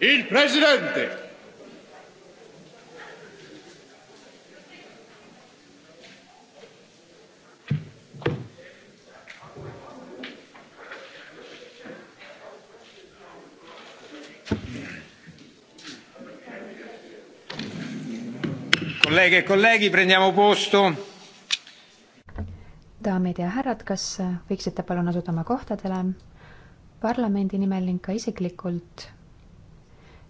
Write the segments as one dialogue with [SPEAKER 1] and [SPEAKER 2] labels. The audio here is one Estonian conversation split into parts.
[SPEAKER 1] Il Presidente!
[SPEAKER 2] Kolleeghe ja e kolleegi, prendiamo posto.
[SPEAKER 3] daamid ja härrad, kas võiksite palun asuda oma kohtadele? parlamendi nimel ning ka isiklikult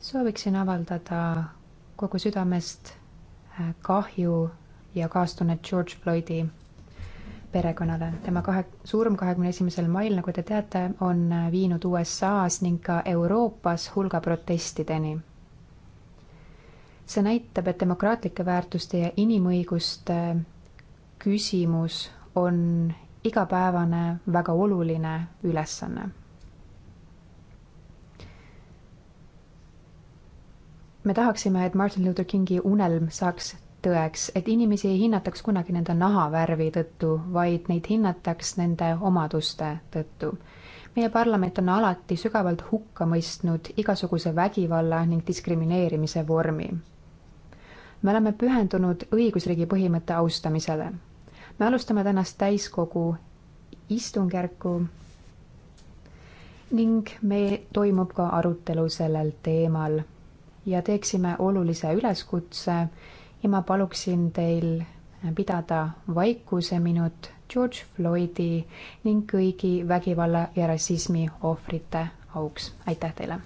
[SPEAKER 3] sooviksin avaldada kogu südamest äh, kahju ja kaastunnet George Floydi perekonnale. tema kahe, surm kahekümne esimesel mail, nagu te teate, on äh, viinud USA-s ning ka Euroopas hulga protestideni. see näitab, et demokraatlike väärtuste ja inimõiguste äh, küsimus on igapäevane väga oluline ülesanne me tahaksime, et Martin Luther Kingi unelm saaks tõeks, et inimesi ei hinnataks kunagi nende nahavärvi tõttu, vaid neid hinnataks nende omaduste tõttu. meie parlament on alati sügavalt hukka mõistnud igasuguse vägivalla ning diskrimineerimise vormi. me oleme pühendunud õigusriigi põhimõtte austamisele. me alustame tänast täiskogu istungjärku ning meil toimub ka arutelu sellel teemal ja teeksime olulise üleskutse ja ma paluksin teil pidada vaikuseminut George Floydi ning kõigi vägivalla ja rassismi ohvrite auks. aitäh teile!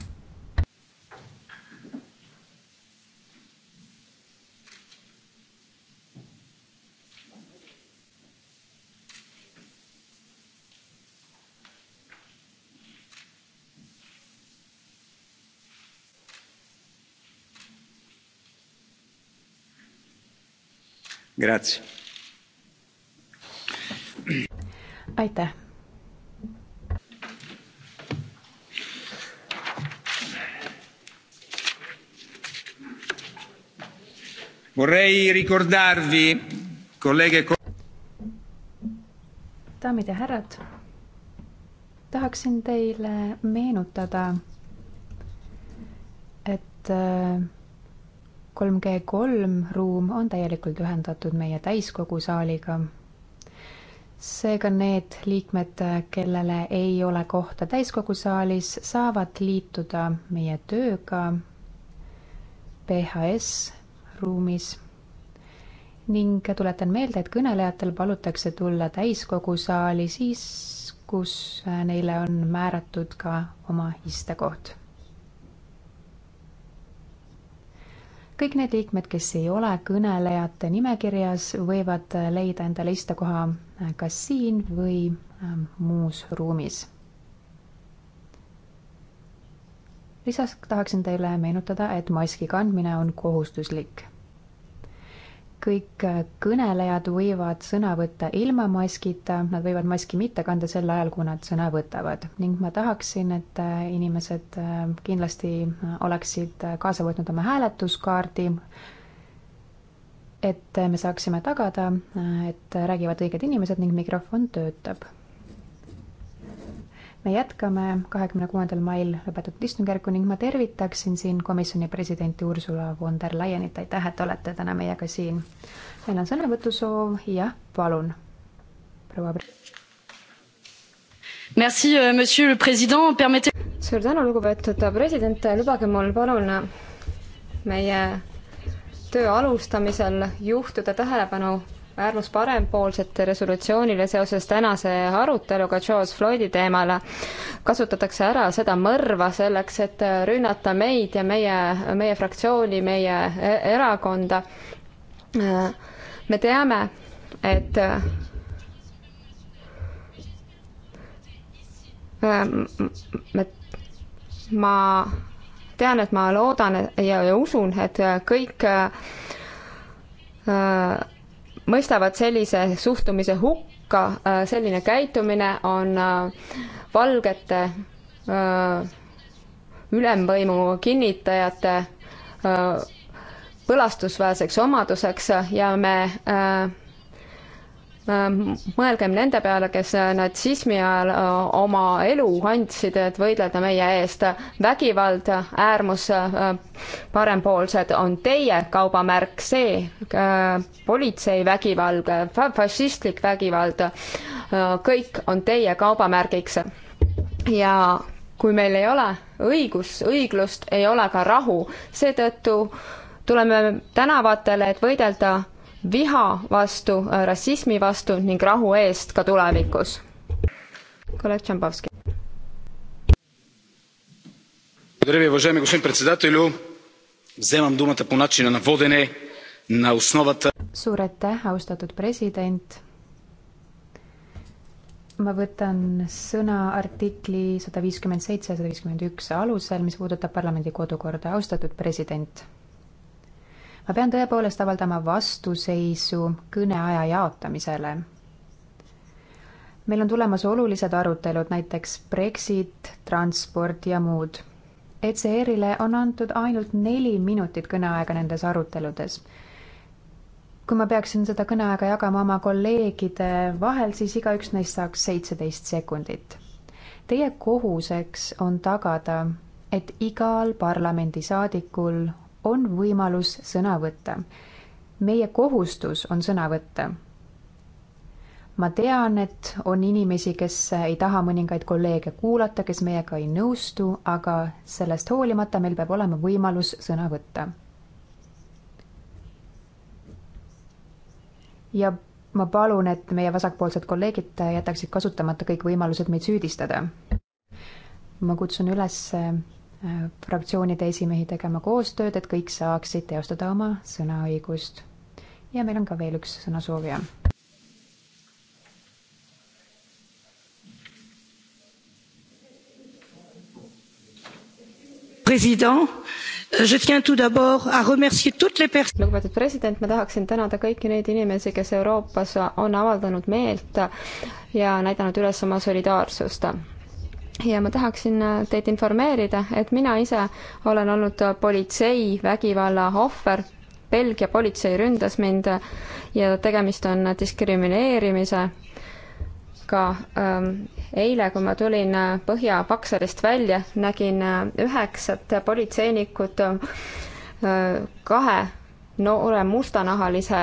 [SPEAKER 3] aitäh.
[SPEAKER 2] Vorrei ricordarvi, kolleeg. E
[SPEAKER 3] daamid ja härrad, tahaksin teile meenutada, et äh, kolm G kolm ruum on täielikult ühendatud meie täiskogu saaliga. seega need liikmed, kellele ei ole kohta täiskogu saalis, saavad liituda meie tööga PHS ruumis ning tuletan meelde, et kõnelejatel palutakse tulla täiskogu saali siis, kus neile on määratud ka oma istekoht kõik need liikmed, kes ei ole kõnelejate nimekirjas, võivad leida endale istekoha äh, kas siin või ähm, muus ruumis. lisaks tahaksin teile meenutada, et maski kandmine on kohustuslik kõik äh, kõnelejad võivad sõna võtta ilma maskita, nad võivad maski mitte kanda sel ajal, kui nad sõna võtavad ning ma tahaksin, et äh, inimesed äh, kindlasti oleksid kaasa võtnud oma hääletuskaardi, et me saaksime tagada, et räägivad õiged inimesed ning mikrofon töötab me jätkame kahekümne kuuendal mail lõpetatud istungjärku ning ma tervitaksin siin komisjoni presidenti Ursula von der Leyenit, aitäh, et olete täna meiega siin. meil on sõnavõtusoov, jah, palun, proua.
[SPEAKER 4] Merci, euh, monsieur le president, permette. suur tänu, lugupeetud president, lubage mul palun meie töö alustamisel juhtida tähelepanu äärmus parempoolsete resolutsioonile seoses tänase aruteluga George Floydi teemal kasutatakse ära seda mõrva selleks, et rünnata meid ja meie, meie fraktsiooni, meie e-, erakonda. me teame, et me, ma tean, et ma loodan ja, ja usun, et kõik äh, mõistavad sellise suhtumise hukka, äh, selline käitumine on äh, valgete äh, ülemvõimu kinnitajate põlastusväärseks omaduseks ja me äh, Ähm, mõelgem nende peale, kes äh, natsismi ajal äh, oma elu andsid, et võidelda meie eest. vägivald, äärmus, äh, parempoolsed on teie kaubamärk, see politseivägivald, fašistlik vägivald, kõik on teie kaubamärgiks. ja kui meil ei ole õigus, õiglust, ei ole ka rahu, seetõttu tuleme tänavatele, et võidelda viha vastu, äh, rassismi vastu ning rahu eest ka tulevikus. kolleeg Tšambovski.
[SPEAKER 2] Благодаря ви, уважаеми господин председателю. Вземам думата по начина на водене на основата.
[SPEAKER 3] Suur aitäh, austatud president. ma võtan sõna artikli sada viiskümmend seitse ja sada viiskümmend üks alusel, mis puudutab parlamendi kodukorda. austatud president ma pean tõepoolest avaldama vastuseisu kõneaja jaotamisele. meil on tulemas olulised arutelud, näiteks Brexit, transport ja muud. ECR-ile on antud ainult neli minutit kõneaega nendes aruteludes. kui ma peaksin seda kõneaega jagama oma kolleegide vahel, siis igaüks neist saaks seitseteist sekundit. Teie kohuseks on tagada, et igal parlamendisaadikul on võimalus sõna võtta. meie kohustus on sõna võtta. ma tean, et on inimesi, kes ei taha mõningaid kolleege kuulata, kes meiega ei nõustu, aga sellest hoolimata meil peab olema võimalus sõna võtta. ja ma palun, et meie vasakpoolsed kolleegid jätaksid kasutamata kõik võimalused meid süüdistada. ma kutsun üles fraktsioonide esimehi tegema koostööd, et kõik saaksid teostada oma sõnaõigust. ja meil on ka veel üks sõnasoovija. president,
[SPEAKER 4] je tiens tout d'abord à remercier toutes les pers-. lugupeetud president, ma tahaksin tänada kõiki neid inimesi, kes Euroopas on avaldanud meelt ja näidanud üles oma solidaarsust ja ma tahaksin äh, teid informeerida, et mina ise olen olnud politsei vägivalla ohver. Belgia politsei ründas mind ja tegemist on diskrimineerimise ka ähm, eile, kui ma tulin äh, Põhja-Pakserist välja, nägin äh, üheksat politseinikut äh, kahe noore mustanahalise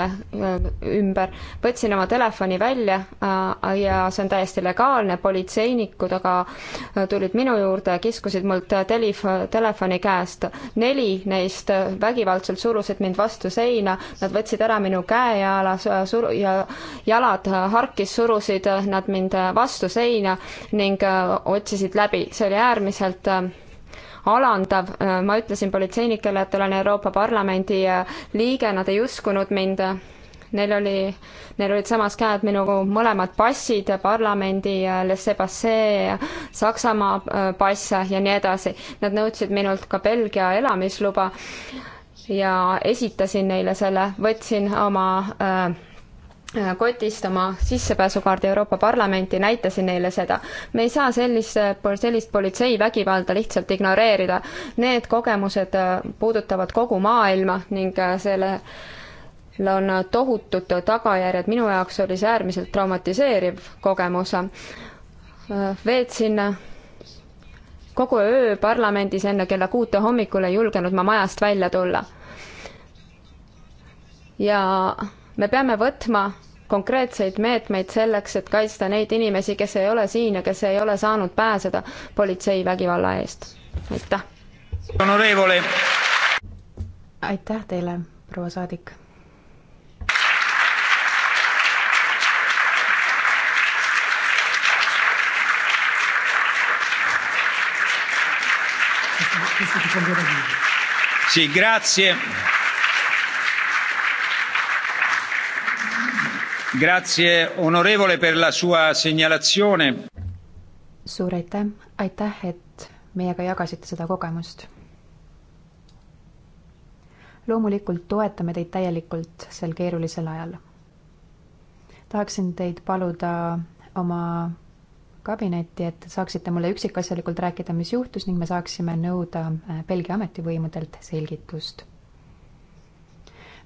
[SPEAKER 4] ümber, võtsin oma telefoni välja äh, ja see on täiesti legaalne, politseinikud aga äh, tulid minu juurde ja kiskusid mult äh, telif-, telefoni käest. neli neist vägivaldselt surusid mind vastu seina, nad võtsid ära minu käejala sur- ja jalad harkis surusid nad mind vastu seina ning otsisid läbi, see oli äärmiselt alandav, ma ütlesin politseinikele, et olen Euroopa Parlamendi äh, liige, nad ei uskunud mind, neil oli, neil olid samas käed minu mõlemad passid, parlamendi äh, laissez-passer, Saksamaa äh, pass ja nii edasi. Nad nõudsid minult ka Belgia elamisluba ja esitasin neile selle, võtsin oma äh, Äh, kotist oma sissepääsukaardi Euroopa Parlamenti, näitasin neile seda. me ei saa sellist, äh, sellist politseivägivalda lihtsalt ignoreerida. Need kogemused äh, puudutavad kogu maailma ning selle on tohutud tagajärjed, minu jaoks oli see äärmiselt traumatiseeriv kogemus. veetsin kogu öö parlamendis enne kella kuute hommikul ei julgenud ma majast välja tulla. ja me peame võtma konkreetseid meetmeid selleks, et kaitsta neid inimesi, kes ei ole siin ja kes ei ole saanud pääseda politsei vägivalla eest. aitäh!
[SPEAKER 3] aitäh teile, proua saadik!
[SPEAKER 2] Sì, grazie. Grazie, onorevole, per la sua segnalazione.
[SPEAKER 3] suur aitäh, aitäh, et meiega jagasite seda kogemust. loomulikult toetame teid täielikult sel keerulisel ajal. tahaksin teid paluda oma kabinetti, et saaksite mulle üksikasjalikult rääkida, mis juhtus ning me saaksime nõuda Belgia ametivõimudelt selgitust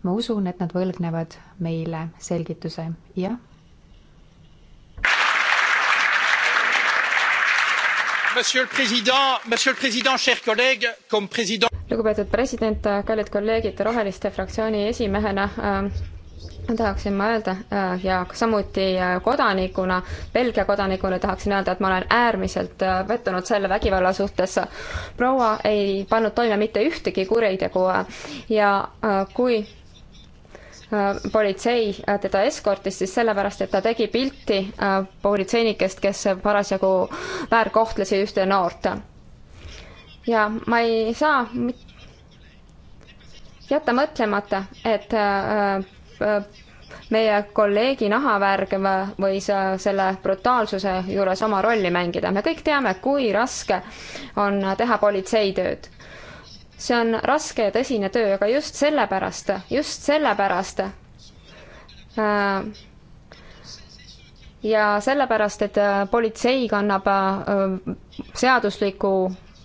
[SPEAKER 3] ma usun, et nad võlgnevad meile selgituse, jah. lugupeetud
[SPEAKER 4] president, kallid kolleegid, Roheliste fraktsiooni esimehena äh, tahaksin ma öelda äh, ja samuti äh, kodanikuna, Belgia kodanikuna tahaksin öelda, et ma olen äärmiselt äh, pettunud selle vägivalla suhtes. proua ei pannud toime mitte ühtegi kuritegu ja kui Äh, politsei äh, teda eskortis siis sellepärast, et ta tegi pilti äh, politseinikest, kes parasjagu väärkohtlesid ühte noort. ja ma ei saa jätta mõtlemata, et meie kolleegi nahavärg võis selle brutaalsuse juures oma rolli mängida. me kõik teame, kui raske on teha politseitööd see on raske ja tõsine töö, aga just sellepärast, just sellepärast äh, ja sellepärast, et äh, politsei kannab äh, seadusliku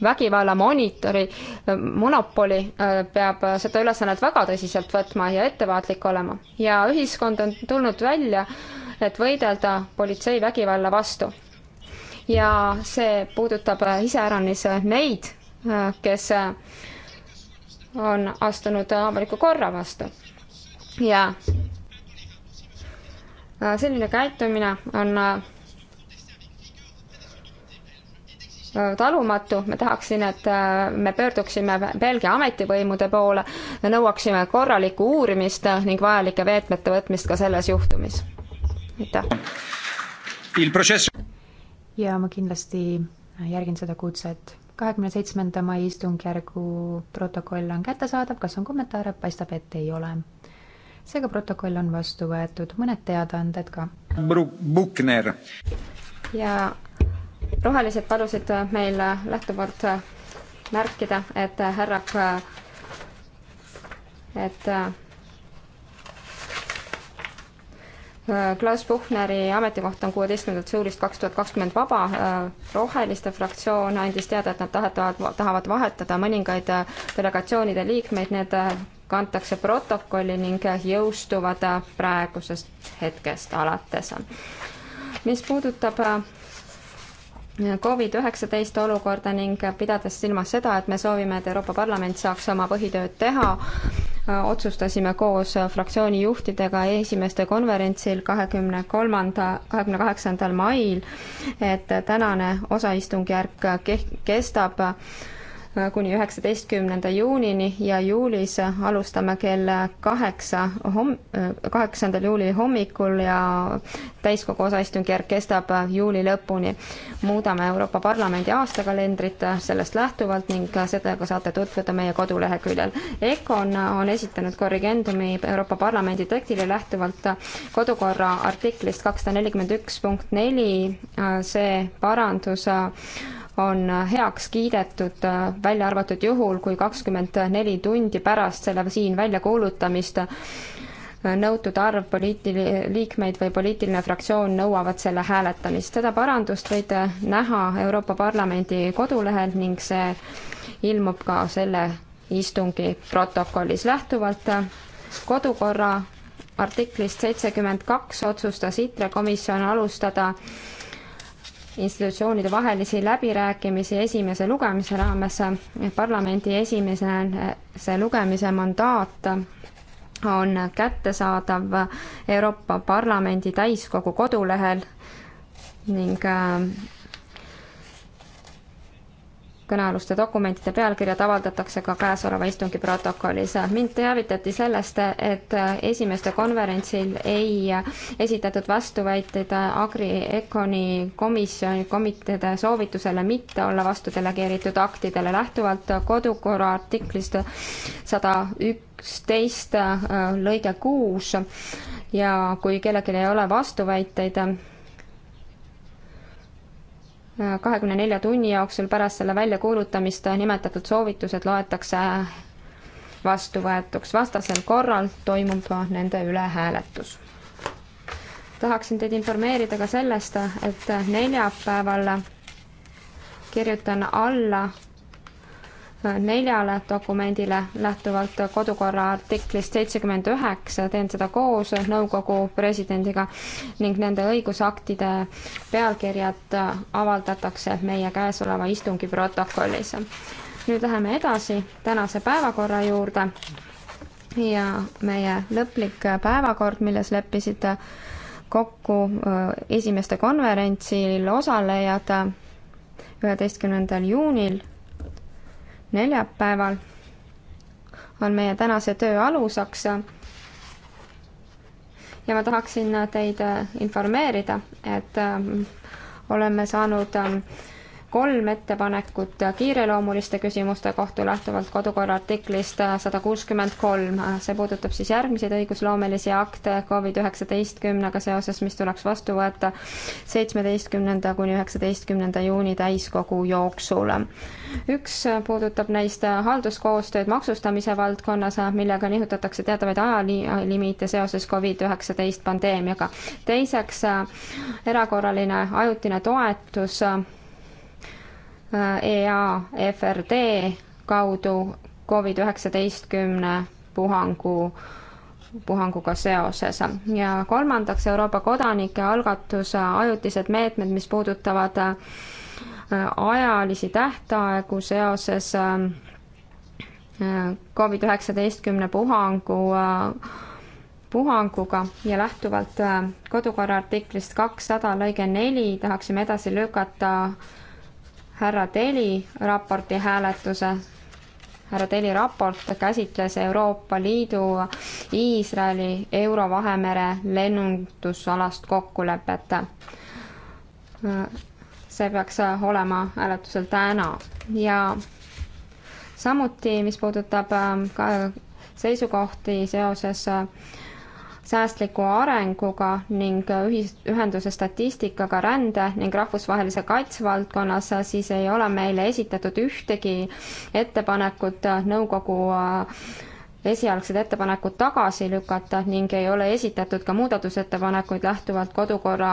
[SPEAKER 4] vägivalla monitori äh, monopoli, äh, peab seda ülesannet väga tõsiselt võtma ja ettevaatlik olema. ja ühiskond on tulnud välja, et võidelda politsei vägivalla vastu. ja see puudutab äh, iseäranis neid, kes on astunud avaliku korra vastu. ja äh, selline käitumine on äh, talumatu, ma tahaksin, et äh, me pöörduksime Belgia ametivõimude poole ja nõuaksime korralikku uurimist ning vajalike meetmete võtmist ka selles
[SPEAKER 3] juhtumis. aitäh. ja ma kindlasti järgin seda kutset kahekümne seitsmenda mai istungjärgu protokoll on kättesaadav, kas on kommentaare, paistab, et ei ole. seega protokoll on vastu võetud, mõned teadaanded ka. Bukner. ja
[SPEAKER 4] rohelised palusid meil lähtuvalt märkida, et härra, et Äh, Klaas Puhneri ametikoht on kuueteistkümnendat juulist kaks tuhat kakskümmend vaba. Äh, roheliste fraktsioon andis teada, et nad tahetavad, tahavad vahetada mõningaid äh, delegatsioonide liikmeid, need kantakse protokolli ning jõustuvad praegusest hetkest alates. mis puudutab Covid-19 olukorda ning pidades silmas seda, et me soovime, et Euroopa Parlament saaks oma põhitööd teha, otsustasime koos fraktsiooni juhtidega esimeste konverentsil kahekümne kolmanda, kahekümne kaheksandal mail, et tänane osaistungjärk kestab kuni üheksateistkümnenda juunini ja juulis alustame kell kaheksa homm-, kaheksandal juuli hommikul ja täiskogu osaistungjärk kestab juuli lõpuni. muudame Euroopa Parlamendi aastakalendrit sellest lähtuvalt ning sellega saate tutvuda meie koduleheküljel. EKOn on esitanud korrigendumi Euroopa Parlamendi tekstile lähtuvalt kodukorra artiklist kakssada nelikümmend üks punkt neli, see parandus on heaks kiidetud, välja arvatud juhul, kui kakskümmend neli tundi pärast selle siin väljakuulutamist nõutud arv poliitili-, liikmeid või poliitiline fraktsioon nõuavad selle hääletamist. seda parandust võite näha Euroopa Parlamendi kodulehel ning see ilmub ka selle istungi protokollis. lähtuvalt kodukorra artiklist seitsekümmend kaks otsustas ITRE komisjon alustada institutsioonide vahelisi läbirääkimisi esimese lugemise raames. parlamendi esimese lugemise mandaat on kättesaadav Euroopa Parlamendi täiskogu kodulehel ning äh, kõnealuste dokumentide pealkirjad avaldatakse ka käesoleva istungi protokollis. mind teavitati sellest, et esimeste konverentsil ei esitatud vastuväiteid Agri Econi komisjoni komiteede soovitusele mitte olla vastu delegeeritud aktidele lähtuvalt kodukorra artiklist sada üksteist lõige kuus ja kui kellelgi ei ole vastuväiteid, kahekümne nelja tunni jooksul pärast selle väljakuulutamist nimetatud soovitused loetakse vastuvõetuks, vastasel korral toimub nende üle hääletus. tahaksin teid informeerida ka sellest, et neljapäeval kirjutan alla neljale dokumendile lähtuvalt kodukorra artiklist seitsekümmend üheksa, teen seda koos nõukogu presidendiga ning nende õigusaktide pealkirjad avaldatakse meie käesoleva istungi protokollis. nüüd läheme edasi tänase päevakorra juurde ja meie lõplik päevakord, milles leppisid kokku äh, esimeste konverentsil osalejad üheteistkümnendal juunil neljapäeval on meie tänase töö aluseks. ja ma tahaksin teid informeerida, et ähm, oleme saanud ähm, kolm ettepanekut kiireloomuliste küsimuste kohta lähtuvalt kodukorra artiklist sada kuuskümmend kolm. see puudutab siis järgmiseid õigusloomelisi akte Covid üheksateistkümnega seoses, mis tuleks vastu võtta seitsmeteistkümnenda kuni üheksateistkümnenda juuni täiskogu jooksul. üks puudutab neist halduskoostööd maksustamise valdkonnas, millega nihutatakse teatavaid ajalimiite seoses Covid üheksateist pandeemiaga. teiseks erakorraline ajutine toetus EAFRD kaudu Covid üheksateistkümne puhangu, puhanguga seoses. ja kolmandaks Euroopa kodanike algatuse ajutised meetmed, mis puudutavad äh, ajalisi tähtaegu seoses äh, Covid üheksateistkümne puhangu äh, puhanguga ja lähtuvalt kodukorra artiklist kakssada lõige neli tahaksime edasi lükata härra Teli raporti hääletuse. härra Teli raport käsitles Euroopa Liidu Iisraeli Euro-Vahemere lennundusalast kokkulepet. see peaks olema hääletusel täna ja samuti, mis puudutab äh, ka seisukohti seoses äh, säästliku arenguga ning ühis, ühenduse statistikaga rände ning rahvusvahelise kaitse valdkonnas, siis ei ole meile esitatud ühtegi ettepanekut nõukogu äh, esialgsed ettepanekud tagasi lükata ning ei ole esitatud ka muudatusettepanekuid lähtuvalt kodukorra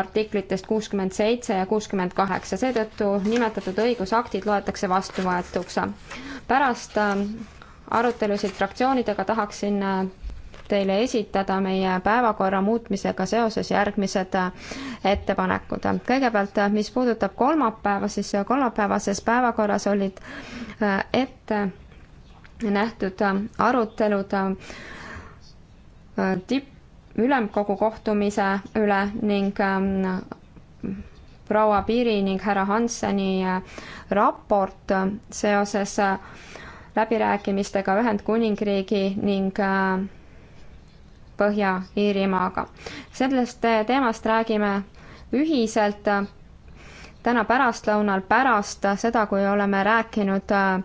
[SPEAKER 4] artiklitest kuuskümmend seitse ja kuuskümmend kaheksa, seetõttu nimetatud õigusaktid loetakse vastuvõetuks. pärast äh, arutelusid fraktsioonidega tahaksin äh, teile esitada meie päevakorra muutmisega seoses järgmised äh, ettepanekud. kõigepealt, äh, mis puudutab kolmapäeva, siis äh, kolmapäevases päevakorras olid ette nähtud arutelud tipp, ülemkogu kohtumise üle ning ähm, proua Piiri ning härra Hanseni raport seoses läbirääkimistega Ühendkuningriigi ning Põhja-Iirimaaga. sellest eh, teemast räägime ühiselt eh, täna pärastlõunal pärast seda, kui oleme rääkinud eh,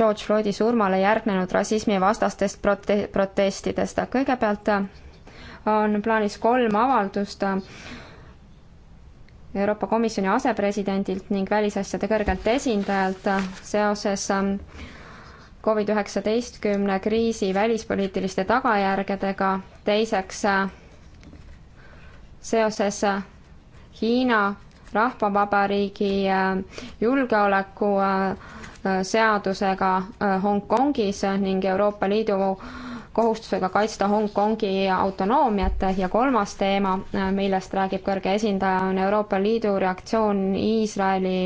[SPEAKER 4] George Floydi surmale järgnenud rassismivastastest prote-, protestidest. kõigepealt on plaanis kolm avaldust Euroopa Komisjoni asepresidendilt ning välisasjade kõrgelt esindajalt seoses Covid üheksateistkümne kriisi välispoliitiliste tagajärgedega, teiseks seoses Hiina Rahvavabariigi äh, julgeoleku äh, seadusega äh, Hongkongis ning Euroopa Liidu kohustusega kaitsta Hongkongi autonoomiat ja kolmas teema, millest räägib kõrge esindaja, on Euroopa Liidu reaktsioon Iisraeli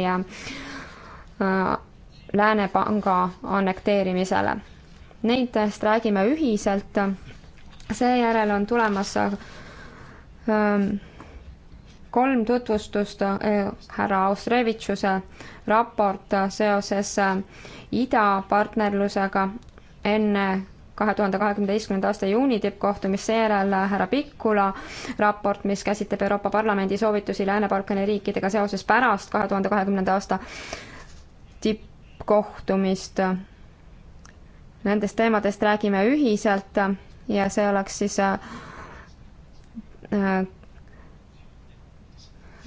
[SPEAKER 4] Läänepanga annekteerimisele. Neidest äh, räägime ühiselt, seejärel on tulemas äh, ähm, kolm tutvustust äh, härra Austrevitšuse raport seoses idapartnerlusega enne kahe tuhande kahekümneteistkümnenda aasta juuni tippkohtumist, seejärel härra Pikula raport, mis käsitleb Euroopa Parlamendi soovitusi Lääne-Balkani riikidega seoses pärast kahe tuhande kahekümnenda aasta tipp, kohtumist. Nendest teemadest räägime ühiselt ja see oleks siis äh,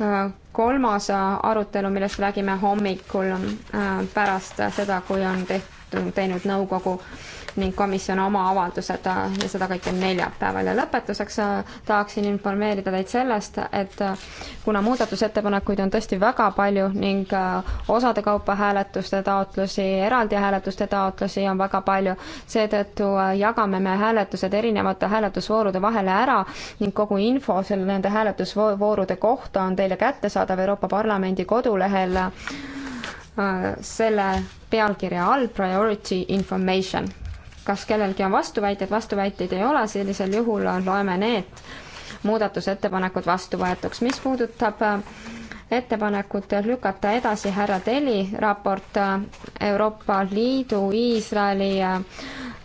[SPEAKER 4] äh, kolmas arutelu, millest räägime hommikul äh, pärast seda, kui on tehtud, teinud nõukogu ning komisjon oma avaldused äh, ja seda kõike neljapäeval. ja lõpetuseks äh, tahaksin informeerida teid sellest, et äh, kuna muudatusettepanekuid on tõesti väga palju ning osade kaupa hääletuste taotlusi, eraldi hääletuste taotlusi on väga palju, seetõttu jagame me hääletused erinevate hääletusvoorude vahele ära ning kogu info selle, nende hääletusvoorude kohta on teile kättesaadav Euroopa Parlamendi kodulehel selle pealkirja all Priority Information kas kellelgi on vastuväiteid, vastuväiteid ei ole, sellisel juhul loeme need muudatusettepanekud vastuvõetuks. mis puudutab äh, ettepanekut lükata edasi härra Teli raport äh, Euroopa Liidu, Iisraeli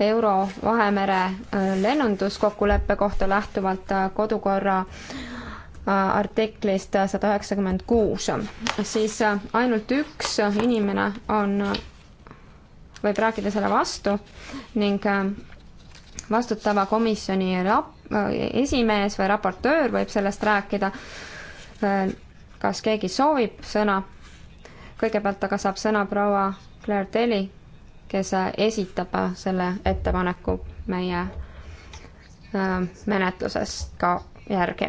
[SPEAKER 4] Euro Vahemere äh, lennunduskokkuleppe kohta lähtuvalt kodukorra artiklist sada üheksakümmend kuus, siis ainult üks inimene on võib rääkida selle vastu ning äh, vastutava komisjoni rap-, äh, esimees või raportöör võib sellest rääkida. Äh, kas keegi soovib sõna? kõigepealt aga saab sõna proua Claire Telly, kes esitab selle ettepaneku meie menetlusest ka järgi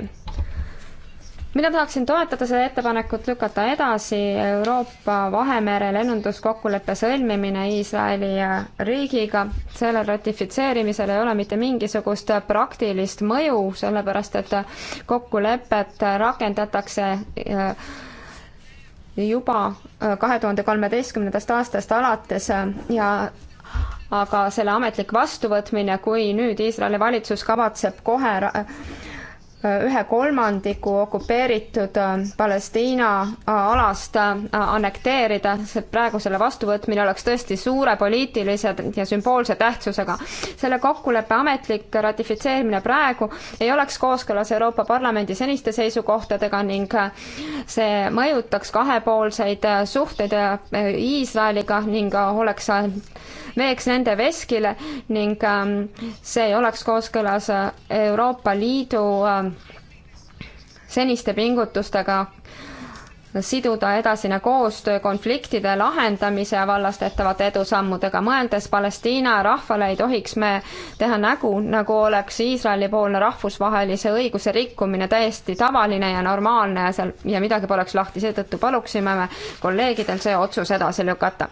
[SPEAKER 4] mina tahaksin toetada seda ettepanekut lükata edasi Euroopa Vahemere lennunduskokkuleppe sõlmimine Iisraeli äh, riigiga. selle ratifitseerimisel ei ole mitte mingisugust praktilist mõju, sellepärast et kokkulepet rakendatakse äh, juba äh, kahe tuhande kolmeteistkümnendast aastast alates ja aga selle ametlik vastuvõtmine, kui nüüd Iisraeli valitsus kavatseb kohe ühe kolmandiku okupeeritud äh, Palestiina äh, alast äh, annekteerida, sest praegu selle vastuvõtmine oleks tõesti suure poliitilise ja sümboolse tähtsusega. selle kokkuleppe ametlik ratifitseerimine praegu ei oleks kooskõlas Euroopa Parlamendi seniste seisukohtadega ning see mõjutaks kahepoolseid suhteid Iisraeliga ning oleks veeks nende veskile ning ähm, see ei oleks kooskõlas Euroopa Liidu seniste pingutustega siduda edasine koostöö konfliktide lahendamise vallas tehtavate edusammudega. mõeldes Palestiina rahvale, ei tohiks me teha nägu, nagu oleks Iisraeli-poolne rahvusvahelise õiguse rikkumine täiesti tavaline ja normaalne ja seal ja midagi poleks lahti, seetõttu paluksime me kolleegidel see otsus edasi lükata.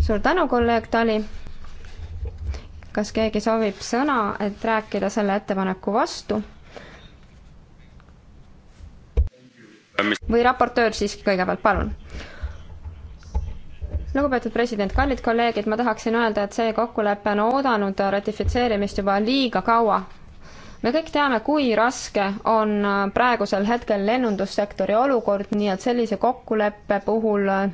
[SPEAKER 4] suur tänu, kolleeg Tali. kas keegi soovib sõna, et rääkida selle ettepaneku vastu? või raportöör siiski kõigepealt, palun. lugupeetud president, kallid kolleegid, ma tahaksin öelda, et see kokkulepe on oodanud ratifitseerimist juba liiga kaua. me kõik teame, kui raske on praegusel hetkel lennundussektori olukord, nii et sellise kokkuleppe puhul äh,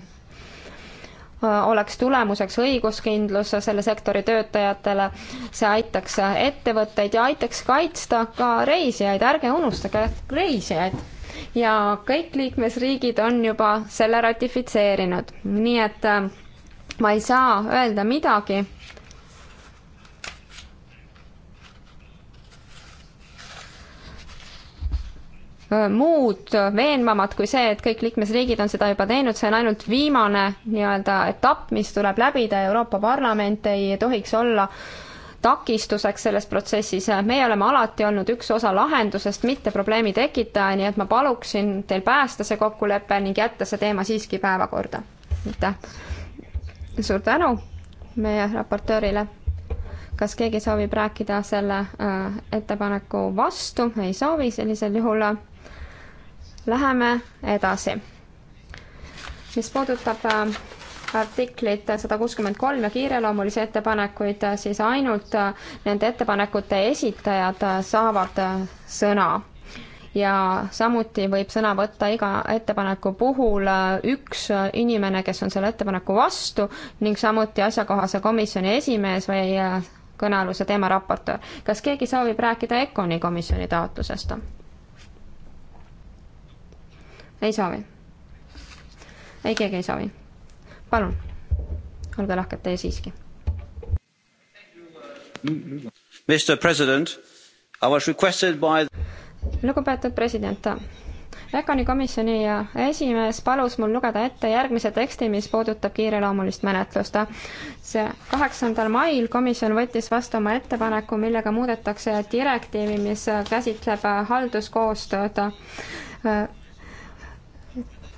[SPEAKER 4] oleks tulemuseks õiguskindlus selle sektori töötajatele, see aitaks ettevõtteid ja aitaks kaitsta ka reisijaid, ärge unustage reisijaid ja kõik liikmesriigid on juba selle ratifitseerinud, nii et äh, ma ei saa öelda midagi äh, muud veenvamat kui see, et kõik liikmesriigid on seda juba teinud, see on ainult viimane nii-öelda etapp, mis tuleb läbida, Euroopa Parlament ei tohiks olla äh, takistuseks selles protsessis, meie oleme alati olnud üks osa lahendusest, mitte probleemi tekitaja, nii et ma paluksin teil päästa see kokkulepe ning jätta see teema siiski päevakorda. aitäh. suur tänu meie raportöörile. kas keegi soovib rääkida selle äh, ettepaneku vastu? ei soovi, sellisel juhul läheme edasi. mis puudutab äh, artiklit sada kuuskümmend kolm ja kiireloomulisi ettepanekuid, siis ainult nende ettepanekute esitajad saavad sõna ja samuti võib sõna võtta iga ettepaneku puhul üks inimene, kes on selle ettepaneku vastu ning samuti asjakohase komisjoni esimees või kõnealuse teema raportöör. kas keegi soovib rääkida ECONi komisjoni taotlusest? ei soovi? ei, keegi ei soovi palun, olge lahked teie siiski.
[SPEAKER 2] By...
[SPEAKER 4] lugupeetud president, ECONi komisjoni esimees palus mul lugeda ette järgmise teksti, mis puudutab kiireloomulist menetlust. see kaheksandal mail komisjon võttis vastu oma ettepaneku, millega muudetakse direktiivi, mis käsitleb halduskoostööd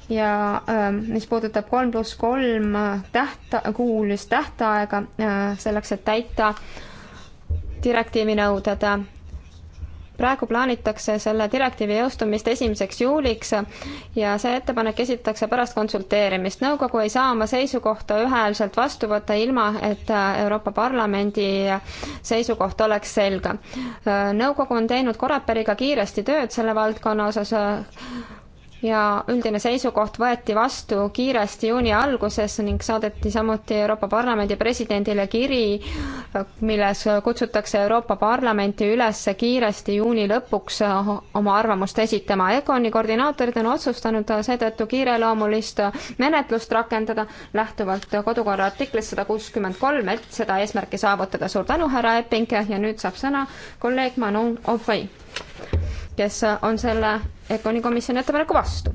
[SPEAKER 4] ja ähm, mis puudutab kolm pluss kolm äh, tähta-, kuulist tähtaega äh, selleks, et täita direktiivi nõuded, äh, praegu plaanitakse selle direktiivi jõustumist esimeseks juuliks ja see ettepanek esitatakse pärast konsulteerimist. nõukogu ei saa oma seisukohta ühehäälselt vastu võtta, ilma et Euroopa Parlamendi seisukoht oleks selge. nõukogu on teinud Koreperiga kiiresti tööd selle valdkonna osas ja üldine seisukoht võeti vastu kiiresti juuni alguses ning saadeti samuti Euroopa Parlamendi presidendile kiri, milles kutsutakse Euroopa Parlamenti üles kiiresti juuni lõpuks oma arvamust esitama. EGONi koordinaatorid on otsustanud seetõttu kiireloomulist menetlust rakendada lähtuvalt kodukorra artiklist sada kuuskümmend kolm, et seda eesmärki saavutada. suur tänu, härra Epping, ja nüüd saab sõna kolleeg Manon Ovrey kes on selle EKONi komisjoni ettepaneku vastu.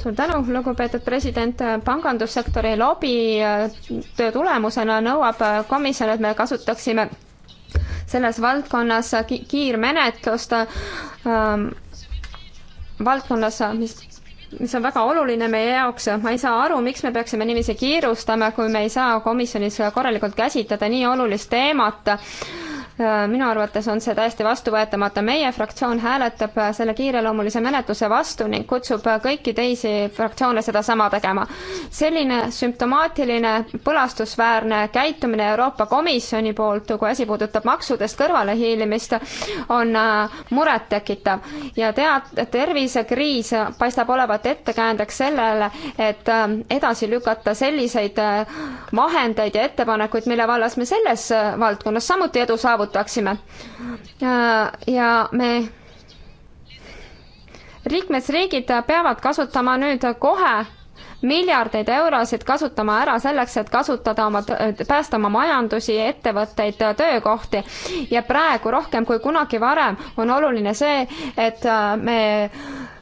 [SPEAKER 4] suur tänu, lugupeetud president, pangandussektori lobi äh, töö tulemusena nõuab komisjon, et me kasutaksime selles valdkonnas ki kiirmenetlust ähm, valdkonnas, mis mis on väga oluline meie jaoks, ma ei saa aru, miks me peaksime niiviisi kiirustama, kui me ei saa komisjonis korralikult käsitleda nii olulist teemat Äh, minu arvates on see täiesti vastuvõetamatu. meie fraktsioon hääletab äh, selle kiireloomulise menetluse vastu ning kutsub äh, kõiki teisi fraktsioone sedasama tegema. selline sümptomaatiline põlastusväärne käitumine Euroopa Komisjoni poolt, kui asi puudutab maksudest kõrvalehiilimist, on murettekitav ja tead, tervisekriis paistab olevat ettekäändeks sellele, et edasi lükata selliseid vahendeid ja ettepanekuid, mille vallas me selles valdkonnas samuti edu saavutame saavutaksime. ja me liikmesriigid peavad kasutama nüüd kohe miljardeid eurosid kasutama ära selleks, et kasutada oma, päästa oma majandusi, ettevõtteid, töökohti. ja praegu rohkem kui kunagi varem on oluline see, et äh, me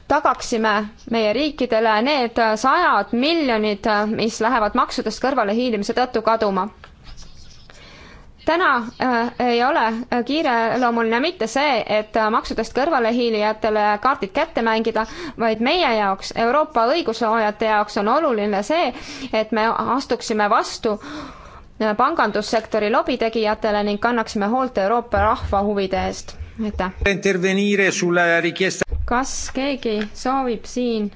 [SPEAKER 4] tagaksime meie riikidele need sajad miljonid, mis lähevad maksudest kõrvalehiilimise tõttu kaduma täna äh, ei ole kiireloomuline mitte see, et maksudest kõrvalehiilijatele kaardid kätte mängida, vaid meie jaoks, Euroopa õigusloojate jaoks on oluline see, et me astuksime vastu äh, pangandussektori lobitegijatele ning kannaksime hoolt Euroopa rahva huvide eest. aitäh. kas keegi soovib siin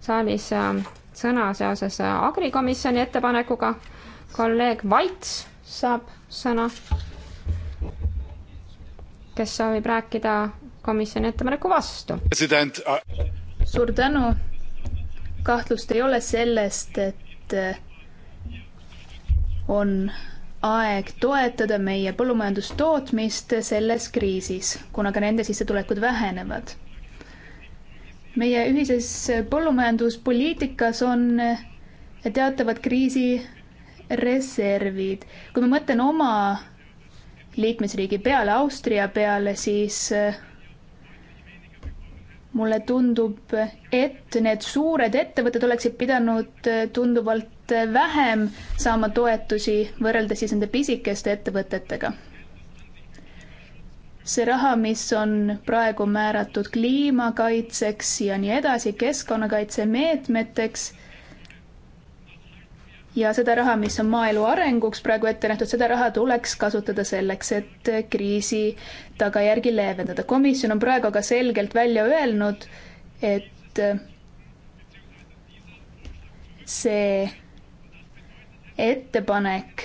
[SPEAKER 4] saalis äh, sõna seoses äh, agrikomisjoni ettepanekuga? kolleeg Vaits saab sõna,
[SPEAKER 5] kes soovib rääkida komisjoni ettepaneku vastu.
[SPEAKER 2] Uh,
[SPEAKER 5] suur tänu. kahtlust ei ole sellest, et uh, on aeg toetada meie põllumajandustootmist selles kriisis, kuna ka nende sissetulekud vähenevad. meie ühises põllumajanduspoliitikas on uh, teatavad kriisi reservid. kui ma mõtlen oma liikmesriigi peale, Austria peale, siis äh, mulle tundub, et need suured ettevõtted oleksid pidanud äh, tunduvalt äh, vähem saama toetusi võrreldes siis nende pisikeste ettevõtetega. see raha, mis on praegu määratud kliimakaitseks ja nii edasi, keskkonnakaitsemeetmeteks ja seda raha, mis on maaelu arenguks praegu ette nähtud, seda raha tuleks kasutada selleks, et kriisi tagajärgi leevendada. komisjon on praegu aga selgelt välja öelnud, et see ettepanek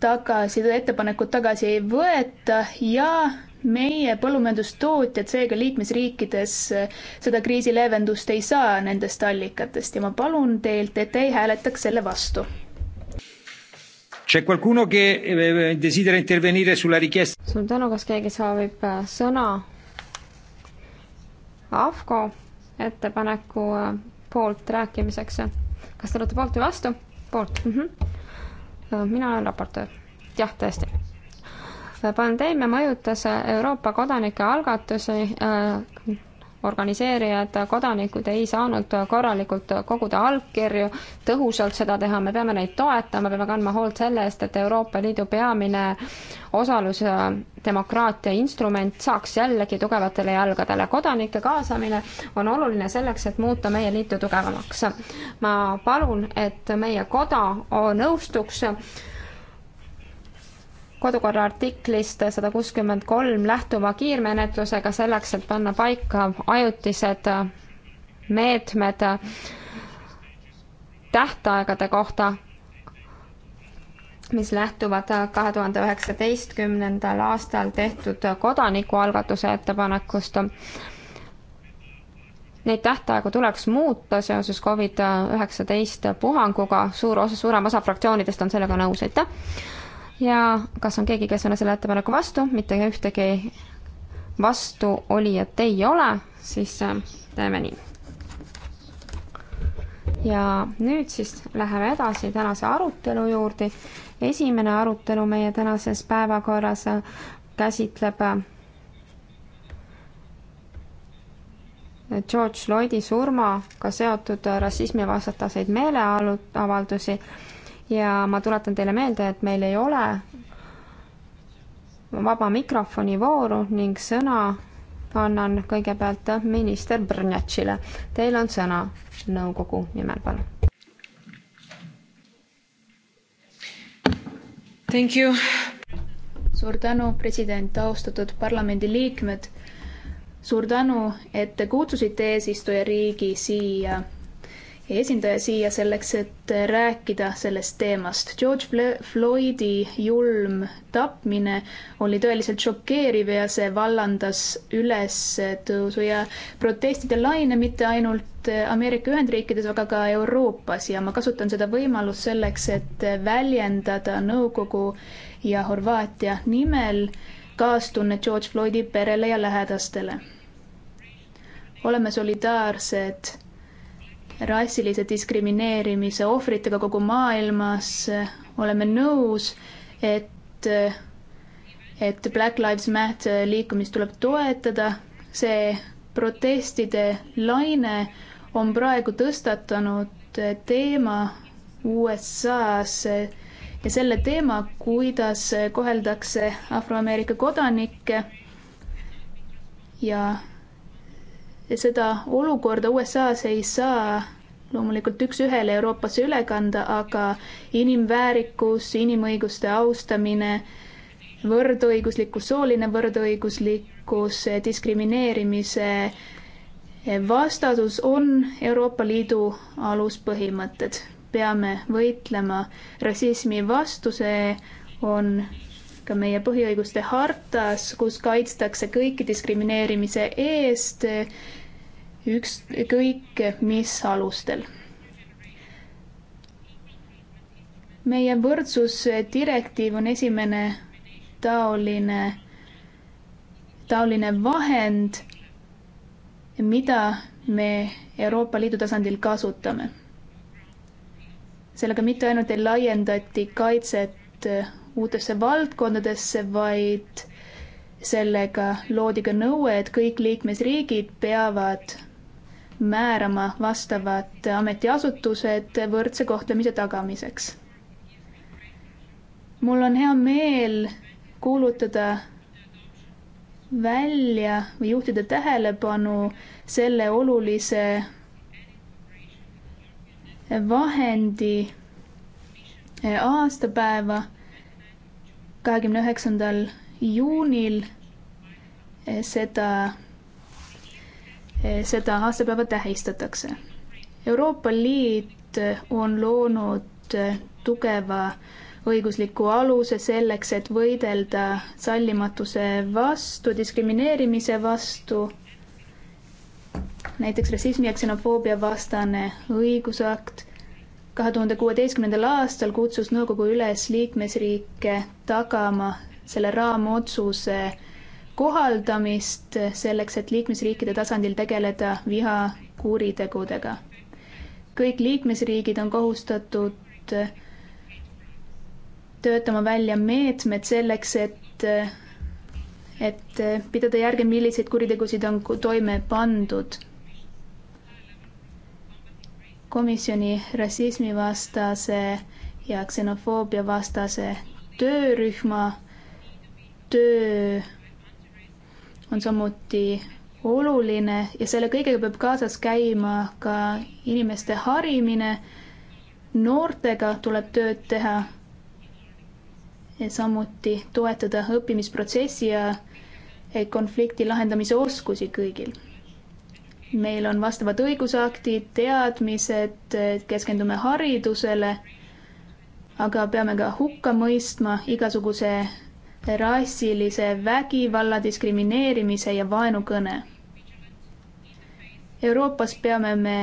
[SPEAKER 5] tagasi, ettepanekut tagasi ei võeta ja meie põllumajandustootjad seega liikmesriikides seda kriisileevendust ei saa nendest allikatest ja ma palun teilt, et te ei hääletaks selle vastu. Eh, suur tänu, kas keegi soovib eh, sõna
[SPEAKER 4] AFCO ettepaneku eh, poolt rääkimiseks? kas te olete poolt või vastu? poolt mm. -hmm. mina olen raportöör. jah, tõesti pandeemia mõjutas Euroopa kodanike algatusi, äh, organiseerijad, kodanikud ei saanud korralikult koguda allkirju, tõhusalt seda teha, me peame neid toetama, peame kandma hoolt selle eest, et Euroopa Liidu peamine osalus äh, demokraatia instrument saaks jällegi tugevatele jalgadele. kodanike kaasamine on oluline selleks, et muuta meie liitu tugevamaks. ma palun, et meie koda nõustuks kodukorra artiklist sada kuuskümmend kolm lähtuma kiirmenetlusega selleks, et panna paika ajutised meetmed tähtaegade kohta, mis lähtuvad kahe tuhande üheksateistkümnendal aastal tehtud kodanikualgatuse ettepanekust. Neid tähtaegu tuleks muuta seoses Covid-19 puhanguga, suur osa, suurem osa fraktsioonidest on sellega nõus, aitäh! ja kas on keegi, kes on selle ettepaneku vastu, mitte ühtegi vastuolijat ei ole, siis äh, teeme nii. ja nüüd siis läheme edasi tänase arutelu juurde. esimene arutelu meie tänases päevakorras äh, käsitleb äh, George Floydi surmaga seotud rassismivastaseid meeleavaldusi ja ma tuletan teile meelde, et meil ei ole vaba mikrofoni vooru ning sõna annan kõigepealt minister Brnjatšile. Teil on sõna nõukogu
[SPEAKER 5] nimel, palun. Thank you. suur tänu, president, austatud parlamendiliikmed. suur tänu, et te kutsusite eesistujariigi siia esindaja siia selleks, et rääkida sellest teemast. George Floydi julm tapmine oli tõeliselt šokeeriv ja see vallandas ülestõusu ja protestide laine mitte ainult Ameerika Ühendriikides, aga ka Euroopas ja ma kasutan seda võimalust selleks, et väljendada nõukogu ja Horvaatia nimel kaastunnet George Floydi perele ja lähedastele. oleme solidaarsed rassilise diskrimineerimise ohvritega kogu maailmas oleme nõus, et, et Black Lives Matter liikumist tuleb toetada. see protestide laine on praegu tõstatanud teema USA-s ja selle teema, kuidas koheldakse Afroameerika kodanikke ja ja seda olukorda USA-s ei saa loomulikult üks-ühele Euroopasse üle kanda, aga inimväärikus, inimõiguste austamine, võrdõiguslikkus, sooline võrdõiguslikkus, diskrimineerimise vastasus on Euroopa Liidu aluspõhimõtted. peame võitlema rassismi vastu, see on ka meie põhiõiguste hartas, kus kaitstakse kõiki diskrimineerimise eest ükskõik mis alustel. meie võrdsusdirektiiv on esimene taoline, taoline vahend, mida me Euroopa Liidu tasandil kasutame. sellega mitte ainult ei laiendati kaitset uutesse valdkondadesse, vaid sellega loodi ka nõue, et kõik liikmesriigid peavad määrama vastavad ametiasutused võrdse kohtlemise tagamiseks. mul on hea meel kuulutada välja või juhtida tähelepanu selle olulise vahendi aastapäeva kahekümne üheksandal juunil seda Eh, seda aastapäeva tähistatakse. Euroopa Liit eh, on loonud eh, tugeva õigusliku aluse selleks, et võidelda sallimatuse vastu, diskrimineerimise vastu, näiteks rassismi ja ksenofoobia vastane õigusakt. kahe tuhande kuueteistkümnendal aastal kutsus nõukogu üles liikmesriike tagama selle raamotsuse kohaldamist selleks, et liikmesriikide tasandil tegeleda vihakuritegudega. kõik liikmesriigid on kohustatud töötama välja meetmed selleks, et, et pidada järge, milliseid kuritegusid on toime pandud. komisjoni rassismivastase ja ksenofoobiavastase töörühma töö on samuti oluline ja selle kõigega peab kaasas käima ka inimeste harimine. noortega tuleb tööd teha. samuti toetada õppimisprotsessi ja konflikti lahendamise oskusi kõigil. meil on vastavad õigusaktid, teadmised, keskendume haridusele, aga peame ka hukka mõistma igasuguse rassilise vägivalla, diskrimineerimise ja vaenukõne. Euroopas peame me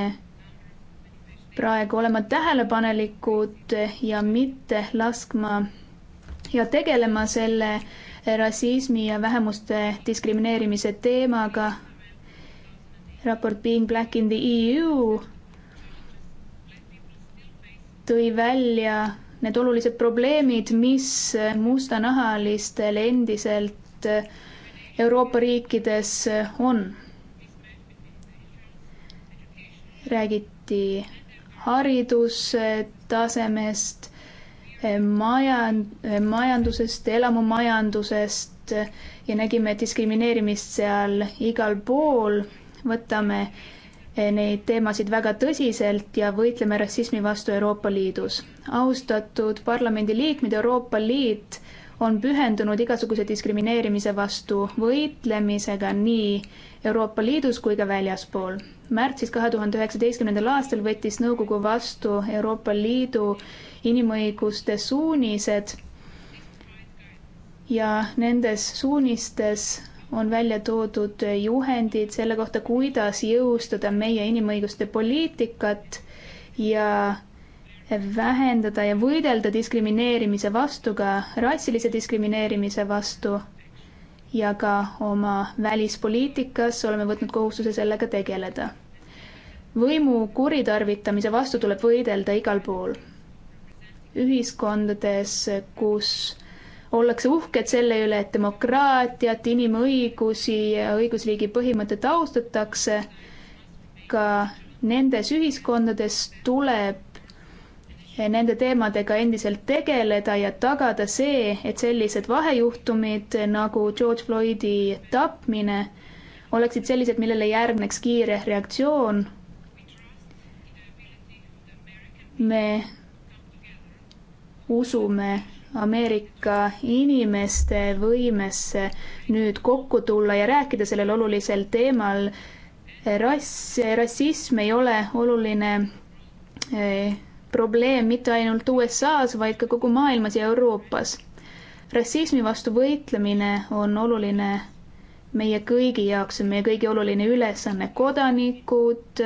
[SPEAKER 5] praegu olema tähelepanelikud ja mitte laskma ja tegelema selle rassismi ja vähemuste diskrimineerimise teemaga. raport Being Black in the EU tõi välja need olulised probleemid, mis mustanahalistel endiselt Euroopa riikides on. räägiti haridustasemest, majand, majandusest, elamumajandusest ja nägime diskrimineerimist seal igal pool. võtame neid teemasid väga tõsiselt ja võitleme rassismi vastu Euroopa Liidus. austatud parlamendiliikmed, Euroopa Liit on pühendunud igasuguse diskrimineerimise vastu võitlemisega nii Euroopa Liidus kui ka väljaspool. märtsis kahe tuhande üheksateistkümnendal aastal võttis nõukogu vastu Euroopa Liidu inimõiguste suunised ja nendes suunistes on välja toodud juhendid selle kohta, kuidas jõustada meie inimõiguste poliitikat ja vähendada ja võidelda diskrimineerimise vastu, ka rassilise diskrimineerimise vastu ja ka oma välispoliitikas oleme võtnud kohustuse sellega tegeleda. võimu kuritarvitamise vastu tuleb võidelda igal pool. ühiskondades, kus ollakse uhked selle üle, et demokraatiat, inimõigusi ja õigusriigi põhimõtet austatakse. ka nendes ühiskondades tuleb nende teemadega endiselt tegeleda ja tagada see, et sellised vahejuhtumid nagu George Floydi tapmine oleksid sellised, millele järgneks kiire reaktsioon. me usume Ameerika inimeste võimesse nüüd kokku tulla ja rääkida sellel olulisel teemal. rass, rassism ei ole oluline eh, probleem mitte ainult USA-s, vaid ka kogu maailmas ja Euroopas. rassismi vastu võitlemine on oluline meie kõigi jaoks, on meie kõigi oluline ülesanne. kodanikud,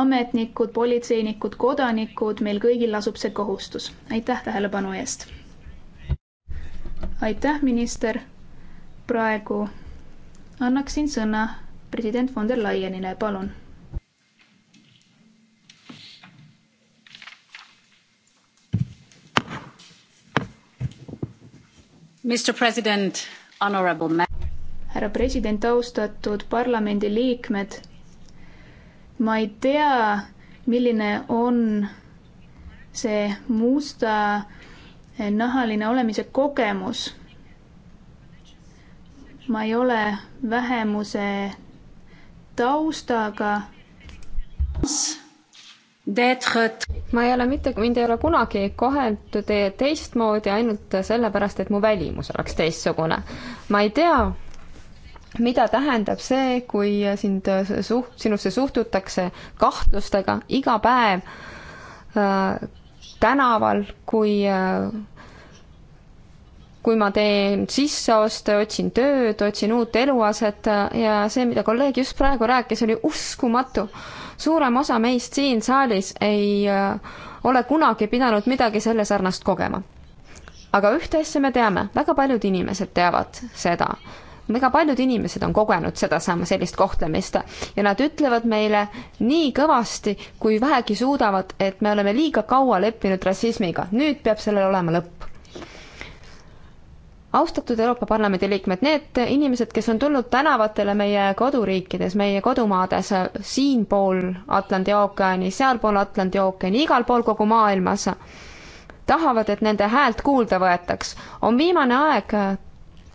[SPEAKER 5] ametnikud, politseinikud, kodanikud, meil kõigil lasub see kohustus. aitäh tähelepanu eest! aitäh, minister. praegu annaksin sõna president von der Leyenile, palun. Mr President, honorable ma-. härra president, austatud parlamendiliikmed. ma ei tea, milline on see musta nahaline olemise kogemus. ma ei ole vähemuse taustaga.
[SPEAKER 4] ma ei ole mitte, mind ei ole kunagi koheldud teistmoodi ainult sellepärast, et mu välimus oleks teistsugune. ma ei tea, mida tähendab see, kui sind suht-, sinusse suhtutakse kahtlustega iga päev äh, tänaval, kui kui ma teen sisseoste, otsin tööd, otsin uut eluaset ja see, mida kolleeg just praegu rääkis, oli uskumatu. suurem osa meist siin saalis ei ole kunagi pidanud midagi selle sarnast kogema. aga ühte asja me teame, väga paljud inimesed teavad seda, väga paljud inimesed on kogenud sedasama, sellist kohtlemist ja nad ütlevad meile nii kõvasti, kui vähegi suudavad, et me oleme liiga kaua leppinud rassismiga, nüüd peab sellel olema lõpp austatud Euroopa Parlamendi liikmed, need inimesed, kes on tulnud tänavatele meie koduriikides, meie kodumaades, siinpool Atlandi ookeani, sealpool Atlandi ookeani, igal pool kogu maailmas, tahavad, et nende häält kuulda võetaks. on viimane aeg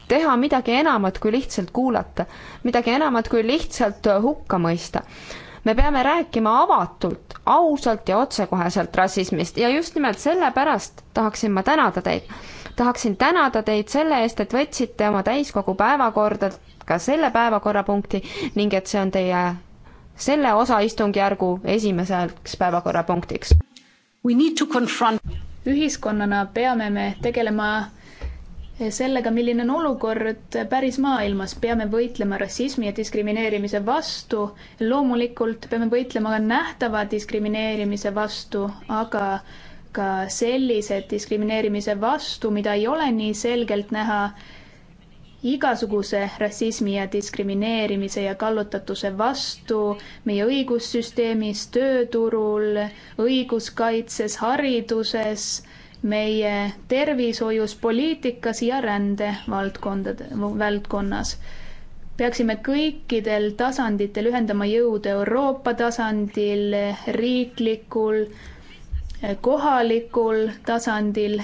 [SPEAKER 4] teha midagi enamat kui lihtsalt kuulata, midagi enamat kui lihtsalt hukka mõista me peame rääkima avatult, ausalt ja otsekoheselt rassismist ja just nimelt sellepärast tahaksin ma tänada teid. tahaksin tänada teid selle eest, et võtsite oma täiskogu päevakorda ka selle päevakorrapunkti ning et see on teie selle osa istungjärgu esimeseks päevakorrapunktiks.
[SPEAKER 5] ühiskonnana peame me tegelema sellega, milline on olukord päris maailmas, peame võitlema rassismi ja diskrimineerimise vastu. loomulikult peame võitlema ka nähtava diskrimineerimise vastu, aga ka sellise diskrimineerimise vastu, mida ei ole nii selgelt näha igasuguse rassismi ja diskrimineerimise ja kallutatuse vastu meie õigussüsteemis, tööturul, õiguskaitses, hariduses meie tervishoius, poliitikas ja rändevaldkondade, valdkonnas. peaksime kõikidel tasanditel ühendama jõude Euroopa tasandil, riiklikul, kohalikul tasandil,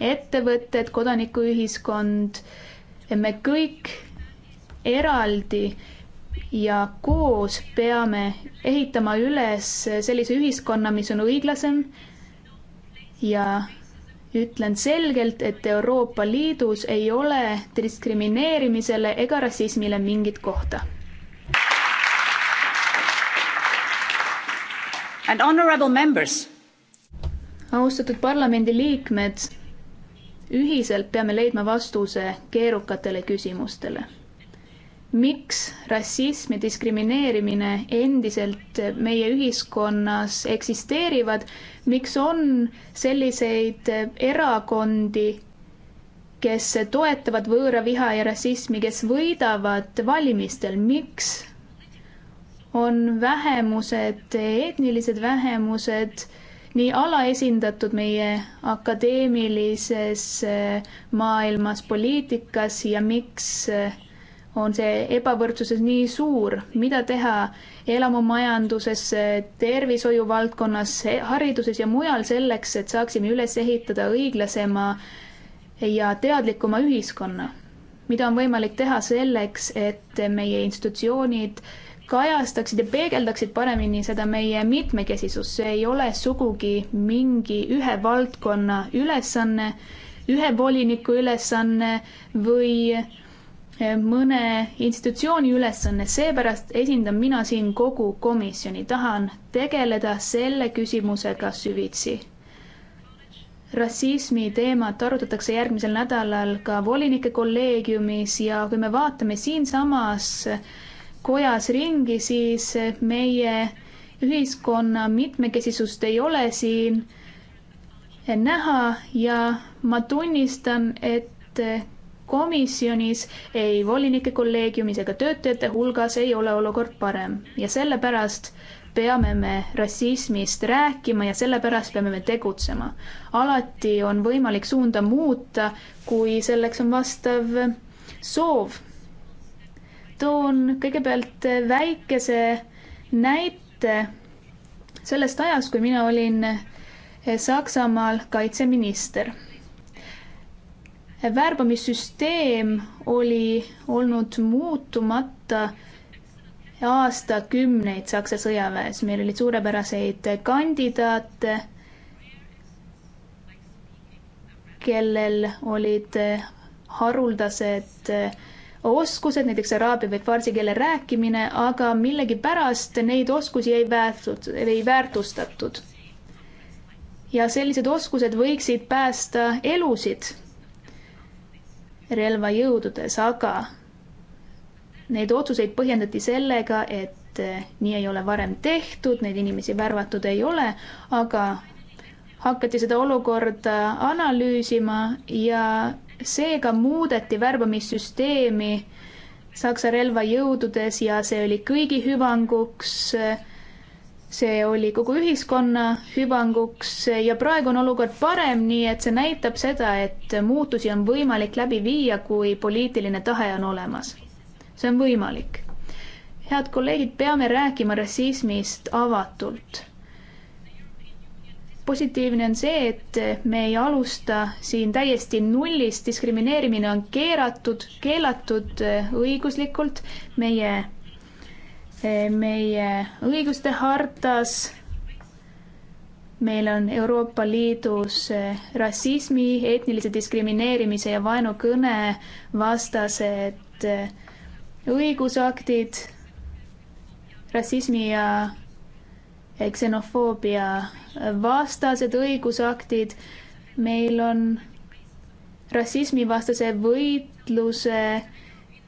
[SPEAKER 5] ettevõtted, kodanikuühiskond, me kõik eraldi ja koos peame ehitama üles sellise ühiskonna, mis on õiglasem ja ütlen selgelt, et Euroopa Liidus ei ole diskrimineerimisele ega rassismile mingit kohta. And honorable members. austatud parlamendiliikmed, ühiselt peame leidma vastuse keerukatele küsimustele miks rassism ja diskrimineerimine endiselt meie ühiskonnas eksisteerivad, miks on selliseid erakondi, kes toetavad võõraviha ja rassismi, kes võidavad valimistel, miks on vähemused, etnilised vähemused nii alaesindatud meie akadeemilises maailmas, poliitikas ja miks äh, on see ebavõrdsuses nii suur, mida teha elamumajanduses, tervishoiu valdkonnas, hariduses ja mujal selleks, et saaksime üles ehitada õiglasema ja teadlikuma ühiskonna. mida on võimalik teha selleks, et meie institutsioonid kajastaksid ja peegeldaksid paremini seda meie mitmekesisust, see ei ole sugugi mingi ühe valdkonna ülesanne, ühe voliniku ülesanne või mõne institutsiooni ülesanne, seepärast esindan mina siin kogu komisjoni, tahan tegeleda selle küsimusega süvitsi. rassismi teemat arutatakse järgmisel nädalal ka volinike kolleegiumis ja kui me vaatame siinsamas kojas ringi, siis meie ühiskonna mitmekesisust ei ole siin näha ja ma tunnistan, et komisjonis, ei volinike kolleegiumis ega töötajate hulgas ei ole olukord parem ja sellepärast peame me rassismist rääkima ja sellepärast peame me tegutsema. alati on võimalik suunda muuta, kui selleks on vastav soov. toon kõigepealt väikese näite sellest ajast, kui mina olin Saksamaal kaitseminister värbamissüsteem oli olnud muutumata aastakümneid Saksa sõjaväes, meil oli suurepäraseid kandidaate, kellel olid haruldased oskused, näiteks araabia või farsi keele rääkimine, aga millegipärast neid oskusi ei väärtust-, ei väärtustatud. ja sellised oskused võiksid päästa elusid relvajõududes, aga neid otsuseid põhjendati sellega, et eh, nii ei ole varem tehtud, neid inimesi värvatud ei ole, aga hakati seda olukorda analüüsima ja seega muudeti värbamissüsteemi Saksa relvajõududes ja see oli kõigi hüvanguks eh, see oli kogu ühiskonna hüvanguks ja praegu on olukord parem, nii et see näitab seda, et muutusi on võimalik läbi viia, kui poliitiline tahe on olemas. see on võimalik. head kolleegid, peame rääkima rassismist avatult. positiivne on see, et me ei alusta siin täiesti nullist, diskrimineerimine on keeratud, keelatud õiguslikult, meie meie õiguste hartas. meil on Euroopa Liidus eh, rassismi, etnilise diskrimineerimise ja vaenukõne vastased eh, õigusaktid, rassismi ja eh, ksenofoobia vastased õigusaktid. meil on rassismivastase võitluse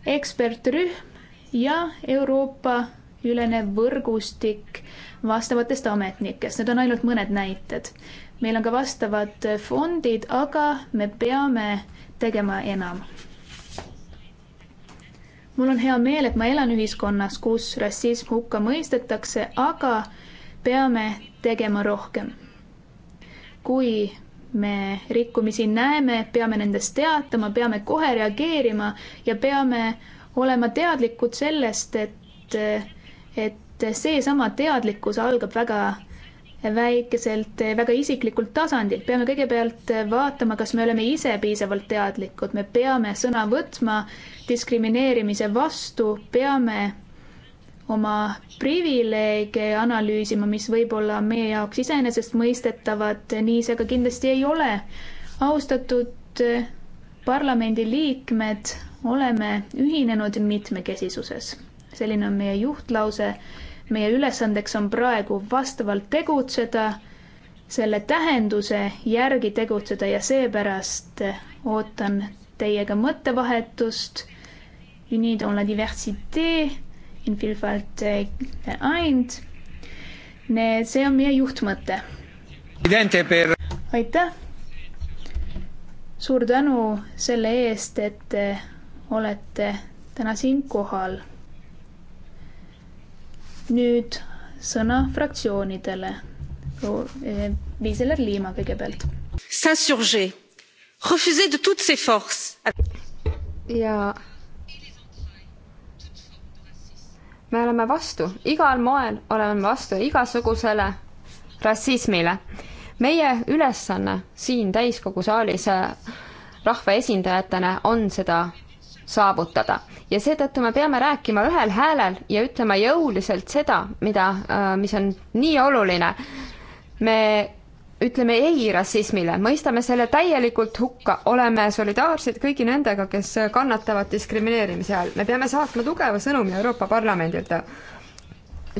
[SPEAKER 5] ekspertrühm ja Euroopa ülene võrgustik vastavatest ametnikest, need on ainult mõned näited. meil on ka vastavad fondid, aga me peame tegema enam. mul on hea meel, et ma elan ühiskonnas, kus rassism hukka mõistetakse, aga peame tegema rohkem. kui me rikkumisi näeme, peame nendest teatama, peame kohe reageerima ja peame olema teadlikud sellest, et et seesama teadlikkus algab väga väikeselt, väga isiklikult tasandilt. peame kõigepealt vaatama, kas me oleme ise piisavalt teadlikud, me peame sõna võtma diskrimineerimise vastu, peame oma privileege analüüsima, mis võib-olla meie jaoks iseenesestmõistetavad, nii see aga kindlasti ei ole. austatud parlamendiliikmed, oleme ühinenud mitmekesisuses selline on meie juhtlause. meie ülesandeks on praegu vastavalt tegutseda, selle tähenduse järgi tegutseda ja seepärast ootan teiega mõttevahetust. Unid on la diversité, in vielfalt eind. see on meie juhtmõte. aitäh. suur tänu selle eest, et olete täna siin kohal nüüd sõna fraktsioonidele. Viiseler eh, Liima kõigepealt. ja
[SPEAKER 4] me oleme vastu, igal moel oleme vastu igasugusele rassismile. meie ülesanne siin täiskogu saalis eh, rahvaesindajatena on seda saavutada. ja seetõttu me peame rääkima ühel häälel ja ütlema jõuliselt seda, mida, äh, mis on nii oluline. me ütleme ei rassismile, mõistame selle täielikult hukka, oleme solidaarsed kõigi nendega, kes kannatavad diskrimineerimise all. me peame saatma tugeva sõnumi Euroopa Parlamendilt.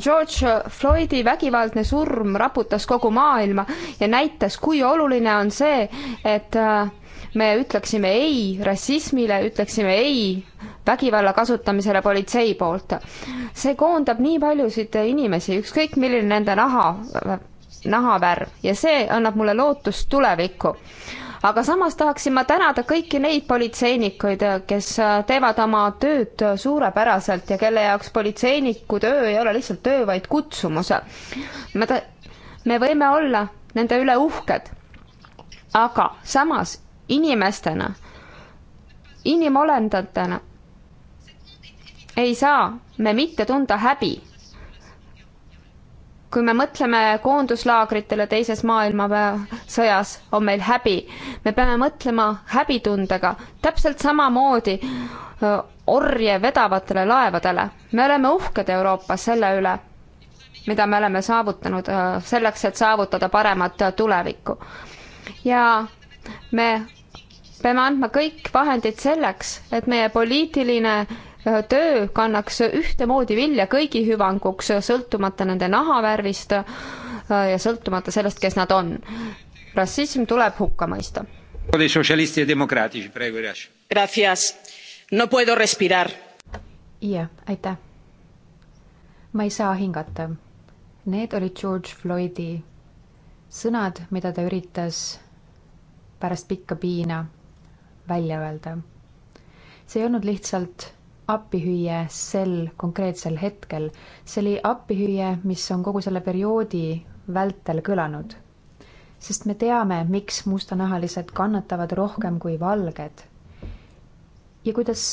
[SPEAKER 4] George Floydi vägivaldne surm raputas kogu maailma ja näitas, kui oluline on see, et äh, me ütleksime ei rassismile, ütleksime ei vägivalla kasutamisele politsei poolt. see koondab nii paljusid inimesi, ükskõik milline nende naha, nahavärv ja see annab mulle lootust tulevikku aga samas tahaksin ma tänada kõiki neid politseinikuid, kes teevad oma tööd suurepäraselt ja kelle jaoks politseiniku töö ei ole lihtsalt töö, vaid kutsumus. me, me võime olla nende üle uhked. aga samas inimestena, inimolenditena ei saa me mitte tunda häbi. kui me mõtleme koonduslaagritele teises maailmasõjas, on meil häbi. me peame mõtlema häbitundega, täpselt samamoodi orje vedavatele laevadele. me oleme uhked Euroopas selle üle, mida me oleme saavutanud selleks, et saavutada paremat tulevikku. ja me peame andma kõik vahendid selleks, et meie poliitiline töö kannaks ühtemoodi vilja kõigi hüvanguks, sõltumata nende nahavärvist ja sõltumata sellest, kes nad on. rassism tuleb hukka mõista.
[SPEAKER 3] jah, aitäh. ma ei saa hingata. Need olid George Floydi sõnad, mida ta üritas pärast pikka piina välja öelda. see ei olnud lihtsalt appihüüe sel konkreetsel hetkel, see oli appihüüe, mis on kogu selle perioodi vältel kõlanud. sest me teame, miks mustanahalised kannatavad rohkem kui valged. ja kuidas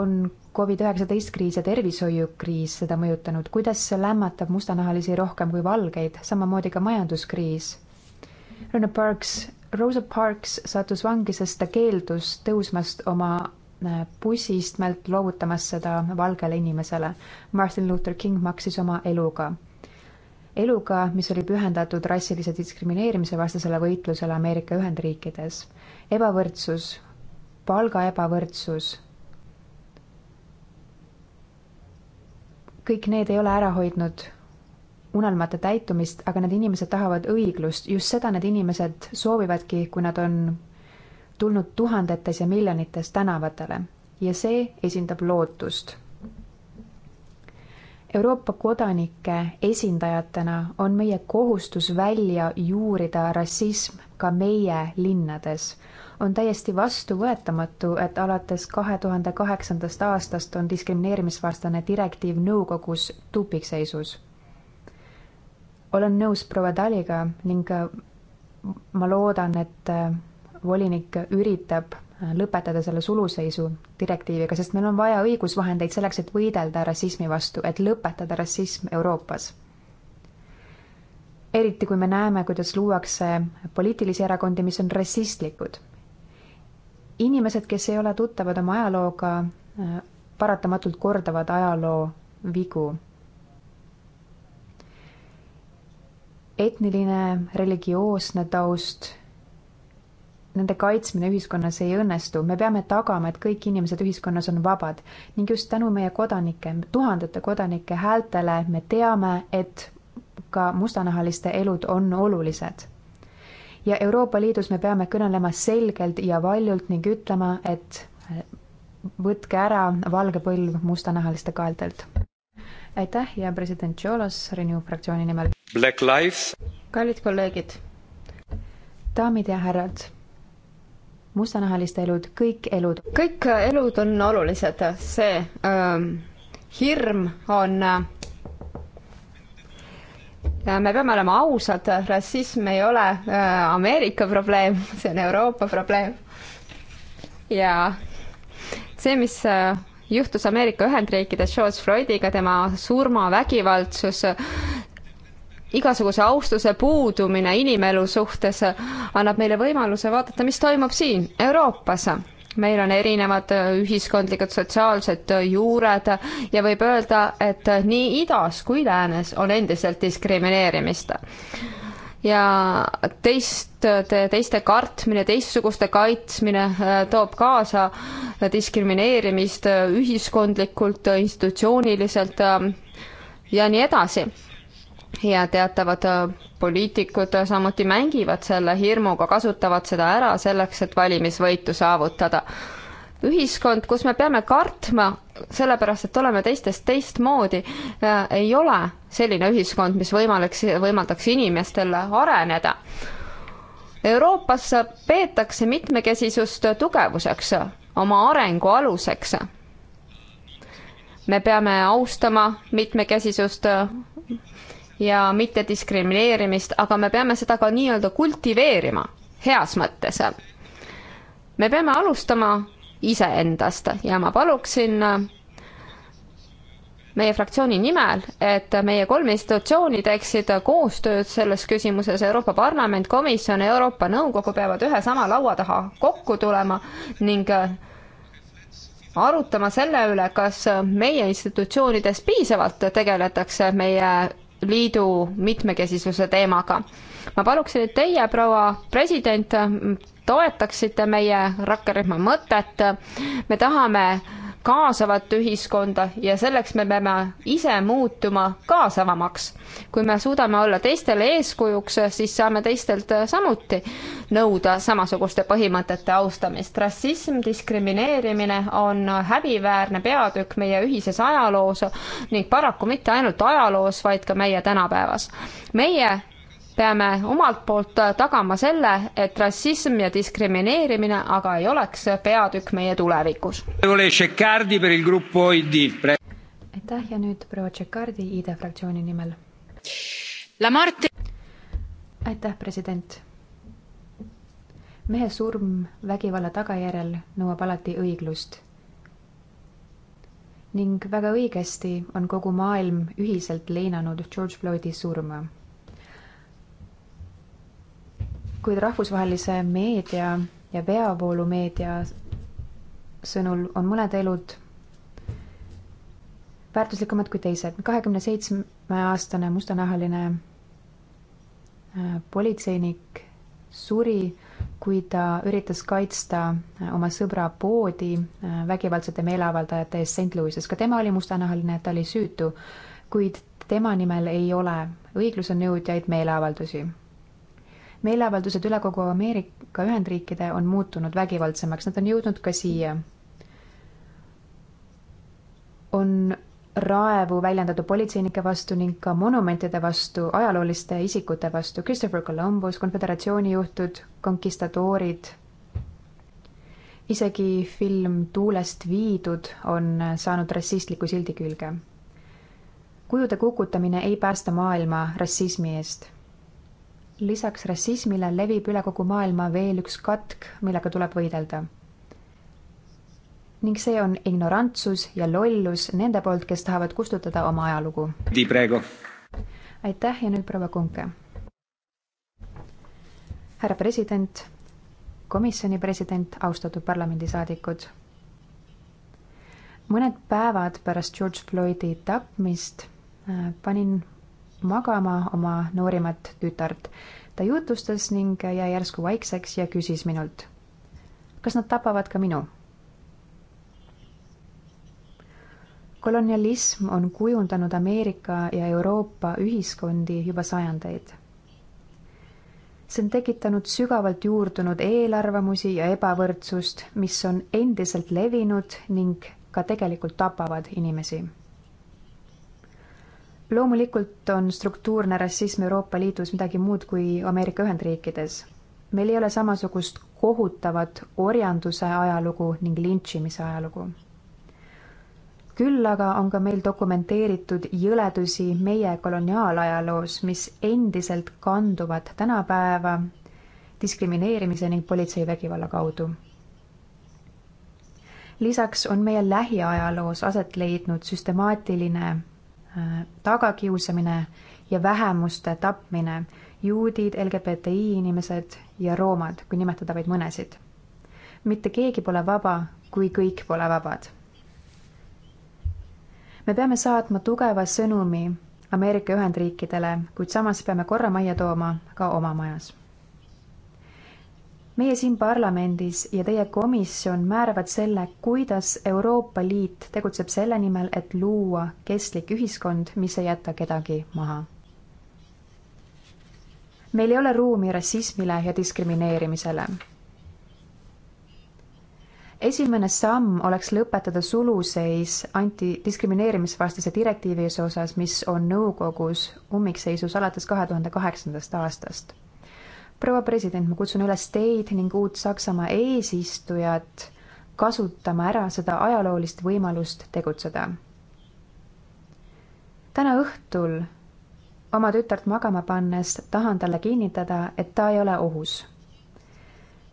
[SPEAKER 3] on Covid-19 kriis ja tervishoiukriis seda mõjutanud, kuidas see lämmatab mustanahalisi rohkem kui valgeid, samamoodi ka majanduskriis. Rene Parks Rosa Parks sattus vangi, sest ta keeldus tõusmast oma äh, bussiistmelt loovutamas seda valgele inimesele. Martin Luther King maksis oma eluga. eluga, mis oli pühendatud rassilise diskrimineerimise vastasele võitlusele Ameerika Ühendriikides. ebavõrdsus, palga ebavõrdsus, kõik need ei ole ära hoidnud unelmate täitumist, aga need inimesed tahavad õiglust, just seda need inimesed soovivadki, kui nad on tulnud tuhandetes ja miljonites tänavatele ja see esindab lootust. Euroopa kodanike esindajatena on meie kohustus välja juurida rassism ka meie linnades. on täiesti vastuvõetamatu, et alates kahe tuhande kaheksandast aastast on diskrimineerimisvastane direktiiv nõukogus tupikseisus olen nõus proua Taliga ning äh, ma loodan, et äh, volinik üritab äh, lõpetada selle suluseisu direktiiviga, sest meil on vaja õigusvahendeid selleks, et võidelda rassismi vastu, et lõpetada rassism Euroopas. eriti kui me näeme, kuidas luuakse poliitilisi erakondi, mis on rassistlikud. inimesed, kes ei ole tuttavad oma ajalooga, paratamatult kordavad ajaloo vigu etniline, religioosne taust, nende kaitsmine ühiskonnas ei õnnestu, me peame tagama, et kõik inimesed ühiskonnas on vabad ning just tänu meie kodanike, tuhandete kodanike häältele me teame, et ka mustanahaliste elud on olulised. ja Euroopa Liidus me peame kõnelema selgelt ja valjult ning ütlema, et võtke ära valge põlv mustanahaliste kaeltelt. aitäh ja president Tšolos Renew fraktsiooni nimel.
[SPEAKER 2] Black Lives.
[SPEAKER 3] kallid kolleegid, daamid ja härrad, mustanahaliste elud, kõik elud, kõik elud on olulised, see ähm, hirm on äh,
[SPEAKER 4] me peame olema ausad, rassism ei ole äh, Ameerika probleem, see on Euroopa probleem. ja see, mis äh, juhtus Ameerika Ühendriikides George Floydiga, tema surmavägivaldsus, igasuguse austuse puudumine inimelu suhtes annab meile võimaluse vaadata, mis toimub siin Euroopas. meil on erinevad ühiskondlikud sotsiaalsed juured ja võib öelda, et nii idas kui läänes on endiselt diskrimineerimist ja teist, teiste kartmine, teistsuguste kaitsmine äh, toob kaasa diskrimineerimist ühiskondlikult, institutsiooniliselt ähm, ja nii edasi ja teatavad äh, poliitikud äh, samuti mängivad selle hirmuga, kasutavad seda ära selleks, et valimisvõitu saavutada. ühiskond, kus me peame kartma, sellepärast et oleme teistest teistmoodi, äh, ei ole selline ühiskond, mis võimaleks, võimaldaks inimestel areneda. Euroopas peetakse mitmekesisust tugevuseks, oma arengu aluseks. me peame austama mitmekesisust ja mittediskrimineerimist, aga me peame seda ka nii-öelda kultiveerima, heas mõttes. me peame alustama iseendast ja ma paluksin meie fraktsiooni nimel, et meie kolm institutsiooni teeksid koostööd selles küsimuses, Euroopa Parlament, Komisjon, Euroopa Nõukogu peavad ühe sama laua taha kokku tulema ning arutama selle üle, kas meie institutsioonides piisavalt tegeletakse meie liidu mitmekesisuse teemaga. ma paluksin, et teie, proua president, toetaksite meie rakkerühma mõtet. me tahame kaasavat ühiskonda ja selleks me peame ise muutuma kaasavamaks. kui me suudame olla teistele eeskujuks, siis saame teistelt samuti nõuda samasuguste põhimõtete austamist. rassism, diskrimineerimine on häbiväärne peatükk meie ühises ajaloos ning paraku mitte ainult ajaloos, vaid ka meie tänapäevas. meie peame omalt poolt tagama selle, et rassism ja diskrimineerimine aga ei oleks peatükk meie
[SPEAKER 3] tulevikus. aitäh ja nüüd proua Tšekardi ID fraktsiooni nimel. aitäh, president. mehe surm vägivalla tagajärjel nõuab alati õiglust. ning väga õigesti on kogu maailm ühiselt leinanud George Floydi surma kuid rahvusvahelise meedia ja peavoolumeedia sõnul on mõned elud väärtuslikumad kui teised. kahekümne seitsme aastane mustanahaline äh, politseinik suri, kui ta üritas kaitsta äh, oma sõbra poodi äh, vägivaldsete meeleavaldajate eest St Louises. ka tema oli mustanahaline, ta oli süütu, kuid tema nimel ei ole õigluse nõudjaid meeleavaldusi meeleavaldused üle kogu Ameerika Ühendriikide on muutunud vägivaldsemaks, nad on jõudnud ka siia. on raevu väljendatud politseinike vastu ning ka monumentide vastu, ajalooliste isikute vastu, Christopher Columbus, konföderatsiooni juhtud, konkistadoorid. isegi film Tuulest viidud on saanud rassistliku sildi külge. kujude kukutamine ei päästa maailma rassismi eest lisaks rassismile levib üle kogu maailma veel üks katk, millega tuleb võidelda. ning see on ignorantsus ja lollus nende poolt, kes tahavad kustutada oma ajalugu. aitäh ja nüüd proua Kunke. härra president, komisjoni president, austatud parlamendisaadikud. mõned päevad pärast George Floydi tapmist äh, panin magama oma noorimat tütart. ta jutustas ning jäi järsku vaikseks ja küsis minult. kas nad tapavad ka minu? kolonialism on kujundanud Ameerika ja Euroopa ühiskondi juba sajandeid see on tekitanud sügavalt juurdunud eelarvamusi ja ebavõrdsust, mis on endiselt levinud ning ka tegelikult tapavad inimesi loomulikult on struktuurne rassism Euroopa Liidus midagi muud kui Ameerika Ühendriikides. meil ei ole samasugust kohutavat orjanduse ajalugu ning lintšimise ajalugu. küll aga on ka meil dokumenteeritud jõledusi meie koloniaalajaloos, mis endiselt kanduvad tänapäeva diskrimineerimise ning politseivägivalla kaudu. lisaks on meie lähiajaloos aset leidnud süstemaatiline Äh, tagakiusamine ja vähemuste tapmine, juudid, LGBTI inimesed ja roomad, kui nimetada vaid mõnesid. mitte keegi pole vaba, kui kõik pole vabad. me peame saatma tugeva sõnumi Ameerika Ühendriikidele, kuid samas peame korra majja tooma ka oma majas meie siin parlamendis ja teie komisjon määravad selle, kuidas Euroopa Liit tegutseb selle nimel, et luua kestlik ühiskond, mis ei jäta kedagi maha. meil ei ole ruumi rassismile ja diskrimineerimisele. esimene samm oleks lõpetada suluseis antidiskrimineerimisvastase direktiivi osas, mis on nõukogus ummikseisus alates kahe tuhande kaheksandast aastast proua president, ma kutsun üles teid ning uut Saksamaa eesistujat kasutama ära seda ajaloolist võimalust tegutseda. täna õhtul oma tütart magama pannes tahan talle kinnitada, et ta ei ole ohus.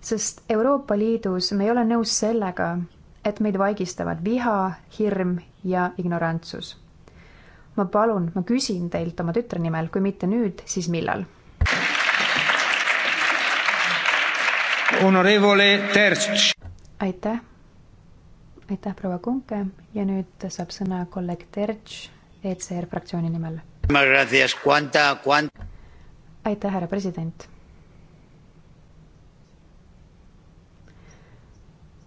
[SPEAKER 3] sest Euroopa Liidus me ei ole nõus sellega, et meid vaigistavad viha, hirm ja ignorantsus. ma palun, ma küsin teilt oma tütre nimel, kui mitte nüüd, siis millal aitäh, aitäh, proua Kunke ja nüüd saab sõna kolleeg Terts ECR fraktsiooni nimel. aitäh, härra president.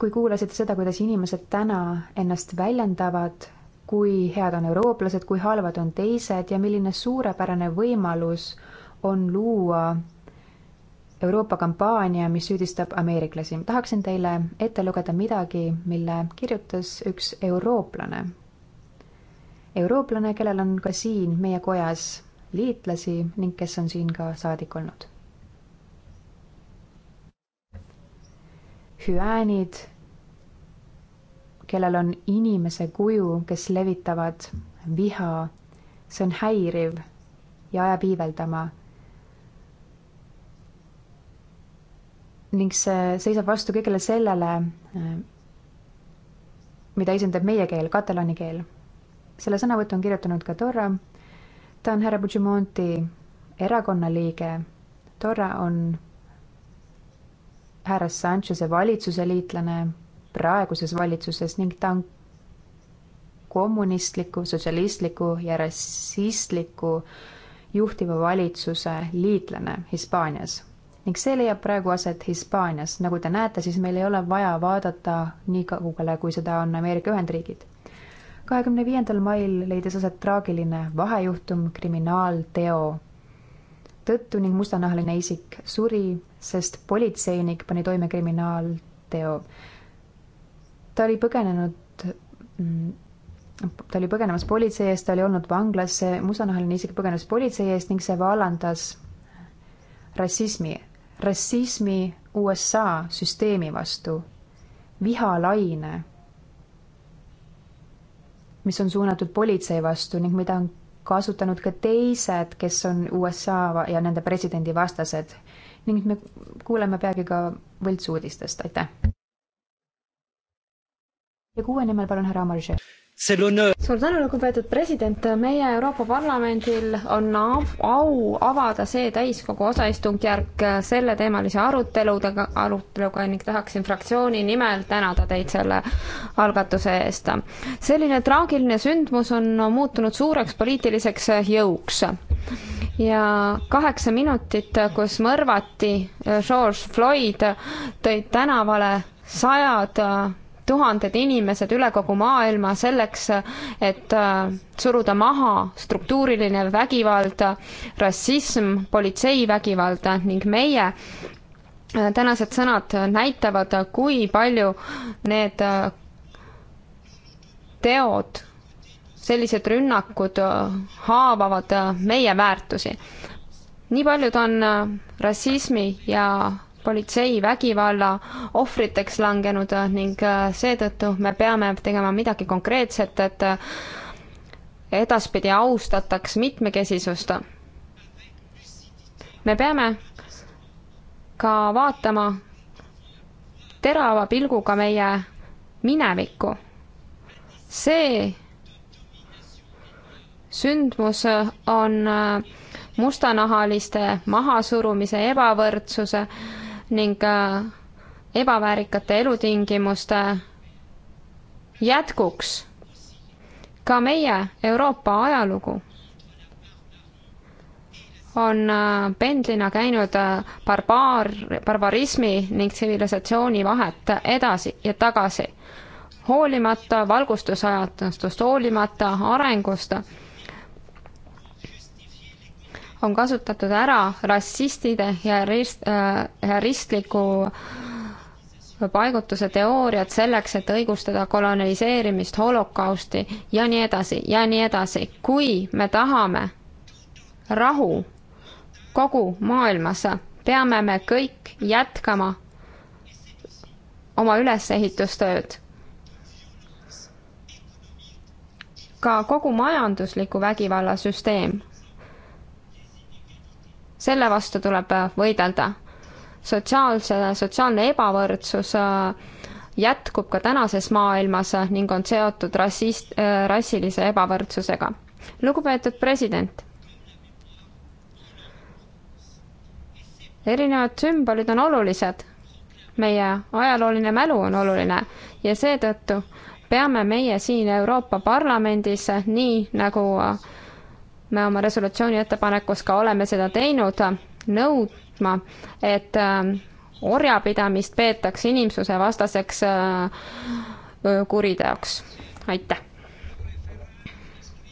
[SPEAKER 3] kui kuulasite seda, kuidas inimesed täna ennast väljendavad, kui head on eurooplased, kui halvad on teised ja milline suurepärane võimalus on luua Euroopa kampaania, mis süüdistab ameeriklasi. tahaksin teile ette lugeda midagi, mille kirjutas üks eurooplane. eurooplane, kellel on ka siin meie kojas liitlasi ning kes on siin ka saadik olnud. hüäänid, kellel on inimese kuju, kes levitavad viha, see on häiriv ja ajab iiveldama ning see seisab vastu kõigele sellele, äh, mida esindab meie keel, katalaani keel. selle sõnavõtu on kirjutanud ka Torra. ta on härra Puigdemonti erakonna liige. Torra on härra Sanchez'e valitsuse liitlane praeguses valitsuses ning ta on kommunistliku, sotsialistliku ja rassistliku juhtiva valitsuse liitlane Hispaanias ning see leiab praegu aset Hispaanias. nagu te näete, siis meil ei ole vaja vaadata nii kaugele, kui seda on Ameerika Ühendriigid. kahekümne viiendal mail leidis aset traagiline vahejuhtum kriminaalteo tõttu ning mustanahaline isik suri, sest politseinik pani toime kriminaalteo. ta oli põgenenud mm, ta oli põgenemas politsei eest, ta oli olnud vanglas, see mustanahaline isik põgenes politsei eest ning see vallandas rassismi rassismi USA süsteemi vastu, vihalaine, mis on suunatud politsei vastu ning mida on kasutanud ka teised, kes on USA ja nende presidendi vastased ning me kuuleme peagi ka võltsuudistest, aitäh! ja kuue nimel palun härra Omarže see l'honneur. suur tänu, lugupeetud president, meie Euroopa
[SPEAKER 4] Parlamendil on au avada see täiskogu osaistungjärk selleteemalise aruteludega, aruteluga ning tahaksin fraktsiooni nimel tänada teid selle algatuse eest. selline traagiline sündmus on muutunud suureks poliitiliseks jõuks ja kaheksa minutit, kus mõrvati George Floyd, tõid tänavale sajad tuhanded inimesed üle kogu maailma selleks, et äh, suruda maha struktuuriline vägivald, rassism, politseivägivald ning meie äh, tänased sõnad näitavad, kui palju need äh, teod, sellised rünnakud haavavad meie väärtusi. nii paljud on rassismi ja politsei vägivalla ohvriteks langenud äh, ning äh, seetõttu me peame tegema midagi konkreetset, et äh, edaspidi austataks mitmekesisust. me peame ka vaatama terava pilguga meie minevikku. see sündmus on mustanahaliste mahasurumise, ebavõrdsuse äh, ning äh, ebaväärikate elutingimuste jätkuks ka meie Euroopa ajalugu on äh, pendlina käinud äh, barbaar, barbarismi ning tsivilisatsiooni vahet edasi ja tagasi. hoolimata valgustusajastust, hoolimata arengust on kasutatud ära rassistide ja rist- äh,, ristliku paigutuse teooriat selleks, et õigustada koloniseerimist, holokausti ja nii edasi ja nii edasi. kui me tahame rahu kogu maailmas, peame me kõik jätkama oma ülesehitustööd. ka kogu majandusliku vägivalla süsteem selle vastu tuleb äh, võidelda. sotsiaalse, sotsiaalne ebavõrdsus äh, jätkub ka tänases maailmas äh, ning on seotud rassist, rassilise ebavõrdsusega. lugupeetud president erinevad sümbolid on olulised. meie ajalooline mälu on oluline ja seetõttu peame meie siin Euroopa Parlamendis, nii nagu me oma resolutsiooni ettepanekus ka oleme seda teinud, nõudma, et äh, orjapidamist peetakse inimsuse vastaseks äh, äh, kuriteoks. aitäh.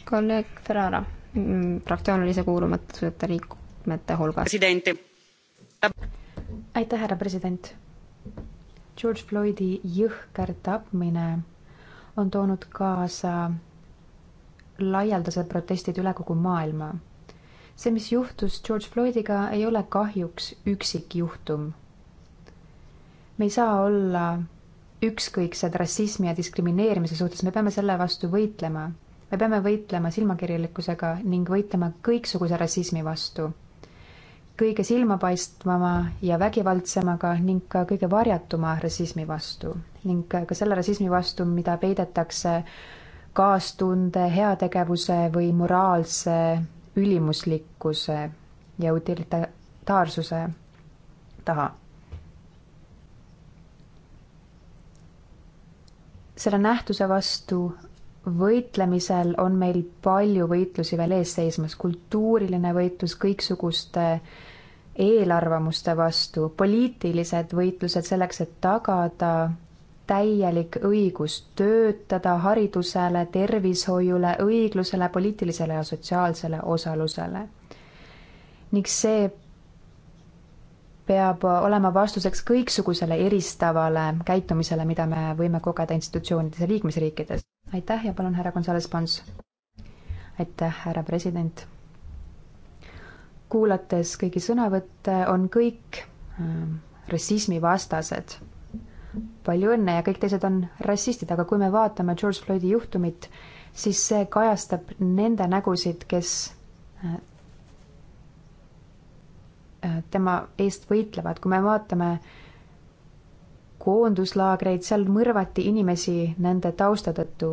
[SPEAKER 4] kolleeg Ferrara,
[SPEAKER 3] mm, fraktsioonilise kuulumatuse liikmete hulgas. aitäh, härra president. George Floydi jõhker tapmine on toonud kaasa laialdased protestid üle kogu maailma. see, mis juhtus George Floydiga, ei ole kahjuks üksikjuhtum. me ei saa olla ükskõiksed rassismi ja diskrimineerimise suhtes, me peame selle vastu võitlema. me peame võitlema silmakirjalikkusega ning võitlema kõiksuguse rassismi vastu. kõige silmapaistvama ja vägivaldsemaga ning ka kõige varjatuma rassismi vastu ning ka selle rassismi vastu, mida peidetakse kaastunde, heategevuse või moraalse ülimuslikkuse ja utilitaarsuse taha. selle nähtuse vastu võitlemisel on meil palju võitlusi veel ees seismas, kultuuriline võitlus kõiksuguste eelarvamuste vastu, poliitilised võitlused selleks, et tagada täielik õigus töötada haridusele, tervishoiule, õiglusele, poliitilisele ja sotsiaalsele osalusele. ning see peab olema vastuseks kõiksugusele eristavale käitumisele, mida me võime kogeda institutsioonides ja liikmesriikides. aitäh ja palun, härra Gonzales Pons. aitäh, härra president. kuulates kõigi sõnavõtte, on kõik äh, rassismivastased palju õnne ja kõik teised on rassistid, aga kui me vaatame George Floydi juhtumit, siis see kajastab nende nägusid, kes äh, äh, tema eest võitlevad, kui me vaatame koonduslaagreid, seal mõrvati inimesi nende tausta tõttu.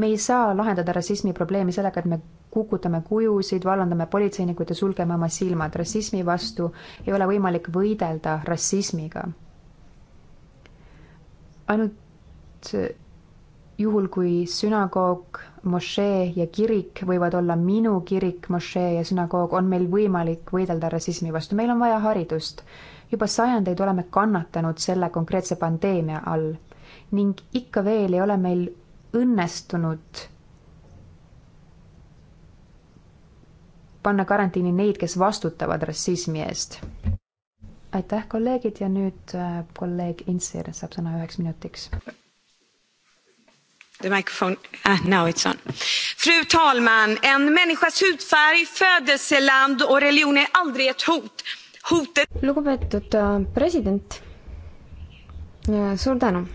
[SPEAKER 3] me ei saa lahendada rassismi probleemi sellega, et me kukutame kujusid, vallandame politseinikud ja sulgeme oma silmad. rassismi vastu ei ole võimalik võidelda rassismiga ainult juhul, kui sünagoog, mošee ja kirik võivad olla minu kirik, mošee ja sünagoog, on meil võimalik võidelda rassismi vastu, meil on vaja haridust. juba sajandeid oleme kannatanud selle konkreetse pandeemia all ning ikka veel ei ole meil õnnestunud panna karantiini neid, kes vastutavad rassismi eest aitäh, kolleegid ja nüüd äh, kolleeg Intsir saab sõna üheks minutiks.
[SPEAKER 6] The microphone, ah now it's on.
[SPEAKER 4] Fru talman, en människas hudfärg, födelseland och religion är aldrig ett hot. Hotet... lugupeetud äh, president, äh, suur tänu.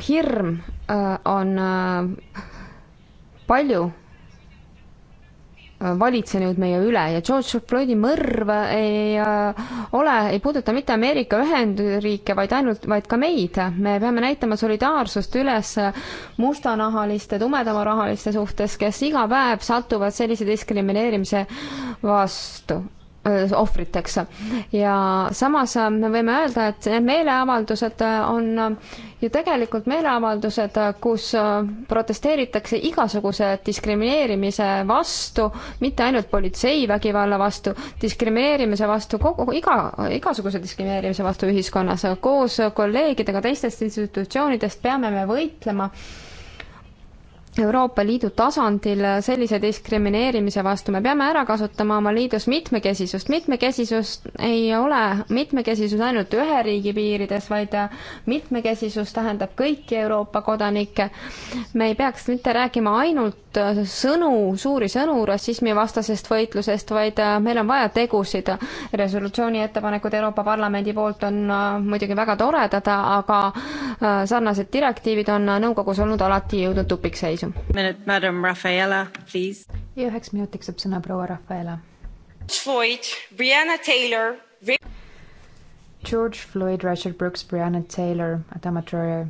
[SPEAKER 4] hirm on palju valitse nüüd meie üle ja George Floydi mõrv ei äh, ole, ei puuduta mitte Ameerika Ühendriike, vaid ainult, vaid ka meid. me peame näitama solidaarsust üles mustanahaliste, tumedamarahaliste suhtes, kes iga päev satuvad sellise diskrimineerimise vastu Äh, ohvriteks. ja samas äh, me võime öelda, et need meeleavaldused äh, on ju tegelikult meeleavaldused, kus protesteeritakse igasuguse diskrimineerimise vastu, mitte ainult politseivägivalla vastu, diskrimineerimise vastu, kogu, iga, igasuguse diskrimineerimise vastu ühiskonnas. koos kolleegidega teistest institutsioonidest peame me võitlema äh, Euroopa Liidu tasandil sellise diskrimineerimise vastu, me peame ära kasutama oma liidus mitmekesisust. mitmekesisus ei ole mitmekesisus ainult ühe riigi piirides, vaid mitmekesisus tähendab kõiki Euroopa kodanikke. me ei peaks mitte rääkima ainult ainult äh, sõnu, suuri sõnu rassismivastasest võitlusest, vaid äh, meil on vaja tegusid. resolutsiooni ettepanekud Euroopa Parlamendi poolt on äh, muidugi väga toredad, aga sarnased direktiivid on nõukogus olnud alati jõudnud tupikseisu.
[SPEAKER 3] ja üheks minutiks saab sõna proua Rafaela.
[SPEAKER 6] Floyd,
[SPEAKER 4] Brianna Taylor.
[SPEAKER 3] George Floyd, Richard Brooks, Brianna Taylor, Adama Troyer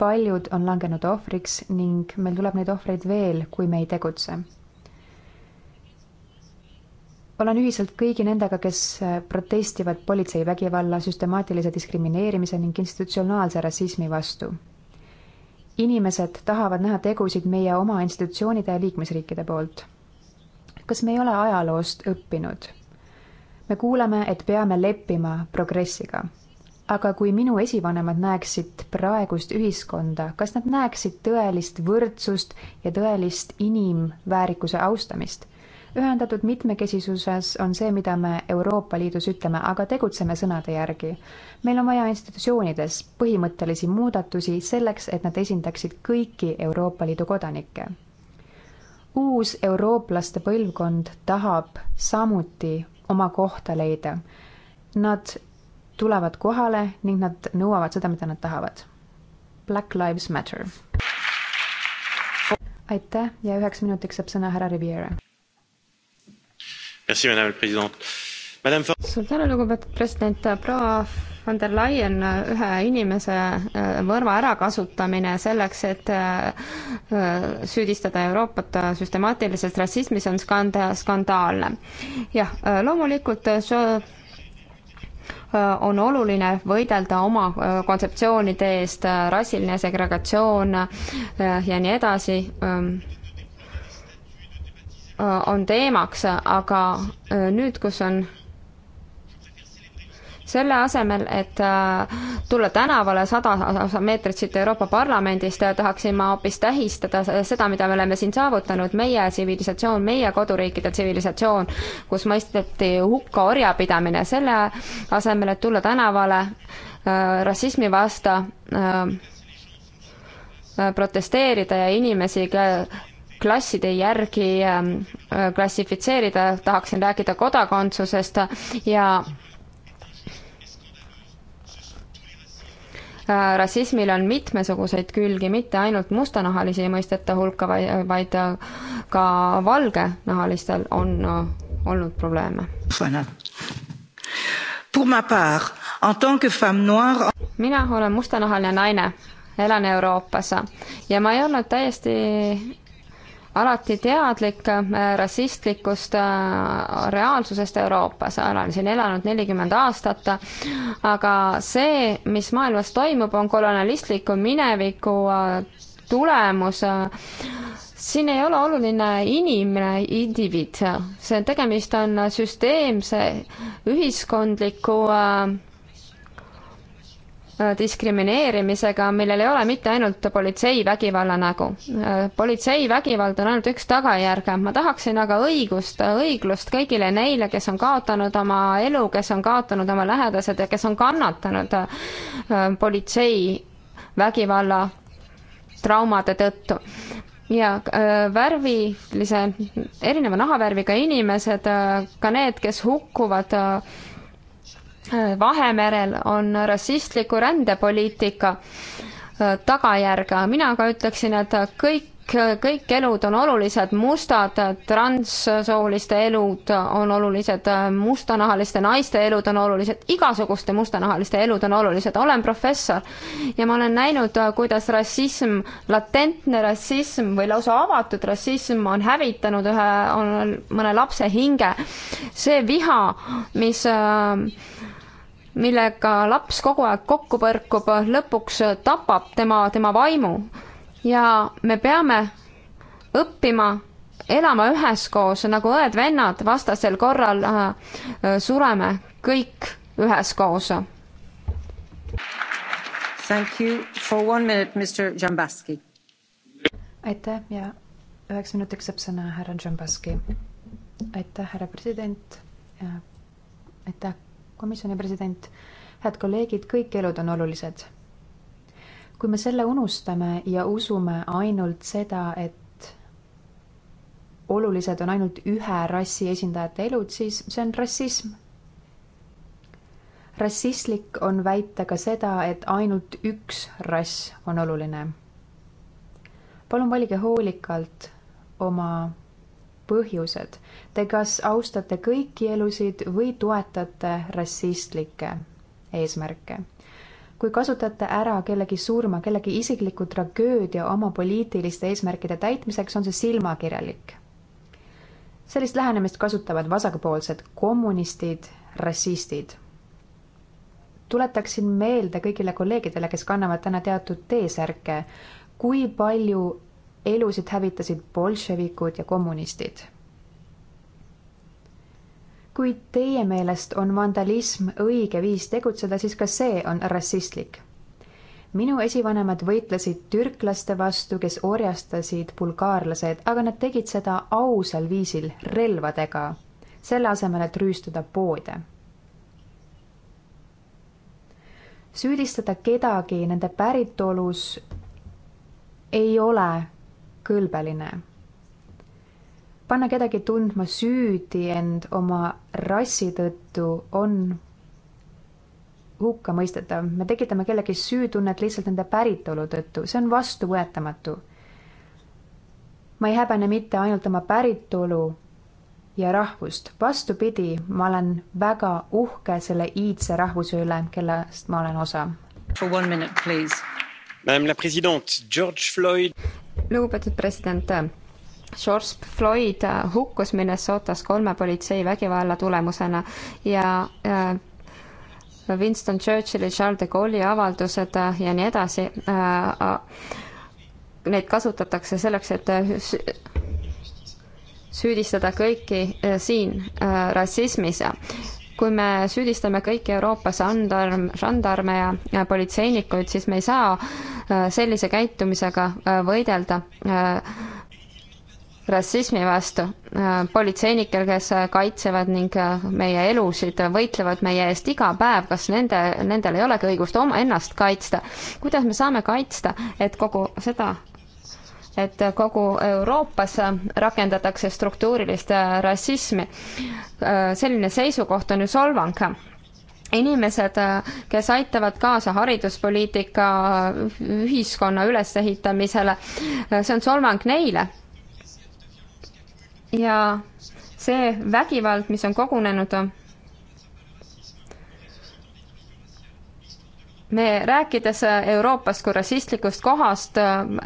[SPEAKER 3] paljud on langenud ohvriks ning meil tuleb neid ohvreid veel, kui me ei tegutse. olen ühiselt kõigi nendega, kes protestivad politsei vägivalla, süstemaatilise diskrimineerimise ning institutsionaalse rassismi vastu. inimesed tahavad näha tegusid meie oma institutsioonide ja liikmesriikide poolt. kas me ei ole ajaloost õppinud? me kuuleme, et peame leppima progressiga aga kui minu esivanemad näeksid praegust ühiskonda, kas nad näeksid tõelist võrdsust ja tõelist inimväärikuse austamist? ühendatud mitmekesisuses on see, mida me Euroopa Liidus ütleme, aga tegutseme sõnade järgi. meil on vaja institutsioonides põhimõttelisi muudatusi selleks, et nad esindaksid kõiki Euroopa Liidu kodanikke. uus eurooplaste põlvkond tahab samuti oma kohta leida. Nad tulevad kohale ning nad nõuavad seda, mida nad tahavad. Black Lives Matter. aitäh ja üheks minutiks saab sõna härra Riviera.
[SPEAKER 4] suur tänu, lugupeetud president, proua von der Leyen ühe inimese mõrva äh, ärakasutamine selleks, et äh, äh, süüdistada Euroopat süstemaatilises rassismis, on skanda-, skandaalne. jah, loomulikult Äh, on oluline võidelda oma äh, kontseptsioonide eest, äh, rassiline segregatsioon ja nii edasi ähm, on teemaks, aga nüüd, kus on selle asemel, et äh, tulla tänavale sada meetrit siit Euroopa Parlamendist, äh, tahaksin ma hoopis tähistada seda, mida me oleme siin saavutanud, meie tsivilisatsioon, meie koduriikide tsivilisatsioon, kus mõisteti hukka orjapidamine, selle asemel, et tulla tänavale äh, rassismi vasta protesteerida ja inimesi klasside järgi ähm, klassifitseerida, tahaksin rääkida kodakondsusest ja Äh, rassismil on mitmesuguseid külgi, mitte ainult mustanahalisi ei mõisteta hulka, vaid äh, ka valgenahalistel on äh, olnud probleeme. mina olen mustanahaline naine, elan Euroopas ja ma ei olnud täiesti alati teadlik äh, rassistlikust äh, reaalsusest Euroopas, olen siin elanud nelikümmend aastat, aga see, mis maailmas toimub, on kolonialistliku mineviku äh, tulemus siin ei ole oluline inimene, indiviid, see tegemist on süsteemse ühiskondliku äh, Äh, diskrimineerimisega, millel ei ole mitte ainult politsei vägivalla nägu. Äh, politsei vägivald on ainult üks tagajärg, ma tahaksin aga õigust, õiglust kõigile neile, kes on kaotanud oma elu, kes on kaotanud oma lähedased ja kes on kannatanud äh, politsei vägivalla traumade tõttu ja äh, värvilise, erineva nahavärviga inimesed äh,, ka need, kes hukkuvad äh, Vahemerel on rassistliku rändepoliitika äh, tagajärg, mina ka ütleksin, et kõik kõik, kõik elud on olulised, mustad transsooliste elud on olulised, mustanahaliste naiste elud on olulised, igasuguste mustanahaliste elud on olulised, olen professor ja ma olen näinud, kuidas rassism, latentne rassism või lausa avatud rassism on hävitanud ühe, on mõne lapse hinge. see viha, mis äh, millega laps kogu aeg kokku põrkub, lõpuks tapab tema, tema vaimu. ja me peame õppima elama üheskoos nagu õed-vennad, vastasel korral äh, sureme kõik üheskoos.
[SPEAKER 6] Thank you for one minute, Mr Džambaski.
[SPEAKER 3] aitäh ja üheks minutiks saab sõna härra Džambaski. aitäh, härra president ja aitäh komisjoni president, head kolleegid, kõik elud on olulised. kui me selle unustame ja usume ainult seda, et olulised on ainult ühe rassi esindajate elud, siis see on rassism. rassistlik on väita ka seda, et ainult üks rass on oluline. palun valige hoolikalt oma põhjused Te kas austate kõiki elusid või toetate rassistlikke eesmärke? kui kasutate ära kellegi surma, kellegi isikliku tragöödia oma poliitiliste eesmärkide täitmiseks, on see silmakirjalik. sellist lähenemist kasutavad vasakpoolsed kommunistid, rassistid. tuletaksin meelde kõigile kolleegidele, kes kannavad täna teatud T-särke, kui palju elusid hävitasid bolševikud ja kommunistid kui teie meelest on vandalism õige viis tegutseda, siis ka see on rassistlik. minu esivanemad võitlesid türklaste vastu, kes orjastasid bulgaarlased, aga nad tegid seda ausal viisil relvadega, selle asemel, et rüüstada poode. süüdistada kedagi nende päritolus ei ole kõlbeline panna kedagi tundma süüdi end oma rassi tõttu on hukkamõistetav, me tekitame kellegi süütunnet lihtsalt nende päritolu tõttu, see on vastuvõetamatu. ma ei häbene mitte ainult oma päritolu ja rahvust, vastupidi, ma olen väga uhke selle iidse rahvuse üle, kellest ma olen osa. lugupeetud
[SPEAKER 4] president George Floyd äh, hukkus Minnesotas kolme politsei vägivalla tulemusena ja äh, Winston Churchilli, Charles de Gaulle'i avaldused äh, ja nii edasi, neid kasutatakse selleks, et süüdistada kõiki siin rassismis kui me süüdistame kõiki Euroopa žandarm, žandarme ja politseinikuid, siis me ei saa sellise käitumisega võidelda rassismi vastu. Äh, politseinikel, kes äh, kaitsevad ning äh, meie elusid, võitlevad meie eest iga päev, kas nende, nendel ei olegi õigust oma, ennast kaitsta? kuidas me saame kaitsta, et kogu seda et kogu Euroopas rakendatakse struktuurilist rassismi. selline seisukoht on ju solvang inimesed, kes aitavad kaasa hariduspoliitika ühiskonna ülesehitamisele, see on solvang neile ja see vägivald, mis on kogunenud, me rääkides Euroopast kui rassistlikust kohast,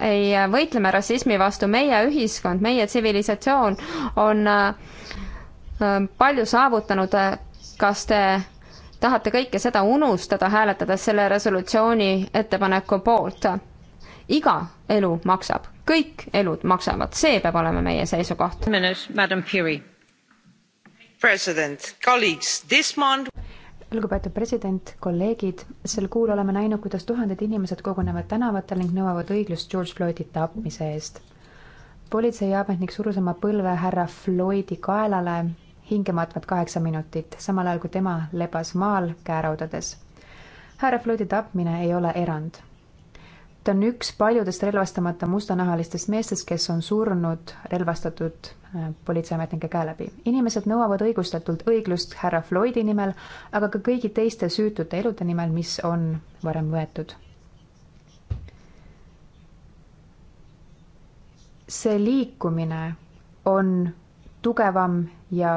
[SPEAKER 4] ei võitleme rassismi vastu, meie ühiskond, meie tsivilisatsioon on äh, palju saavutanud, kas te tahate kõike seda unustada, hääletades selle resolutsiooni ettepaneku poolt? iga elu maksab kõik elud maksavad, see peab olema meie seisukoht.
[SPEAKER 3] lugupeetud president, kolleegid, sel kuul oleme näinud, kuidas tuhanded inimesed kogunevad tänavatel ning nõuavad õiglust George Floydi tapmise eest. politseiametnik surus oma põlve härra Floydi kaelale hingematvat kaheksa minutit, samal ajal kui tema lebas maal käeraudades. härra Floydi tapmine ei ole erand ta on üks paljudest relvastamata mustanahalistest meestest, kes on surnud relvastatud äh, politseiametnike käe läbi. inimesed nõuavad õigustatult õiglust härra Floydi nimel, aga ka kõigi teiste süütute elude nimel, mis on varem võetud. see liikumine on tugevam ja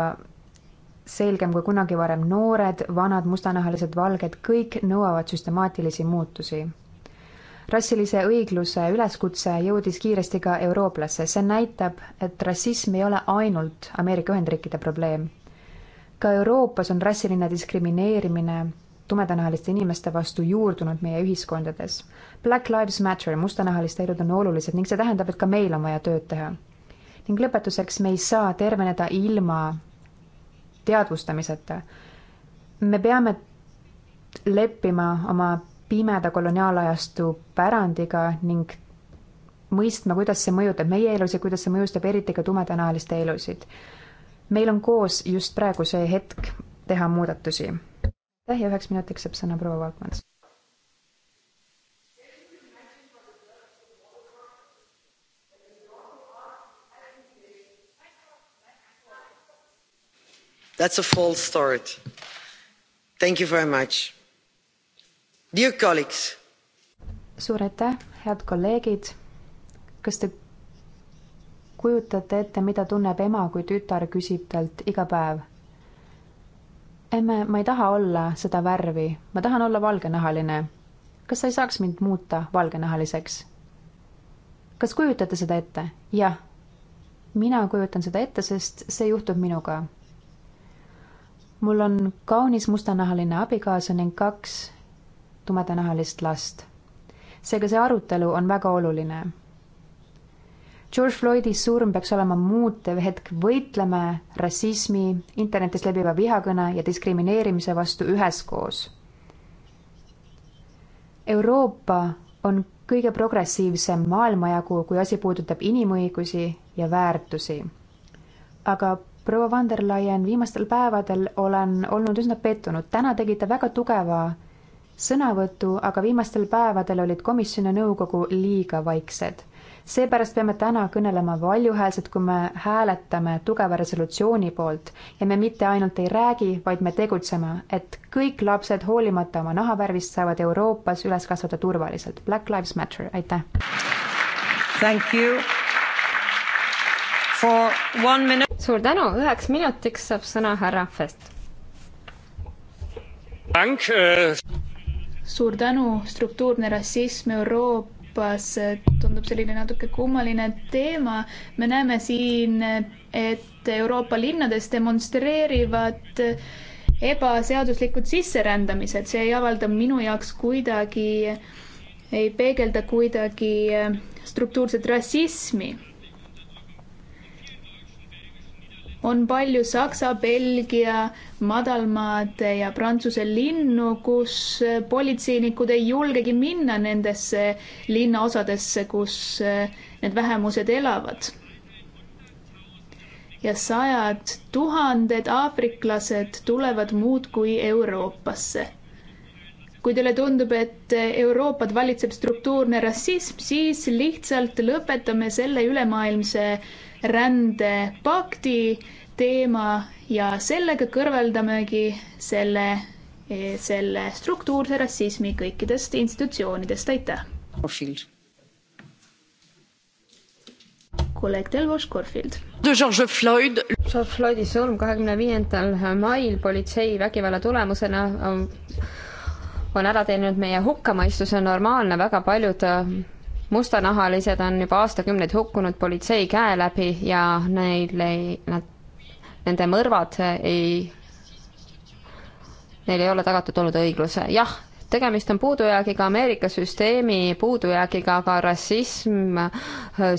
[SPEAKER 3] selgem kui kunagi varem. noored, vanad, mustanahalised, valged, kõik nõuavad süstemaatilisi muutusi rassilise õigluse üleskutse jõudis kiiresti ka eurooplasse, see näitab, et rassism ei ole ainult Ameerika Ühendriikide probleem. ka Euroopas on rassiline diskrimineerimine tumedanahaliste inimeste vastu juurdunud meie ühiskondades. Black Lives Matter, mustanahaliste elud on olulised ning see tähendab, et ka meil on vaja tööd teha. ning lõpetuseks, me ei saa terveneda ilma teadvustamiseta. me peame leppima oma pimeda koloniaalajastu pärandiga ning mõistma, kuidas see mõjutab meie elus ja kuidas see mõjustab eriti ka tumedanahaliste elusid. meil on koos just praegu see hetk teha muudatusi. aitäh ja üheks minutiks saab sõna proua Valkmans.
[SPEAKER 7] That's a false start. Thank you very much
[SPEAKER 3] suur aitäh, head kolleegid. kas te kujutate ette, mida tunneb ema, kui tütar küsib talt iga päev? emme, ma ei taha olla seda värvi, ma tahan olla valgenahaline. kas sa ei saaks mind muuta valgenahaliseks? kas kujutate seda ette? jah. mina kujutan seda ette, sest see juhtub minuga. mul on kaunis mustanahaline abikaasa ning kaks tumedanahalist last. seega see arutelu on väga oluline. George Floydi surm peaks olema muutev hetk, võitleme rassismi, internetis leviva vihakõne ja diskrimineerimise vastu üheskoos. Euroopa on kõige progressiivsem maailmajagu, kui asi puudutab inimõigusi ja väärtusi. aga proua van der Leyen, viimastel päevadel olen olnud üsna pettunud, täna tegi ta väga tugeva sõnavõtu, aga viimastel päevadel olid komisjon ja nõukogu liiga vaiksed. seepärast peame täna kõnelema valjuhäälselt, kui me hääletame tugeva resolutsiooni poolt ja me mitte ainult ei räägi, vaid me tegutseme, et kõik lapsed, hoolimata oma nahavärvist, saavad Euroopas üles kasvada turvaliselt. Black Lives Matter, aitäh! Thank you
[SPEAKER 4] suur tänu, üheks minutiks saab sõna härra Fest.
[SPEAKER 2] Äh,
[SPEAKER 5] suur tänu, struktuurne rassism Euroopas tundub selline natuke kummaline teema. me näeme siin, et Euroopa linnades demonstreerivad ebaseaduslikud sisserändamised, see ei avalda minu jaoks kuidagi, ei peegelda kuidagi struktuurset rassismi on palju Saksa, Belgia, madalmaade ja Prantsuse linnu, kus politseinikud ei julgegi minna nendesse linnaosadesse, kus eh, need vähemused elavad. ja sajad tuhanded aafriklased tulevad muudkui Euroopasse kui teile tundub, et Euroopat valitseb struktuurne rassism, siis lihtsalt lõpetame selle ülemaailmse rändepakti teema ja sellega kõrvaldamegi selle, eh, selle struktuurse rassismi kõikidest institutsioonidest, aitäh. kolleeg Delvos Corfield.
[SPEAKER 4] George Floyd. George Floydi surm kahekümne viiendal mail politsei vägivalla tulemusena on, on ära teeninud meie hukkamõistuse, normaalne, väga paljud mustanahalised on juba aastakümneid hukkunud politsei käe läbi ja neil ei, nad, nende mõrvad ei, neil ei ole tagatud olnud õiglus. jah, tegemist on puudujäägiga Ameerika süsteemi puudujäägiga, aga rassism,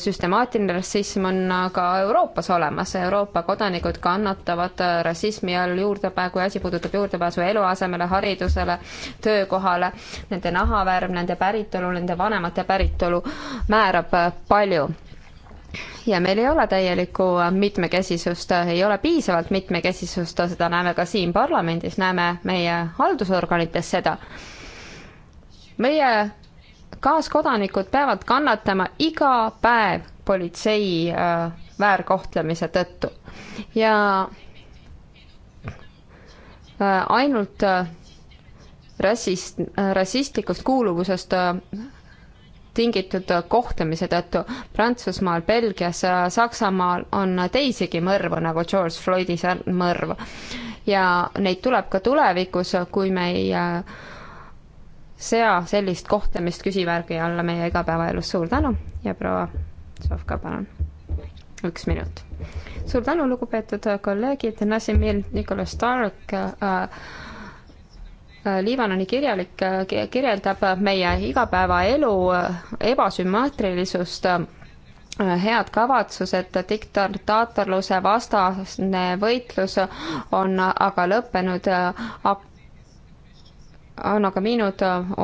[SPEAKER 4] süstemaatiline rassism on ka Euroopas olemas. Euroopa kodanikud kannatavad rassismi all juurdepää-, kui asi puudutab juurdepääsu eluasemele, haridusele, töökohale, nende nahavärv, nende päritolu, nende vanemate päritolu määrab palju ja meil ei ole täielikku mitmekesisust, ei ole piisavalt mitmekesisust, seda näeme ka siin parlamendis, näeme meie haldusorganites seda meie kaaskodanikud peavad kannatama iga päev politsei äh, väärkohtlemise tõttu ja äh, ainult äh, rassist, äh, rassistlikust kuuluvusest äh, tingitud äh, kohtlemise tõttu Prantsusmaal, Belgias, Saksamaal on teisigi mõrvu, nagu George Floydi mõrv. ja neid tuleb ka tulevikus, kui me ei äh, sea sellist kohtlemist küsimärgi alla meie igapäevaelus, suur tänu ja proua Sovka, palun, üks minut. suur tänu, lugupeetud kolleegid, Nassimil Nicolas Stark äh, äh Liibanoni kirjalik äh, kirjeldab meie igapäevaelu äh, ebasümmeetrilisust, head kavatsused, diktaatorluse vastasne võitlus on aga lõppenud annab ka miinud äh,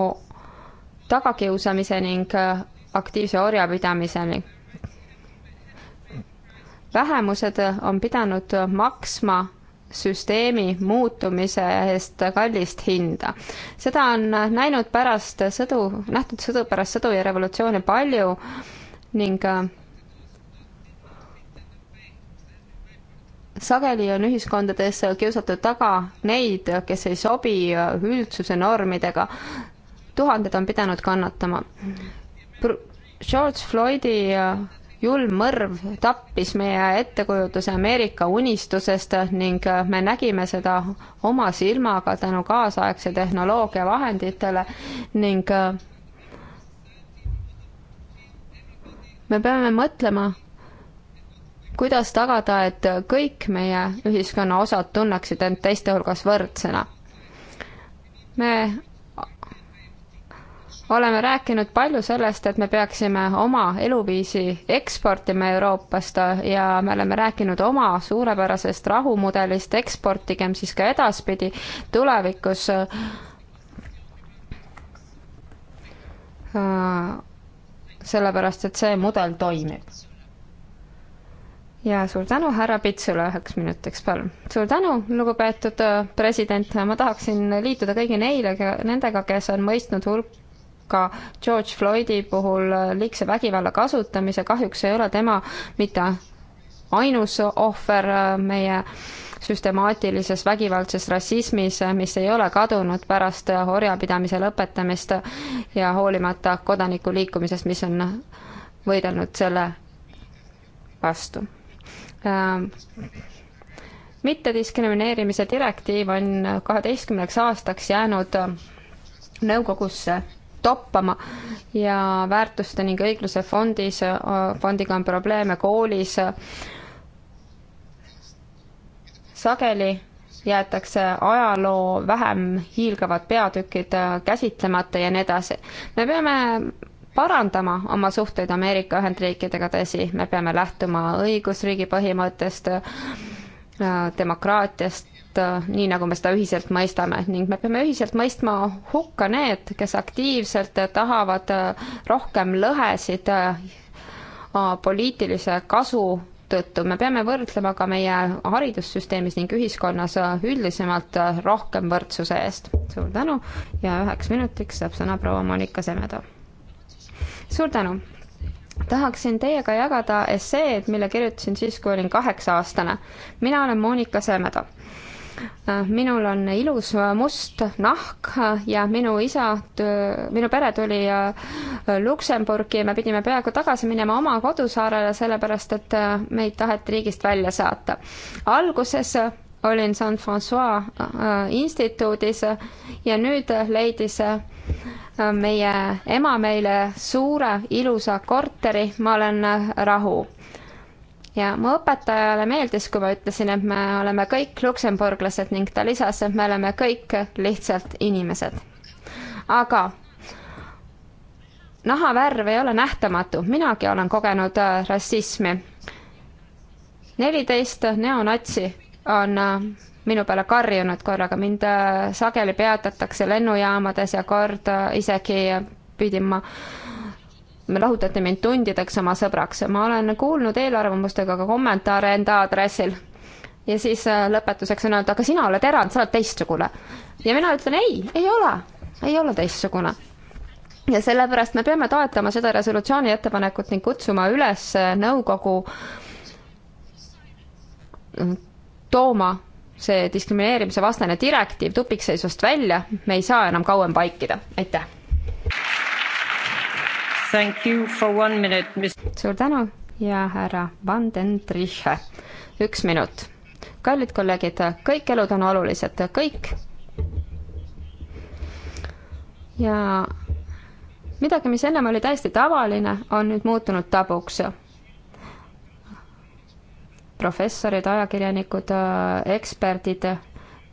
[SPEAKER 4] tagakiusamise ning äh, aktiivse orjapidamiseni. vähemused äh, on pidanud maksma süsteemi muutumise eest kallist hinda. seda on näinud pärast sõdu, nähtud sõdu pärast sõdu ja revolutsioone palju ning sageli on ühiskondades kiusatud taga neid, kes ei sobi üldsuse normidega. tuhanded on pidanud kannatama. George Floydi julm mõrv tappis meie ettekujutuse Ameerika unistusest ning me nägime seda oma silmaga tänu kaasaegse tehnoloogia vahenditele ning äh, me peame mõtlema kuidas tagada, et kõik meie ühiskonna osad tunneksid end teiste hulgas võrdsena? me oleme rääkinud palju sellest, et me peaksime oma eluviisi eksportima Euroopast ja me oleme rääkinud oma suurepärasest rahumudelist, eksportigem siis ka edaspidi tulevikus äh, sellepärast, et see mudel toimib ja suur tänu, härra Pitsula, üheks minutiks, palun. suur tänu, lugupeetud äh, president, ma tahaksin liituda kõigi neile, nendega, kes on mõistnud hulka George Floydi puhul äh, liigse vägivalla kasutamise, kahjuks ei ole tema mitte ainus ohver äh, meie süstemaatilises vägivaldses rassismis, mis ei ole kadunud pärast orjapidamise lõpetamist ja hoolimata kodanikuliikumisest, mis on võidelnud selle vastu Ähm, mittediskrimineerimise direktiiv on kaheteistkümneks aastaks jäänud ähm, nõukogusse toppama ja väärtuste ning õigluse fondis, äh, fondiga on probleeme koolis. sageli jäetakse ajaloo vähem hiilgavad peatükid äh, käsitlemata ja nii edasi. me peame parandama oma suhteid Ameerika Ühendriikidega, tõsi, me peame lähtuma õigusriigi põhimõttest, äh, demokraatiast, äh, nii nagu me seda ühiselt mõistame ning me peame ühiselt mõistma hukka need, kes aktiivselt tahavad äh, rohkem lõhesid poliitilise kasu tõttu me peame võrdlema ka meie haridussüsteemis ning ühiskonnas üldisemalt rohkem võrdsuse eest. suur tänu ja üheks minutiks saab sõna proua Monika Semedo suur tänu! tahaksin teiega jagada esseed, mille kirjutasin siis, kui olin kaheksa-aastane. mina olen Monika Semeda. minul on ilus must nahk ja minu isa, minu pere tuli äh, Luksemburgi ja me pidime peaaegu tagasi minema oma kodusaarele, sellepärast et äh, meid taheti riigist välja saata. alguses olin San Francois äh, instituudis ja nüüd leidis äh, meie ema meile suure ilusa korteri, ma olen äh, rahu. ja mu õpetajale meeldis, kui ma ütlesin, et me oleme kõik luksemburglased ning ta lisas, et me oleme kõik lihtsalt inimesed. aga nahavärv ei ole nähtamatu, minagi olen kogenud rassismi. neliteist neonatsi on äh, minu peale karjunud korraga, mind äh, sageli peatatakse lennujaamades ja kord äh, isegi pidin ma lahutati mind tundideks oma sõbraks. ma olen kuulnud eelarvamustega ka kommentaare enda aadressil. ja siis lõpetuseks on öelnud, aga sina oled erand, sa oled teistsugune. ja mina ütlen ei, ei ole, ei ole teistsugune. ja sellepärast me peame toetama seda resolutsiooni ettepanekut ning kutsuma üles nõukogu tooma see diskrimineerimise vastane direktiiv tupikseisust välja, me ei saa enam kauem vaikida, aitäh. suur tänu ja härra Van den Triche, üks minut. kallid kolleegid, kõik elud on olulised, kõik. ja midagi, mis ennem oli täiesti tavaline, on nüüd muutunud tabuks professorid, ajakirjanikud, äh, eksperdid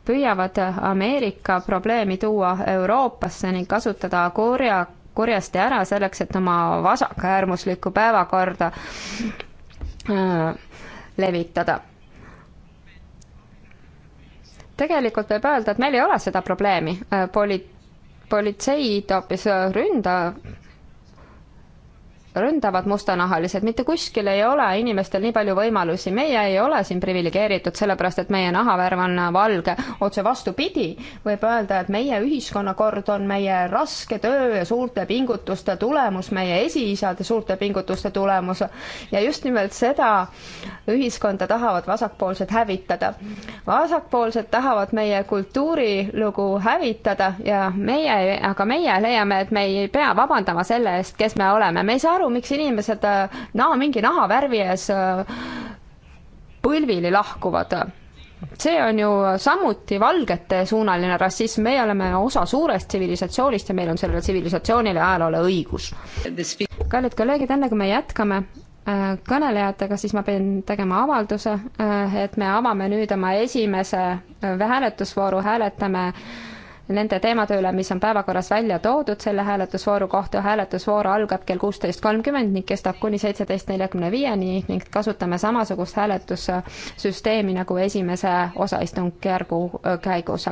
[SPEAKER 4] püüavad Ameerika probleemi tuua Euroopasse ning kasutada kurja, kurjasti ära selleks, et oma vasakäärmuslikku päevakorda äh, levitada tegelikult võib öelda, et meil ei ole seda probleemi, äh, poli-, politsei hoopis äh, ründa-, ründavad mustanahalised, mitte kuskil ei ole inimestel nii palju võimalusi, meie ei ole siin priviligeeritud, sellepärast et meie nahavärv on valge, otse vastupidi, võib öelda, et meie ühiskonnakord on meie raske töö ja suurte pingutuste tulemus, meie esiisade suurte pingutuste tulemus ja just nimelt seda ühiskonda tahavad vasakpoolsed hävitada. vasakpoolsed tahavad meie kultuurilugu hävitada ja meie, aga meie leiame, et me ei pea vabandama selle eest, kes me oleme, me ei saa aru, aru, miks inimesed äh, naa, mingi nahavärvi ees äh, põlvili lahkuvad. see on ju samuti valgetesuunaline rassism, meie oleme osa suurest tsivilisatsioonist ja meil on sellele tsivilisatsioonile ajaloole õigus. kallid kolleegid, enne kui me jätkame, äh, kõnelejatega, siis ma pean tegema avalduse, et me avame nüüd oma esimese hääletusvooru, hääletame äh, nende teemade üle, mis on päevakorras välja toodud selle hääletusvooru kohta. hääletusvoor algab kell kuusteist kolmkümmend ning kestab kuni seitseteist neljakümne viieni ning kasutame samasugust hääletussüsteemi nagu esimese osaistungjärgu käigus.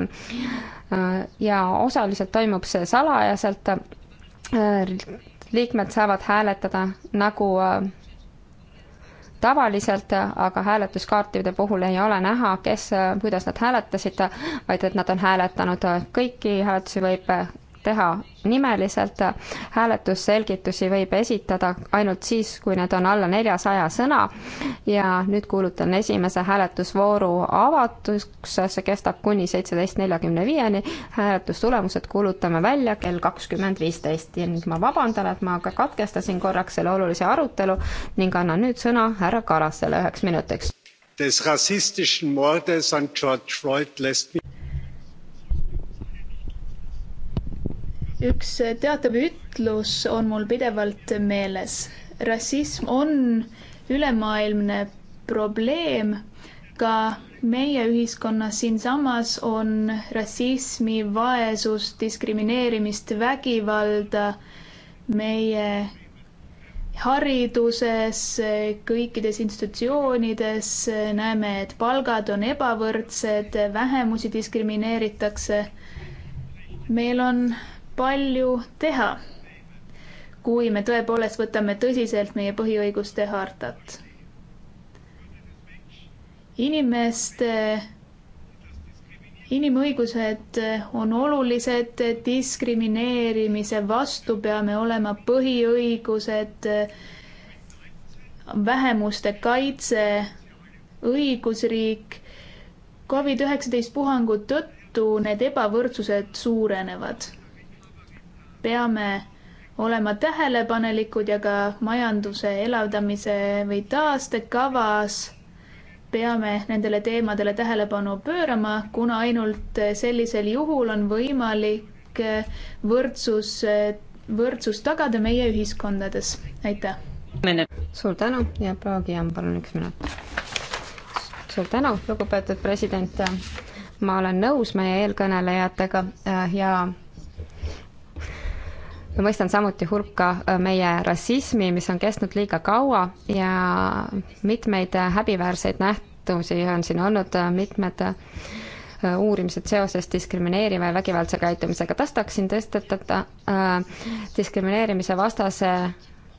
[SPEAKER 4] ja osaliselt toimub see salajaselt. liikmed saavad hääletada nagu tavaliselt, aga hääletuskaartide puhul ei ole näha, kes, kuidas nad hääletasid, vaid et nad on hääletanud kõiki hääletusi võib teha nimeliselt. hääletusselgitusi võib esitada ainult siis, kui need on alla neljasaja sõna ja nüüd kuulutan esimese hääletusvooru avatuks, see kestab kuni seitseteist neljakümne viieni. hääletustulemused kuulutame välja kell kakskümmend viisteist ja nüüd ma vabandan, et ma ka katkestasin korraks selle olulise arutelu ning annan nüüd sõna härra Karasele üheks minutiks.
[SPEAKER 2] des rassistischen Mordes an George Floyd lässt mich
[SPEAKER 5] üks teatav ütlus on mul pidevalt meeles. rassism on ülemaailmne probleem, ka meie ühiskonnas siinsamas on rassismi, vaesust, diskrimineerimist, vägivalda meie hariduses, kõikides institutsioonides näeme, et palgad on ebavõrdsed, vähemusi diskrimineeritakse. meil on palju teha, kui me tõepoolest võtame tõsiselt meie põhiõiguste hartat. inimeste, inimõigused on olulised, diskrimineerimise vastu peame olema põhiõigused, vähemuste kaitse, õigusriik Covid üheksateist puhangu tõttu need ebavõrdsused suurenevad peame olema tähelepanelikud ja ka majanduse elavdamise või taastekavas peame nendele teemadele tähelepanu pöörama, kuna ainult sellisel juhul on võimalik võrdsus, võrdsus tagada meie ühiskondades. aitäh! suur tänu ja
[SPEAKER 4] proua Kiam, palun üks minut.
[SPEAKER 5] suur tänu, lugupeetud president. ma olen
[SPEAKER 4] nõus meie eelkõnelejatega äh, ja ma mõistan samuti hulka äh, meie rassismi, mis on kestnud liiga kaua ja mitmeid äh, häbiväärseid nähtusi on siin olnud, äh, mitmed uurimised seoses diskrimineeriva ja vägivaldse käitumisega. taas tahaksin tõstatada diskrimineerimise vastase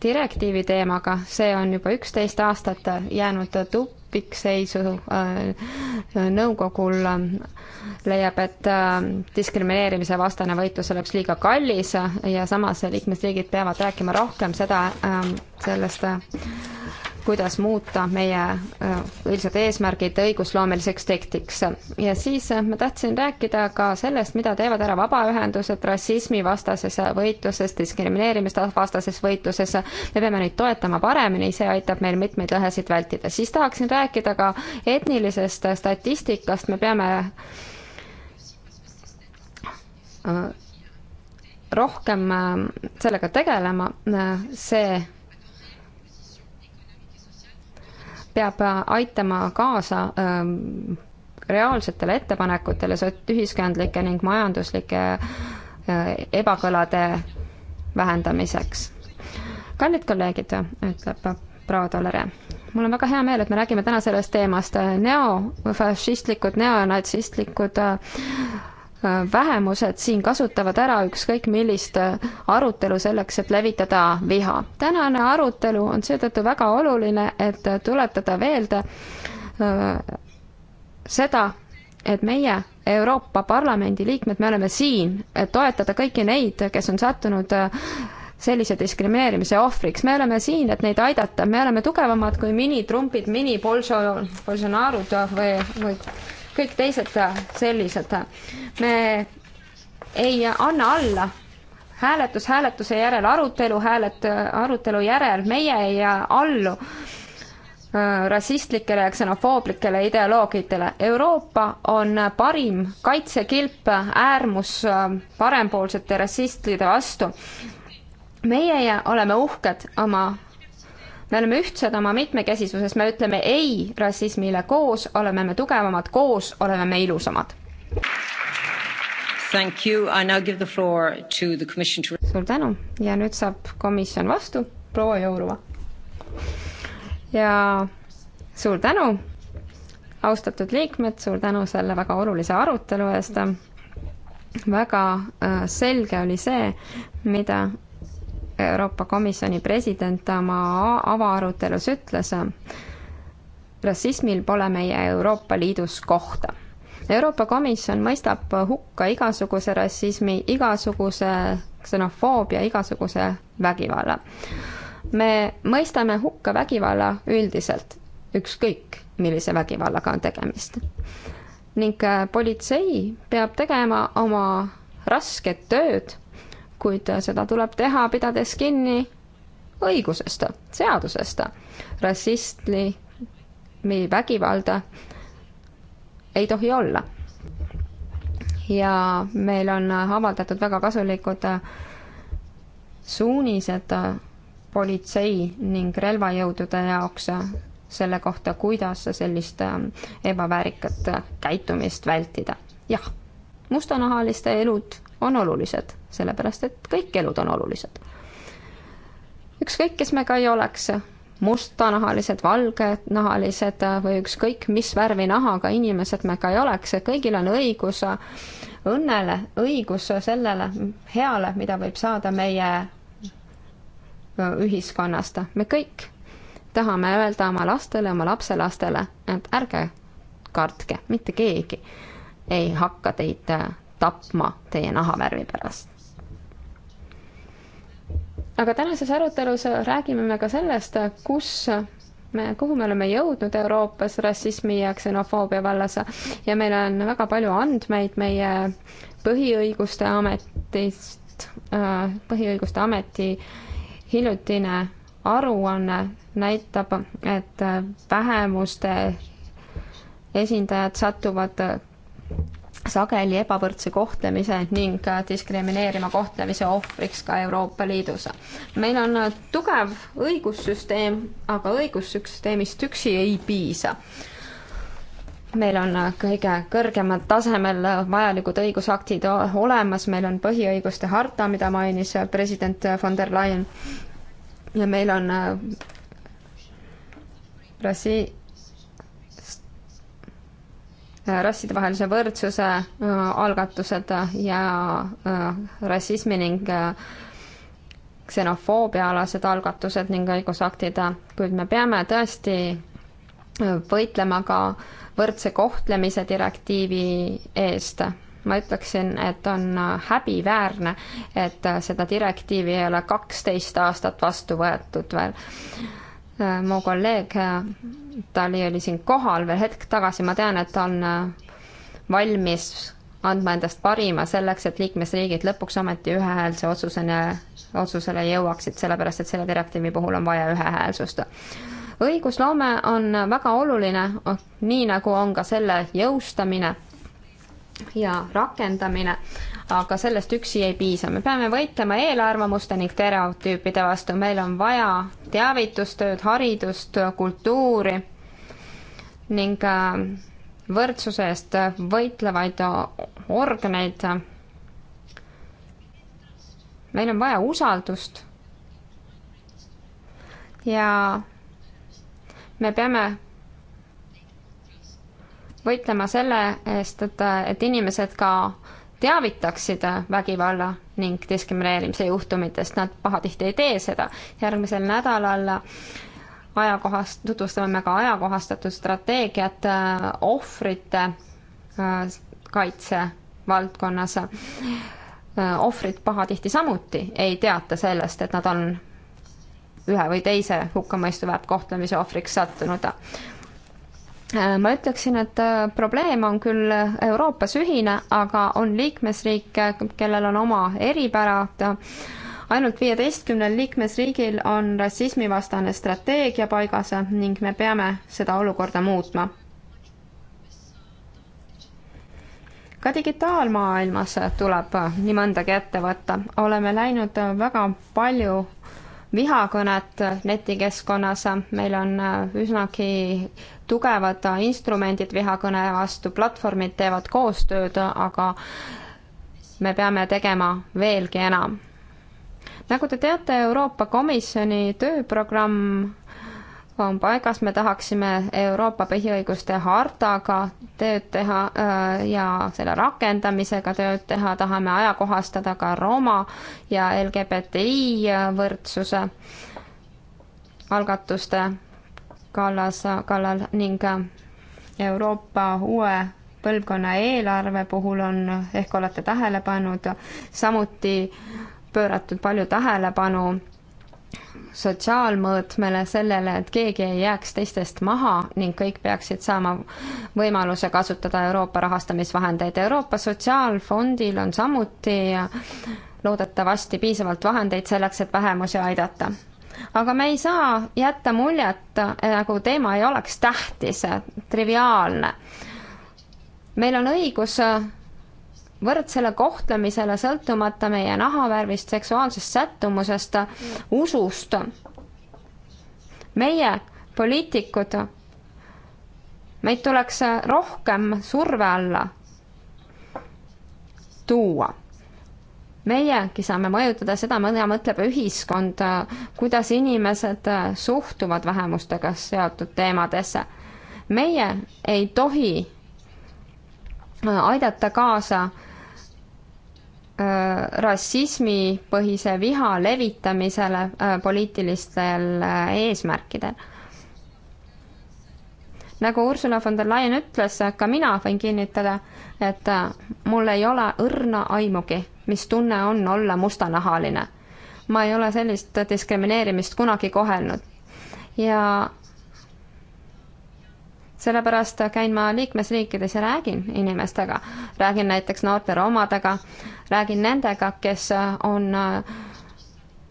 [SPEAKER 4] direktiivi teemaga, see on juba üksteist aastat jäänud tupikseisu. Äh, äh, nõukogul äh, leiab, et diskrimineerimise vastane võitlus oleks liiga kallis ja samas liikmesriigid peavad rääkima rohkem seda, sellest kuidas muuta meie äh, õilsad eesmärgid õigusloomeliseks tekstiks. ja siis äh, ma tahtsin rääkida ka sellest, mida teevad ära vabaühendused rassismivastases võitluses, diskrimineerimisvastases võitluses. me peame neid toetama paremini, see aitab meil mitmeid lõhesid vältida. siis tahaksin rääkida ka etnilisest statistikast, me peame äh, rohkem sellega tegelema, see peab aitama kaasa ähm, reaalsetele ettepanekutele, ühiskondlike ning majanduslike äh, ebakõlade vähendamiseks. kallid kolleegid, ütleb proua Tolere, mul on väga hea meel, et me räägime täna sellest teemast, neofašistlikud, neonatsistlikud äh, vähemused siin kasutavad ära ükskõik millist arutelu selleks, et levitada viha. tänane arutelu on seetõttu väga oluline, et tuletada veelde äh, seda, et meie Euroopa Parlamendi liikmed, me oleme siin, et toetada kõiki neid, kes on sattunud äh, sellise diskrimineerimise ohvriks, me oleme siin, et neid aidata, me oleme tugevamad kui mini-Trumpid, mini-Bolso-, Bolsonaarod või, või kõik teised sellised. me ei anna alla hääletus hääletuse järel, arutelu häälet-, arutelu järel, meie ei allu äh, rassistlikele ja ksenofooblikele ideoloogidele. Euroopa on parim kaitsekilp äärmus äh, parempoolsete rassistide vastu meie oleme uhked oma me oleme ühtsed oma mitmekesisuses, me ütleme ei rassismile, koos oleme me tugevamad, koos oleme me ilusamad. Thank you, I now give the floor to the commission to suur tänu ja nüüd saab komisjon vastu, proua Jourova. ja suur tänu, austatud liikmed, suur tänu selle väga olulise arutelu eest väga äh, selge oli see, mida Euroopa Komisjoni president oma avaarutelus ütles, rassismil pole meie Euroopa Liidus kohta. Euroopa Komisjon mõistab hukka igasuguse rassismi, igasuguse ksenofoobia, igasuguse vägivalla. me mõistame hukka vägivalla üldiselt, ükskõik millise vägivallaga on tegemist. ning politsei peab tegema oma rasket tööd kuid seda tuleb teha, pidades kinni õigusest, seadusest. rassismi vägivalda ei tohi olla. ja meil on avaldatud väga kasulikud suunised politsei ning relvajõudude jaoks selle kohta, kuidas sellist ebaväärikat käitumist vältida. jah, mustanahaliste elud on olulised sellepärast et kõik elud on olulised. ükskõik, kes me ka ei oleks, mustanahalised, valgenahalised või ükskõik mis värvi nahaga inimesed me ka ei oleks, kõigil on õigus õnnele, õigus sellele heale, mida võib saada meie ühiskonnast. me kõik tahame öelda oma lastele, oma lapselastele, et ärge kartke, mitte keegi ei hakka teid tapma teie nahavärvi pärast aga tänases arutelus räägime me ka sellest, kus me, kuhu me oleme jõudnud Euroopas rassismi ja ksenofoobia vallas ja meil on väga palju andmeid meie põhiõiguste ametist, äh, põhiõiguste ameti hiljutine aruanne näitab, et vähemuste esindajad satuvad sageli ebavõrdse kohtlemise ning diskrimineerima kohtlemise ohvriks ka Euroopa Liidus. meil on tugev õigussüsteem, aga õigussüsteemist üksi ei piisa. meil on kõige kõrgemal tasemel vajalikud õigusaktid olemas, meil on põhiõiguste harta, mida mainis president von der Leyen ja meil on äh, Brasiil-, Äh, rassidevahelise võrdsuse äh, algatused ja äh, rassismi ning ksenofoobiaalased algatused ning õigusaktid, kuid me peame tõesti võitlema ka võrdse kohtlemise direktiivi eest. ma ütleksin, et on häbiväärne, et seda direktiivi ei ole kaksteist aastat vastu võetud veel Äh, mu kolleeg, äh, Tali oli siin kohal veel hetk tagasi, ma tean, et on äh, valmis andma endast parima selleks, et liikmesriigid lõpuks ometi ühehäälse otsuseni, otsusele jõuaksid, sellepärast et selle direktiivi puhul on vaja ühehäälsust. õigusloome on väga oluline, nii nagu on ka selle jõustamine ja rakendamine, aga sellest üksi ei piisa. me peame võitlema eelarvamuste ning stereotüüpide vastu, meil on vaja teavitustööd, haridust, kultuuri ning äh, võrdsuse eest võitlevaid organeid. meil on vaja usaldust ja me peame võitlema selle eest, et, et inimesed ka teavitaksid vägivalla ning diskrimineerimise juhtumitest, nad pahatihti ei tee seda. järgmisel nädalal ajakohast, tutvustame me ka ajakohastatud strateegiat äh, ohvrite äh, kaitse valdkonnas. Äh, ohvrid pahatihti samuti ei teata sellest, et nad on ühe või teise hukkamõistu väärtkohtlemise ohvriks sattunud Äh, ma ütleksin, et äh, probleem on küll äh, Euroopas ühine, aga on liikmesriike, kellel on oma eripärad. ainult viieteistkümnel liikmesriigil on rassismivastane strateegia paigas ning me peame seda olukorda muutma. ka digitaalmaailmas tuleb nii mõndagi ette võtta. oleme läinud väga palju vihakõnet netikeskkonnas, meil on üsnagi tugevad instrumendid vihakõne vastu, platvormid teevad koostööd, aga me peame tegema veelgi enam. nagu te teate, Euroopa Komisjoni tööprogramm on paigas, me tahaksime Euroopa põhiõiguste hartaga tööd teha äh, ja selle rakendamisega tööd teha, tahame ajakohastada ka Roma ja LGBTI võrdsuse algatuste kallas, kallal ning Euroopa uue põlvkonna eelarve puhul on, ehk olete tähele pannud, samuti pööratud palju tähelepanu sotsiaalmõõtmele, sellele, et keegi ei jääks teistest maha ning kõik peaksid saama võimaluse kasutada Euroopa rahastamisvahendeid. Euroopa Sotsiaalfondil on samuti loodetavasti piisavalt vahendeid selleks, et vähemusi aidata aga me ei saa jätta muljet, äh, nagu teema ei oleks tähtis, äh, triviaalne. meil on õigus äh, võrdsele kohtlemisele sõltumata meie nahavärvist, seksuaalsest sättumusest, usust. meie, poliitikud, meid tuleks rohkem surve alla tuua meiegi saame mõjutada seda, mida mõtleb ühiskond, kuidas inimesed suhtuvad vähemustega seotud teemadesse. meie ei tohi äh, aidata kaasa äh, rassismipõhise viha levitamisele äh, poliitilistel eesmärkidel nagu Ursula von der Leyen ütles, ka mina võin kinnitada, et äh, mul ei ole õrna aimugi, mis tunne on olla mustanahaline. ma ei ole sellist diskrimineerimist kunagi kohelnud. ja sellepärast käin ma liikmesriikides ja räägin inimestega, räägin näiteks noorte romadega, räägin nendega, kes on äh,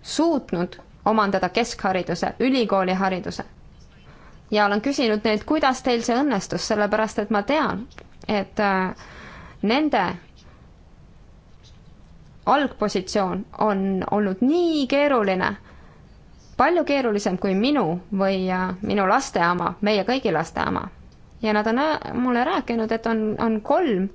[SPEAKER 4] suutnud omandada keskhariduse, ülikoolihariduse ja olen küsinud neilt, kuidas teil see õnnestus, sellepärast et ma tean, et äh, nende algpositsioon on olnud nii keeruline, palju keerulisem kui minu või äh, minu laste oma, meie kõigi laste oma. ja nad on äh, mulle rääkinud, et on, on kolm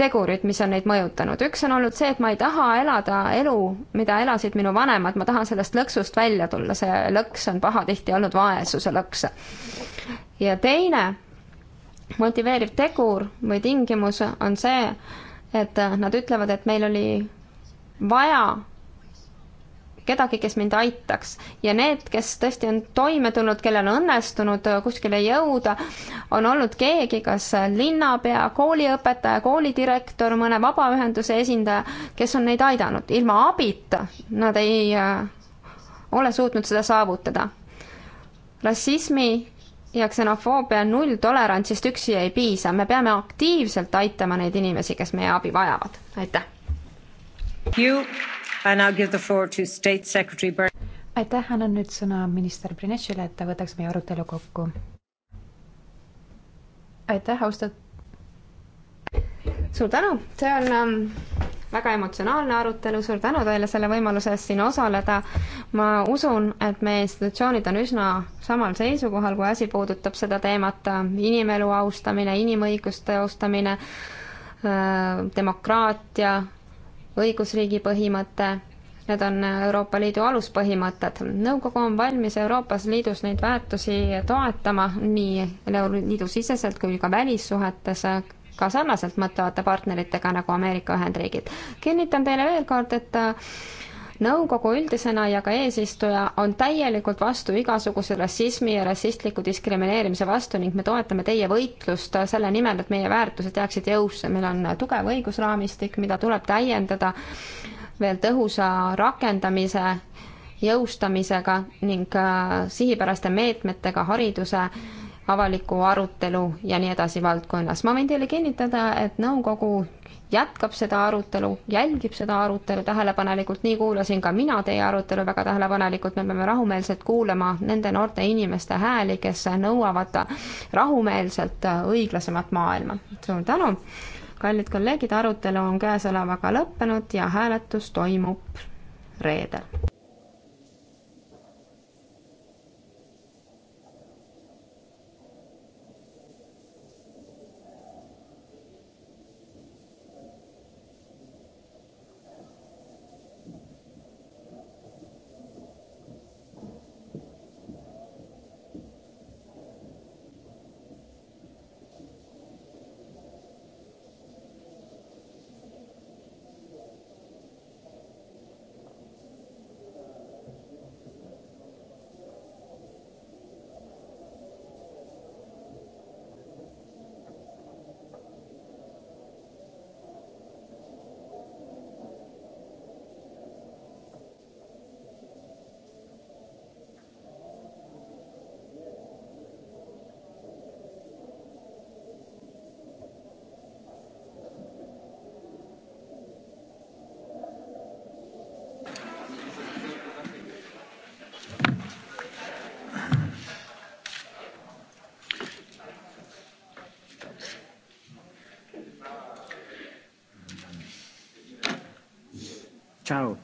[SPEAKER 4] tegurid, mis on neid mõjutanud. üks on olnud see, et ma ei taha elada elu, mida elasid minu vanemad, ma tahan sellest lõksust välja tulla, see lõks on pahatihti olnud vaesuse lõks. ja teine motiveeriv tegur või tingimus on see, et nad ütlevad, et meil oli vaja kedagi, kes mind aitaks. ja need, kes tõesti on toime tulnud, kellel on õnnestunud äh, kuskile jõuda, on olnud keegi, kas linnapea, kooliõpetaja, koolidirektor, mõne vabaühenduse esindaja, kes on neid aidanud. ilma abita nad ei äh, ole suutnud seda saavutada. rassismi ja ksenofoobia nulltolerantsist üksi ei piisa, me peame aktiivselt aitama neid inimesi, kes meie abi vajavad. aitäh!
[SPEAKER 6] I now give the floor to State Secretary Ber-
[SPEAKER 3] aitäh, annan nüüd sõna minister Brinešile, et ta võtaks meie arutelu kokku. aitäh, austatud.
[SPEAKER 4] suur tänu, see on um, väga emotsionaalne arutelu, suur tänu teile selle võimaluse eest siin osaleda. ma usun, et meie institutsioonid on üsna samal seisukohal, kui asi puudutab seda teemat, ähm, inimelu austamine, inimõiguste austamine, äh, demokraatia õigusriigi põhimõte, need on Euroopa Liidu aluspõhimõtted. nõukogu on valmis Euroopas Liidus neid väärtusi toetama nii liidu siseselt kui ka välissuhetes ka sarnaselt mõtlevate partneritega nagu Ameerika Ühendriigid. kinnitan teile veel kord, et nõukogu üldisena ja ka eesistuja on täielikult vastu igasuguse rassismi ja rassistliku diskrimineerimise vastu ning me toetame teie võitlust selle nimel, et meie väärtused jääksid jõusse. meil on tugev õigusraamistik, mida tuleb täiendada veel tõhusa rakendamise jõustamisega ning äh, sihipäraste meetmetega hariduse avaliku arutelu ja nii edasi valdkonnas. ma võin teile kinnitada, et nõukogu jätkab seda arutelu, jälgib seda arutelu tähelepanelikult, nii kuulasin ka mina teie arutelu väga tähelepanelikult, me peame rahumeelselt kuulama nende noorte inimeste hääli, kes nõuavad rahumeelselt õiglasemat maailma. suur tänu! kallid kolleegid, arutelu on käesolevaga lõppenud ja hääletus toimub reedel.
[SPEAKER 2] Ciao.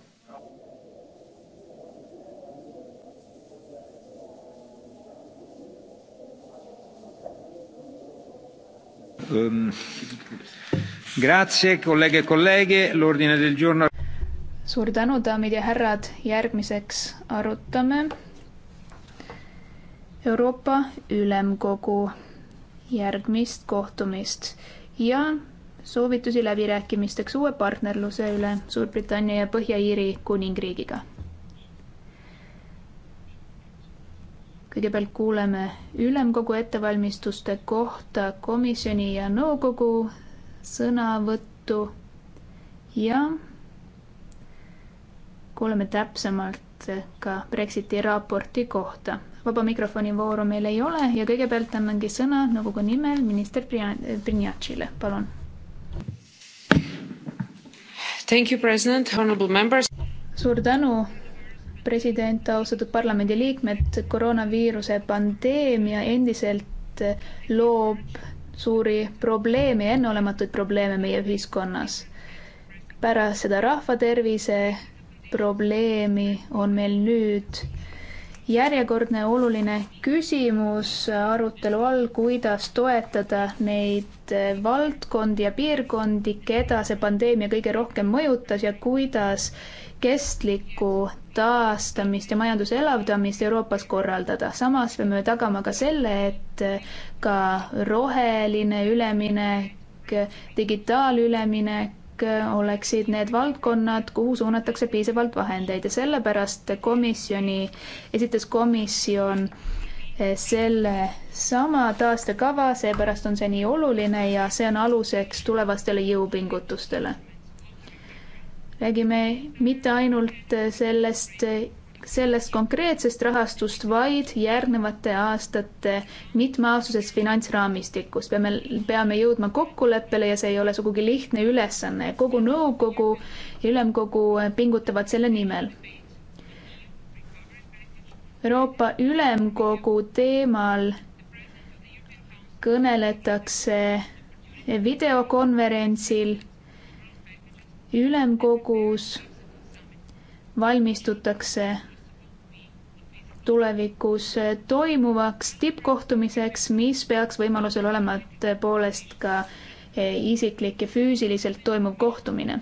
[SPEAKER 2] Um, grazie, kolleege, kolleege, e l'ordine del giorno.
[SPEAKER 5] suur tänu, daamid ja härrad, järgmiseks arutame Euroopa Ülemkogu järgmist kohtumist ja soovitusi läbirääkimisteks uue partnerluse üle Suurbritannia ja Põhja-Iiri kuningriigiga. kõigepealt kuuleme ülemkogu ettevalmistuste kohta komisjoni ja nõukogu sõnavõttu ja kuuleme täpsemalt ka Brexiti raporti kohta. vaba mikrofoni vooru meil ei ole ja kõigepealt annangi sõna nõukogu nimel minister Brinjatšile, palun Thank you, president, honorable members. suur tänu, president, austatud parlamendiliikmed, koroonaviiruse pandeemia endiselt loob suuri probleeme ja enneolematuid probleeme meie ühiskonnas. pärast seda rahvatervise probleemi on meil nüüd järjekordne oluline küsimus arutelu all, kuidas toetada neid valdkondi ja piirkondi, keda see pandeemia kõige rohkem mõjutas ja kuidas kestlikku taastamist ja majanduse elavdamist Euroopas korraldada. samas peame tagama ka selle, et ka roheline üleminek, digitaalüleminek, kõik oleksid need valdkonnad, kuhu suunatakse piisavalt vahendeid ja sellepärast komisjoni, esitas komisjon eh, selle sama taastekava, seepärast on see nii oluline ja see on aluseks tulevastele jõupingutustele. räägime mitte ainult sellest sellest konkreetsest rahastust vaid järgnevate aastate mitmeaastases finantsraamistikus. peame, peame jõudma kokkuleppele ja see ei ole sugugi lihtne ülesanne. kogu nõukogu ja ülemkogu pingutavad selle nimel. Euroopa Ülemkogu teemal kõneletakse videokonverentsil ülemkogus valmistutakse tulevikus toimuvaks tippkohtumiseks, mis peaks võimalusel olema tõepoolest ka eh, isiklik ja füüsiliselt toimuv kohtumine.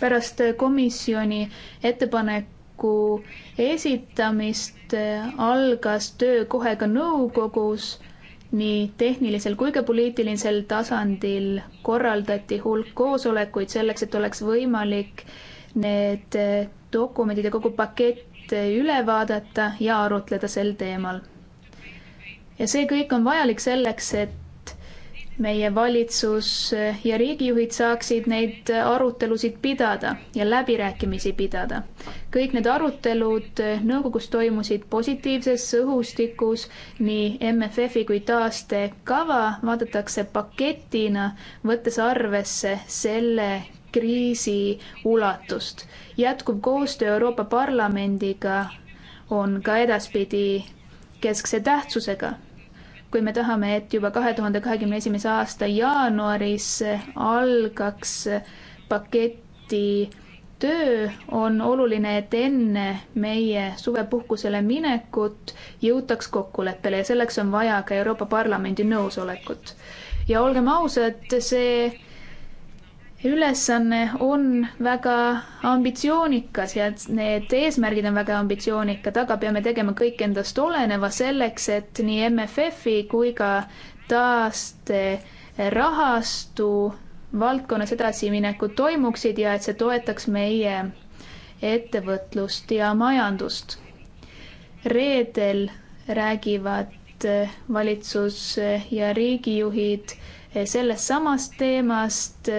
[SPEAKER 5] pärast komisjoni ettepaneku esitamist eh, algas töö kohe ka nõukogus, nii tehnilisel kui ka poliitilisel tasandil korraldati hulk koosolekuid selleks, et oleks võimalik need eh, dokumendid ja kogu pakett üle vaadata ja arutleda sel teemal. ja see kõik on vajalik selleks, et meie valitsus ja riigijuhid saaksid neid arutelusid pidada ja läbirääkimisi pidada. kõik need arutelud nõukogus toimusid positiivses õhustikus, nii MFF-i kui taastekava vaadatakse paketina, võttes arvesse selle kriisi ulatust. jätkuv koostöö Euroopa Parlamendiga on ka edaspidi keskse tähtsusega. kui me tahame, et juba kahe tuhande kahekümne esimese aasta jaanuaris algaks paketi töö, on oluline, et enne meie suvepuhkusele minekut jõutaks kokkuleppele ja selleks on vaja ka Euroopa Parlamendi nõusolekut. ja olgem ausad, see ülesanne on väga ambitsioonikas ja need eesmärgid on väga ambitsioonikad, aga peame tegema kõik endast oleneva selleks, et nii MFF-i kui ka taasterahastu valdkonnas edasiminekud toimuksid ja et see toetaks meie ettevõtlust ja majandust. reedel räägivad valitsus ja riigijuhid sellest samast teemast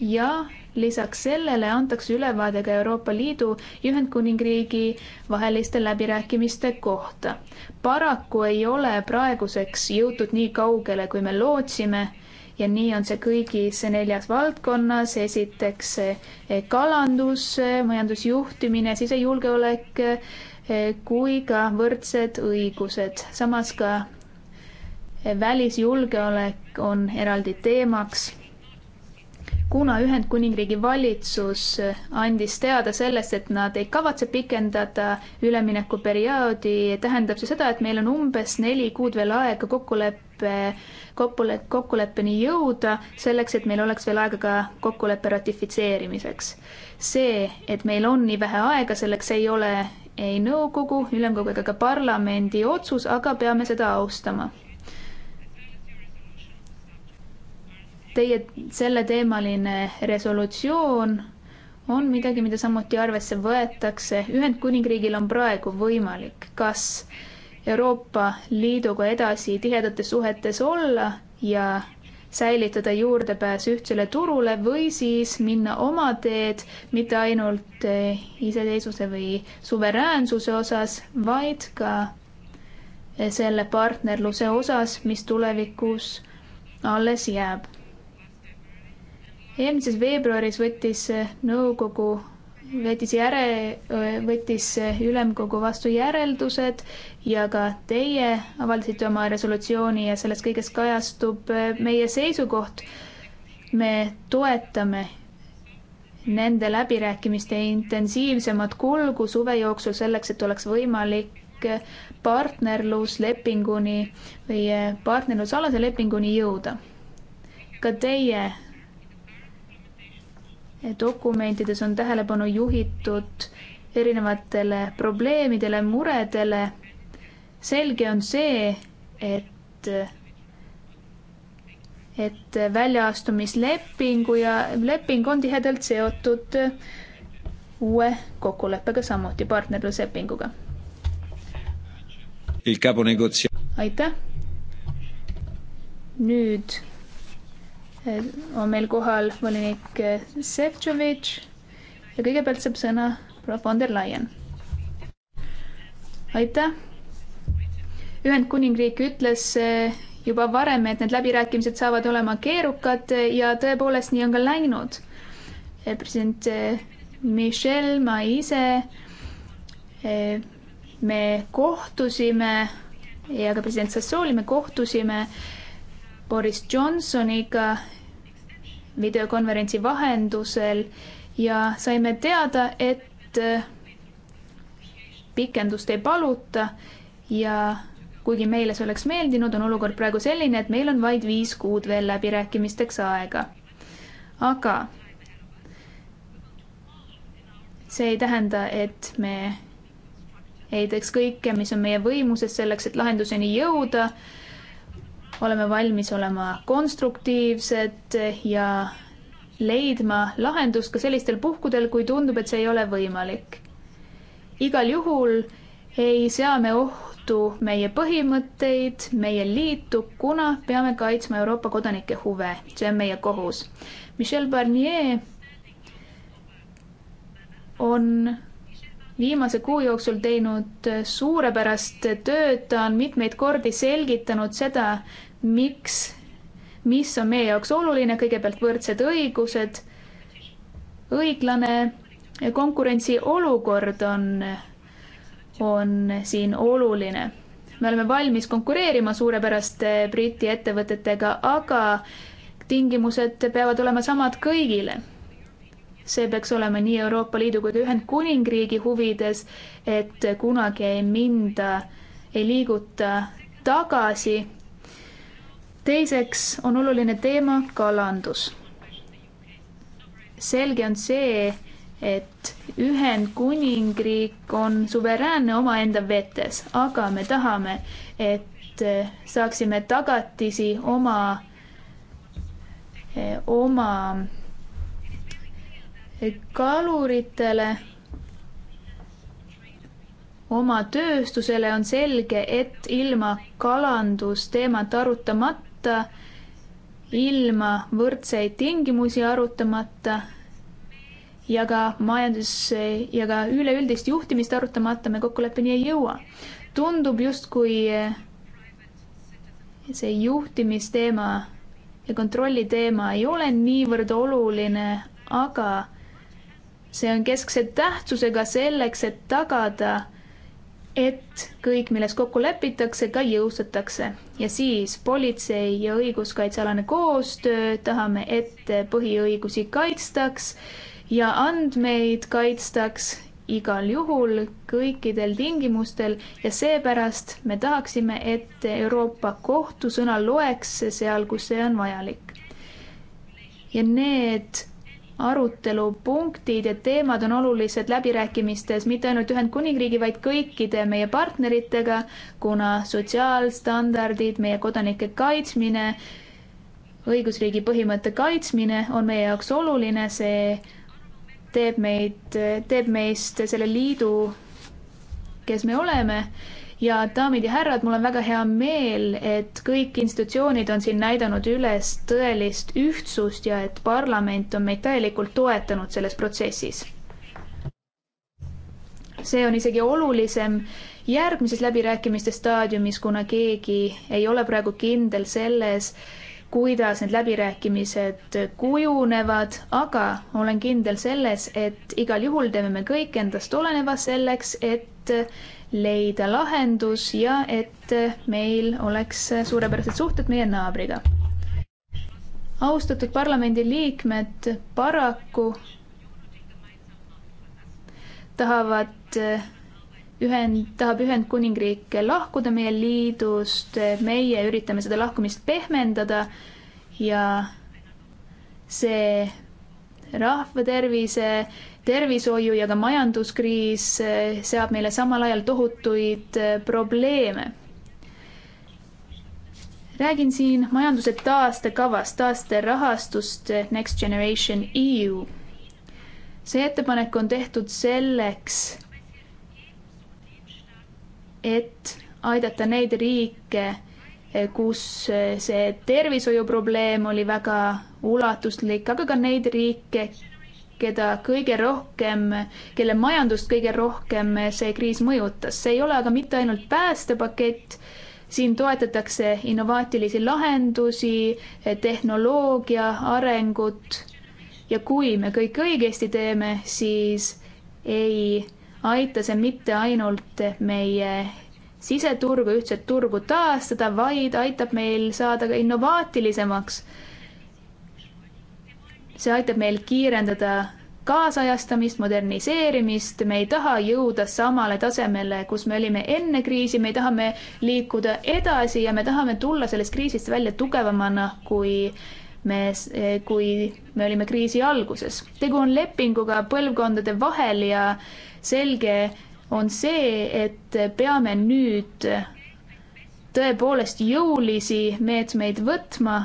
[SPEAKER 5] ja lisaks sellele antakse ülevaade ka Euroopa Liidu ja Ühendkuningriigi vaheliste läbirääkimiste kohta. paraku ei ole praeguseks jõutud nii kaugele, kui me lootsime ja nii on see kõigis neljas valdkonnas, esiteks eh, kalandus, eh, majandusjuhtimine, sisejulgeolek eh, kui ka võrdsed õigused, samas ka välisjulgeolek on eraldi teemaks kuna Ühendkuningriigi valitsus andis teada sellest, et nad ei kavatse pikendada üleminekuperioodi, tähendab see seda, et meil on umbes neli kuud veel aega kokkuleppe, kokkule-, kokkuleppeni jõuda, selleks et meil oleks veel aega ka kokkuleppe ratifitseerimiseks. see, et meil on nii vähe aega, selleks ei ole ei nõukogu, ülemkogu ega ka parlamendi otsus, aga peame seda austama Teie selleteemaline resolutsioon on midagi, mida samuti arvesse võetakse. Ühendkuningriigil on praegu võimalik kas Euroopa Liiduga edasi tihedates suhetes olla ja säilitada juurdepääs ühtsele turule või siis minna oma teed mitte ainult eh, iseseisvuse või suveräänsuse osas, vaid ka eh, selle partnerluse osas, mis tulevikus alles jääb eelmises veebruaris võttis äh, nõukogu, võttis järe, võttis äh, ülemkogu vastu järeldused ja ka teie avaldasite oma resolutsiooni ja selles kõiges kajastub äh, meie seisukoht. me toetame nende läbirääkimiste intensiivsemat kulgu suve jooksul selleks, et oleks võimalik partnerluslepinguni või partnerlusalase lepinguni jõuda. ka teie dokumentides on tähelepanu juhitud erinevatele probleemidele, muredele. selge on see, et, et väljaastumislepingu ja leping on tihedalt seotud uue kokkuleppega, samuti partnerluslepinguga. aitäh. nüüd on meil kohal volinik Šefčovitš ja kõigepealt saab sõna proua von der Leyen. aitäh. Ühendkuningriik ütles eh, juba varem, et need läbirääkimised saavad olema keerukad ja tõepoolest nii on ka läinud. Eh, president eh, Michel, ma ise, me kohtusime ja ka president Sassooli me kohtusime Boris Johnsoniga videokonverentsi vahendusel ja saime teada, et äh, pikendust ei paluta ja kuigi meile see oleks meeldinud, on olukord praegu selline, et meil on vaid viis kuud veel läbirääkimisteks aega. aga see ei tähenda, et me ei teeks kõike, mis on meie võimuses selleks, et lahenduseni jõuda oleme valmis olema konstruktiivsed ja leidma lahendust ka sellistel puhkudel, kui tundub, et see ei ole võimalik. igal juhul ei sea me ohtu meie põhimõtteid, meie liitu, kuna peame kaitsma Euroopa kodanike huve, see on meie kohus. Michel Barnier on viimase kuu jooksul teinud suurepärast tööd, ta on mitmeid kordi selgitanud seda, miks, mis on meie jaoks oluline, kõigepealt võrdsed õigused, õiglane konkurentsiolukord on, on siin oluline. me oleme valmis konkureerima suurepäraste Briti ettevõtetega, aga tingimused peavad olema samad kõigile see peaks olema nii Euroopa Liidu kui ka Ühendkuningriigi huvides, et kunagi ei minda, ei liiguta tagasi teiseks on oluline teema kalandus. selge on see, et Ühendkuningriik on suveräänne omaenda vetes, aga me tahame, et eh, saaksime tagatisi oma, eh, oma eh, kaluritele, oma tööstusele on selge, et ilma kalandusteemat arutamata arutamata, ilma võrdseid tingimusi arutamata ja ka majandus ja ka üleüldist juhtimist arutamata me kokkuleppeni ei jõua. tundub justkui see juhtimisteema ja kontrolli teema ei ole niivõrd oluline, aga see on keskse tähtsusega selleks, et tagada et kõik, milles kokku lepitakse, ka jõustatakse ja siis politsei ja õiguskaitsealane koostöö, tahame, et põhiõigusi kaitstaks ja andmeid kaitstaks igal juhul kõikidel tingimustel ja seepärast me tahaksime, et Euroopa Kohtu sõna loeks seal, kus see on vajalik. ja need arutelupunktid ja teemad on olulised läbirääkimistes mitte ainult Ühendkuningriigi, vaid kõikide meie partneritega, kuna sotsiaalstandardid, meie kodanike kaitsmine, õigusriigi põhimõtte kaitsmine on meie jaoks oluline, see teeb meid, teeb meist selle liidu, kes me oleme ja daamid ja härrad, mul on väga hea meel, et kõik institutsioonid on siin näidanud üles tõelist ühtsust ja et parlament on meid täielikult toetanud selles protsessis. see on isegi olulisem järgmises läbirääkimiste staadiumis, kuna keegi ei ole praegu kindel selles, kuidas need läbirääkimised kujunevad, aga olen kindel selles, et igal juhul teeme me kõik endast oleneva selleks, et leida lahendus ja et meil oleks suurepärased suhted meie naabriga. austatud parlamendiliikmed, paraku tahavad ühend, tahab Ühendkuningriik lahkuda meie liidust, meie üritame seda lahkumist pehmendada ja see rahvatervise tervishoiu ja ka majanduskriis eh, seab meile samal ajal tohutuid eh, probleeme. räägin siin majanduse taastekavast, taasterahastust eh, Next Generation EU. see ettepanek on tehtud selleks, et aidata neid riike, kus see tervishoiuprobleem oli väga ulatuslik, aga ka neid riike, keda kõige rohkem, kelle majandust kõige rohkem see kriis mõjutas. see ei ole aga mitte ainult päästepakett, siin toetatakse innovaatilisi lahendusi, tehnoloogia arengut ja kui me kõik õigesti teeme, siis ei aita see mitte ainult meie siseturgu, ühtset turgu taastada, vaid aitab meil saada ka innovaatilisemaks see aitab meil kiirendada kaasajastamist, moderniseerimist, me ei taha jõuda samale tasemele, kus me olime enne kriisi, me tahame liikuda edasi ja me tahame tulla sellest kriisist välja tugevamana, kui me, kui me olime kriisi alguses. tegu on lepinguga põlvkondade vahel ja selge on see, et peame nüüd tõepoolest jõulisi meetmeid võtma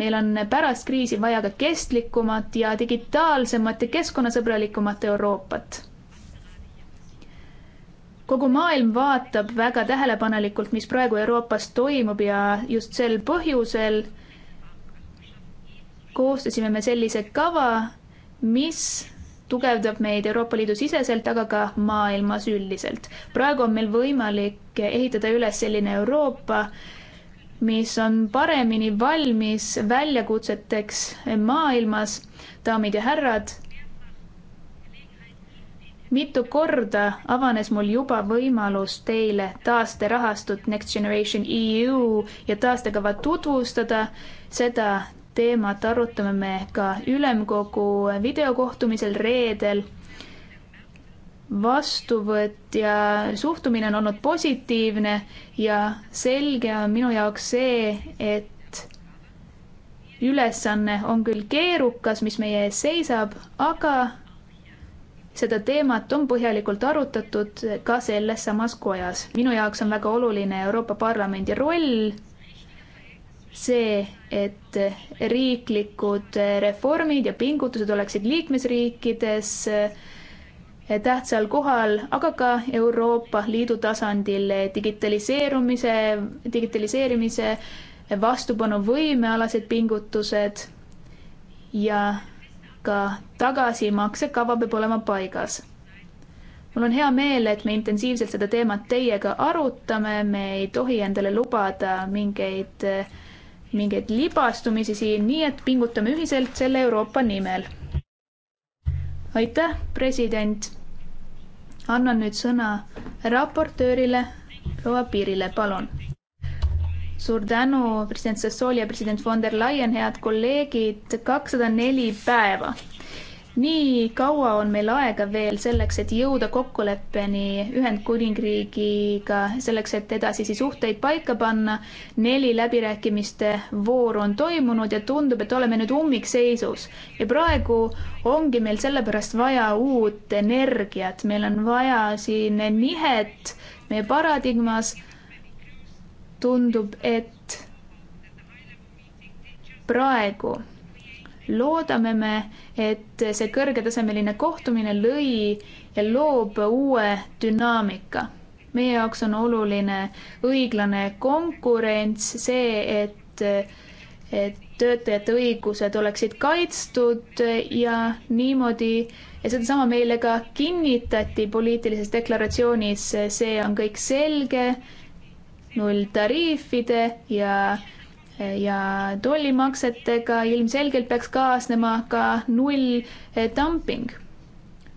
[SPEAKER 5] meil on pärast kriisi vaja ka kestlikumat ja digitaalsemat ja keskkonnasõbralikumat Euroopat. kogu maailm vaatab väga tähelepanelikult, mis praegu Euroopas toimub ja just sel põhjusel koostasime me sellise kava, mis tugevdab meid Euroopa Liidu siseselt, aga ka maailmas üldiselt. praegu on meil võimalik ehitada üles selline Euroopa, mis on paremini valmis väljakutseteks maailmas, daamid ja härrad. mitu korda avanes mul juba võimalus teile taasterahastut Next Generation EU ja taastekava tutvustada. seda teemat arutame me ka ülemkogu videokohtumisel reedel vastuvõtja suhtumine on olnud positiivne ja selge on minu jaoks see, et ülesanne on küll keerukas, mis meie ees seisab, aga seda teemat on põhjalikult arutatud ka selles samas kojas. minu jaoks on väga oluline Euroopa Parlamendi roll, see, et riiklikud reformid ja pingutused oleksid liikmesriikides äh, tähtsal kohal, aga ka Euroopa Liidu tasandil digitaliseerumise, digitaliseerimise vastupanuvõimealased pingutused ja ka tagasimaksekava peab olema paigas. mul on hea meel, et me intensiivselt seda teemat teiega arutame, me ei tohi endale lubada mingeid, mingeid libastumisi siin, nii et pingutame ühiselt selle Euroopa nimel. aitäh, president annan nüüd sõna raportöörile proua Piirile, palun. suur tänu, president Sassoli ja president von der Leyen, head kolleegid, kakssada neli päeva nii kaua on meil aega veel selleks, et jõuda kokkuleppeni Ühendkuningriigiga, selleks, et edasisi suhteid paika panna. neli läbirääkimiste vooru on toimunud ja tundub, et oleme nüüd ummikseisus ja praegu ongi meil sellepärast vaja uut energiat, meil on vaja siin nihet meie paradigmas. tundub, et praegu loodame me, et see kõrgetasemeline kohtumine lõi ja loob uue dünaamika. meie jaoks on oluline õiglane konkurents, see, et, et töötajate õigused oleksid kaitstud ja niimoodi ja sedasama meile ka kinnitati poliitilises deklaratsioonis, see on kõik selge, null tariifide ja ja tollimaksetega ilmselgelt peaks kaasnema ka nulldumping.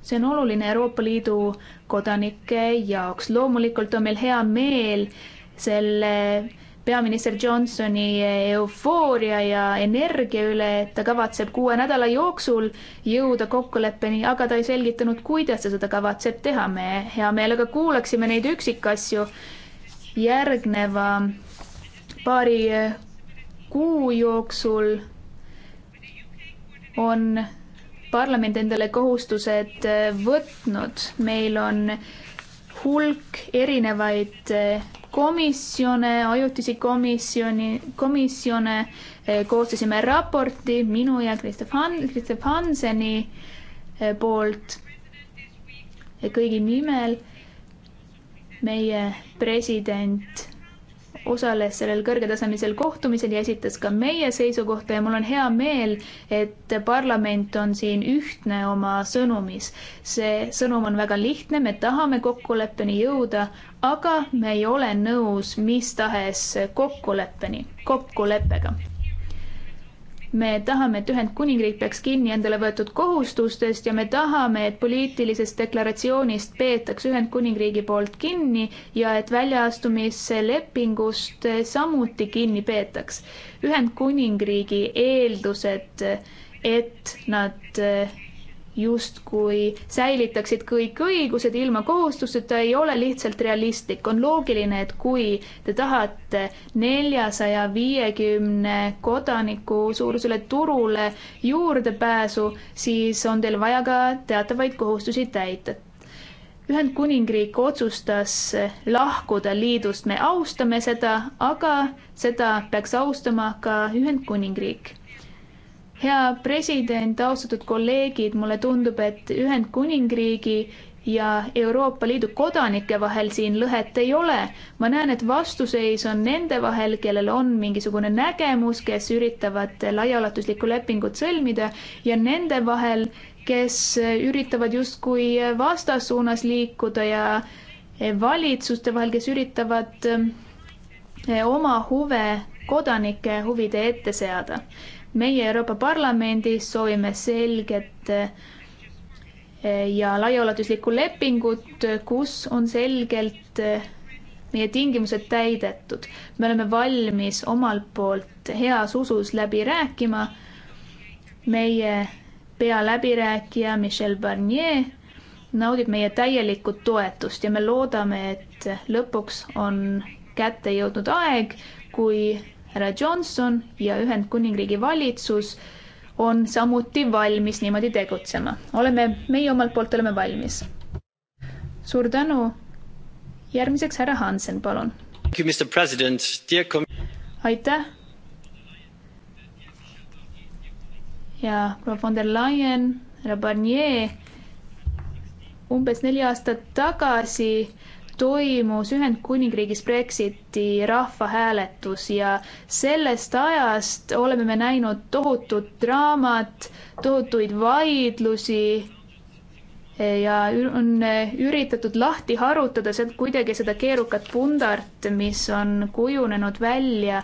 [SPEAKER 5] see on oluline Euroopa Liidu kodanike jaoks. loomulikult on meil hea meel selle peaminister Johnsoni eufooria ja energia üle, et ta kavatseb kuue nädala jooksul jõuda kokkuleppeni, aga ta ei selgitanud, kuidas ta seda kavatseb teha. me hea meelega kuulaksime neid üksikasju järgneva paari kuu jooksul on parlament endale kohustused võtnud, meil on hulk erinevaid komisjone, ajutisi komisjoni, komisjone, koostasime raporti minu ja Kristef Han-, Kristef Hanseni poolt kõigi nimel. meie president osales sellel kõrgetasemelisel kohtumisel ja esitas ka meie seisukohta ja mul on hea meel, et parlament on siin ühtne oma sõnumis. see sõnum on väga lihtne, me tahame kokkuleppeni jõuda, aga me ei ole nõus mis tahes kokkuleppeni, kokkuleppega me tahame, et Ühendkuningriik peaks kinni endale võetud kohustustest ja me tahame, et poliitilisest deklaratsioonist peetakse Ühendkuningriigi poolt kinni ja et väljaastumislepingust samuti kinni peetaks. Ühendkuningriigi eeldused, et nad justkui säilitaksid kõik õigused ilma kohustusteta, ei ole lihtsalt realistlik. on loogiline, et kui te tahate neljasaja viiekümne kodaniku suurusele turule juurdepääsu, siis on teil vaja ka teatavaid kohustusi täita. Ühendkuningriik otsustas lahkuda liidust, me austame seda, aga seda peaks austama ka Ühendkuningriik hea president, austatud kolleegid, mulle tundub, et Ühendkuningriigi ja Euroopa Liidu kodanike vahel siin lõhet ei ole. ma näen, et vastuseis on nende vahel, kellel on mingisugune nägemus, kes üritavad laiaulatuslikku lepingut sõlmida ja nende vahel, kes üritavad justkui vastassuunas liikuda ja valitsuste vahel, kes üritavad oma huve kodanike huvide ette seada meie Euroopa Parlamendis soovime selget eh, ja laiaulatuslikku lepingut, kus on selgelt eh, meie tingimused täidetud. me oleme valmis omalt poolt heas usus läbi rääkima. meie pealäbirääkija Michel Barnier naudib meie täielikku toetust ja me loodame, et lõpuks on kätte jõudnud aeg, kui härra Johnson ja Ühendkuningriigi valitsus on samuti valmis niimoodi tegutsema. oleme, meie omalt poolt oleme valmis. suur tänu. järgmiseks härra Hansen, palun. aitäh. ja proua von der Leyen, härra Barnier, umbes neli aastat tagasi toimus Ühendkuningriigis Brexiti rahvahääletus ja sellest ajast oleme me näinud tohutut draamat, tohutuid vaidlusi ja on üritatud lahti harutada sealt kuidagi seda keerukat pundart, mis on kujunenud välja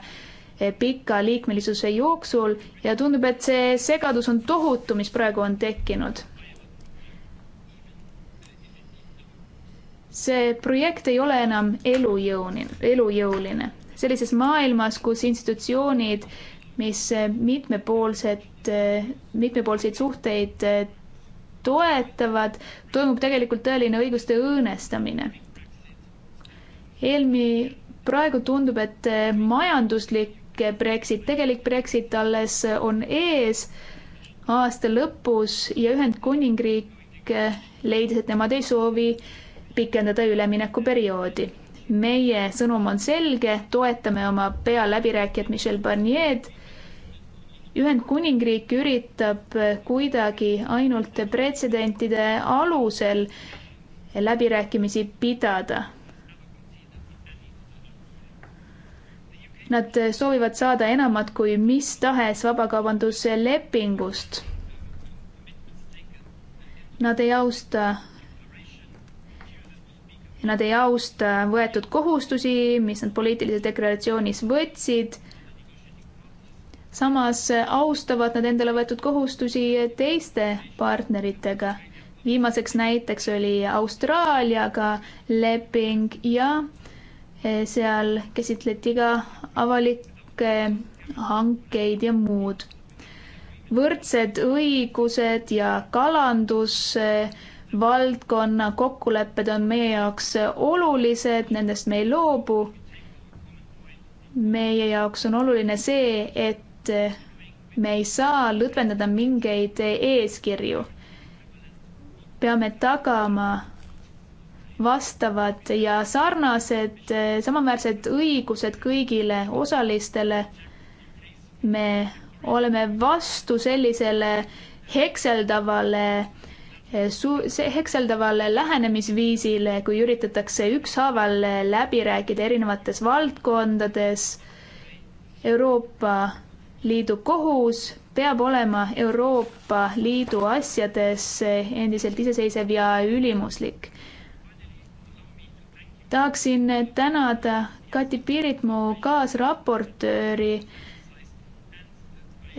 [SPEAKER 5] pika liikmelisuse jooksul ja tundub, et see segadus on tohutu, mis praegu on tekkinud see projekt ei ole enam elujõuline, elujõuline. sellises maailmas, kus institutsioonid, mis mitmepoolset, mitmepoolseid suhteid toetavad, toimub tegelikult tõeline õiguste õõnestamine. eelmi-, praegu tundub, et majanduslik Brexit, tegelik Brexit alles on ees aasta lõpus ja Ühendkuningriik leidis, et nemad ei soovi äh, pikendada üleminekuperioodi. meie sõnum on selge, toetame oma pealäbirääkijat Michel Barnier'd. Ühendkuningriik üritab kuidagi ainult pretsedentide alusel läbirääkimisi pidada Nad soovivad saada enamat kui mis tahes vabakaubanduslepingust. Nad ei austa ja nad ei austa võetud kohustusi, mis nad poliitilises deklaratsioonis võtsid. samas austavad nad endale võetud kohustusi teiste partneritega. viimaseks näiteks oli Austraaliaga leping ja eh, seal käsitleti ka avalikke hankeid ja muud. võrdsed õigused ja kalandus eh, valdkonna kokkulepped on meie jaoks olulised, nendest me ei loobu. meie jaoks on oluline see, et me ei saa lõdvendada mingeid eeskirju. peame tagama vastavad ja sarnased, samaväärsed õigused kõigile osalistele. me oleme vastu sellisele hekseldavale su-, see hekseldavale lähenemisviisile, kui üritatakse ükshaaval läbi rääkida erinevates valdkondades. Euroopa Liidu kohus peab olema Euroopa Liidu asjades endiselt iseseisev ja ülimuslik. tahaksin tänada Kati Piritmu kaasraportööri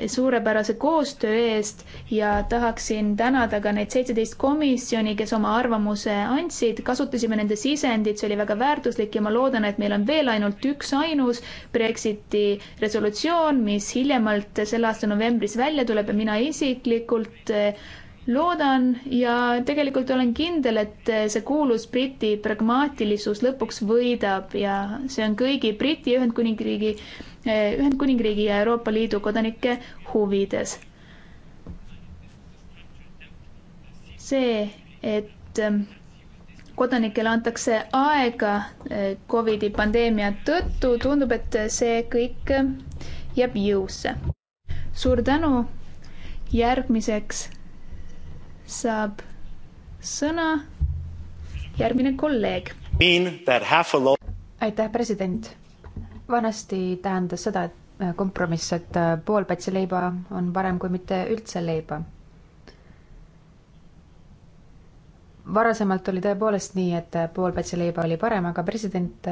[SPEAKER 5] suurepärase koostöö eest ja tahaksin tänada ka neid seitseteist komisjoni, kes oma arvamuse andsid, kasutasime nende sisendit, see oli väga väärtuslik ja ma loodan, et meil on veel ainult üksainus Brexiti resolutsioon, mis hiljemalt selle aasta novembris välja tuleb ja mina isiklikult loodan ja tegelikult olen kindel, et see kuulus Briti pragmaatilisus lõpuks võidab ja see on kõigi Briti Ühendkuningriigi, Ühendkuningriigi ja Euroopa Liidu kodanike huvides. see, et kodanikele antakse aega eh, Covidi pandeemia tõttu, tundub, et see kõik jääb jõusse. suur tänu, järgmiseks saab sõna järgmine kolleeg. aitäh, president. vanasti
[SPEAKER 3] tähendas seda, et äh, kompromiss, et äh, pool pätsi leiba on parem kui mitte üldse leiba. varasemalt oli tõepoolest nii, et äh, pool pätsi leiba oli parem, aga president,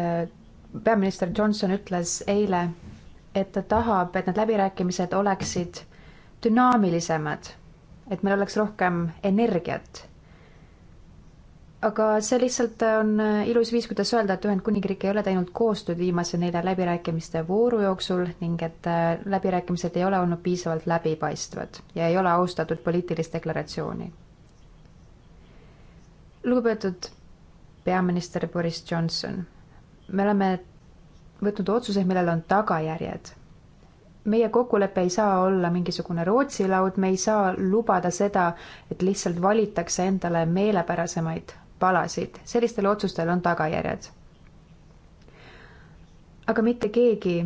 [SPEAKER 3] peaminister Johnson ütles eile, et ta tahab, et need läbirääkimised oleksid dünaamilisemad et meil oleks rohkem energiat. aga see lihtsalt on äh, ilus viis, kuidas öelda, et Ühendkuningriik ei ole teinud koostööd viimase nelja läbirääkimiste vooru jooksul ning et äh, läbirääkimised ei ole olnud piisavalt läbipaistvad ja ei ole austatud poliitilist deklaratsiooni. lugupeetud peaminister Boris Johnson, me oleme võtnud otsuse, millel on tagajärjed meie kokkulepe ei saa olla mingisugune Rootsi laud, me ei saa lubada seda, et lihtsalt valitakse endale meelepärasemaid palasid, sellistel otsustel on tagajärjed. aga mitte keegi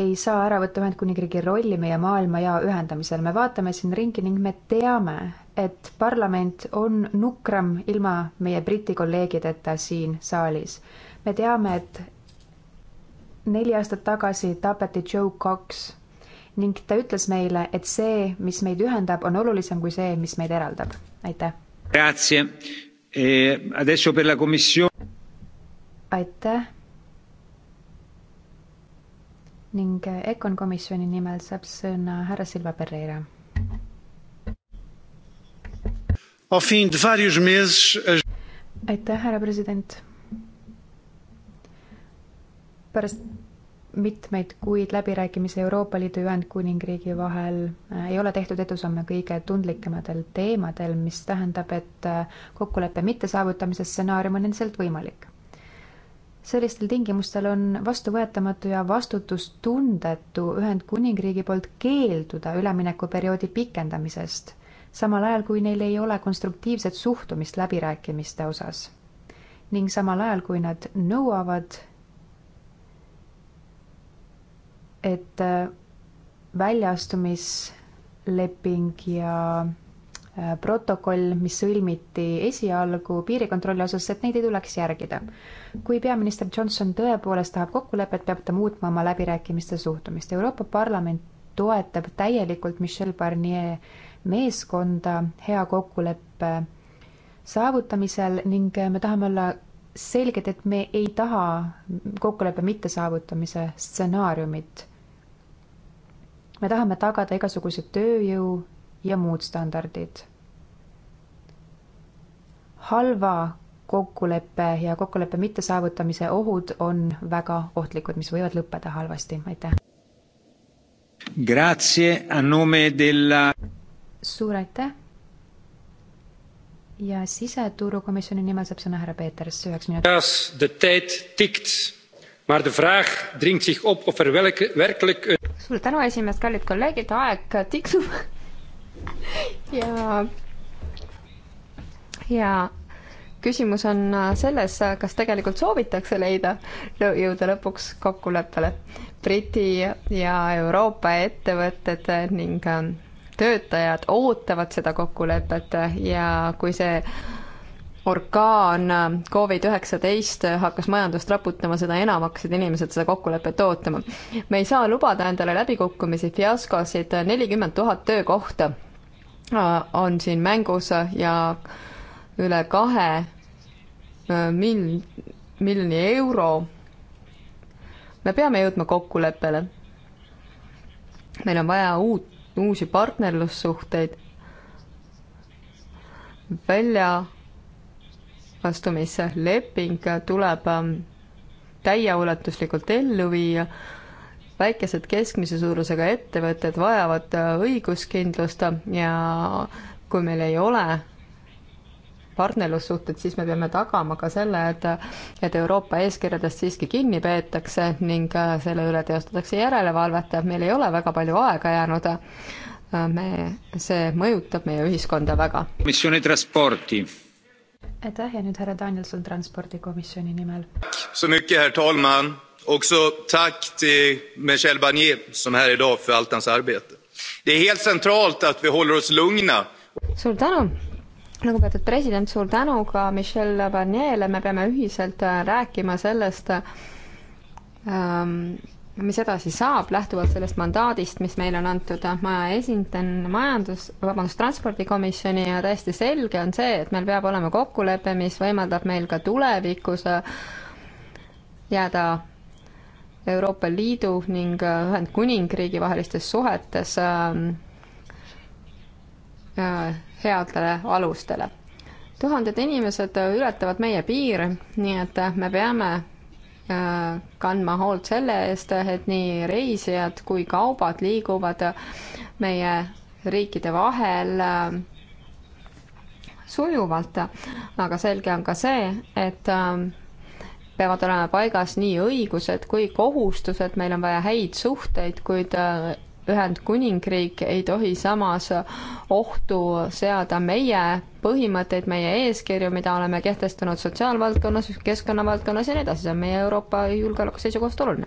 [SPEAKER 3] ei saa ära võtta Ühendkuningriigi rolli meie maailmajao ühendamisel, me vaatame siin ringi ning me teame, et parlament on nukram ilma meie Briti kolleegideta siin saalis. me teame, et neli aastat tagasi tapeti Joe Cox ning ta ütles meile, et see, mis meid ühendab, on olulisem kui see, mis meid eraldab. aitäh. E, aitäh. ning EKOn komisjoni nimel saab sõna härra Silva Pereira. aitäh, härra president. pärast mitmeid kuid läbirääkimisi Euroopa Liidu ja Ühendkuningriigi vahel äh, ei ole tehtud edusamme kõige tundlikematel teemadel, mis tähendab, et äh, kokkuleppe mittesaavutamise stsenaarium on endiselt võimalik. sellistel tingimustel on vastuvõetamatu ja vastutustundetu Ühendkuningriigi poolt keelduda üleminekuperioodi pikendamisest, samal ajal kui neil ei ole konstruktiivset suhtumist läbirääkimiste osas. ning samal ajal, kui nad nõuavad et äh, väljaastumisleping ja äh, protokoll, mis sõlmiti esialgu piirikontrolli osas, et neid ei tuleks järgida. kui peaminister Johnson tõepoolest tahab kokkulepet, peab ta muutma oma läbirääkimiste suhtumist. Euroopa Parlament toetab täielikult Michel Barnier meeskonda hea kokkuleppe saavutamisel ning äh, me tahame olla selged, et me ei taha kokkuleppe mittesaavutamise stsenaariumit me tahame tagada igasugused tööjõu ja muud standardid. halva kokkuleppe ja kokkuleppe mittesaavutamise ohud on väga ohtlikud, mis võivad lõppeda halvasti, aitäh.
[SPEAKER 2] Grazie a nome della.
[SPEAKER 3] suur aitäh. ja siseturukomisjoni nimel saab sõna härra Peeters, üheks
[SPEAKER 2] minutiks maar de vraag dringt zich op of er welke, werkelijk.
[SPEAKER 4] suur tänu, esimees, kallid kolleegid, aeg tiksub ja, ja küsimus on äh, selles, äh, kas tegelikult soovitakse leida, jõuda lõpuks kokkuleppele. Briti ja Euroopa ettevõtted ning ähm, töötajad ootavad seda kokkulepet ja kui see orkaan äh, Covid-19 äh, hakkas majandust raputama, seda enam hakkasid inimesed seda kokkulepet ootama. me ei saa lubada endale läbikukkumisi, fiaskosid, äh, nelikümmend tuhat töökohta on siin mängus ja üle kahe mil-, miljoni euro. me peame jõudma kokkuleppele. meil on vaja uut, uusi partnerlussuhteid, välja astumisleping tuleb ähm, täieulatuslikult ellu viia. väikesed keskmise suurusega ettevõtted vajavad äh, õiguskindlust ja kui meil ei ole partnerlussuhted, siis me peame tagama ka selle, et, et Euroopa eeskirjadest siiski kinni peetakse ning äh, selle üle teostatakse järelevalvet, et meil ei ole väga palju aega jäänud. Äh, me, see mõjutab meie ühiskonda
[SPEAKER 3] väga.
[SPEAKER 2] missiooni transporti
[SPEAKER 3] aitäh ja nüüd härra Danielson transpordikomisjoni nimel.
[SPEAKER 2] Också tack till Michel Barnier som är här idag för allt hans arbete. Det är helt centralt att vi håller oss lugna.
[SPEAKER 4] Suur tänu, lugupeetud president, suur tänu ka Michel Barnier'le, me peame ühiselt äh, rääkima sellest ähm, mis edasi saab, lähtuvalt sellest mandaadist, mis meile on antud, ma esindan majandus, vabandust, transpordikomisjoni ja täiesti selge on see, et meil peab olema kokkulepe, mis võimaldab meil ka tulevikus äh, jääda Euroopa Liidu ning äh, Ühendkuningriigi vahelistes suhetes äh, headele alustele. tuhanded inimesed ületavad meie piire, nii et me peame Äh, kandma hoolt selle eest, et nii reisijad kui kaubad liiguvad meie riikide vahel äh, sujuvalt. aga selge on ka see, et äh, peavad olema paigas nii õigused kui kohustused, meil on vaja häid suhteid, kuid Ühendkuningriik ei tohi samas ohtu seada meie põhimõtteid, meie eeskirju, mida oleme kehtestanud sotsiaalvaldkonnas, keskkonnavaldkonnas ja nii edasi, see on meie Euroopa julgeoleku seisukohast oluline.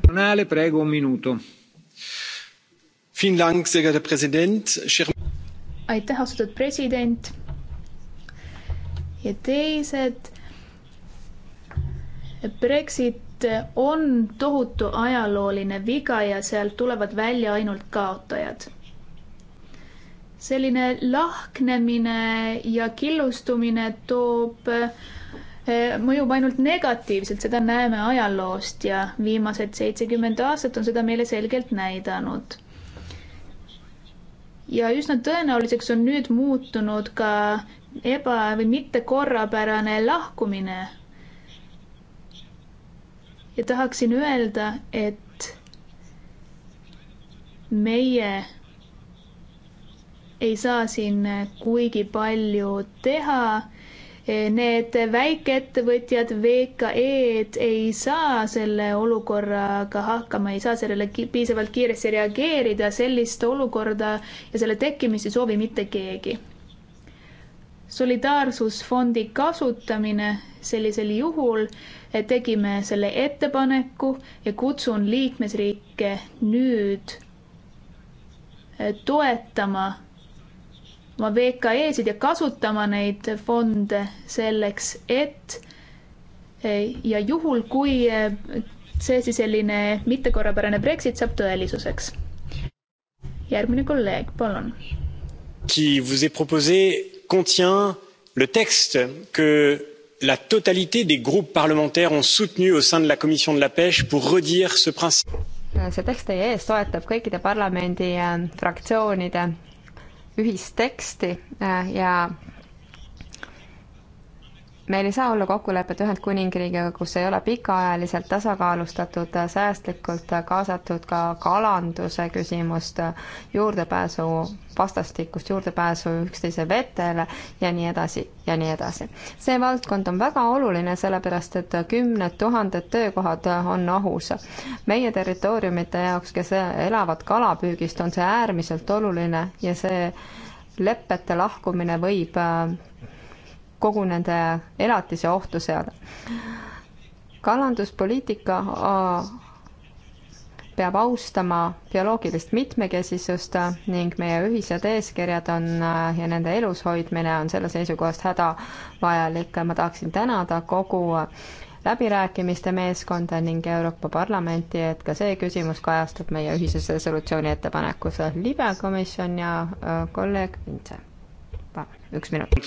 [SPEAKER 5] aitäh, austatud president ja teised. Brexit on tohutu ajalooline viga ja sealt tulevad välja ainult kaotajad. selline lahknemine ja killustumine toob, eh, mõjub ainult negatiivselt, seda näeme ajaloost ja viimased seitsekümmend aastat on seda meile selgelt näidanud. ja üsna tõenäoliseks on nüüd muutunud ka eba- või mittekorrapärane lahkumine ja tahaksin öelda, et meie ei saa siin kuigi palju teha need väikeettevõtjad, VKE-d ei saa selle olukorraga hakkama, ei saa sellele piisavalt kiiresti reageerida, sellist olukorda ja selle tekkimist ei soovi mitte keegi. solidaarsusfondi kasutamine sellisel juhul tegime selle ettepaneku ja kutsun liikmesriike nüüd äh, toetama oma VKE-sid ja kasutama neid fonde selleks, et äh, ja juhul, kui äh, see siis selline mittekorrapärane Brexit saab tõelisuseks. järgmine kolleeg, palun.
[SPEAKER 2] qui vous est proposé contient le texte que la totalité des groupes parlementaires ont soutenu au sein de la commission de la pêche pour redire ce principe.
[SPEAKER 4] see tekst teie ees toetab kõikide parlamendi äh, fraktsioonide ühisteksti äh, ja meil ei saa olla kokkulepet Ühendkuningriigiga, kus ei ole pikaajaliselt tasakaalustatud, säästlikult kaasatud ka kalanduse küsimust, juurdepääsu, vastastikust juurdepääsu üksteise vetele ja nii edasi ja nii edasi. see valdkond on väga oluline, sellepärast et kümned tuhanded töökohad on ohus. meie territooriumite jaoks, kes elavad kalapüügist, on see äärmiselt oluline ja see leppete lahkumine võib kogu nende elatise ohtu seada. kalanduspoliitika peab austama bioloogilist mitmekesisust ning meie ühised eeskirjad on ja nende elus hoidmine on selle seisukohast hädavajalik. ma tahaksin tänada kogu läbirääkimiste meeskonda ning Euroopa Parlamenti, et ka see küsimus kajastub meie ühises resolutsiooni ettepanekus. libekomisjon ja kolleeg Vintse, üks minut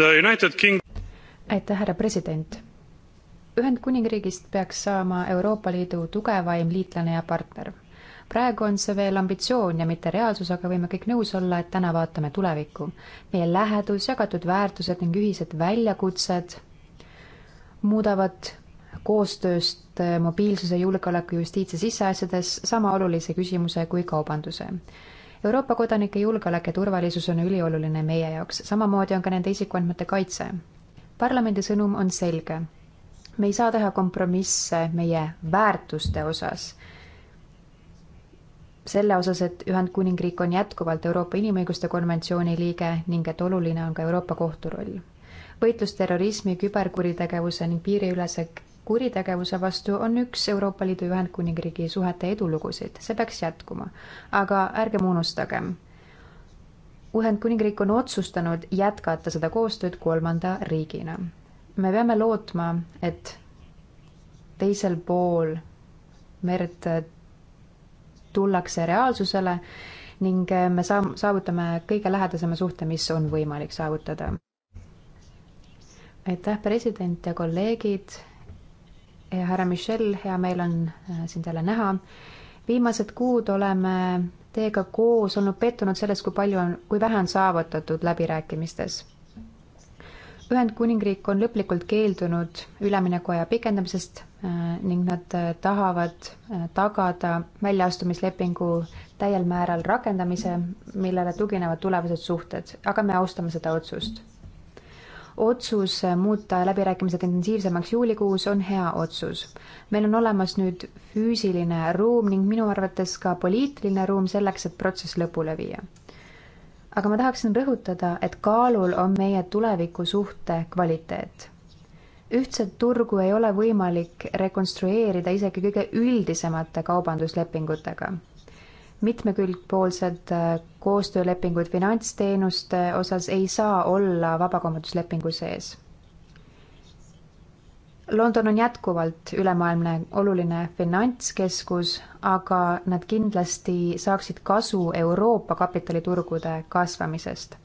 [SPEAKER 7] Äh, King...
[SPEAKER 3] aitäh, härra president. Ühendkuningriigist peaks saama Euroopa Liidu tugevaim liitlane ja partner. praegu on see veel ambitsioon ja mitte reaalsus, aga võime kõik nõus olla, et täna vaatame tulevikku. meie lähedus, jagatud väärtused ning ühised väljakutsed muudavad koostööst äh, mobiilsuse, julgeoleku, justiits ja sisseasjades sama olulise küsimuse kui kaubanduse Euroopa kodanike julgeolek ja turvalisus on ülioluline meie jaoks, samamoodi on ka nende isikuandmete kaitse. parlamendi sõnum on selge. me ei saa teha kompromisse meie väärtuste osas selle osas, et Ühendkuningriik on jätkuvalt Euroopa Inimõiguste Konventsiooni liige ning et oluline on ka Euroopa Kohtu roll. võitlus terrorismi, küberkuritegevuse ning piiriülese kuritegevuse vastu on üks Euroopa Liidu ja Ühendkuningriigi suhete edulugusid, see peaks jätkuma. aga ärgem unustagem, Ühendkuningriik on otsustanud jätkata seda koostööd kolmanda riigina. me peame lootma, et teisel pool merd tullakse reaalsusele ning me saa-, saavutame kõige lähedasema suhte, mis on võimalik saavutada. aitäh, president ja kolleegid ja härra Michel, hea meel on äh, sind jälle näha. viimased kuud oleme teiega koos olnud pettunud selles, kui palju on, kui vähe on saavutatud läbirääkimistes. Ühendkuningriik on lõplikult keeldunud üleminekuaja pikendamisest äh, ning nad äh, tahavad tagada väljaastumislepingu täiel määral rakendamise, millele tuginevad tulevased suhted, aga me austame seda otsust otsus muuta läbirääkimised intensiivsemaks juulikuus on hea otsus. meil on olemas nüüd füüsiline ruum ning minu arvates ka poliitiline ruum selleks, et protsess lõpule viia. aga ma tahaksin rõhutada, et kaalul on meie tuleviku suhte kvaliteet ühtset turgu ei ole võimalik rekonstrueerida isegi kõige üldisemate kaubanduslepingutega mitmekülgpoolsed äh, koostöölepingud finantsteenuste osas ei saa olla vabakaubanduslepingu sees. London on jätkuvalt ülemaailmne oluline finantskeskus, aga nad kindlasti saaksid kasu Euroopa kapitaliturgude kasvamisest.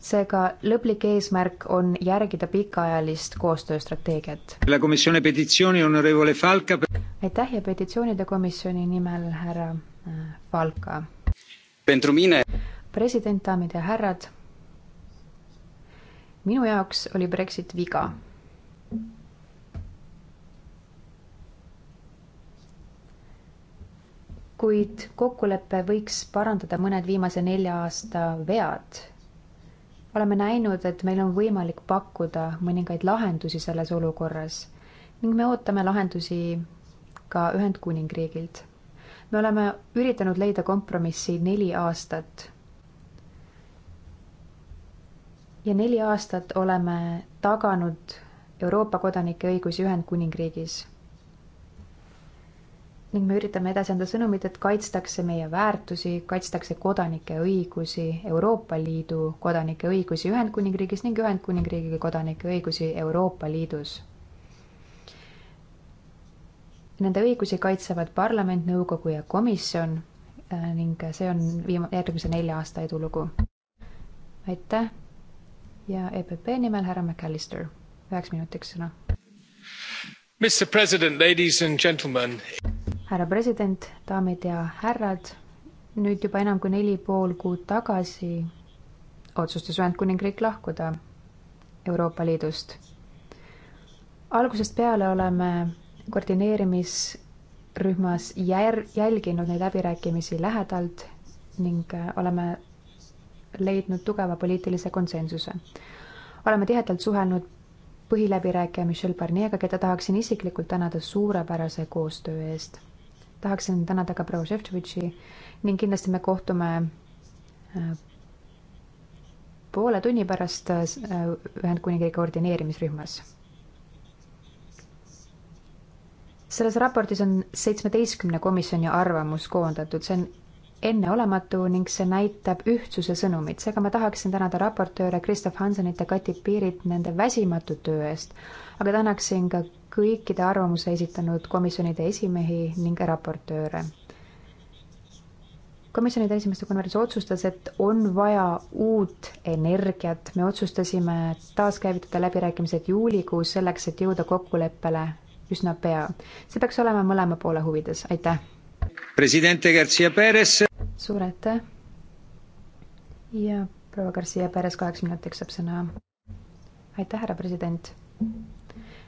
[SPEAKER 3] seega lõplik eesmärk on järgida pikaajalist koostööstrateegiat. aitäh ja petitsioonide komisjoni nimel härra Valka. president, daamid ja härrad. minu jaoks oli Brexit viga. kuid kokkulepe võiks parandada mõned viimase nelja aasta vead. oleme näinud, et meil on võimalik pakkuda mõningaid lahendusi selles olukorras ning me ootame lahendusi ka Ühendkuningriigilt me oleme üritanud leida kompromissi neli aastat. ja neli aastat oleme taganud Euroopa kodanike õigusi Ühendkuningriigis. ning me üritame edasi anda sõnumit, et kaitstakse meie väärtusi, kaitstakse kodanike õigusi, Euroopa Liidu kodanike õigusi Ühendkuningriigis ning Ühendkuningriigi kodanike õigusi Euroopa Liidus Nende õigusi kaitsevad parlament, nõukogu ja komisjon äh, ning see on viima-, järgmise nelja aasta edulugu. aitäh ja EPP nimel härra McAllister, üheks minutiks sõna. härra president, daamid ja härrad, nüüd juba enam kui neli pool kuud tagasi otsustas Ühendkuningriik lahkuda Euroopa Liidust. algusest peale oleme koordineerimisrühmas jär-, jälginud neid läbirääkimisi lähedalt ning äh, oleme leidnud tugeva poliitilise konsensuse. oleme tihedalt suhelnud põhiläbirääkija Michel Barnier'ga, keda tahaksin isiklikult tänada suurepärase koostöö eest. tahaksin tänada ka proua Šefčovitši ning kindlasti me kohtume äh, poole tunni pärast äh, Ühendkuningriigi koordineerimisrühmas. selles raportis on seitsmeteistkümne komisjoni arvamus koondatud, see on enneolematu ning see näitab ühtsuse sõnumit, seega ma tahaksin tänada raportööre Kristof Hansenit ja Kati Piirit nende väsimatu töö eest, aga tänaksin ka kõikide arvamuse esitanud komisjonide esimehi ning raportööre. komisjonide esimeeste konverents otsustas, et on vaja uut energiat, me otsustasime taaskäivitada läbirääkimised juulikuus selleks, et jõuda kokkuleppele üsna pea. see peaks olema mõlema poole huvides, aitäh.
[SPEAKER 2] president Garcia
[SPEAKER 3] Perez. suur aitäh. ja proua Garcia Perez kaheks minutiks saab sõna. aitäh, härra president.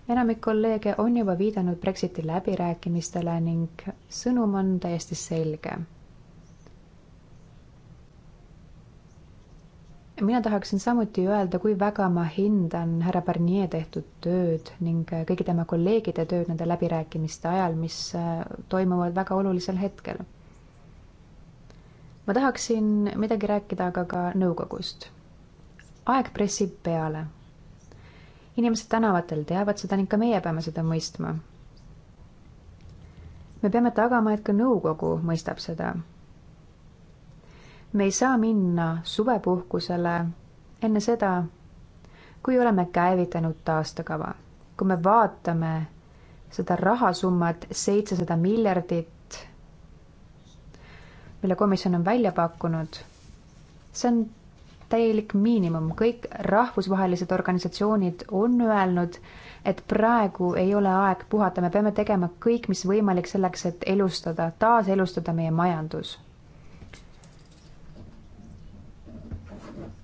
[SPEAKER 3] enamik kolleege on juba viidanud Brexiti läbirääkimistele ning sõnum on täiesti selge mina tahaksin samuti öelda, kui väga ma hindan härra Barnier tehtud tööd ning äh, kõigi tema kolleegide tööd nende läbirääkimiste ajal, mis äh, toimuvad väga olulisel hetkel. ma tahaksin midagi rääkida aga ka nõukogust. aeg pressib peale. inimesed tänavatel teavad seda ning ka meie peame seda mõistma. me peame tagama, et ka nõukogu mõistab seda me ei saa minna suvepuhkusele enne seda, kui oleme käivitanud taastekava. kui me vaatame seda rahasummat, seitsesada miljardit, mille komisjon on välja pakkunud, see on täielik miinimum, kõik rahvusvahelised organisatsioonid on öelnud, et praegu ei ole aeg puhata, me peame tegema kõik, mis võimalik selleks, et elustada, taaselustada meie majandus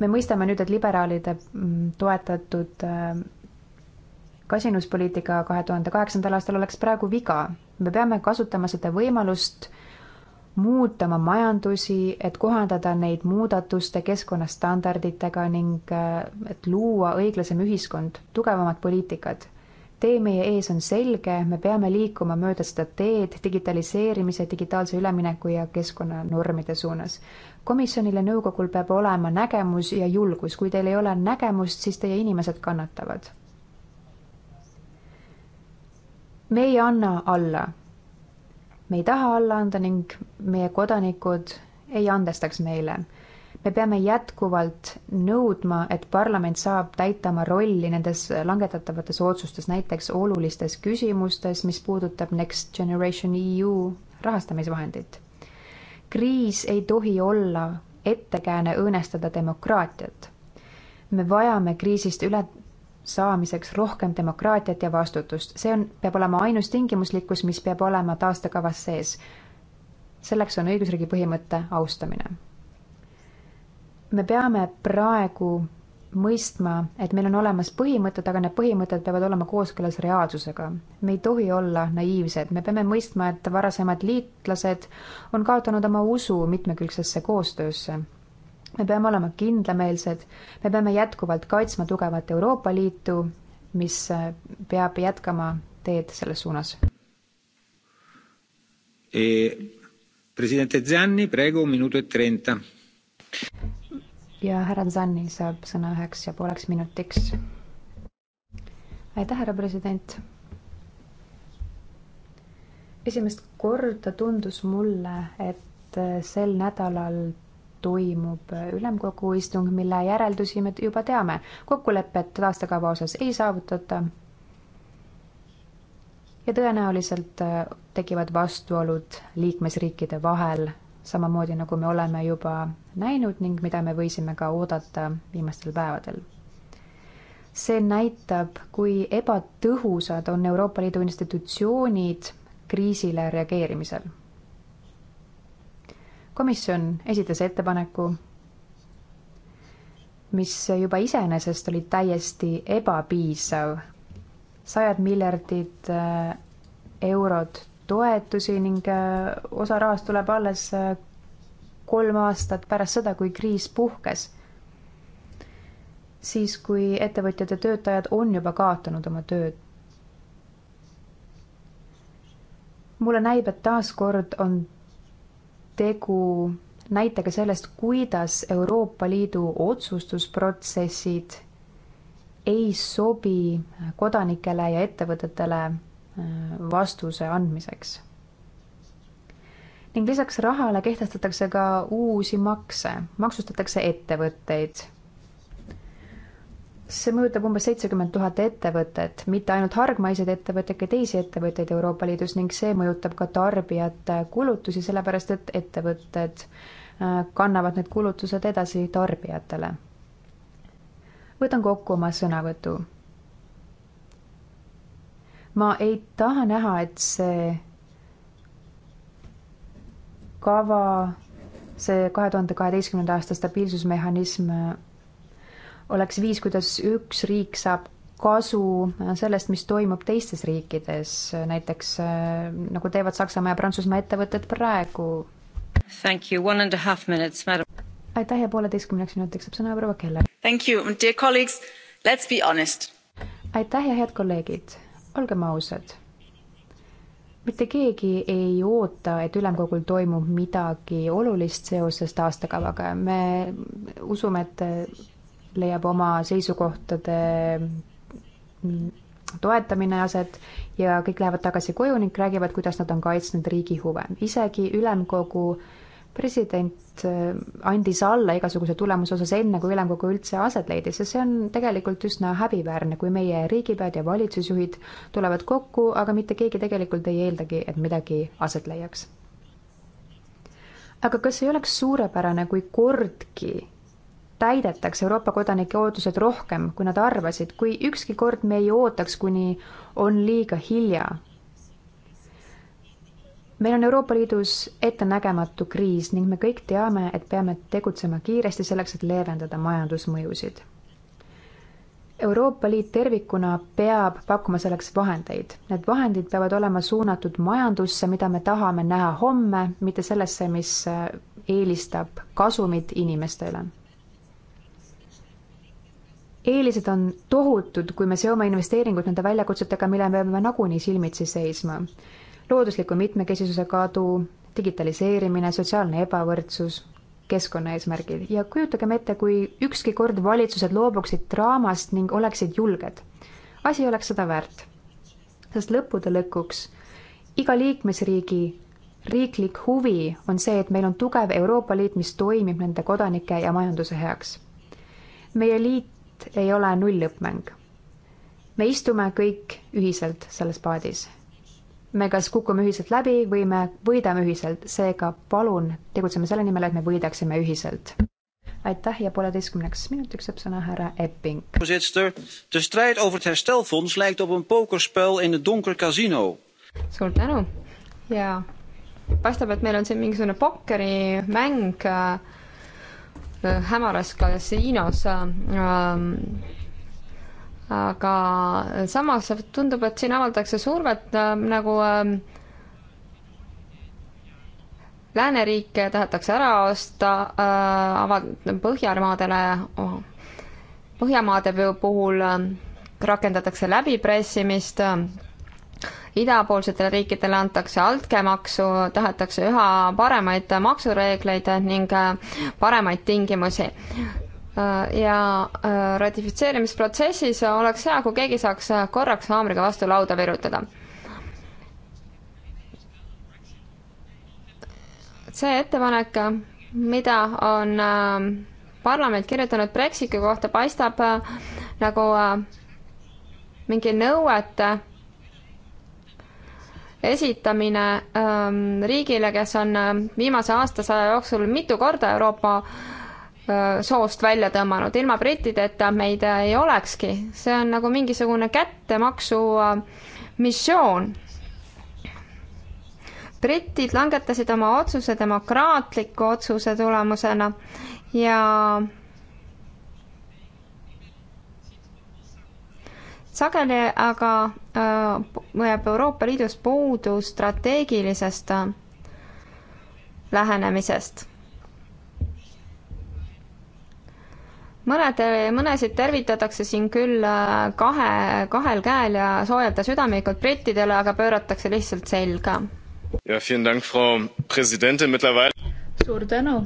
[SPEAKER 3] me mõistame nüüd, et liberaalide mm, toetatud äh, kasinuspoliitika kahe tuhande kaheksandal aastal oleks praegu viga. me peame kasutama seda võimalust muuta oma majandusi, et kohandada neid muudatuste keskkonnastandarditega ning äh, et luua õiglasem ühiskond, tugevamad poliitikad tee meie ees on selge, me peame liikuma mööda seda teed digitaliseerimise, digitaalse ülemineku ja keskkonnanormide suunas. komisjonil ja nõukogul peab olema nägemus ja julgus, kui teil ei ole nägemust, siis teie inimesed kannatavad. me ei anna alla. me ei taha alla anda ning meie kodanikud ei andestaks meile me peame jätkuvalt nõudma, et parlament saab täita oma rolli nendes langetatavates otsustes, näiteks olulistes küsimustes, mis puudutab Next Generation EU rahastamisvahendit. kriis ei tohi olla ettekääne õõnestada demokraatiat. me vajame kriisist üle saamiseks rohkem demokraatiat ja vastutust, see on, peab olema ainus tingimuslikkus, mis peab olema taastekavas sees. selleks on õigusriigi põhimõtte austamine me peame praegu mõistma, et meil on olemas põhimõtted, aga need põhimõtted peavad olema kooskõlas reaalsusega. me ei tohi olla naiivsed, me peame mõistma, et varasemad liitlased on kaotanud oma usu mitmekülgsesse koostöösse. me peame olema kindlameelsed, me peame jätkuvalt kaitsma tugevat Euroopa Liitu, mis peab jätkama teed selles suunas
[SPEAKER 2] eh, e,. president Zanni, praegu minut ja kolmkümmend
[SPEAKER 3] ja härra Zanni saab sõna üheks ja pooleks minutiks. aitäh, härra president. esimest korda tundus mulle, et sel nädalal toimub ülemkogu istung, mille järeldusi me juba teame. kokkulepet taastekava osas ei saavutata. ja tõenäoliselt tekivad vastuolud liikmesriikide vahel samamoodi nagu me oleme juba näinud ning mida me võisime ka oodata viimastel päevadel. see näitab, kui ebatõhusad on Euroopa Liidu institutsioonid kriisile reageerimisel. komisjon esitas ettepaneku, mis juba iseenesest oli täiesti ebapiisav. sajad miljardid äh, eurod toetusi ning äh, osa rahast tuleb alles äh, kolm aastat pärast seda, kui kriis puhkes. siis, kui ettevõtjad ja töötajad on juba kaotanud oma tööd. mulle näib, et taaskord on tegu näitega sellest, kuidas Euroopa Liidu otsustusprotsessid ei sobi kodanikele ja ettevõtetele vastuse andmiseks. ning lisaks rahale kehtestatakse ka uusi makse, maksustatakse ettevõtteid. see mõjutab umbes seitsekümmend tuhat ettevõtet, mitte ainult hargmaiseid ettevõtteid, ka teisi ettevõtteid Euroopa Liidus ning see mõjutab ka tarbijate kulutusi, sellepärast et ettevõtted äh, kannavad need kulutused edasi tarbijatele. võtan kokku oma sõnavõtu ma ei taha näha, et see kava, see kahe tuhande kaheteistkümnenda aasta stabiilsusmehhanism oleks viis, kuidas üks riik saab kasu sellest, mis toimub teistes riikides, näiteks äh, nagu teevad Saksamaa ja Prantsusmaa ettevõtted praegu. aitäh ja pooleteistkümneks minutiks saab sõna proua Keller. aitäh ja head kolleegid olgem ausad, mitte keegi ei oota, et ülemkogul toimub midagi olulist seoses taastekavaga. me usume, et leiab oma seisukohtade toetamine aset ja kõik lähevad tagasi koju ning räägivad, kuidas nad on kaitsnud riigi huve. isegi ülemkogu äh, president äh, andis alla igasuguse tulemuse osas enne, kui ülemkogu üldse aset leidis ja see on tegelikult üsna häbiväärne, kui meie riigipead ja valitsusjuhid tulevad kokku, aga mitte keegi tegelikult ei eeldagi, et midagi aset leiaks. aga kas ei oleks suurepärane, kui kordki täidetaks Euroopa kodanike ootused rohkem, kui nad arvasid, kui ükski kord me ei ootaks, kuni on liiga hilja meil on Euroopa Liidus ettenägematu kriis ning me kõik teame, et peame tegutsema kiiresti selleks, et leevendada majandusmõjusid. Euroopa Liit tervikuna peab pakkuma selleks vahendeid. Need vahendid peavad olema suunatud majandusse, mida me tahame näha homme, mitte sellesse, mis äh, eelistab kasumit inimestele. eelised on tohutud, kui me seome investeeringud nende väljakutsetega, mille me peame nagunii silmitsi seisma loodusliku mitmekesisuse kadu, digitaliseerimine, sotsiaalne ebavõrdsus, keskkonnaeesmärgid ja kujutagem ette, kui ükski kord valitsused loobuksid draamast ning oleksid julged. asi oleks seda väärt, sest lõppude lõpuks iga liikmesriigi riiklik huvi on see, et meil on tugev Euroopa Liit, mis toimib nende kodanike ja majanduse heaks. meie liit ei ole null lõppmäng. me istume kõik ühiselt selles paadis me kas kukume ühiselt läbi või me võidame ühiselt, seega palun tegutseme selle nimel, et me võidaksime ühiselt. aitäh ja pooleteistkümneks minutiks saab sõna härra Epping.
[SPEAKER 2] De strijd over het herstelfonds lijkt op een pokerspel in een donker casino.
[SPEAKER 4] suur tänu ja paistab, et meil on siin mingisugune pokkerimäng äh, äh, hämaras kasiinos äh,. Äh, aga samas tundub, et siin avaldatakse survet äh, nagu ähm, lääneriike tahetakse ära osta äh,, ava-, Põhjamaadele oh,, Põhjamaade puhul äh, rakendatakse läbipressimist äh,, idapoolsetele riikidele antakse altkäemaksu, tahetakse üha paremaid maksureegleid ning äh, paremaid tingimusi. Äh, ja äh, ratifitseerimisprotsessis oleks hea, kui keegi saaks äh, korraks haamriga vastu lauda virutada. see ettepanek, mida on parlament kirjutanud Brexiti kohta, paistab nagu mingi nõuete esitamine ähm, riigile, kes on viimase aastasaja jooksul mitu korda Euroopa Äh, soost välja tõmmanud. ilma brittideta meid äh, ei olekski. see on nagu mingisugune kättemaksu äh, missioon. britid langetasid oma otsuse demokraatliku otsuse tulemusena ja sageli aga jääb Euroopa Liidus puudu strateegilisest lähenemisest mõned, mõnesid tervitatakse siin küll äh, kahe, kahel käel ja soojalt ja südamlikult brittidele,
[SPEAKER 5] aga pööratakse lihtsalt selga. suur tänu.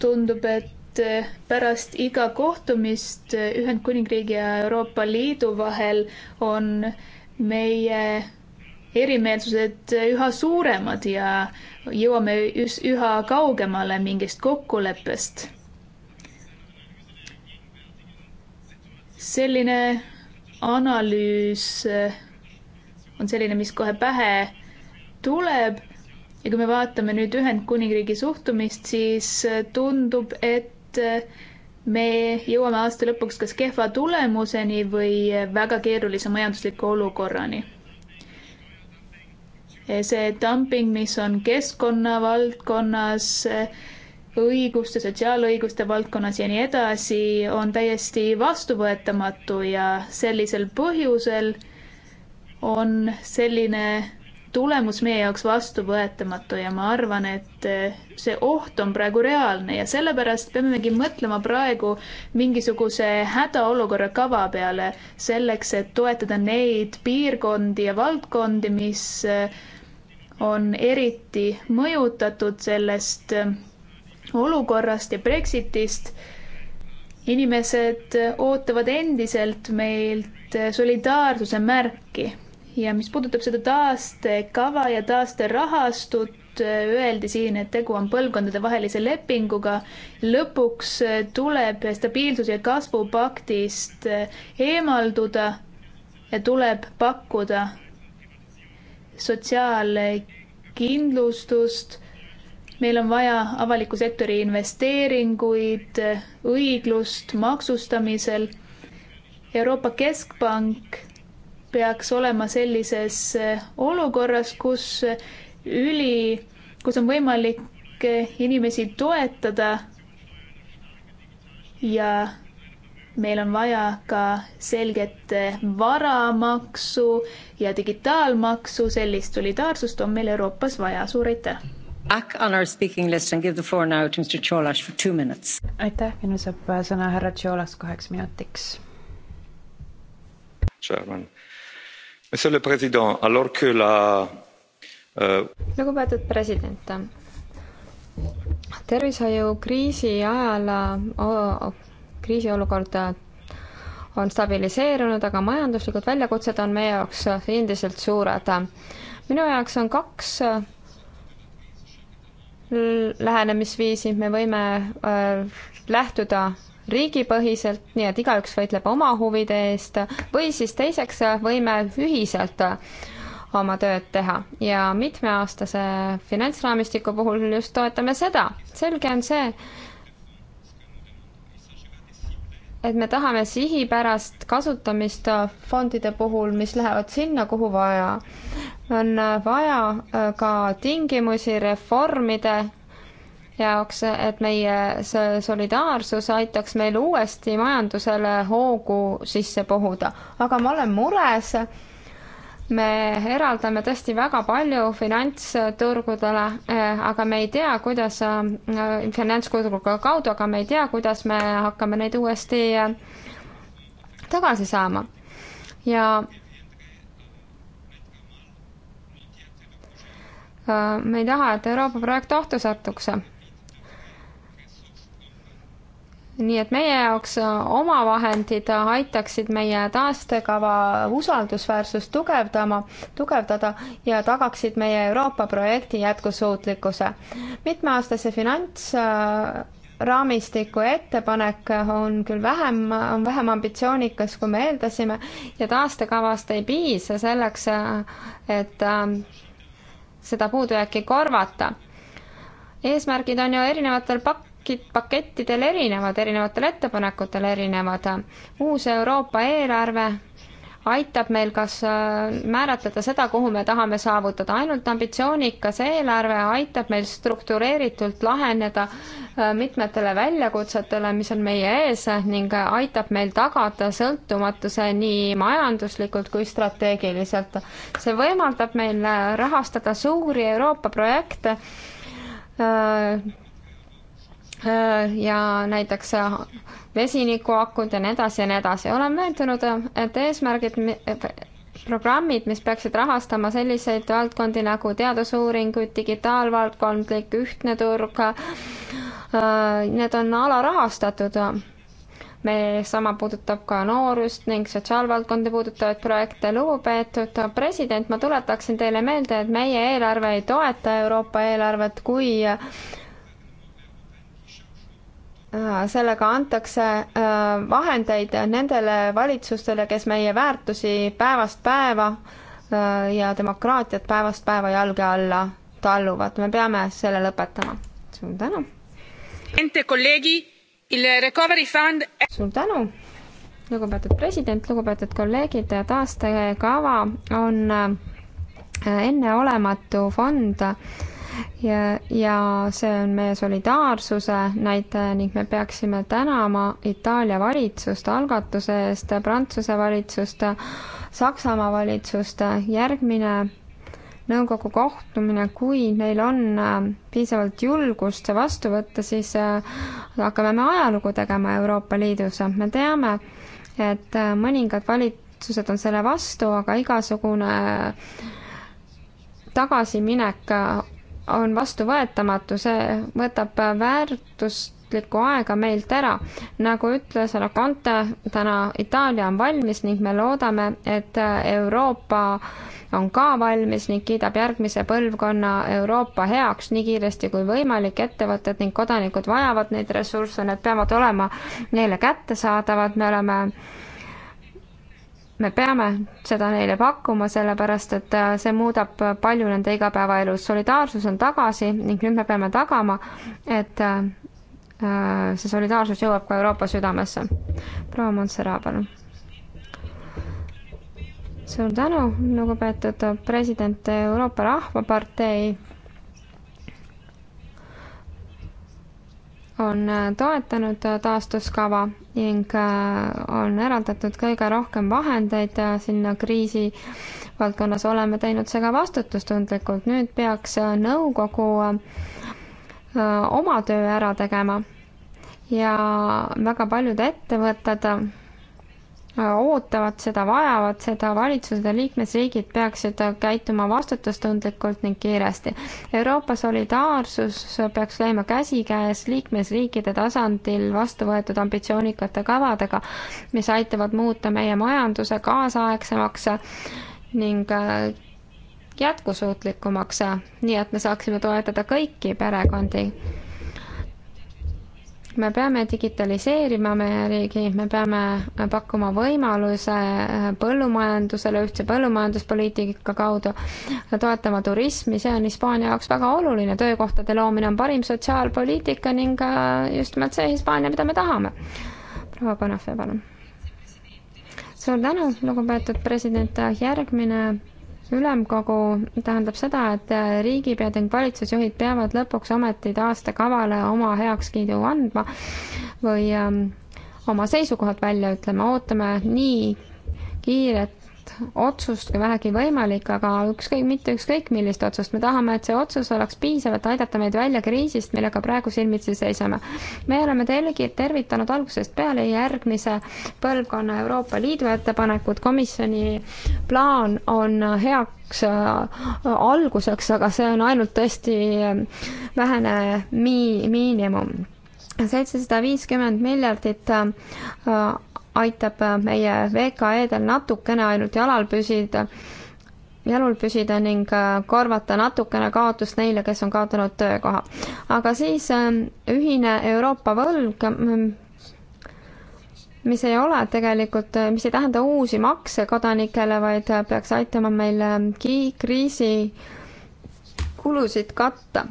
[SPEAKER 5] tundub, et äh, pärast iga kohtumist äh, Ühendkuningriigi ja Euroopa Liidu vahel on meie erimeelsused üha suuremad ja jõuame üha kaugemale mingist kokkuleppest selline analüüs eh, on selline, mis kohe pähe tuleb. ja kui me vaatame nüüd Ühendkuningriigi suhtumist, siis eh, tundub, et eh, me jõuame aasta lõpuks kas kehva tulemuseni või väga keerulise majandusliku olukorrani. see dumping, mis on keskkonna valdkonnas, õiguste, sotsiaalõiguste valdkonnas ja nii edasi, on täiesti vastuvõetamatu ja sellisel põhjusel on selline tulemus meie jaoks vastuvõetamatu ja ma arvan, et see oht on praegu reaalne ja sellepärast peamegi mõtlema praegu mingisuguse hädaolukorra kava peale selleks, et toetada neid piirkondi ja valdkondi, mis on eriti mõjutatud sellest olukorrast ja Brexitist. inimesed ootavad endiselt meilt solidaarsuse märki ja mis puudutab seda taastekava ja taasterahastut, öeldi siin, et tegu on põlvkondadevahelise lepinguga. lõpuks tuleb stabiilsus- ja kasvupaktist eemalduda ja tuleb pakkuda sotsiaalkindlustust meil on vaja avaliku sektori investeeringuid, õiglust maksustamisel. Euroopa Keskpank peaks olema sellises eh, olukorras, kus eh, üli, kus on võimalik eh, inimesi toetada ja meil on vaja ka selget varamaksu ja digitaalmaksu, sellist solidaarsust on meil Euroopas vaja, suur aitäh!
[SPEAKER 6] back on our speaking list and give the floor now to Mr Tšolas for two minutes.
[SPEAKER 5] aitäh, minu saab äh, sõna
[SPEAKER 3] härra Tšolas kaheks minutiks.
[SPEAKER 6] Chairman.
[SPEAKER 2] Monsieur le Président, alors que la euh...
[SPEAKER 4] lugupeetud president, tervishoiukriisi ajal kriisiolukord on stabiliseerunud, aga majanduslikud väljakutsed on meie jaoks endiselt suured. minu jaoks on kaks lähenemisviisi, me võime äh, lähtuda riigipõhiselt, nii et igaüks võitleb oma huvide eest, või siis teiseks võime ühiselt äh, oma tööd teha ja mitmeaastase finantsraamistiku puhul just toetame seda. selge on see, et me tahame sihipärast kasutamist fondide puhul, mis lähevad sinna, kuhu vaja. on vaja äh, ka tingimusi reformide jaoks, et meie see solidaarsus aitaks meil uuesti majandusele hoogu sisse puhuda. aga ma olen mures me eraldame tõesti väga palju finantsturgudele, eh, aga me ei tea, kuidas, eh, finantsturgude kaudu, aga me ei tea, kuidas me hakkame neid uuesti eh, tagasi saama. ja me ei taha, et Euroopa projekt ohtu satuks nii et meie jaoks äh, omavahendid äh, aitaksid meie taastekava usaldusväärsust tugevdama, tugevdada ja tagaksid meie Euroopa projekti jätkusuutlikkuse. mitmeaastase finants äh, raamistiku ettepanek on küll vähem, on vähem ambitsioonikas, kui me eeldasime ja taastekavast ei piisa selleks, et seda puudujääki korvata. eesmärgid on ju erinevatel pak-, pakid, pakettidel erinevad, erinevatel ettepanekutel erinevad. uus Euroopa eelarve aitab meil kas äh, määratleda seda, kuhu me tahame saavutada, ainult ambitsioonikas eelarve aitab meil struktureeritult laheneda äh, mitmetele väljakutsetele, mis on meie ees ning aitab meil tagada sõltumatuse nii majanduslikult kui strateegiliselt. see võimaldab meil rahastada suuri Euroopa projekte äh, Äh, ja näiteks äh, vesinikuakud ja nii edasi ja nii edasi. olen veendunud, et eesmärgid, programmid, mis peaksid rahastama selliseid valdkondi nagu teadusuuringuid, digitaalvaldkondlik ühtne turg, äh, need on alarahastatud. me, sama puudutab ka noorust ning sotsiaalvaldkondi puudutavaid projekte. lugupeetud president, ma tuletaksin teile meelde, et meie eelarve ei toeta Euroopa eelarvet, kui Äh, sellega antakse äh, vahendeid nendele valitsustele, kes meie väärtusi päevast päeva äh, ja demokraatiat päevast päeva jalge alla talluvad. me peame selle lõpetama. suur tänu. suur tänu, lugupeetud president, lugupeetud kolleegid, taastekava on enneolematu fond ja, ja see on meie solidaarsuse näitaja ning me peaksime tänama Itaalia valitsust algatuse eest, Prantsuse valitsust, Saksamaa valitsust, järgmine nõukogu kohtumine, kui neil on äh, piisavalt julgust see vastu võtta, siis äh, hakkame me ajalugu tegema Euroopa Liidus. me teame, et äh, mõningad valitsused on selle vastu, aga igasugune tagasiminek on vastuvõetamatu, see võtab väärtuslikku aega meilt ära. nagu ütles Alacante, täna Itaalia on valmis ning me loodame, et Euroopa on ka valmis ning kiidab järgmise põlvkonna Euroopa heaks nii kiiresti kui võimalik. ettevõtted ning kodanikud vajavad neid ressursse, need peavad olema neile kättesaadavad, me oleme me peame seda neile pakkuma, sellepärast et äh, see muudab palju nende igapäevaelu. solidaarsus on tagasi ning nüüd me peame tagama, et äh, äh, see solidaarsus jõuab ka Euroopa südamesse. proua Montserrat, palun. suur tänu, lugupeetud president Euroopa Rahvapartei on äh, toetanud äh, taastuskava ning äh, on eraldatud kõige rohkem vahendeid sinna kriisi valdkonnas, oleme teinud seda vastutustundlikult, nüüd peaks nõukogu oma töö ära tegema ja väga paljud ettevõtted ootavad seda, vajavad seda, valitsused ja liikmesriigid peaksid käituma vastutustundlikult ning kiiresti. Euroopa solidaarsus peaks käima käsikäes liikmesriikide tasandil vastu võetud ambitsioonikate kavadega, mis aitavad muuta meie majanduse kaasaegsemaks ning äh, jätkusuutlikumaks, nii et me saaksime toetada kõiki perekondi me peame digitaliseerima meie riigi, me peame pakkuma võimaluse äh, põllumajandusele ühtse põllumajanduspoliitika kaudu, toetama turismi, see on Hispaania jaoks väga oluline, töökohtade loomine on parim sotsiaalpoliitika ning äh, just nimelt see Hispaania, mida me tahame. proua Panafe, palun. suur tänu, lugupeetud president, järgmine ülemkogu tähendab seda, et riigipead ning valitsusjuhid peavad lõpuks ometi taastekavale oma heakskiidu andma või öö, ähm, oma seisukohad välja ütlema, ootame nii kiiret sellist otsust kui vähegi võimalik, aga ükskõik, mitte ükskõik millist otsust, me tahame, et see otsus oleks piisav, et aidata meid välja kriisist, millega praegu silmitsi seisame. me oleme telgi tervitanud algusest peale järgmise põlvkonna Euroopa Liidu ettepanekut, komisjoni plaan on heaks äh, alguseks, aga see on ainult tõesti äh, vähene mi-, miinimum seitsesada viiskümmend miljardit äh, aitab äh, meie VKE-del natukene ainult jalal püsida, jalul püsida ning äh, korvata natukene kaotust neile, kes on kaotanud töökoha. aga siis äh, ühine Euroopa võlg, mm, mis ei ole tegelikult, mis ei tähenda uusi makse kodanikele, vaid peaks aitama meil kriisi kulusid katta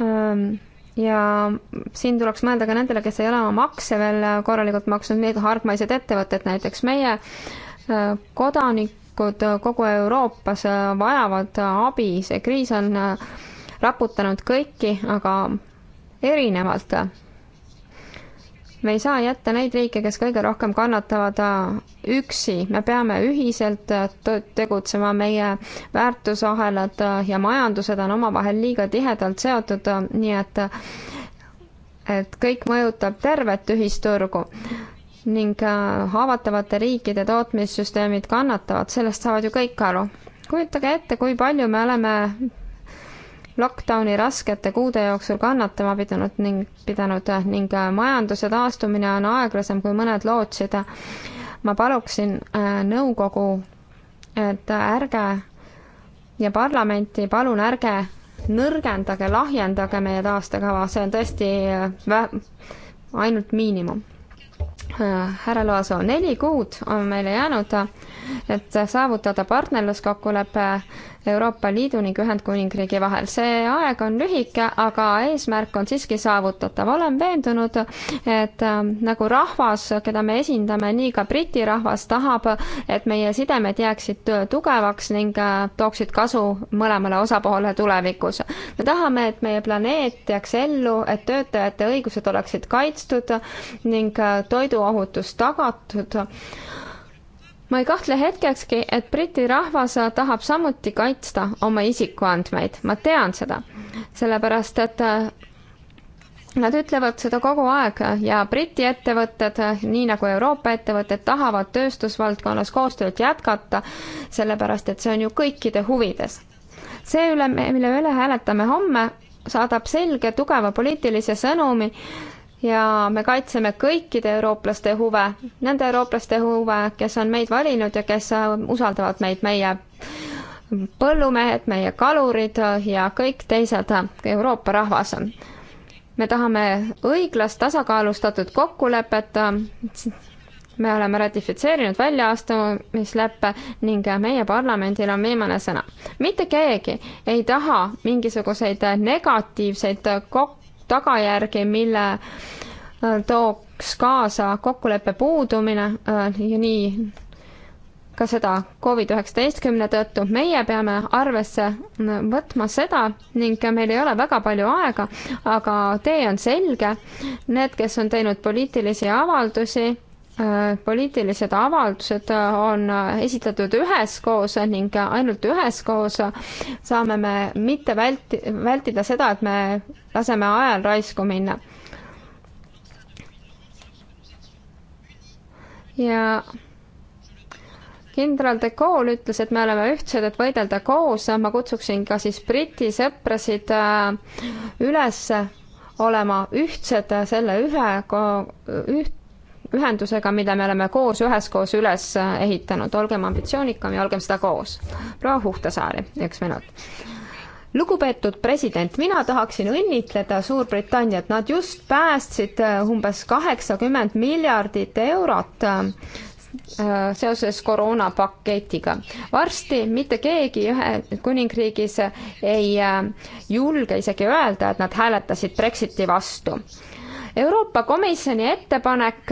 [SPEAKER 4] ähm ja siin tuleks mõelda ka nendele, kes ei ole oma makse veel korralikult maksnud, need hargmaised ettevõtted näiteks, meie äh, kodanikud äh, kogu Euroopas äh, vajavad abi, see kriis on raputanud kõiki, aga erinevalt me ei saa jätta neid riike, kes kõige rohkem kannatavad, äh, üksi, me peame ühiselt äh, tegutsema, meie väärtusahelad äh, ja majandused on omavahel liiga tihedalt seotud, nii et et kõik mõjutab tervet ühisturgu ning haavatavate riikide tootmissüsteemid kannatavad, sellest saavad ju kõik aru. kujutage ette, kui palju me oleme lockdowni raskete kuude jooksul kannatama pidanud ning, pidanud eh, ning eh, majanduse taastumine on aeglasem, kui mõned lootsid. ma paluksin eh, nõukogu, et ärge ja parlamenti, palun ärge nõrgendage, lahjendage meie taastekava, see on tõesti ainult miinimum. härra Loasoo, neli kuud on meile jäänud et saavutada partnerluskokkulepe Euroopa Liidu ning Ühendkuningriigi vahel. see aeg on lühike, aga eesmärk on siiski saavutatav. olen veendunud, et äh, nagu rahvas, keda me esindame, nii ka Briti rahvas tahab, et meie sidemed jääksid tugevaks ning äh, tooksid kasu mõlemale osapoolele tulevikus. me tahame, et meie planeet jääks ellu, et töötajate õigused oleksid kaitstud ning äh, toiduohutus tagatud ma ei kahtle hetkekski, et Briti rahvas tahab samuti kaitsta oma isikuandmeid, ma tean seda, sellepärast et äh, Nad ütlevad seda kogu aeg ja Briti ettevõtted, nii nagu Euroopa ettevõtted, tahavad tööstusvaldkonnas koostööd jätkata, sellepärast et see on ju kõikide huvides. see üle, mille üle hääletame homme, saadab selge tugeva poliitilise sõnumi ja me kaitseme kõikide eurooplaste huve, nende eurooplaste huve, kes on meid valinud ja kes äh, usaldavad meid, meie põllumehed, meie kalurid äh, ja kõik teised äh, Euroopa rahvas. me tahame õiglast tasakaalustatud kokkulepet, me oleme ratifitseerinud väljaastumisleppe ning meie parlamendil on viimane sõna. mitte keegi ei taha mingisuguseid negatiivseid kok-, tagajärgi, mille äh, tooks kaasa kokkuleppe puudumine äh, ja nii ka seda Covid-19 tõttu, meie peame arvesse äh, võtma seda ning meil ei ole väga palju aega, aga tee on selge. Need, kes on teinud poliitilisi avaldusi Äh, poliitilised avaldused äh, on äh, esitatud üheskoos ning ainult üheskoos saame me mitte välti-, vältida seda, et me laseme ajal raisku minna. ja kindral de Gaulle ütles, et me oleme ühtsed, et võidelda koos, ma kutsuksin ka siis Briti sõprasid üles olema ühtsed selle ühe, üht, ühendusega, mida me oleme koos, üheskoos üles ehitanud, olgem ambitsioonikam ja olgem seda koos. proua Huhtasaari, üks minut. lugupeetud president, mina tahaksin õnnitleda Suurbritanniat, nad just päästsid äh, umbes kaheksakümmend miljardit eurot äh, seoses koroonapaketiga. varsti mitte keegi Ühendkuningriigis ei äh, julge isegi öelda, et nad hääletasid Brexiti vastu Euroopa Komisjoni ettepanek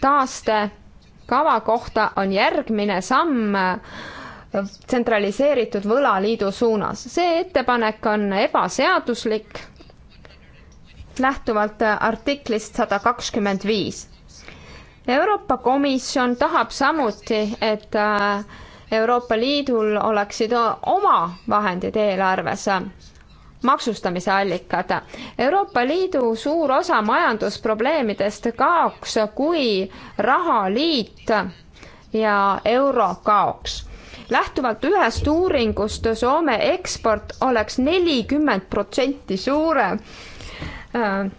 [SPEAKER 4] taastekava kohta on järgmine samm tsentraliseeritud võlaliidu suunas. see ettepanek on ebaseaduslik lähtuvalt artiklist sada kakskümmend viis. Euroopa Komisjon tahab samuti, et äh, Euroopa Liidul oleksid oma vahendid eelarves maksustamise allikad. Euroopa Liidu suur osa majandusprobleemidest kaoks, kui rahaliit ja euro kaoks. lähtuvalt ühest uuringust Soome eksport oleks nelikümmend protsenti suurem äh,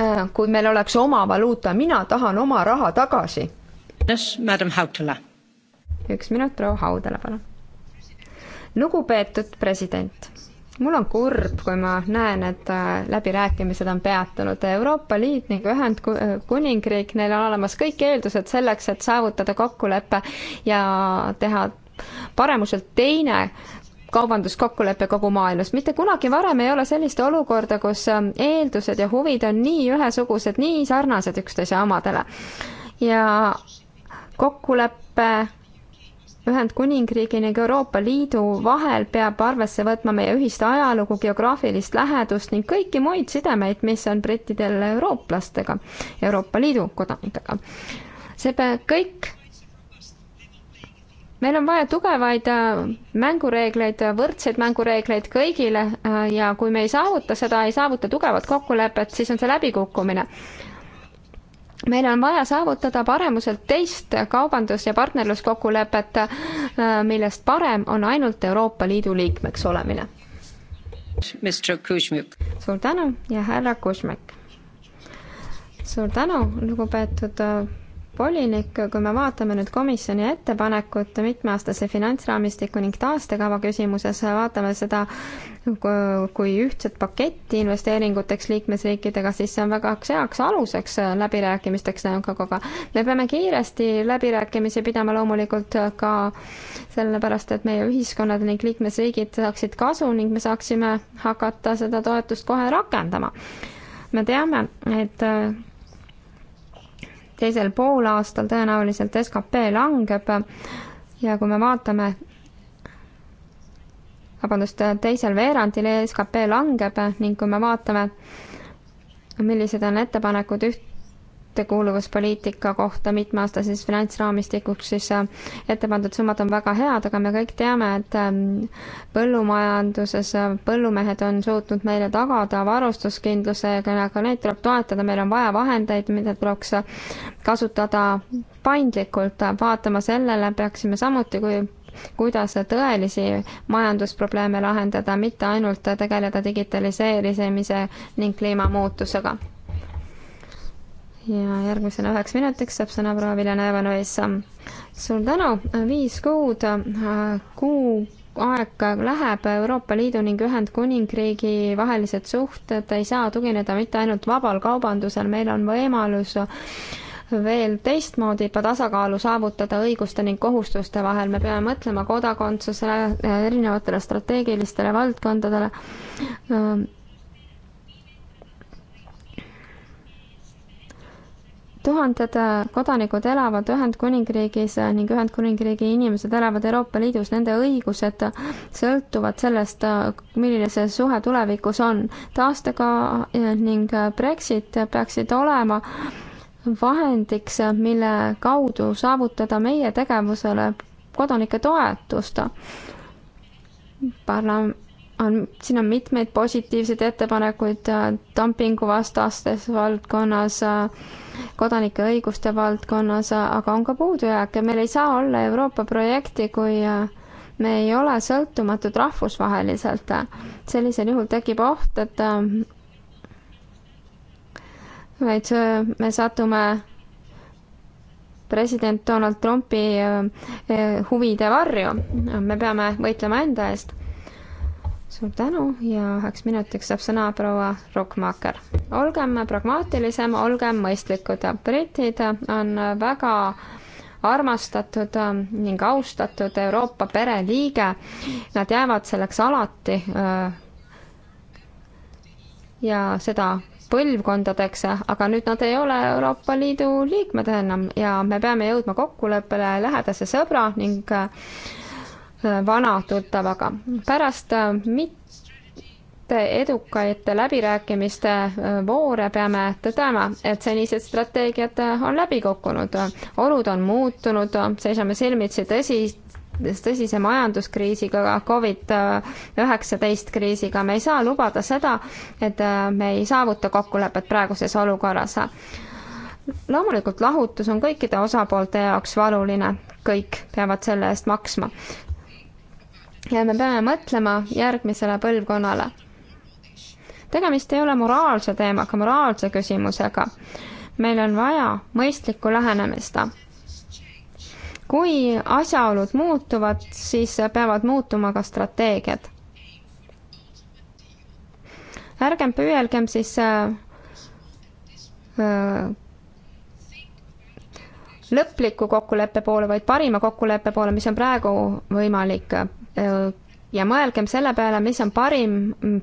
[SPEAKER 4] äh, kui meil oleks oma valuuta, mina tahan oma raha tagasi. üks minut, proua Haudala, palun. lugupeetud president mul on kurb, kui ma näen, et äh, läbirääkimised on peatunud. Euroopa Liit ning Ühendkuningriik, neil on olemas kõik eeldused selleks, et saavutada kokkulepe ja teha paremuselt teine kaubanduskokkulepe kogu maailmas. mitte kunagi varem ei ole sellist olukorda, kus ähm, eeldused ja huvid on nii ühesugused, nii sarnased üksteise omadele. ja kokkulepe Ühendkuningriigi ning Euroopa Liidu vahel peab arvesse võtma meie ühist ajalugu, geograafilist lähedust ning kõiki muid sidemeid, mis on brittidel eurooplastega, Euroopa Liidu kodanikega. see peab kõik meil on vaja tugevaid äh, mängureegleid, äh, võrdseid mängureegleid kõigile äh, ja kui me ei saavuta seda, ei saavuta tugevat kokkulepet, siis on see läbikukkumine meil on vaja saavutada paremuselt teist kaubandus- ja partnerluskokkulepet, äh, millest parem on ainult Euroopa Liidu liikmeks olemine. suur tänu ja härra Kuzmek. suur tänu, lugupeetud äh, volinik, kui me vaatame nüüd komisjoni ettepanekut mitmeaastase finantsraamistiku ning taastekava küsimuses, vaatame seda kui ühtset paketti investeeringuteks liikmesriikidega, siis see on väga heaks aluseks läbirääkimisteks nõukoguga. Nagu me peame kiiresti läbirääkimisi pidama loomulikult ka sellepärast, et meie ühiskonnad ning liikmesriigid saaksid kasu ning me saaksime hakata seda toetust kohe rakendama. me teame, et teisel poolaastal tõenäoliselt skp langeb ja kui me vaatame, vabandust, teisel veerandil skp langeb ning kui me vaatame, millised on ettepanekud üht, ühtekuuluvuspoliitika kohta mitmeaastases finantsraamistikuks, siis äh, ette pandud summad on väga head, aga me kõik teame, et ähm, põllumajanduses äh, põllumehed on suutnud meile tagada varustuskindluse, aga neid tuleb toetada, meil on vaja vahendeid, mida tuleks äh, kasutada paindlikult, vaatama sellele peaksime samuti, kui kuidas tõelisi majandusprobleeme lahendada, mitte ainult tegeleda digitaliseerimise ning kliimamuutusega ja järgmisena üheks minutiks saab sõna proua Viljana Evanoissa. suur tänu, viis kuud, äh, kuu aeg läheb, Euroopa Liidu ning Ühendkuningriigi vahelised suhted ei saa tugineda mitte ainult vabal kaubandusel, meil on võimalus veel teistmoodi tasakaalu saavutada õiguste ning kohustuste vahel, me peame mõtlema kodakondsusele, erinevatele strateegilistele valdkondadele tuhanded äh, kodanikud elavad Ühendkuningriigis äh, ning Ühendkuningriigi inimesed elavad Euroopa Liidus, nende õigused sõltuvad sellest, äh, milline see suhe tulevikus on. taastega ning Brexit peaksid olema vahendiks, mille kaudu saavutada meie tegevusele kodanike toetust. parla-, on, siin on mitmeid positiivseid ettepanekuid äh, dumpinguvastastes valdkonnas, äh, kodanike õiguste valdkonnas, äh, aga on ka puudujääke, meil ei saa olla Euroopa projekti, kui me ei ole sõltumatud rahvusvaheliselt. sellisel juhul tekib oht, et vaid me satume president Donald Trumpi huvide varju. me peame võitlema enda eest suur tänu ja üheks minutiks saab sõna proua Rockmaker. olgem pragmaatilisem, olgem mõistlikud. britid on väga armastatud ning austatud Euroopa pereliige. Nad jäävad selleks alati. Äh, ja seda põlvkondadeks, aga nüüd nad ei ole Euroopa Liidu liikmed enam ja me peame jõudma kokkuleppele lähedase sõbra ning äh, vana tuttavaga. pärast äh, mitte edukate läbirääkimiste äh, voore peame tõdema, et senised strateegiad äh, on läbi kukkunud. olud on muutunud, seisame silmitsi tõsi, tõsise majanduskriisiga, Covid-19 kriisiga, me ei saa lubada seda, et me ei saavuta kokkulepet praeguses olukorras. loomulikult lahutus on kõikide osapoolte jaoks valuline, kõik peavad selle eest maksma ja me peame mõtlema järgmisele põlvkonnale. tegemist ei ole moraalse teemaga, moraalse küsimusega. meil on vaja mõistlikku lähenemist. kui asjaolud muutuvad, siis peavad muutuma ka strateegiad. ärgem püüelgem siis äh, äh, lõpliku kokkuleppe poole, vaid parima kokkuleppe poole, mis on praegu võimalik. ja mõelgem selle peale, mis on parim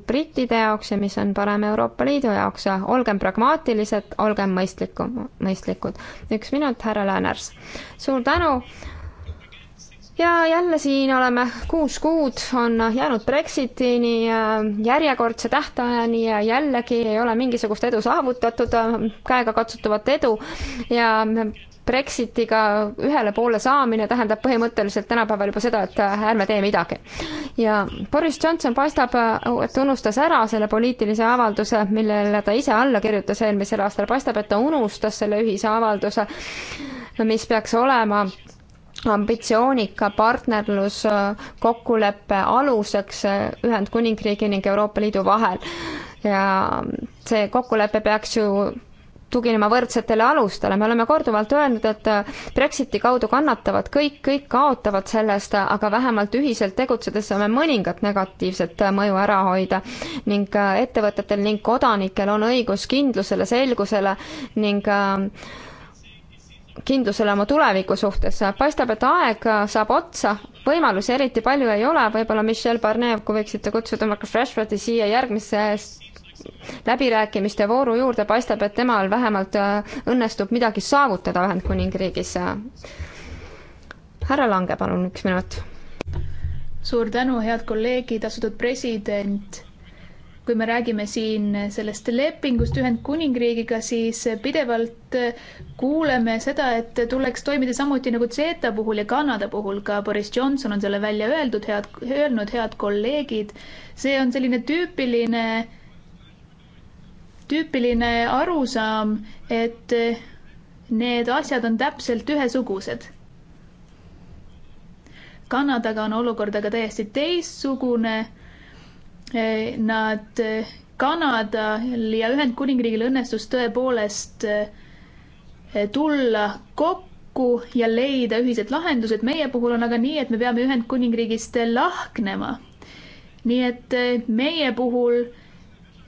[SPEAKER 4] brittide jaoks ja mis on parem Euroopa Liidu jaoks. olgem pragmaatilised, olgem mõistlikum, mõistlikud. üks minut, härra Lääners. suur tänu ja jälle siin oleme, kuus kuud on jäänud Brexitini äh, järjekordse tähtajani ja jällegi ei ole mingisugust edu saavutatud, äh, käegakatsutavat edu ja Brexitiga ühele poole saamine tähendab põhimõtteliselt tänapäeval juba seda, et ärme tee midagi. ja Boris Johnson paistab, et unustas ära selle poliitilise avalduse, millele ta ise alla kirjutas eelmisel aastal, paistab, et ta unustas selle ühise avalduse, mis peaks olema ambitsioonika partnerluskokkuleppe aluseks Ühendkuningriigi ning Euroopa Liidu vahel. ja see kokkulepe peaks ju tuginema võrdsetele alustele, me oleme korduvalt öelnud, et äh, Brexiti kaudu kannatavad kõik, kõik kaotavad sellest, äh, aga vähemalt ühiselt tegutsedes saame mõningat negatiivset äh, mõju ära hoida ning ettevõtetel ning kodanikel on õigus kindlusele, selgusele ning kindlusele oma tuleviku suhtes. paistab, et aeg saab otsa, võimalusi eriti palju ei ole, võib-olla Michelle Barnev, kui võiksite kutsuda Marcus Rashfordi siia järgmisest läbirääkimiste vooru juurde, paistab, et temal vähemalt äh, õnnestub midagi saavutada Ühendkuningriigis. härra Lange, palun üks minut.
[SPEAKER 5] suur tänu, head kolleegid, asutud president kui me räägime siin sellest lepingust Ühendkuningriigiga, siis pidevalt kuuleme seda, et tuleks toimida samuti nagu CETA puhul ja Kanada puhul, ka Boris Johnson on selle välja öeldud, head, öelnud, head kolleegid. see on selline tüüpiline äh, tüüpiline arusaam, et need asjad on täpselt ühesugused. Kanadaga on olukord aga täiesti teistsugune. Nad, Kanadal ja Ühendkuningriigil õnnestus tõepoolest tulla kokku ja leida ühised lahendused. meie puhul on aga nii, et me peame Ühendkuningriigist lahknema. nii et meie puhul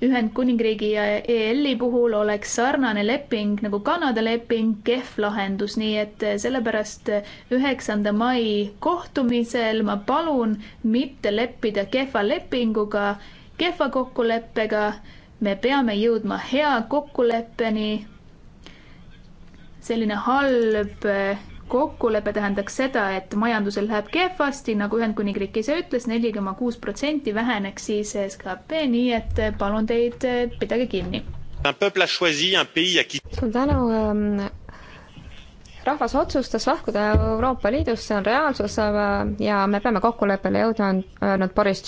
[SPEAKER 5] Ühendkuningriigi ja EL-i puhul oleks sarnane leping nagu Kanada leping kehv lahendus, nii et eh, sellepärast eh, üheksanda mai kohtumisel ma palun mitte leppida kehva lepinguga, kehva kokkuleppega. me peame jõudma hea kokkuleppeni. selline halb eh, kokkulepe tähendaks seda, et majandusel läheb kehvasti, nagu Ühendkuningriik ise ütles, neli koma kuus protsenti väheneks siis skp, nii et palun teid, pidage kinni. suur tänu ähm rahvas
[SPEAKER 4] otsustas lahkuda Euroopa Liidust, see on reaalsus ja me peame kokkuleppele jõudma, on öelnud Boris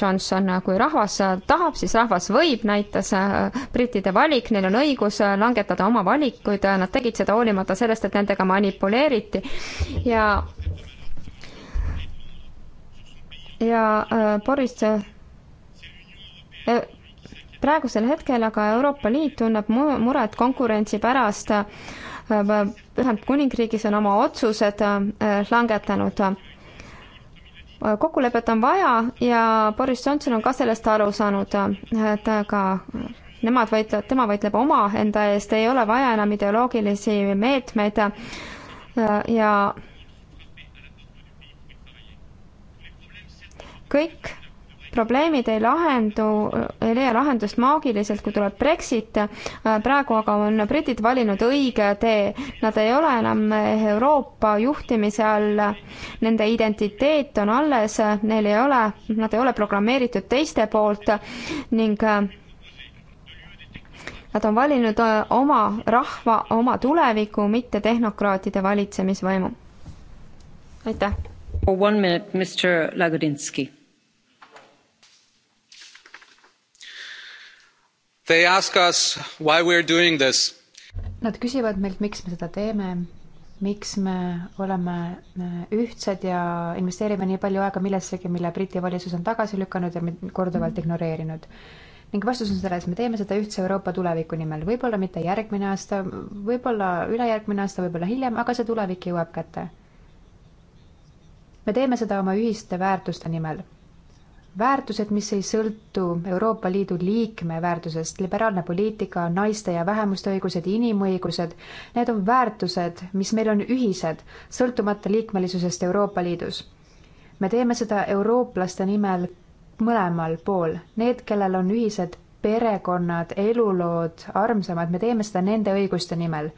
[SPEAKER 4] Johnson, kui rahvas tahab, siis rahvas võib, näitas äh, brittide valik, neil on õigus äh, langetada oma valikuid, nad tegid seda hoolimata sellest, et nendega manipuleeriti ja ja äh, Boris praegusel hetkel aga Euroopa Liit tunneb muret konkurentsi pärast äh, Ühendkuningriigis on oma otsused äh, langetanud. kokkulepet on vaja ja Boris Johnson on ka sellest aru saanud, et aga nemad võitlevad, tema võitleb omaenda eest, ei ole vaja enam ideoloogilisi meetmeid ja kõik probleemid ei lahendu, ei leia lahendust maagiliselt, kui tuleb Brexit, praegu aga on britid valinud õige tee. Nad ei ole enam Euroopa juhtimise all, nende identiteet on alles, neil ei ole, nad ei ole programmeeritud teiste poolt ning Nad on valinud oma rahva, oma tuleviku, mitte tehnokraatide valitsemisvaimu. aitäh!
[SPEAKER 6] For one minute, Mr Lagudinski
[SPEAKER 2] They ask us why we are doing this.
[SPEAKER 3] Nad küsivad meilt, miks me seda teeme, miks me oleme äh, ühtsed ja investeerime nii palju aega millessegi, mille Briti valitsus on tagasi lükanud ja korduvalt mhm. ignoreerinud ning vastus on selles, me teeme seda ühtse Euroopa tuleviku nimel, võib-olla mitte järgmine aasta, võib-olla ülejärgmine aasta, võib-olla hiljem, aga see tulevik jõuab kätte. me teeme seda oma ühiste väärtuste nimel väärtused, mis ei sõltu Euroopa Liidu liikme väärtusest, liberaalne poliitika, naiste ja vähemuste õigused, inimõigused, need on väärtused, mis meil on ühised, sõltumata liikmelisusest Euroopa Liidus. me teeme seda eurooplaste nimel mõlemal pool, need, kellel on ühised perekonnad, elulood, armsamad, me teeme seda nende õiguste nimel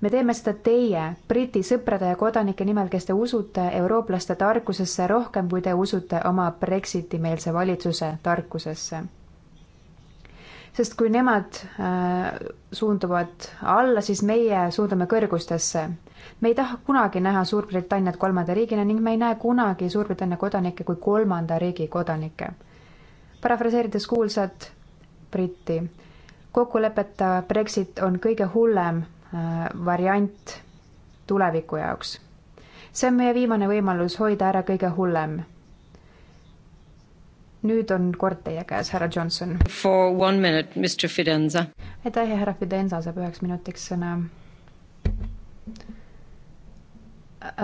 [SPEAKER 3] me teeme seda teie, Briti sõprade ja kodanike nimel, kes te usute eurooplaste tarkusesse rohkem, kui te usute oma Brexiti-meelse valitsuse tarkusesse. sest kui nemad äh, suunduvad alla, siis meie suundume kõrgustesse. me ei taha kunagi näha Suurbritanniat kolmanda riigina ning me ei näe kunagi Suurbritannia kodanikke kui kolmanda riigi kodanikke. parafraseerides kuulsat britti kokkulepeta Brexit on kõige hullem Äh, variant tuleviku jaoks. see on meie viimane võimalus hoida ära kõige hullem. nüüd on kord teie käes, härra Johnson.
[SPEAKER 6] For one minute, Mr Fidenza.
[SPEAKER 3] aitäh ja härra Fidenza saab üheks minutiks sõna.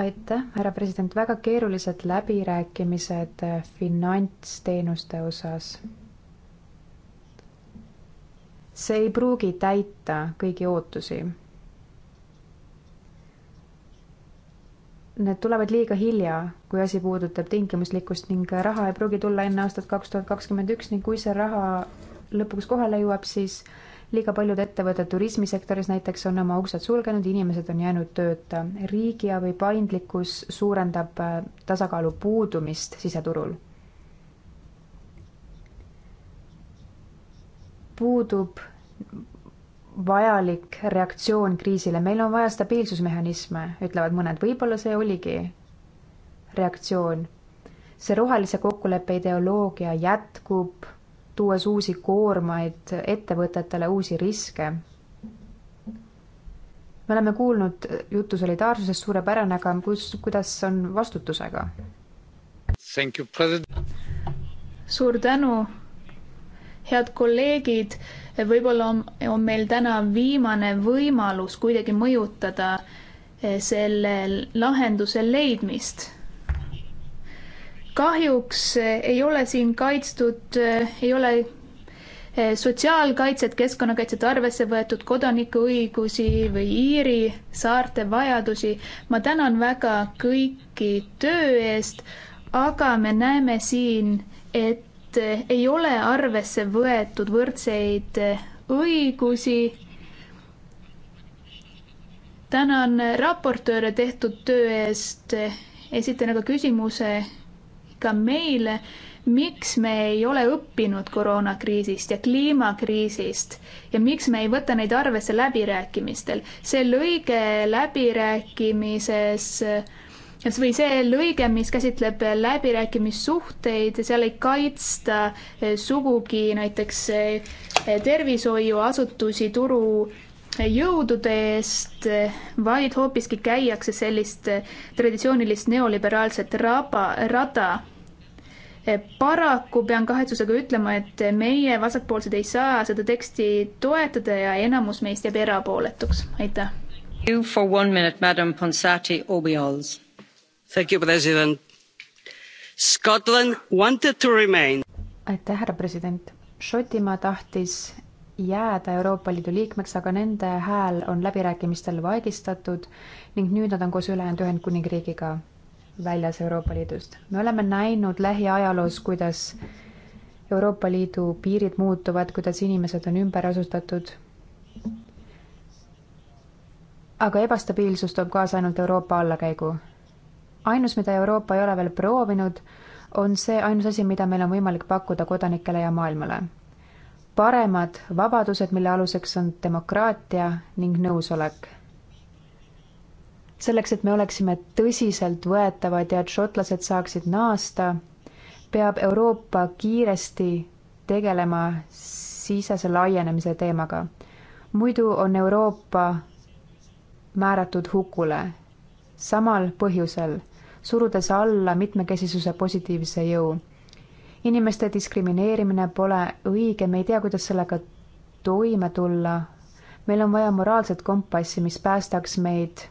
[SPEAKER 3] aitäh, härra president, väga keerulised läbirääkimised äh, finantsteenuste osas see ei pruugi täita kõigi ootusi Need tulevad liiga hilja, kui asi puudutab tingimuslikkust ning raha ei pruugi tulla enne aastat kaks tuhat kakskümmend üks ning kui see raha lõpuks kohale jõuab, siis liiga paljud ettevõtted turismisektoris näiteks on oma uksed sulgenud, inimesed on jäänud tööta. riigiabi paindlikkus suurendab äh, tasakaalu puudumist siseturul. puudub vajalik reaktsioon kriisile, meil on vaja stabiilsusmehhanisme, ütlevad mõned, võib-olla see oligi reaktsioon. see rohelise kokkuleppe ideoloogia jätkub, tuues uusi koormaid ettevõtetele, uusi riske. me oleme kuulnud juttu solidaarsusest suurepärane, aga kus, kuidas on vastutusega?
[SPEAKER 5] suur tänu, head kolleegid võib-olla on, on meil täna viimane võimalus kuidagi mõjutada eh, selle lahenduse leidmist. kahjuks eh, ei ole siin kaitstud, eh, ei ole sotsiaalkaitset, keskkonnakaitset arvesse võetud, kodanikuõigusi või Iiri saarte vajadusi. ma tänan väga kõiki töö eest, aga me näeme siin, et et eh, ei ole arvesse võetud võrdseid eh, õigusi. tänan raportööre tehtud töö eest. Eh, esitan aga küsimuse ka meile, miks me ei ole õppinud koroonakriisist ja kliimakriisist ja miks me ei võta neid arvesse läbirääkimistel. see lõige läbirääkimises äh, või see lõige, mis käsitleb läbirääkimissuhteid, seal ei kaitsta eh, sugugi näiteks eh, tervishoiuasutusi turu eh, jõudude eest, vaid hoopiski käiakse sellist traditsioonilist neoliberaalset raba, rada. paraku pean kahetsusega ütlema, et meie vasakpoolsed ei saa seda teksti toetada ja enamus meist jääb erapooletuks, aitäh.
[SPEAKER 6] You for one minute, madam Ponsati Obiols Thank you, president. Scotland wanted to remain.
[SPEAKER 3] aitäh, härra president. Šotimaa tahtis jääda Euroopa Liidu liikmeks, aga nende hääl on läbirääkimistel vaigistatud ning nüüd nad on koos ülejäänud Ühendkuningriigiga väljas Euroopa Liidust. me oleme näinud lähiajaloos, kuidas Euroopa Liidu piirid muutuvad, kuidas inimesed on ümber asustatud. aga ebastabiilsus toob kaasa ainult Euroopa allakäigu ainus, mida Euroopa ei ole veel proovinud, on see ainus asi, mida meil on võimalik pakkuda kodanikele ja maailmale. paremad vabadused, mille aluseks on demokraatia ning nõusolek. selleks, et me oleksime tõsiseltvõetavad ja et šotlased saaksid naasta, peab Euroopa kiiresti tegelema sisese laienemise teemaga. muidu on Euroopa määratud hukule samal põhjusel surudes alla mitmekesisuse positiivse jõu. inimeste diskrimineerimine pole õige, me ei tea, kuidas sellega toime tulla. meil on vaja moraalset kompassi, mis päästaks meid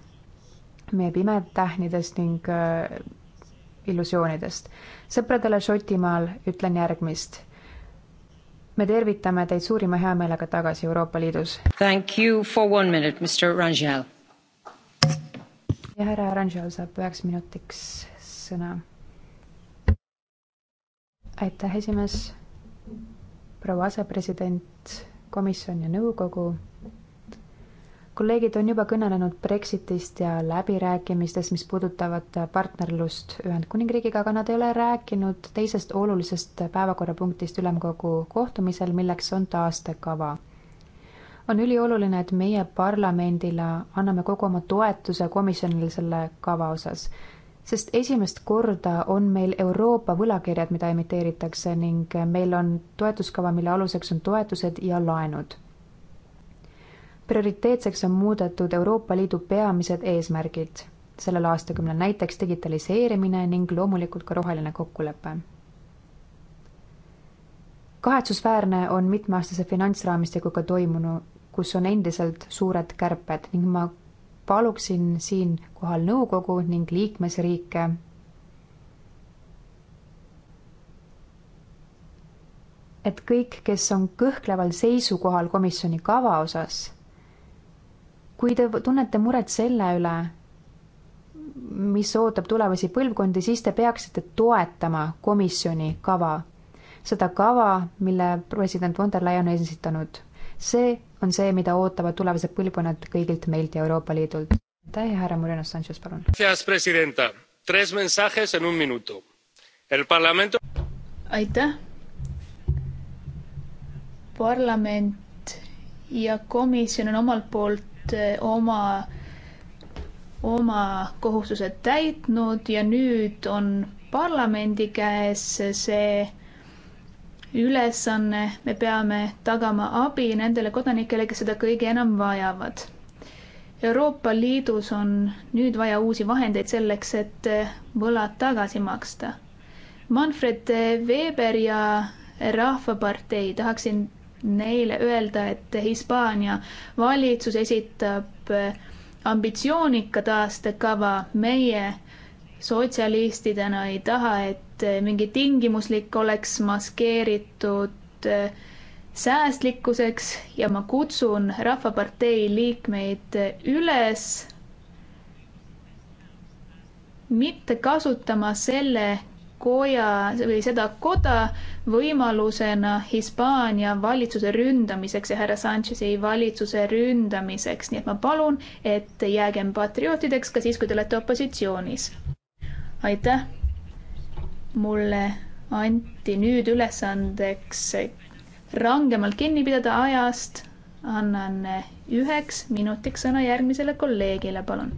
[SPEAKER 3] meie pimetähnidest ning äh, illusioonidest. sõpradele Šotimaal ütlen järgmist. me tervitame teid suurima heameelega tagasi Euroopa Liidus.
[SPEAKER 6] Thank you for one minute, Mr Rangel
[SPEAKER 3] ja härra Aranžel saab üheks minutiks sõna. aitäh, esimees, proua asepresident, komisjon ja nõukogu kolleegid on juba kõnelenud Brexitist ja läbirääkimistest, mis puudutavad partnerlust Ühendkuningriigiga, aga nad ei ole rääkinud teisest olulisest päevakorrapunktist ülemkogu kohtumisel, milleks on taastekava on ülioluline, et meie parlamendile anname kogu oma toetuse komisjonile selle kava osas, sest esimest korda on meil Euroopa võlakirjad, mida emiteeritakse ning meil on toetuskava, mille aluseks on toetused ja laenud. prioriteetseks on muudetud Euroopa Liidu peamised eesmärgid sellel aastakümnel, näiteks digitaliseerimine ning loomulikult ka roheline kokkulepe kahetsusväärne on mitmeaastase finantsraamistikuga toimunu kus on endiselt suured kärped ning ma paluksin siinkohal nõukogu ning liikmesriike et kõik, kes on kõhkleval seisukohal komisjoni kava osas, kui te tunnete muret selle üle, mis ootab tulevasi põlvkondi, siis te peaksite toetama komisjoni kava, seda kava, mille president von der Leyen on esitanud see on see, mida ootavad tulevased põlvkonnad kõigilt meilt ja Euroopa Liidult. aitäh, härra Moreno Sanchez, palun.
[SPEAKER 5] aitäh. parlament ja komisjon on omalt poolt eh, oma, oma kohustused täitnud ja nüüd on parlamendi käes see ülesanne, me peame tagama abi nendele kodanikele, kes seda kõige enam vajavad. Euroopa Liidus on nüüd vaja uusi vahendeid selleks, et võlad tagasi maksta. Manfred Weber ja Rahvapartei, tahaksin neile öelda, et Hispaania valitsus esitab ambitsioonika taastekava, meie sotsialistidena ei taha, et et eh, mingi tingimuslik oleks maskeeritud eh, säästlikkuseks ja ma kutsun Rahvapartei liikmeid eh, üles mitte kasutama selle koja või seda koda võimalusena Hispaania valitsuse ründamiseks ja härra Sanchez'i valitsuse ründamiseks, nii et ma palun, et jäägem patriootideks ka siis, kui te olete opositsioonis. aitäh mulle anti nüüd ülesandeks rangemalt kinni pidada ajast. annan üheks minutiks sõna järgmisele kolleegile, palun.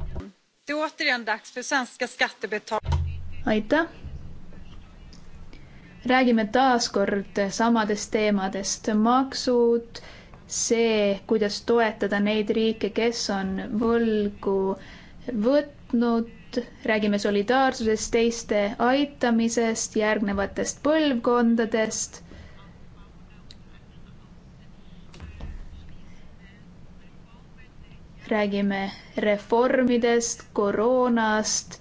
[SPEAKER 5] aitäh. räägime taas kord samadest teemadest, maksud, see, kuidas toetada neid riike, kes on võlgu võtnud, nüüd räägime solidaarsusest, teiste aitamisest, järgnevatest põlvkondadest. räägime reformidest, koroonast.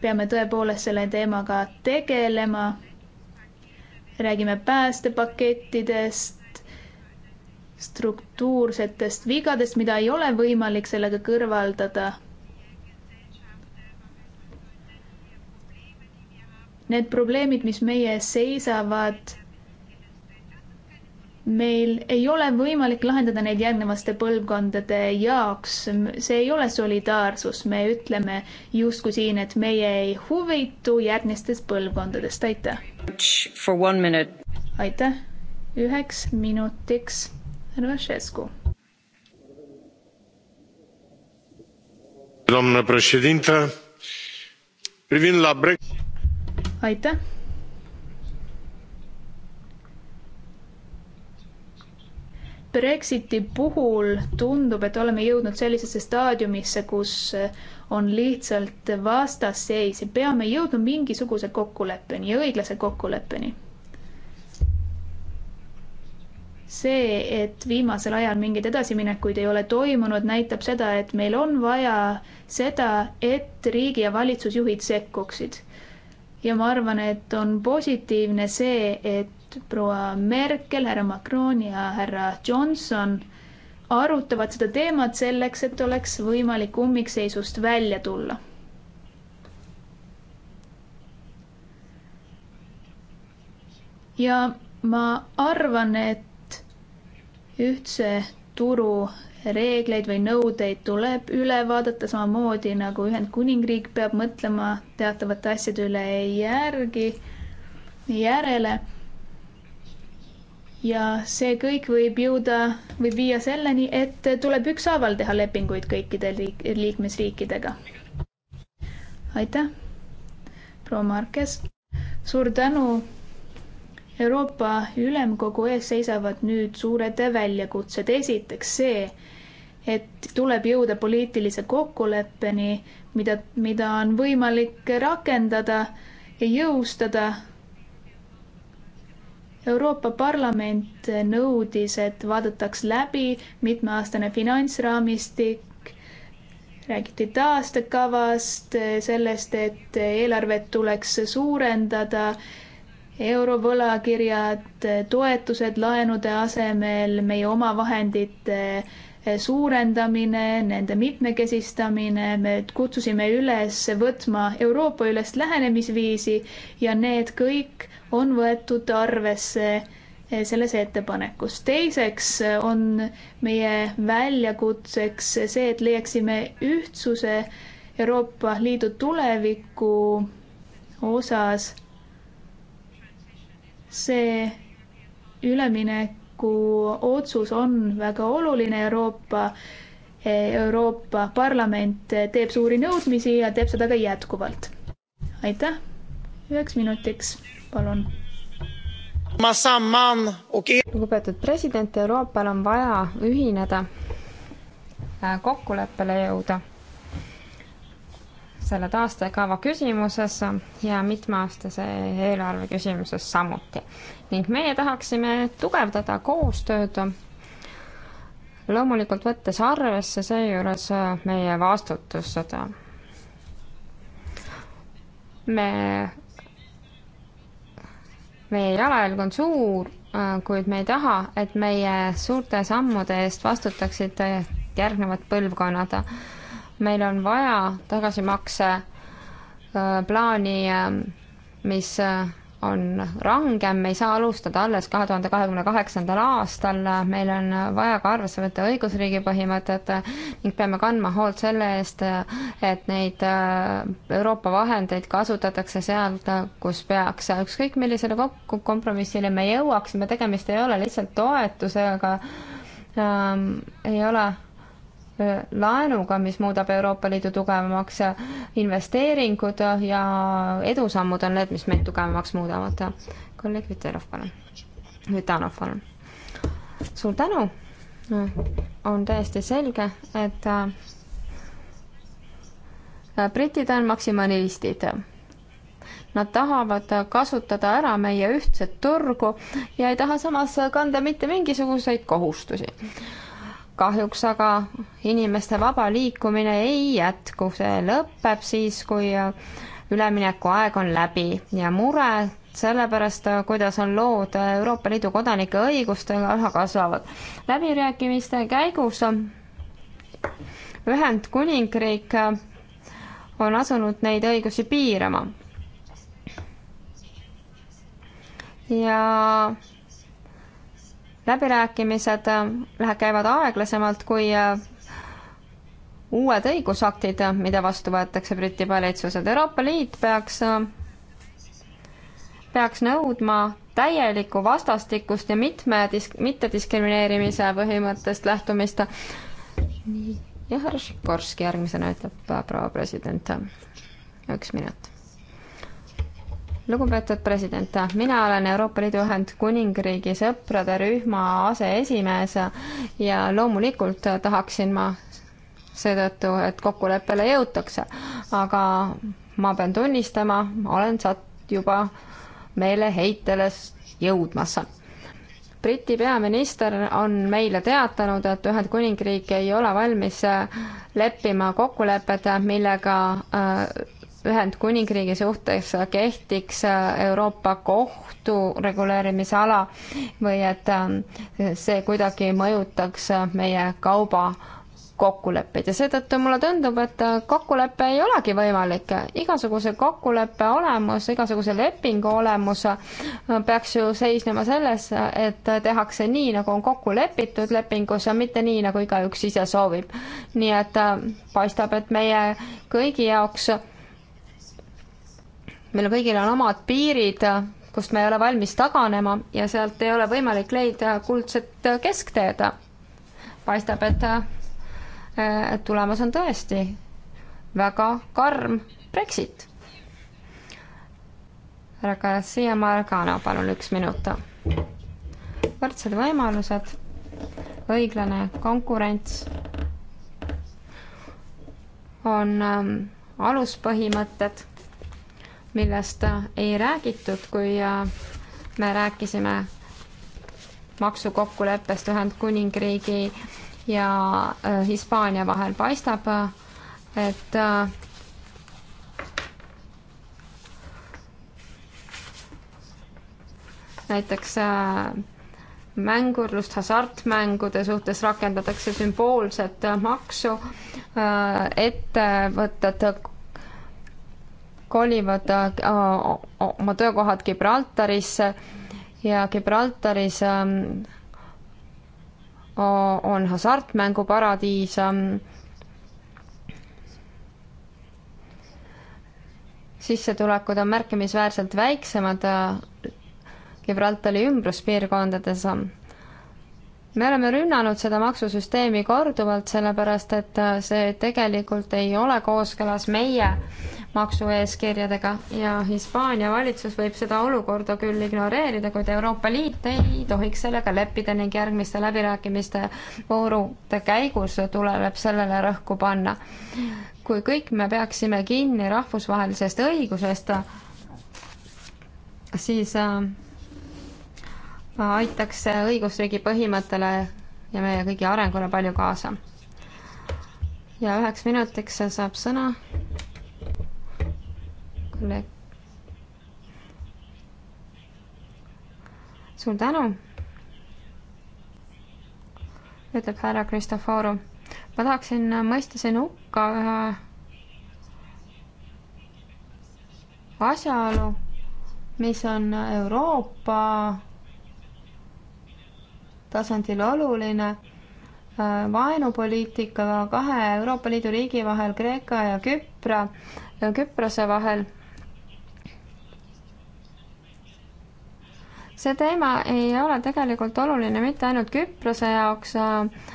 [SPEAKER 5] peame tõepoolest selle teemaga tegelema. räägime päästepakettidest, struktuursetest vigadest, mida ei ole võimalik sellega kõrvaldada. Need probleemid, mis meie ees seisavad, meil ei ole võimalik lahendada neid järgnevaste põlvkondade jaoks, see ei ole solidaarsus, me ütleme justkui siin, et meie ei huvitu järgnestest põlvkondadest, aitäh. aitäh, üheks minutiks, härra Šesku.
[SPEAKER 2] doamnă președintă, privind la Brexit
[SPEAKER 5] aitäh. Brexiti puhul tundub, et oleme jõudnud sellisesse staadiumisse, kus on lihtsalt vastasseis ja peame jõudma mingisuguse kokkuleppeni ja õiglase kokkuleppeni. see, et viimasel ajal mingeid edasiminekuid ei ole toimunud, näitab seda, et meil on vaja seda, et riigi ja valitsusjuhid sekkuksid ja ma arvan, et on positiivne see, et proua Merkel, härra Macron ja härra Johnson arutavad seda teemat selleks, et oleks võimalik ummikseisust välja tulla. ja ma arvan, et ühtse turu reegleid või nõudeid tuleb üle vaadata samamoodi nagu Ühendkuningriik peab mõtlema teatavate asjade üle järgi, järele. ja see kõik võib jõuda, võib viia selleni, et tuleb ükshaaval teha lepinguid kõikide liik-, liikmesriikidega. aitäh, proua Markes. suur tänu Euroopa Ülemkogu ees seisavad nüüd suured väljakutsed. esiteks see, et tuleb jõuda poliitilise kokkuleppeni, mida, mida on võimalik rakendada ja jõustada. Euroopa Parlament nõudis, et vaadataks läbi mitmeaastane finantsraamistik, räägiti taastekavast, sellest, et eelarvet tuleks suurendada, eurovõlakirjad, toetused laenude asemel, meie omavahendite suurendamine, nende mitmekesistamine, me kutsusime üles võtma Euroopa-ülest lähenemisviisi ja need kõik on võetud arvesse eh, selles ettepanekus. teiseks on meie väljakutseks see, et leiaksime ühtsuse Euroopa Liidu tuleviku osas. see üleminek Nõukogu otsus on väga oluline Euroopa, Euroopa Parlament teeb suuri nõudmisi ja teeb seda ka jätkuvalt. aitäh, üheks minutiks, palun. lugupeetud president, Euroopal
[SPEAKER 4] on vaja ühineda, äh, kokkuleppele jõuda selle taastekava küsimuses ja mitmeaastase eelarve küsimuses samuti. ning meie tahaksime tugevdada koostööd, loomulikult võttes arvesse seejuures meie vastutused. me, meie jalajälg on suur, kuid me ei taha, et meie suurte sammude eest vastutaksid järgnevad põlvkonnad meil on vaja tagasimakse äh, plaani, äh, mis äh, on rangem, me ei saa alustada alles kahe tuhande kahekümne kaheksandal aastal, meil on vaja ka arvesse võtta õigusriigi põhimõtet ning peame kandma hoolt selle eest, et neid Euroopa vahendeid kasutatakse sealt, kus peaks. ükskõik millisele kokku kompromissile me jõuaksime, tegemist ei ole lihtsalt toetusega ähm,, ei ole laenuga, mis muudab Euroopa Liidu tugevamaks, äh, investeeringud äh, ja edusammud on need, mis meid tugevamaks muudavad. kolleeg Viterov, palun. Vitanov, palun. suur tänu. on täiesti selge, et äh, britid on maksimalistid Nad tahavad kasutada ära meie ühtset turgu ja ei taha samas kanda mitte mingisuguseid kohustusi kahjuks aga inimeste vaba liikumine ei jätku, see lõpeb siis, kui üleminekuaeg on läbi ja mure sellepärast, kuidas on lood Euroopa Liidu kodanike õigustega, üha kasvavad. läbirääkimiste käigus Ühendkuningriik on asunud neid õigusi piirama. ja läbirääkimised äh, käivad aeglasemalt kui äh, uued õigusaktid, äh, mida vastu võetakse Briti valitsused. Euroopa Liit peaks, peaks nõudma täielikku vastastikust ja mitme disk-, mittediskrimineerimise põhimõttest lähtumist. jah, härra Šikorski järgmisena ütleb proua president. üks minut lugupeetud president, mina olen Euroopa Liidu Ühendkuningriigi sõprade rühma aseesimees ja loomulikult tahaksin ma seetõttu, et kokkuleppele jõutakse. aga ma pean tunnistama, olen satt juba meeleheitele jõudmas Briti peaminister on meile teatanud, et Ühendkuningriik ei ole valmis leppima kokkulepet, millega äh, Ühendkuningriigi suhtes kehtiks äh, Euroopa Kohtu reguleerimisala või et äh, see kuidagi mõjutaks äh, meie kauba kokkuleppeid ja seetõttu mulle tundub, et kokkulepe ei olegi võimalik. igasuguse kokkuleppe olemus, igasuguse lepingu olemus peaks ju seisnema selles, et tehakse nii, nagu on kokku lepitud lepingus ja mitte nii, nagu igaüks ise soovib. nii et paistab, et meie kõigi jaoks meil kõigil on omad piirid, kust me ei ole valmis taganema ja sealt ei ole võimalik leida kuldset keskteed. paistab, et, et tulemas on tõesti väga karm Brexit. härra Garcia Margana, palun üks minut. võrdsed võimalused, õiglane konkurents on ähm, aluspõhimõtted millest ei räägitud, kui äh, me rääkisime maksukokkuleppest Ühendkuningriigi ja äh, Hispaania vahel. paistab, äh, et näiteks mängurlust hasartmängude suhtes rakendatakse sümboolset maksu, ettevõtted kolivad äh, oma töökohad Gibraltarisse ja Gibraltaris ähm, on hasartmänguparadiis. Ähm, sissetulekud on märkimisväärselt väiksemad äh, Gibraltari ümbruspiirkondades. Ähm. me oleme rünnanud seda maksusüsteemi korduvalt, sellepärast et äh, see tegelikult ei ole kooskõlas meie maksueeskirjadega ja Hispaania valitsus võib seda olukorda küll ignoreerida, kuid Euroopa Liit ei tohiks sellega leppida ning järgmiste läbirääkimiste voorude käigus tuleb sellele rõhku panna. kui kõik me peaksime kinni rahvusvahelisest õigusest, siis äh, aitaks see õigusriigi põhimõttele ja meie kõigi arengule palju kaasa. ja üheks minutiks saab sõna kolleeg. suur tänu, ütleb härra Kristoforu. ma tahaksin mõista sinu hukka ühe asjaolu, mis on Euroopa tasandil oluline äh, vaenupoliitika kahe Euroopa Liidu riigi vahel, Kreeka ja Küpra, Küprose vahel see teema ei ole tegelikult oluline mitte ainult Küprose jaoks, äh,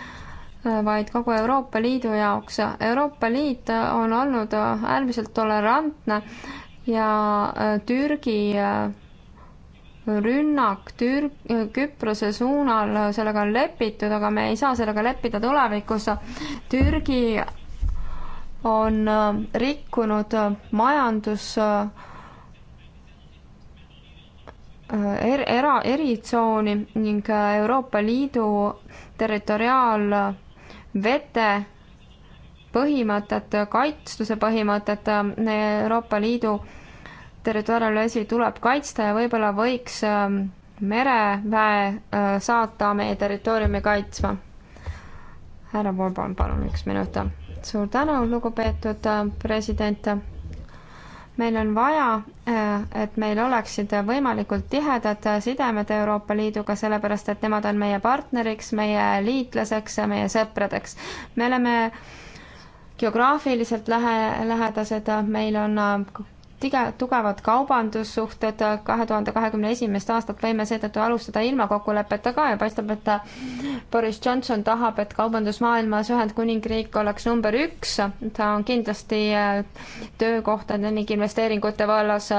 [SPEAKER 4] vaid kogu Euroopa Liidu jaoks. Euroopa Liit on olnud äärmiselt tolerantne ja äh, Türgi äh, rünnak Tür-, Küprose suunal, sellega on lepitud, aga me ei saa sellega leppida tulevikus. Türgi on rikkunud majandus- Äh, er-, era-, eritsooni ning äh, Euroopa Liidu territoriaalvete põhimõtet, kaitstuse põhimõtet äh, Euroopa Liidu territoriaalvesi tuleb kaitsta ja võib-olla võiks ähm, mereväe saata meie territooriumi kaitsma. härra Bourbon, palun üks minut. suur tänu, lugupeetud president meil on vaja, äh, et meil oleksid võimalikult tihedad sidemed Euroopa Liiduga, sellepärast et nemad on meie partneriks, meie liitlaseks ja meie sõpradeks. me oleme geograafiliselt lähe, lähedased, meil on tiga-, tugevad kaubandussuhted, äh, kahe tuhande kahekümne esimest aastat võime seetõttu alustada ilma kokkuleppeta ka ja paistab, et äh, Boris Johnson tahab, et kaubandusmaailmas Ühendkuningriik oleks number üks, ta on kindlasti äh, töökohtade ning investeeringute vallas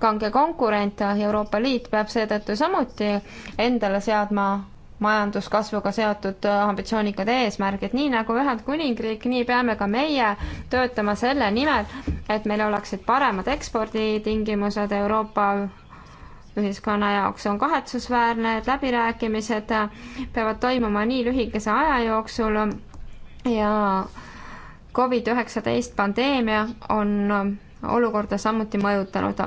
[SPEAKER 4] kange konkurent, Euroopa Liit peab seetõttu samuti endale seadma majanduskasvuga seotud äh, ambitsioonikad eesmärgid, nii nagu Ühendkuningriik, nii peame ka meie töötama selle nimel, et meil oleksid paremad eksporditingimused Euroopa ühiskonna jaoks on kahetsusväärne, et läbirääkimised peavad toimuma nii lühikese aja jooksul ja Covid-19 pandeemia on olukorda samuti mõjutanud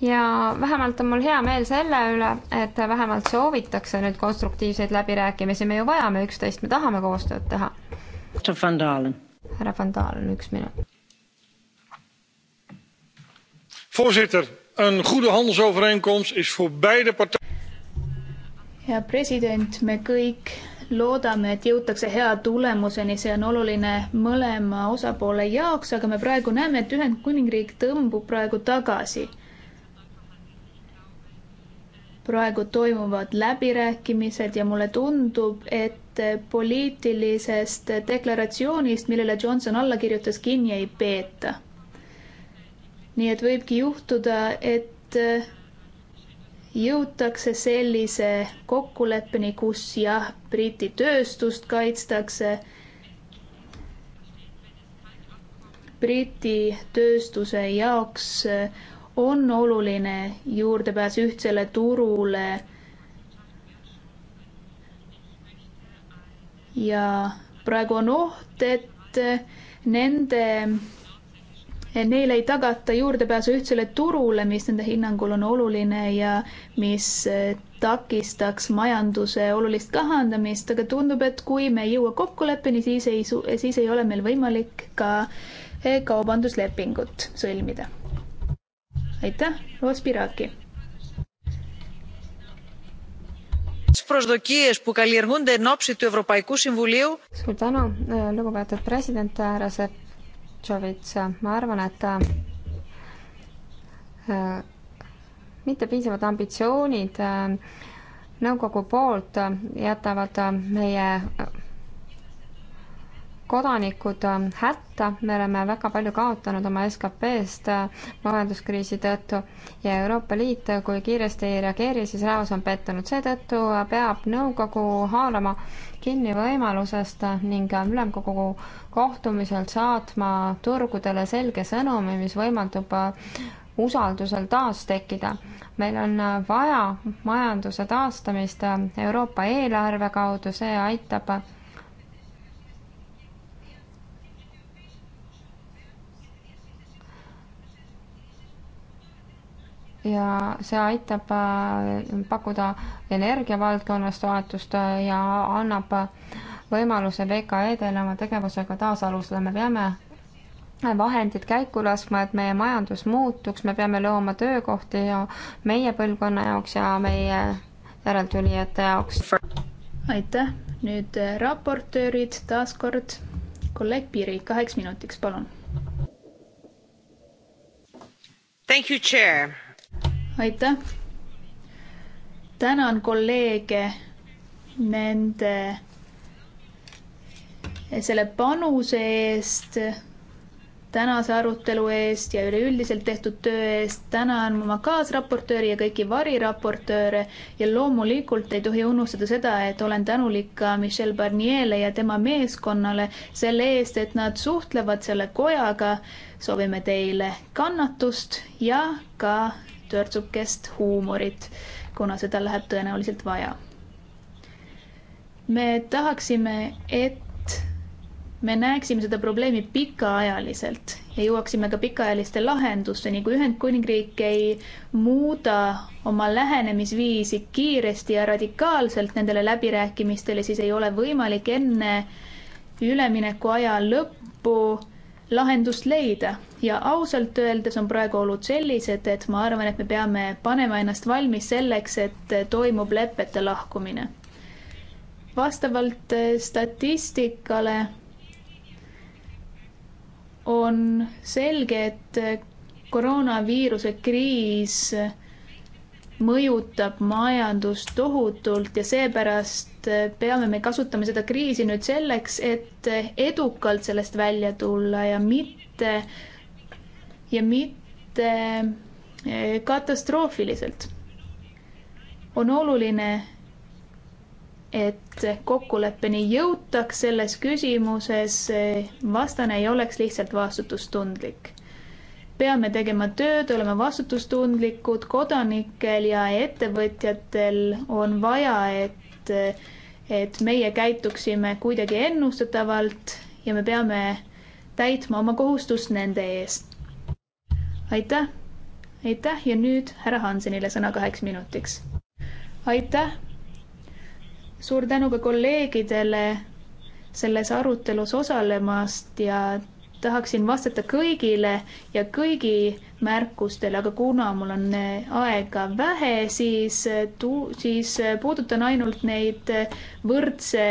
[SPEAKER 4] ja vähemalt on mul hea meel selle üle, et vähemalt soovitakse nüüd konstruktiivseid läbirääkimisi, me ju vajame üksteist, me tahame koostööd teha. härra Van Dalen, üks minut.
[SPEAKER 8] Voorzitter,
[SPEAKER 1] een goede handelsovereenkomst is voor beide partijen.
[SPEAKER 5] hea president, me kõik loodame, et jõutakse hea tulemuseni, see on oluline mõlema osapoole jaoks, aga me praegu näeme, et Ühendkuningriik tõmbub praegu tagasi praegu toimuvad läbirääkimised ja mulle tundub, et poliitilisest deklaratsioonist, millele Johnson alla kirjutas, kinni ei peeta. nii et võibki juhtuda, et jõutakse sellise kokkuleppeni, kus jah, Briti tööstust kaitstakse, Briti tööstuse jaoks on oluline juurdepääs ühtsele turule ja praegu on oht, et nende, neile ei tagata juurdepääsu ühtsele turule, mis nende hinnangul on oluline ja mis takistaks majanduse olulist kahandamist, aga tundub, et kui me ei jõua kokkuleppeni, siis ei, siis ei ole meil võimalik ka kaubanduslepingut sõlmida aitäh, proua Spiraki.
[SPEAKER 4] suur tänu, äh, lugupeetud president härra Šefčovitš, ma arvan, et äh, mitte piisavad ambitsioonid äh, nõukogu poolt jätavad meie kodanikud ähm, hätta, me oleme väga palju kaotanud oma SKP-st äh, majanduskriisi tõttu ja Euroopa Liit, äh, kui kiiresti ei reageeri, siis näos on pettunud, seetõttu äh, peab nõukogu haarama kinni võimalusest ning ülemkogu kohtumisel saatma turgudele selge sõnumi, mis võimaldab usaldusel taas tekkida. meil on vaja majanduse taastamist Euroopa eelarve kaudu, see aitab ja see aitab äh, pakkuda energiavaldkonnas toetust äh, ja annab äh, võimaluse VKE-del oma tegevusega taasalusele, me peame vahendid käiku laskma, et meie majandus muutuks, me peame looma töökohti ja meie põlvkonna jaoks ja meie järeltulijate jaoks.
[SPEAKER 5] aitäh, nüüd raportöörid taas kord, kolleeg Piiri kaheks minutiks, palun. Thank you, chair aitäh. tänan kolleege nende, selle panuse eest, tänase arutelu eest ja üleüldiselt tehtud töö eest. tänan oma kaasraportööri ja kõiki variraportööre ja loomulikult ei tohi unustada seda, et olen tänulik ka Michel Barnier'le ja tema meeskonnale selle eest, et nad suhtlevad selle kojaga. soovime teile kannatust ja ka törtsukest huumorit, kuna seda läheb tõenäoliselt vaja. me tahaksime, et me näeksime seda probleemi pikaajaliselt ja jõuaksime ka pikaajaliste lahendusteni, kui Ühendkuningriik ei muuda oma lähenemisviisi kiiresti ja radikaalselt nendele läbirääkimistele, siis ei ole võimalik enne üleminekuaja lõppu lahendust leida ja ausalt öeldes on praegu olud sellised, et ma arvan, et me peame panema ennast valmis selleks, et toimub lepete lahkumine. vastavalt äh, statistikale on selge, et äh, koroonaviiruse kriis mõjutab majandust tohutult ja seepärast eh, peame me kasutama seda kriisi nüüd selleks, et eh, edukalt sellest välja tulla ja mitte, ja mitte eh, katastroofiliselt. on oluline, et kokkuleppeni jõutaks selles küsimuses, vastane ei oleks lihtsalt vastutustundlik peame tegema tööd, olema vastutustundlikud, kodanikel ja ettevõtjatel on vaja, et, et meie käituksime kuidagi ennustatavalt ja me peame täitma oma kohustust nende eest. aitäh, aitäh ja nüüd härra Hansenile sõna kaheks minutiks. aitäh. suur tänu ka kolleegidele selles arutelus osalemast ja tahaksin vastata kõigile ja kõigi märkustele, aga kuna mul on eh, aega vähe, siis, eh, siis eh, puudutan ainult neid võrdse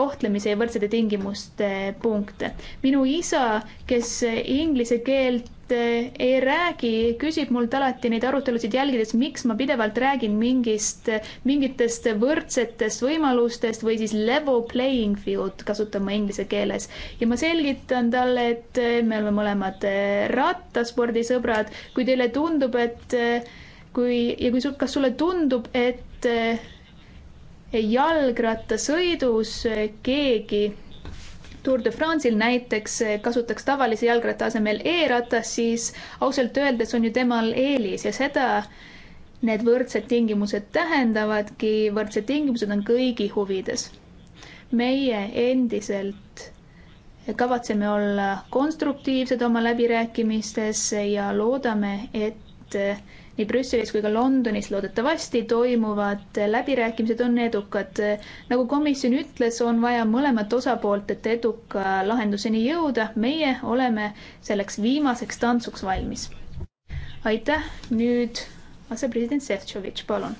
[SPEAKER 5] kohtlemise ja võrdsete tingimuste punkte. minu isa, kes inglise keelt Eh, ei räägi, küsib mult alati neid arutelusid jälgides, miks ma pidevalt räägin mingist, mingitest võrdsetest võimalustest või siis level playing field, kasutan ma inglise keeles. ja ma selgitan talle, et eh, me oleme mõlemad eh, rattaspordisõbrad, kui teile tundub, et kui ja kui, kas sulle tundub, et jalgrattasõidus keegi Tour de France'il näiteks eh, kasutaks tavalise jalgratta asemel e-ratast, siis ausalt öeldes on ju temal eelis ja seda need võrdsed tingimused tähendavadki, võrdsed tingimused on kõigi huvides. meie endiselt kavatseme olla konstruktiivsed oma läbirääkimistes ja loodame, et eh, nii Brüsselis kui ka Londonis loodetavasti toimuvad läbirääkimised on edukad. nagu komisjon ütles, on vaja mõlemat osapoolt, et eduka lahenduseni jõuda. meie oleme selleks viimaseks tantsuks valmis. aitäh, nüüd asepresident Šefčovitš, palun.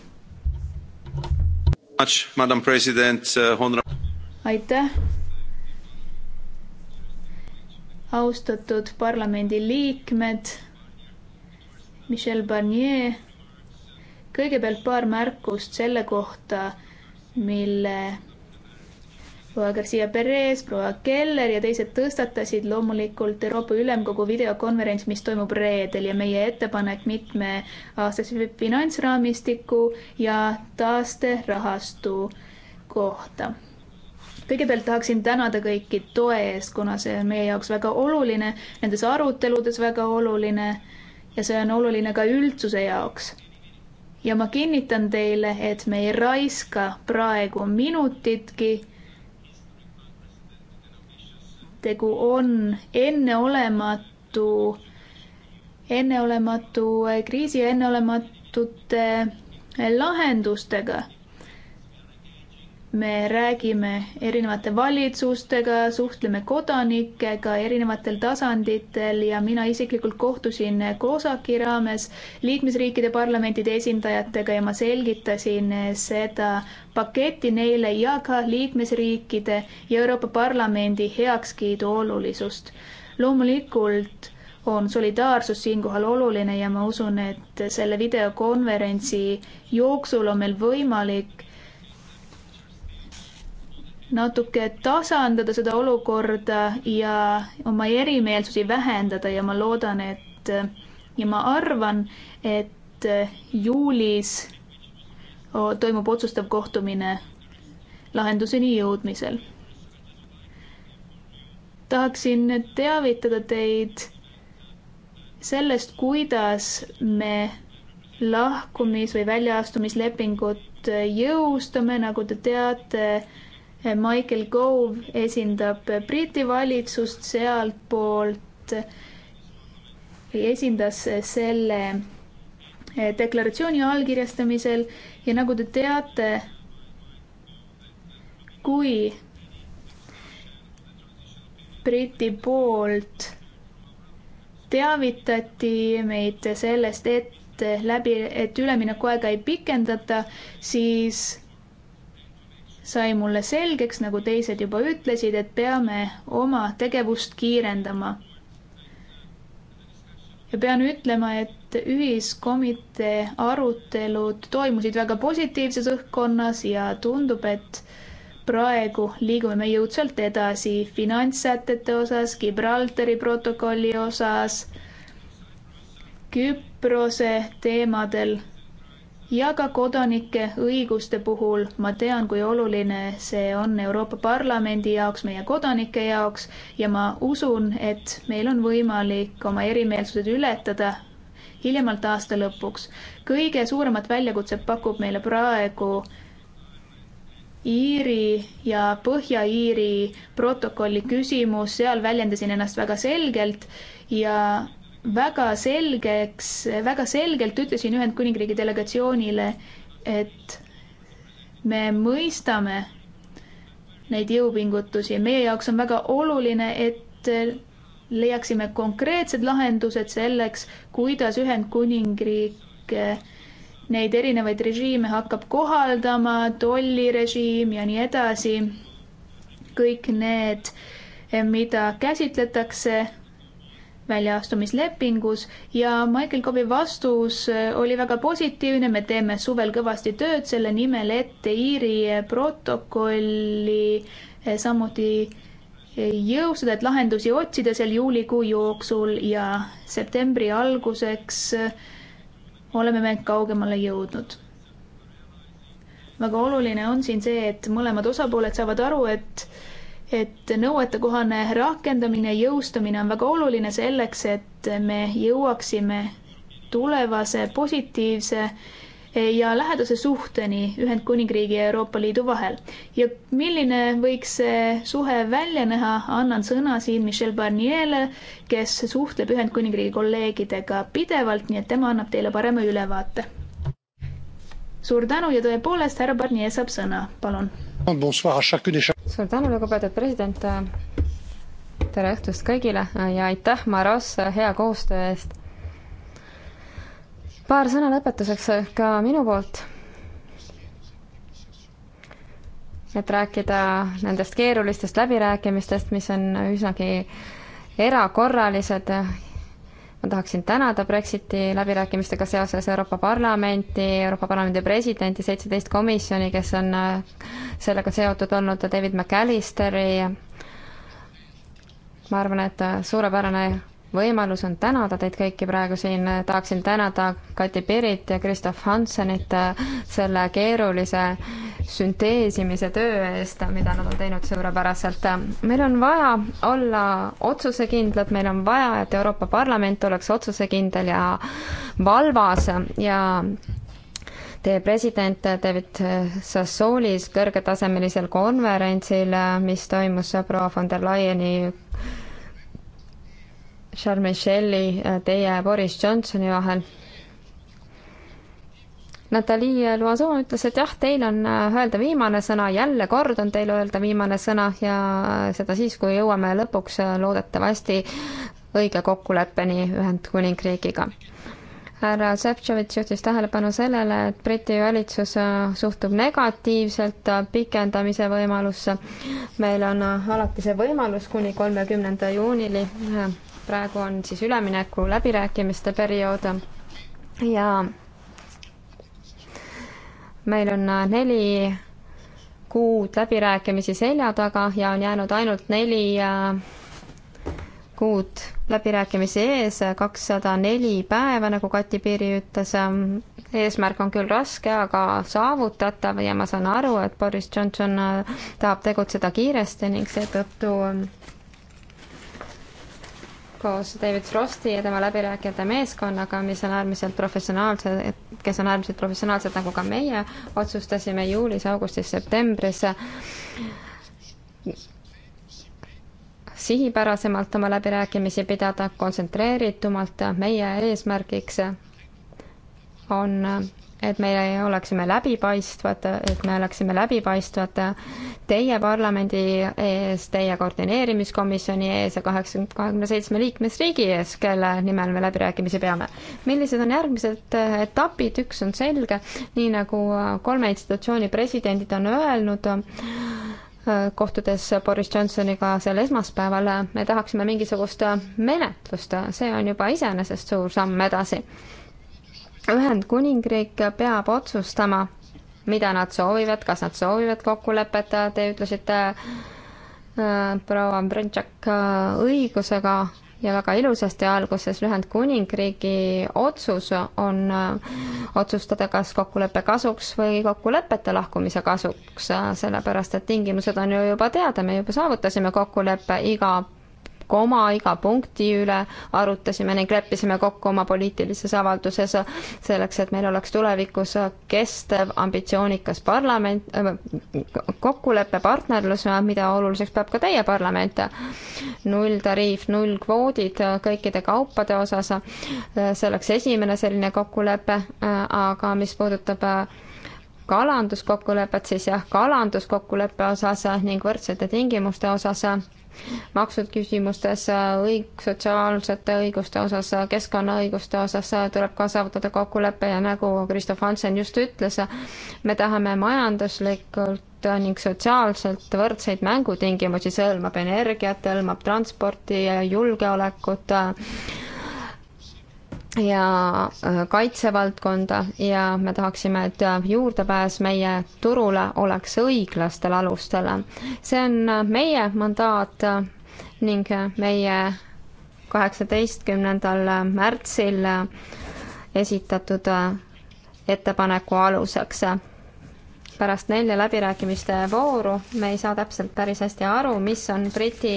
[SPEAKER 5] Uh, aitäh austatud parlamendi liikmed, Michel Barnier. kõigepealt paar märkust selle kohta, mille proua Garcia Perez, proua Keller ja teised tõstatasid loomulikult Euroopa Ülemkogu videokonverents, mis toimub reedel ja meie ettepanek mitmeaastase finantsraamistiku ja taasterahastu kohta. kõigepealt tahaksin tänada kõiki toe eest, kuna see on meie jaoks väga oluline, nendes aruteludes väga oluline ja see on oluline ka üldsuse jaoks. ja ma kinnitan teile, et me ei raiska praegu minutitki. tegu on enneolematu, enneolematu kriisi ja enneolematute lahendustega me räägime erinevate valitsustega, suhtleme kodanikega erinevatel tasanditel ja mina isiklikult kohtusin COSAC-i raames liikmesriikide parlamentide esindajatega ja ma selgitasin seda paketti neile ja ka liikmesriikide ja Euroopa Parlamendi heakskiidu olulisust. loomulikult on solidaarsus siinkohal oluline ja ma usun, et selle videokonverentsi jooksul on meil võimalik natuke tasandada seda olukorda ja oma erimeelsusi vähendada ja ma loodan, et ja ma arvan, et juulis toimub otsustav kohtumine lahenduseni jõudmisel. tahaksin teavitada teid sellest, kuidas me lahkumis- või väljaastumislepingut jõustame, nagu te teate, Michael Gove esindab Briti valitsust sealtpoolt, esindas selle eh, deklaratsiooni allkirjastamisel ja nagu te teate, kui Briti poolt teavitati meid sellest, et läbi, et üleminekuaega ei pikendata, siis sai mulle selgeks, nagu teised juba ütlesid, et peame oma tegevust kiirendama. ja pean ütlema, et ühiskomitee arutelud toimusid väga positiivses õhkkonnas ja tundub, et praegu liigume me jõudsalt edasi finantssätete osas, Gibraltari protokolli osas, Küprose teemadel ja ka kodanike õiguste puhul ma tean, kui oluline see on Euroopa Parlamendi jaoks, meie kodanike jaoks ja ma usun, et meil on võimalik oma erimeelsused ületada hiljemalt aasta lõpuks. kõige suuremat väljakutset pakub meile praegu Iiri ja Põhja-Iiri protokolli küsimus, seal väljendasin ennast väga selgelt ja väga selgeks, väga selgelt ütlesin Ühendkuningriigi delegatsioonile, et me mõistame neid jõupingutusi ja meie jaoks on väga oluline, et leiaksime konkreetsed lahendused selleks, kuidas Ühendkuningriik neid erinevaid režiime hakkab kohaldama, tollirežiim ja nii edasi. kõik need, mida käsitletakse väljaastumislepingus ja Michael Cobbi vastus eh, oli väga positiivne, me teeme suvel kõvasti tööd selle nimel, et Iiri protokolli eh, samuti eh, jõustada, et lahendusi otsida seal juulikuu jooksul ja septembri alguseks oleme me kaugemale jõudnud väga oluline on siin see, et mõlemad osapooled saavad aru, et et nõuetekohane rakendamine, jõustumine on väga oluline selleks, et me jõuaksime tulevase positiivse ja lähedase suhteni Ühendkuningriigi ja Euroopa Liidu vahel. ja milline võiks see suhe välja näha, annan sõna siin Michel Barnier'le, kes suhtleb Ühendkuningriigi kolleegidega pidevalt, nii et tema annab teile parema ülevaate. suur tänu ja tõepoolest, härra Barnier saab sõna, palun suur tänu, lugupeetud president. tere õhtust kõigile
[SPEAKER 4] ja aitäh, Maros, hea koostöö eest. paar sõna lõpetuseks ka minu poolt et rääkida nendest keerulistest läbirääkimistest, mis on üsnagi erakorralised ma tahaksin tänada Brexiti läbirääkimistega seoses Euroopa Parlamenti, Euroopa Parlamendi presidenti, seitseteist komisjoni, kes on äh, sellega seotud olnud, David McAllisteri, ma arvan, et äh, suurepärane võimalus on tänada teid kõiki praegu siin, tahaksin tänada Kati Pirit ja Kristof Hansenit äh, selle keerulise sünteesimise töö eest, mida nad on teinud suurepäraselt. meil on vaja olla otsusekindlad, meil on vaja, et Euroopa Parlament oleks otsusekindel ja valvas ja Teie president David Sassoolis kõrgetasemelisel konverentsil, mis toimus proua von der Leyeni Charles Michel'i, äh, teie ja Boris Johnsoni vahel. Natalja Loison ütles, et jah, teil on äh, öelda viimane sõna, jälle kord on teil öelda viimane sõna ja äh, seda siis, kui jõuame lõpuks loodetavasti õige kokkuleppeni Ühendkuningriigiga. härra Šefčovitš juhtis tähelepanu sellele, et Briti valitsus suhtub negatiivselt pikendamise võimalusse. meil on alati see võimalus kuni kolmekümnenda juunini praegu on siis ülemineku läbirääkimiste periood ja meil on neli kuud läbirääkimisi selja taga ja on jäänud ainult neli äh, kuud läbirääkimisi ees, kakssada neli päeva, nagu Kati Piiri ütles. eesmärk on küll raske, aga saavutatav ja ma saan aru, et Boris Johnson äh, tahab tegutseda kiiresti ning seetõttu äh, koos David Frosti ja tema läbirääkijate meeskonnaga, mis on äärmiselt professionaalsed, kes on äärmiselt professionaalsed, nagu ka meie, otsustasime juulis, augustis, septembris sihipärasemalt oma läbirääkimisi pidada, kontsentreeritumalt, meie eesmärgiks on et me oleksime läbipaistvad, et me oleksime läbipaistvad teie parlamendi ees, teie koordineerimiskomisjoni ees ja kaheksakümne, kahekümne seitsme liikmesriigi ees, kelle nimel me läbirääkimisi peame. millised on järgmised etapid, üks on selge, nii nagu kolme institutsiooni presidendid on öelnud, kohtudes Boris Johnsoniga sel esmaspäeval, me tahaksime mingisugust menetlust, see on juba iseenesest suur samm edasi Ühendkuningriik peab otsustama, mida nad soovivad, kas nad soovivad kokkulepet, te ütlesite äh, proua Brentšak äh, õigusega ja väga ilusasti alguses Ühendkuningriigi otsus on äh, otsustada, kas kokkuleppe kasuks või kokkulepete lahkumise kasuks, sellepärast et tingimused on ju juba teada, me juba saavutasime kokkuleppe iga koma iga punkti üle, arutasime ning leppisime kokku oma poliitilises avalduses selleks, et meil oleks tulevikus kestev ambitsioonikas parlament äh,, kokkulepe, partnerlus, mida oluliseks peab ka teie parlament. nulltariif, nullkvoodid kõikide kaupade osas, see oleks esimene selline kokkulepe, aga mis puudutab äh, kalanduskokkulepet, siis jah, kalanduskokkuleppe osas ning võrdsete tingimuste osas maksud küsimustes, äh, õig-, sotsiaalsete õiguste osas, äh, keskkonnaõiguste osas äh, tuleb ka saavutada kokkulepe ja nagu Kristof Hansen just ütles, me tahame majanduslikult ning sotsiaalselt võrdseid mängutingimusi, see hõlmab energiat, hõlmab transporti, julgeolekut ja äh, kaitsevaldkonda ja me tahaksime, et äh, juurdepääs meie turule oleks õiglastel alustel. see on äh, meie mandaat ning meie kaheksateistkümnendal märtsil esitatud ettepaneku aluseks. pärast nelja läbirääkimiste vooru me ei saa täpselt päris hästi aru, mis on Briti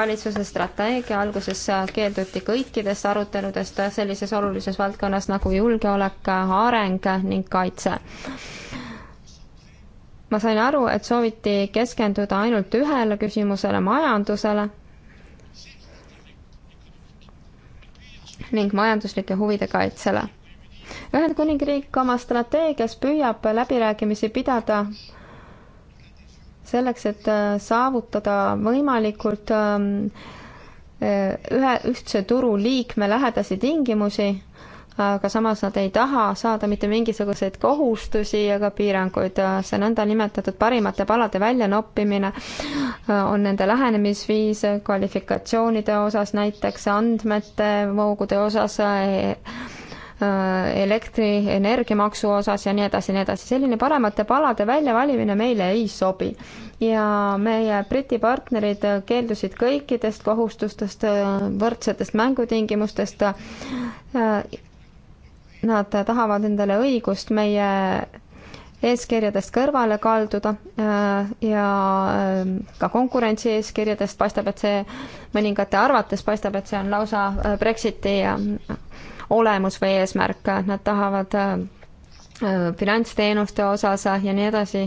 [SPEAKER 4] valitsuse strateegia alguses keelduti kõikidest aruteludest sellises olulises valdkonnas nagu julgeolek, areng ning kaitse. ma sain aru, et sooviti keskenduda ainult ühele küsimusele, majandusele ning majanduslike huvide kaitsele Ühendkuningriik oma strateegias püüab läbirääkimisi pidada selleks, et äh, saavutada võimalikult ähm, äh, ühe ühtse turu liikme lähedasi tingimusi, aga samas nad ei taha saada mitte mingisuguseid kohustusi ega piiranguid. Äh, see nõndanimetatud parimate palade väljanoppimine on nende lähenemisviis kvalifikatsioonide osas, näiteks andmete voogude osas Äh, elektrienergiamaksu osas ja nii edasi ja nii edasi. selline paremate palade väljavalimine meile ei sobi. ja meie Briti partnerid keeldusid kõikidest kohustustest, äh, võrdsetest mängutingimustest. Äh, nad tahavad endale õigust meie eeskirjadest kõrvale kalduda ja ka konkurentsi eeskirjadest paistab, et see mõningate arvates paistab, et see on lausa Brexiti ja olemus või eesmärk, nad tahavad äh, äh, finantsteenuste osas ja nii edasi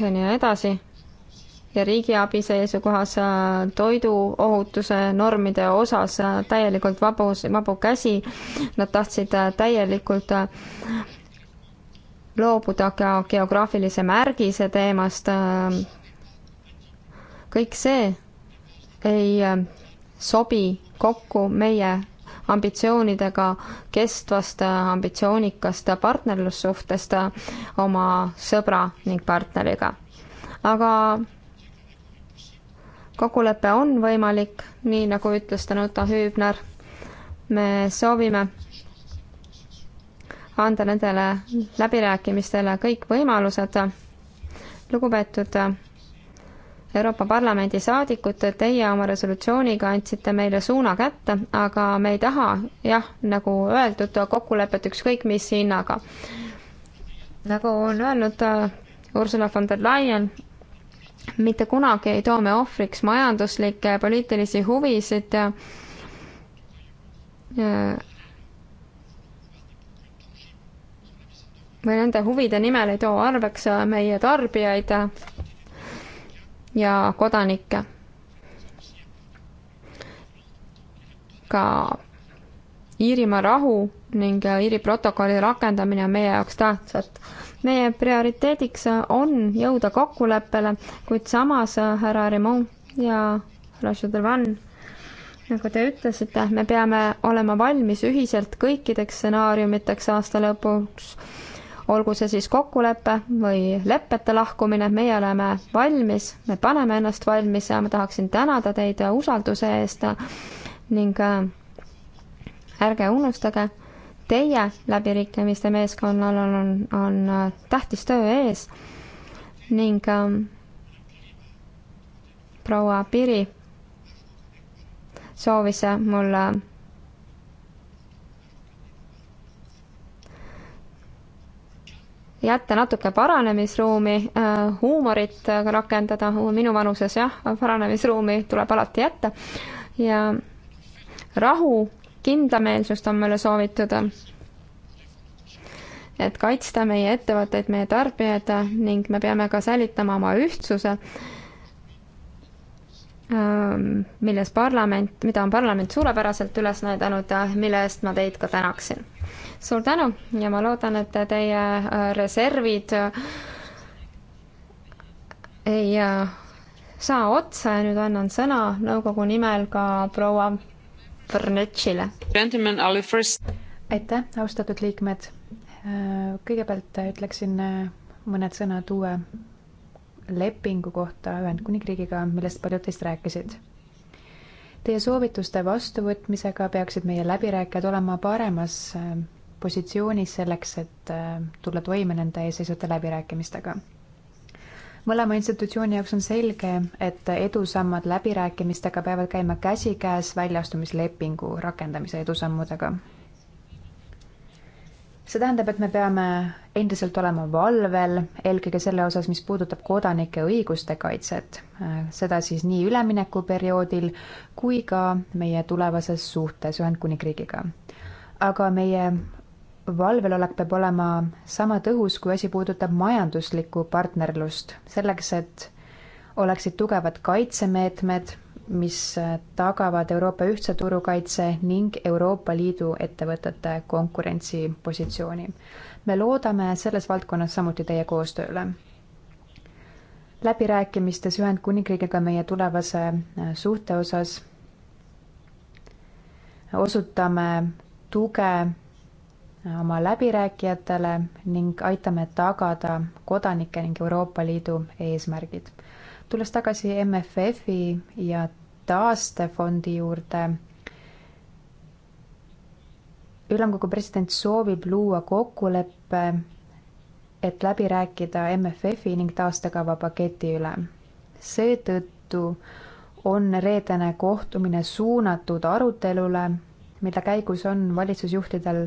[SPEAKER 4] ja nii edasi. ja riigiabi seisukohas äh, toiduohutuse normide osas täielikult vabus, vabu käsi, nad tahtsid täielikult loobuda ka geograafilise märgise teemast. kõik see ei sobi kokku meie ambitsioonidega kestvast ambitsioonikast partnerlussuhtest oma sõbra ning partneriga. aga kokkulepe on võimalik, nii nagu ütles Danuta Hüübner. me soovime anda nendele läbirääkimistele kõik võimalused. lugupeetud Euroopa Parlamendi saadikud, teie oma resolutsiooniga andsite meile suuna kätte, aga me ei taha jah, nagu öeldud, kokkulepet ükskõik mis hinnaga. nagu on öelnud äh, Ursula von der Leyen, mitte kunagi ei too me ohvriks majanduslikke poliitilisi huvisid ja, äh, ja või nende huvide nimel ei too arveks äh, meie tarbijaid ja kodanikke. ka Iirimaa rahu ning Iiri protokolli rakendamine on meie jaoks tähtsad. meie prioriteediks on jõuda kokkuleppele, kuid samas härra Raimond ja härra Šedrvan, nagu te ütlesite, me peame olema valmis ühiselt kõikideks stsenaariumiteks aasta lõpuks olgu see siis kokkulepe või leppeta lahkumine, meie oleme valmis, me paneme ennast valmis ja ma tahaksin tänada teid usalduse eest ning äh, ärge unustage, teie läbirikkumiste meeskonnal on, on, on äh, tähtis töö ees ning äh, proua Piri soovis mulle jätta natuke paranemisruumi, äh, huumorit äh, rakendada, minu vanuses jah, paranemisruumi tuleb alati jätta ja rahu, kindlameelsust on meile soovitud, et kaitsta meie ettevõtteid, meie tarbijaid ning me peame ka säilitama oma ühtsuse, ähm, milles parlament, mida on parlament suurepäraselt üles näidanud ja mille eest ma teid ka tänaksin suur tänu ja ma loodan, et teie äh, reservid äh, ei äh, saa otsa ja nüüd annan sõna
[SPEAKER 3] nõukogu nimel ka proua Brnetšile. aitäh, austatud liikmed. kõigepealt ütleksin mõned sõnad uue lepingu kohta Ühendkuningriigiga, millest paljud teist rääkisid. Teie soovituste vastuvõtmisega peaksid meie läbirääkijad olema paremas positsioonis selleks, et äh, tulla toime nende eesseisvate läbirääkimistega. mõlema institutsiooni jaoks on selge, et edusammad läbirääkimistega peavad käima käsikäes väljaastumislepingu rakendamise edusammudega. see tähendab, et me peame endiselt olema valvel, eelkõige selle osas, mis puudutab kodanike õiguste kaitset, äh, seda siis nii üleminekuperioodil kui ka meie tulevases suhtes Ühendkuningriigiga aga meie valvelolek peab olema sama tõhus, kui asi puudutab majanduslikku partnerlust, selleks et oleksid tugevad kaitsemeetmed, mis tagavad Euroopa ühtse turukaitse ning Euroopa Liidu ettevõtete konkurentsipositsiooni. me loodame selles valdkonnas samuti teie koostööle. läbirääkimistes Ühendkuningriigiga meie tulevase äh, suhte osas osutame tuge oma läbirääkijatele ning aitame tagada kodanike ning Euroopa Liidu eesmärgid. tulles tagasi MFF-i ja taastefondi juurde, ülemkogu president soovib luua kokkuleppe, et läbi rääkida MFF-i ning taastekava paketi üle. seetõttu on reedene kohtumine suunatud arutelule, mille käigus on valitsusjuhtidel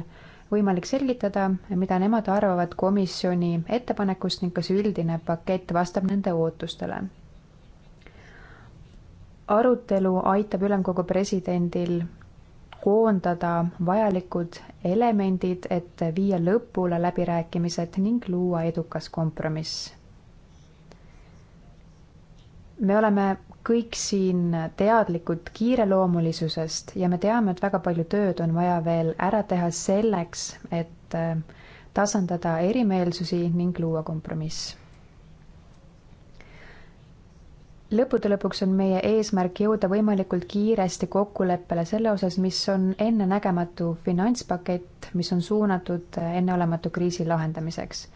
[SPEAKER 3] võimalik selgitada, mida nemad arvavad komisjoni ettepanekust ning kas üldine pakett vastab nende ootustele. arutelu aitab ülemkogu presidendil koondada vajalikud elemendid, et viia lõpule läbirääkimised ning luua edukas kompromiss. me oleme kõik siin teadlikud kiireloomulisusest ja me teame, et väga palju tööd on vaja veel ära teha selleks, et äh, tasandada erimeelsusi ning luua kompromiss. lõppude lõpuks on meie eesmärk jõuda võimalikult kiiresti kokkuleppele selle osas, mis on ennenägematu finantspakett, mis on suunatud enneolematu kriisi lahendamiseks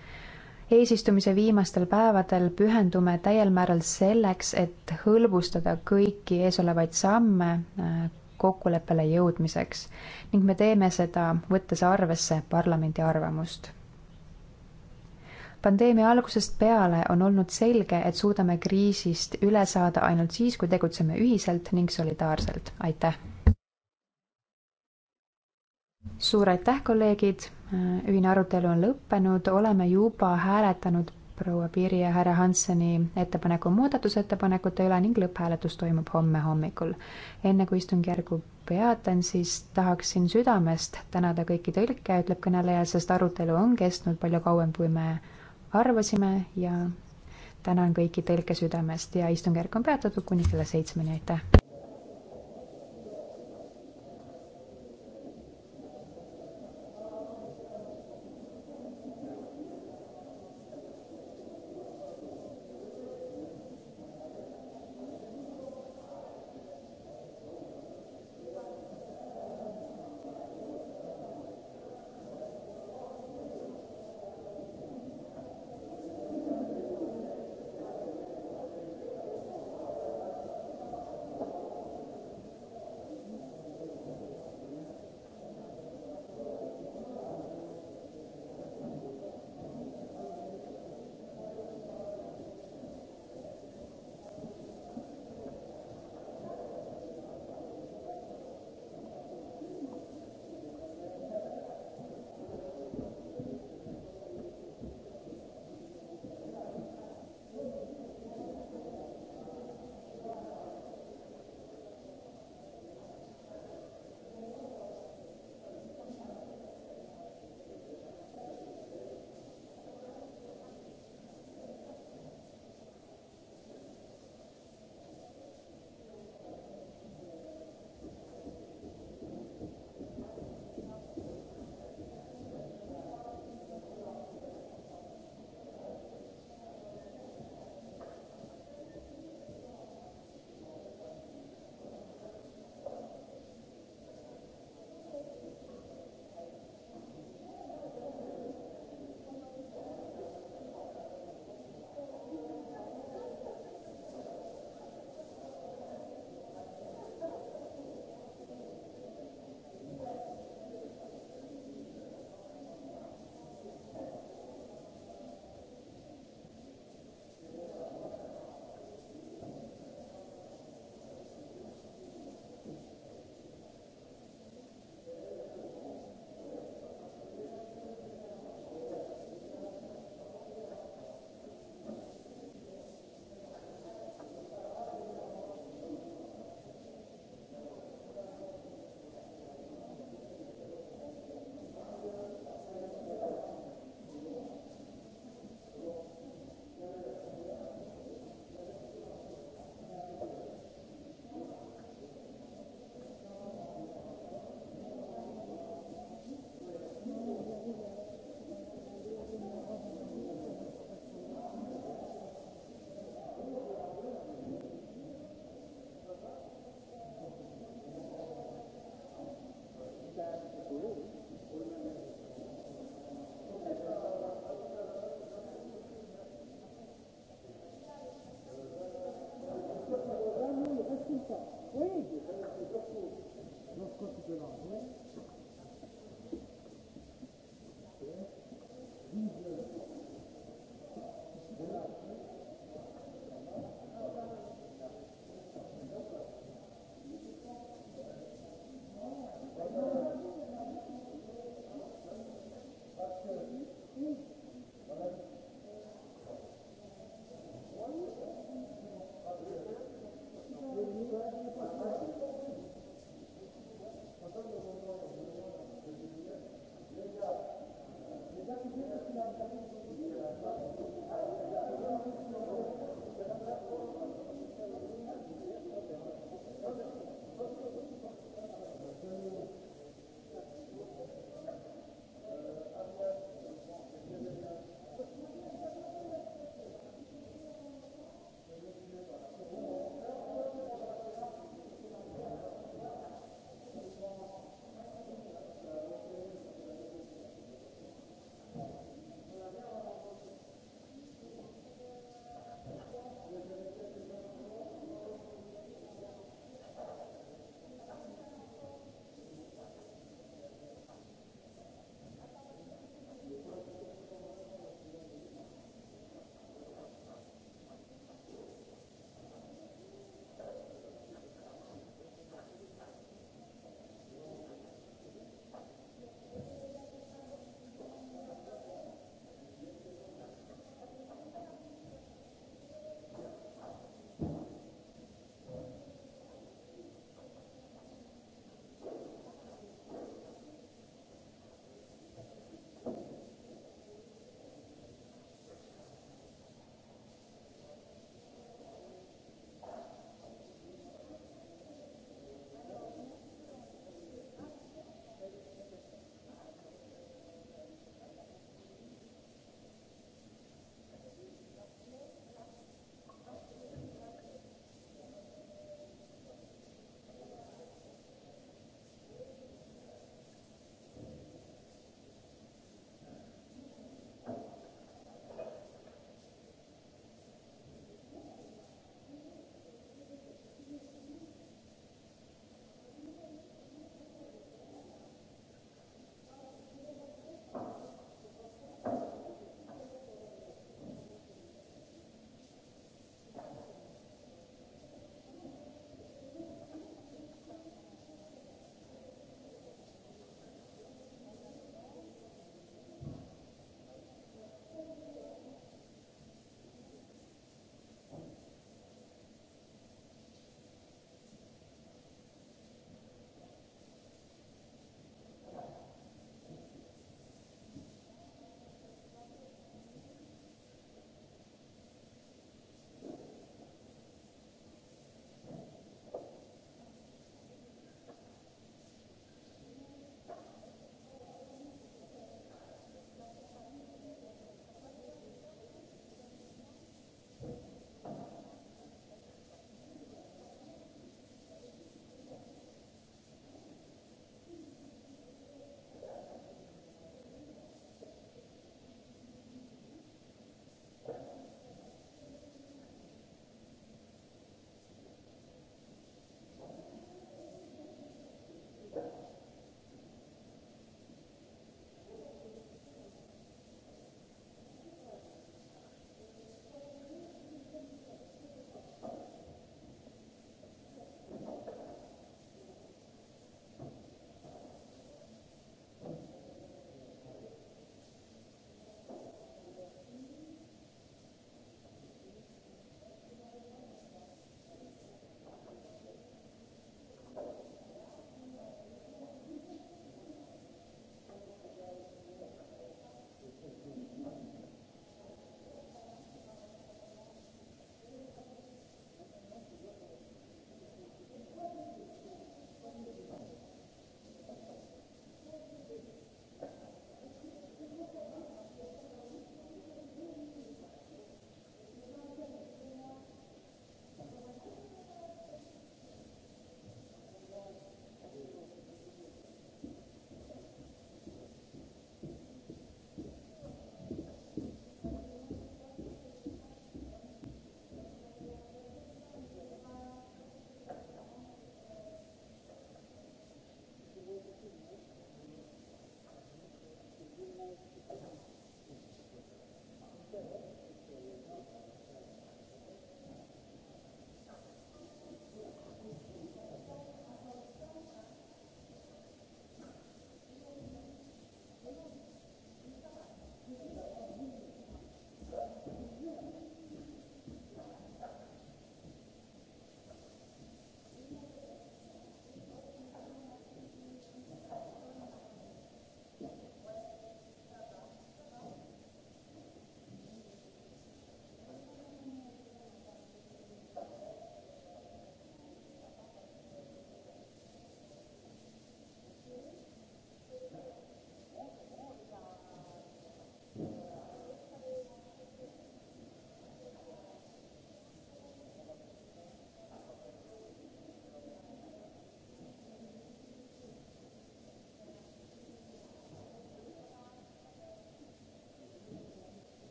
[SPEAKER 3] eesistumise viimastel päevadel pühendume täiel määral selleks, et hõlbustada kõiki eesolevaid samme äh, kokkuleppele jõudmiseks ning me teeme seda, võttes arvesse parlamendi arvamust. pandeemia algusest peale on olnud selge, et suudame kriisist üle saada ainult siis, kui tegutseme ühiselt ning solidaarselt. aitäh! suur aitäh, kolleegid! ühine arutelu on lõppenud, oleme juba hääletanud proua Piiri ja härra Hanseni ettepaneku muudatusettepanekute üle ning lõpphääletus toimub homme hommikul. enne kui istungjärgu peatan, siis tahaksin südamest tänada kõiki tõlke, ütleb kõneleja, sest arutelu on kestnud palju kauem, kui me arvasime ja tänan kõiki tõlke südamest ja istungjärk on peatatud kuni kella seitsmeni, aitäh!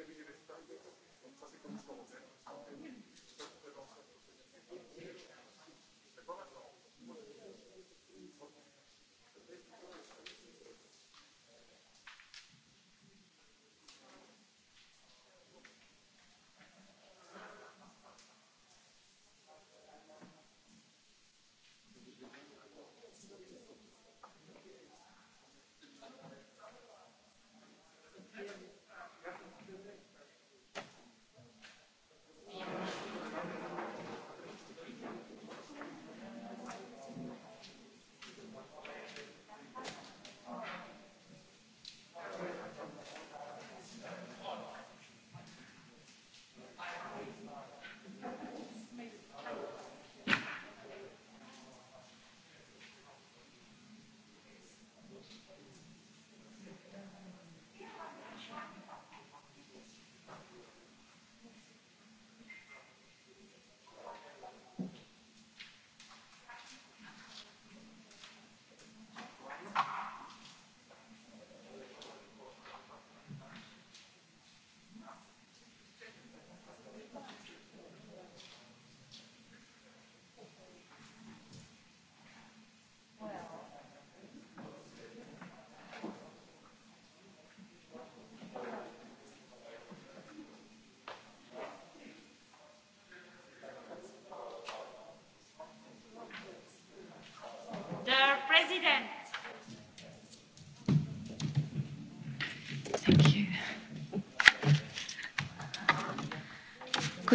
[SPEAKER 9] Hektar wie sie das dann und 20 Kommissionen.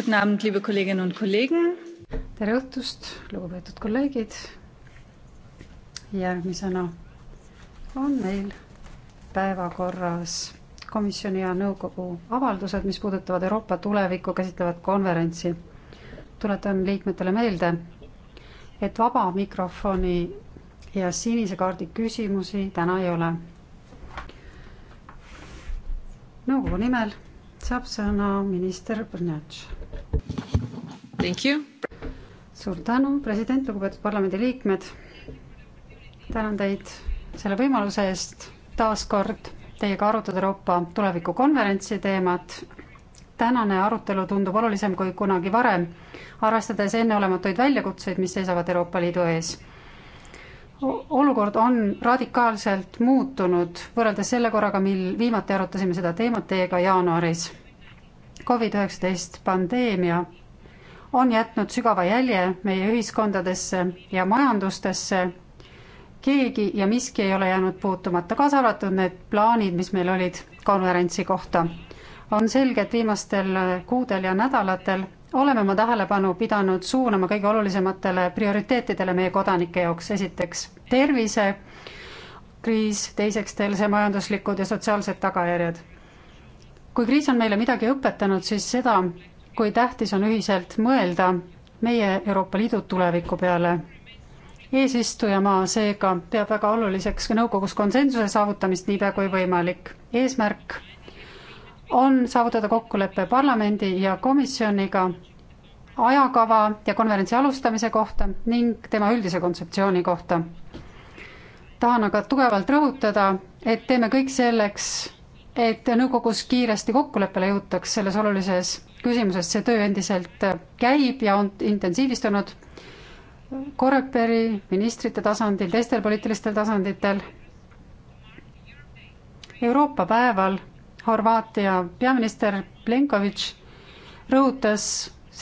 [SPEAKER 9] Guten Abend, liebe Kolleginnen und Kollegen. tere õhtust, lugupeetud kolleegid. järgmisena on meil päevakorras komisjoni ja nõukogu avaldused, mis puudutavad Euroopa tulevikku käsitlevat konverentsi. tuletan liikmetele meelde, et vaba mikrofoni ja sinise kaardi küsimusi täna ei ole. nõukogu nimel saab sõna minister Brnjatš suur tänu, president, lugupeetud parlamendiliikmed. tänan teid selle võimaluse eest taas kord teiega arutada Euroopa tulevikukonverentsi teemat. tänane arutelu tundub olulisem kui kunagi varem, arvestades enneolematuid väljakutseid, mis seisavad Euroopa Liidu ees olukord on radikaalselt muutunud võrreldes selle korraga, mil viimati arutasime seda teemat teiega jaanuaris. Covid-19 pandeemia on jätnud sügava jälje meie ühiskondadesse ja majandustesse. keegi ja miski ei ole jäänud puutumata, kaasa arvatud need plaanid, mis meil olid konverentsi kohta. on selge, et viimastel kuudel ja nädalatel oleme oma tähelepanu pidanud suunama kõige olulisematele prioriteetidele meie kodanike jaoks, esiteks tervise, kriis, teiseks tervise majanduslikud ja sotsiaalsed tagajärjed. kui kriis on meile midagi õpetanud, siis seda, kui tähtis on ühiselt mõelda meie Euroopa Liidu tuleviku peale. eesistujamaa seega peab väga oluliseks nõukogus konsensuse saavutamist niipea kui võimalik. eesmärk on saavutada kokkulepe parlamendi ja komisjoniga ajakava ja konverentsi alustamise kohta ning tema üldise kontseptsiooni kohta. tahan aga tugevalt rõhutada, et teeme kõik selleks, et nõukogus kiiresti kokkuleppele jõutaks selles olulises küsimuses, see töö endiselt käib ja on intensiivistunud Coreperi ministrite tasandil, teistel poliitilistel tasanditel. Euroopa päeval Horvaatia peaminister Plenkovitš rõhutas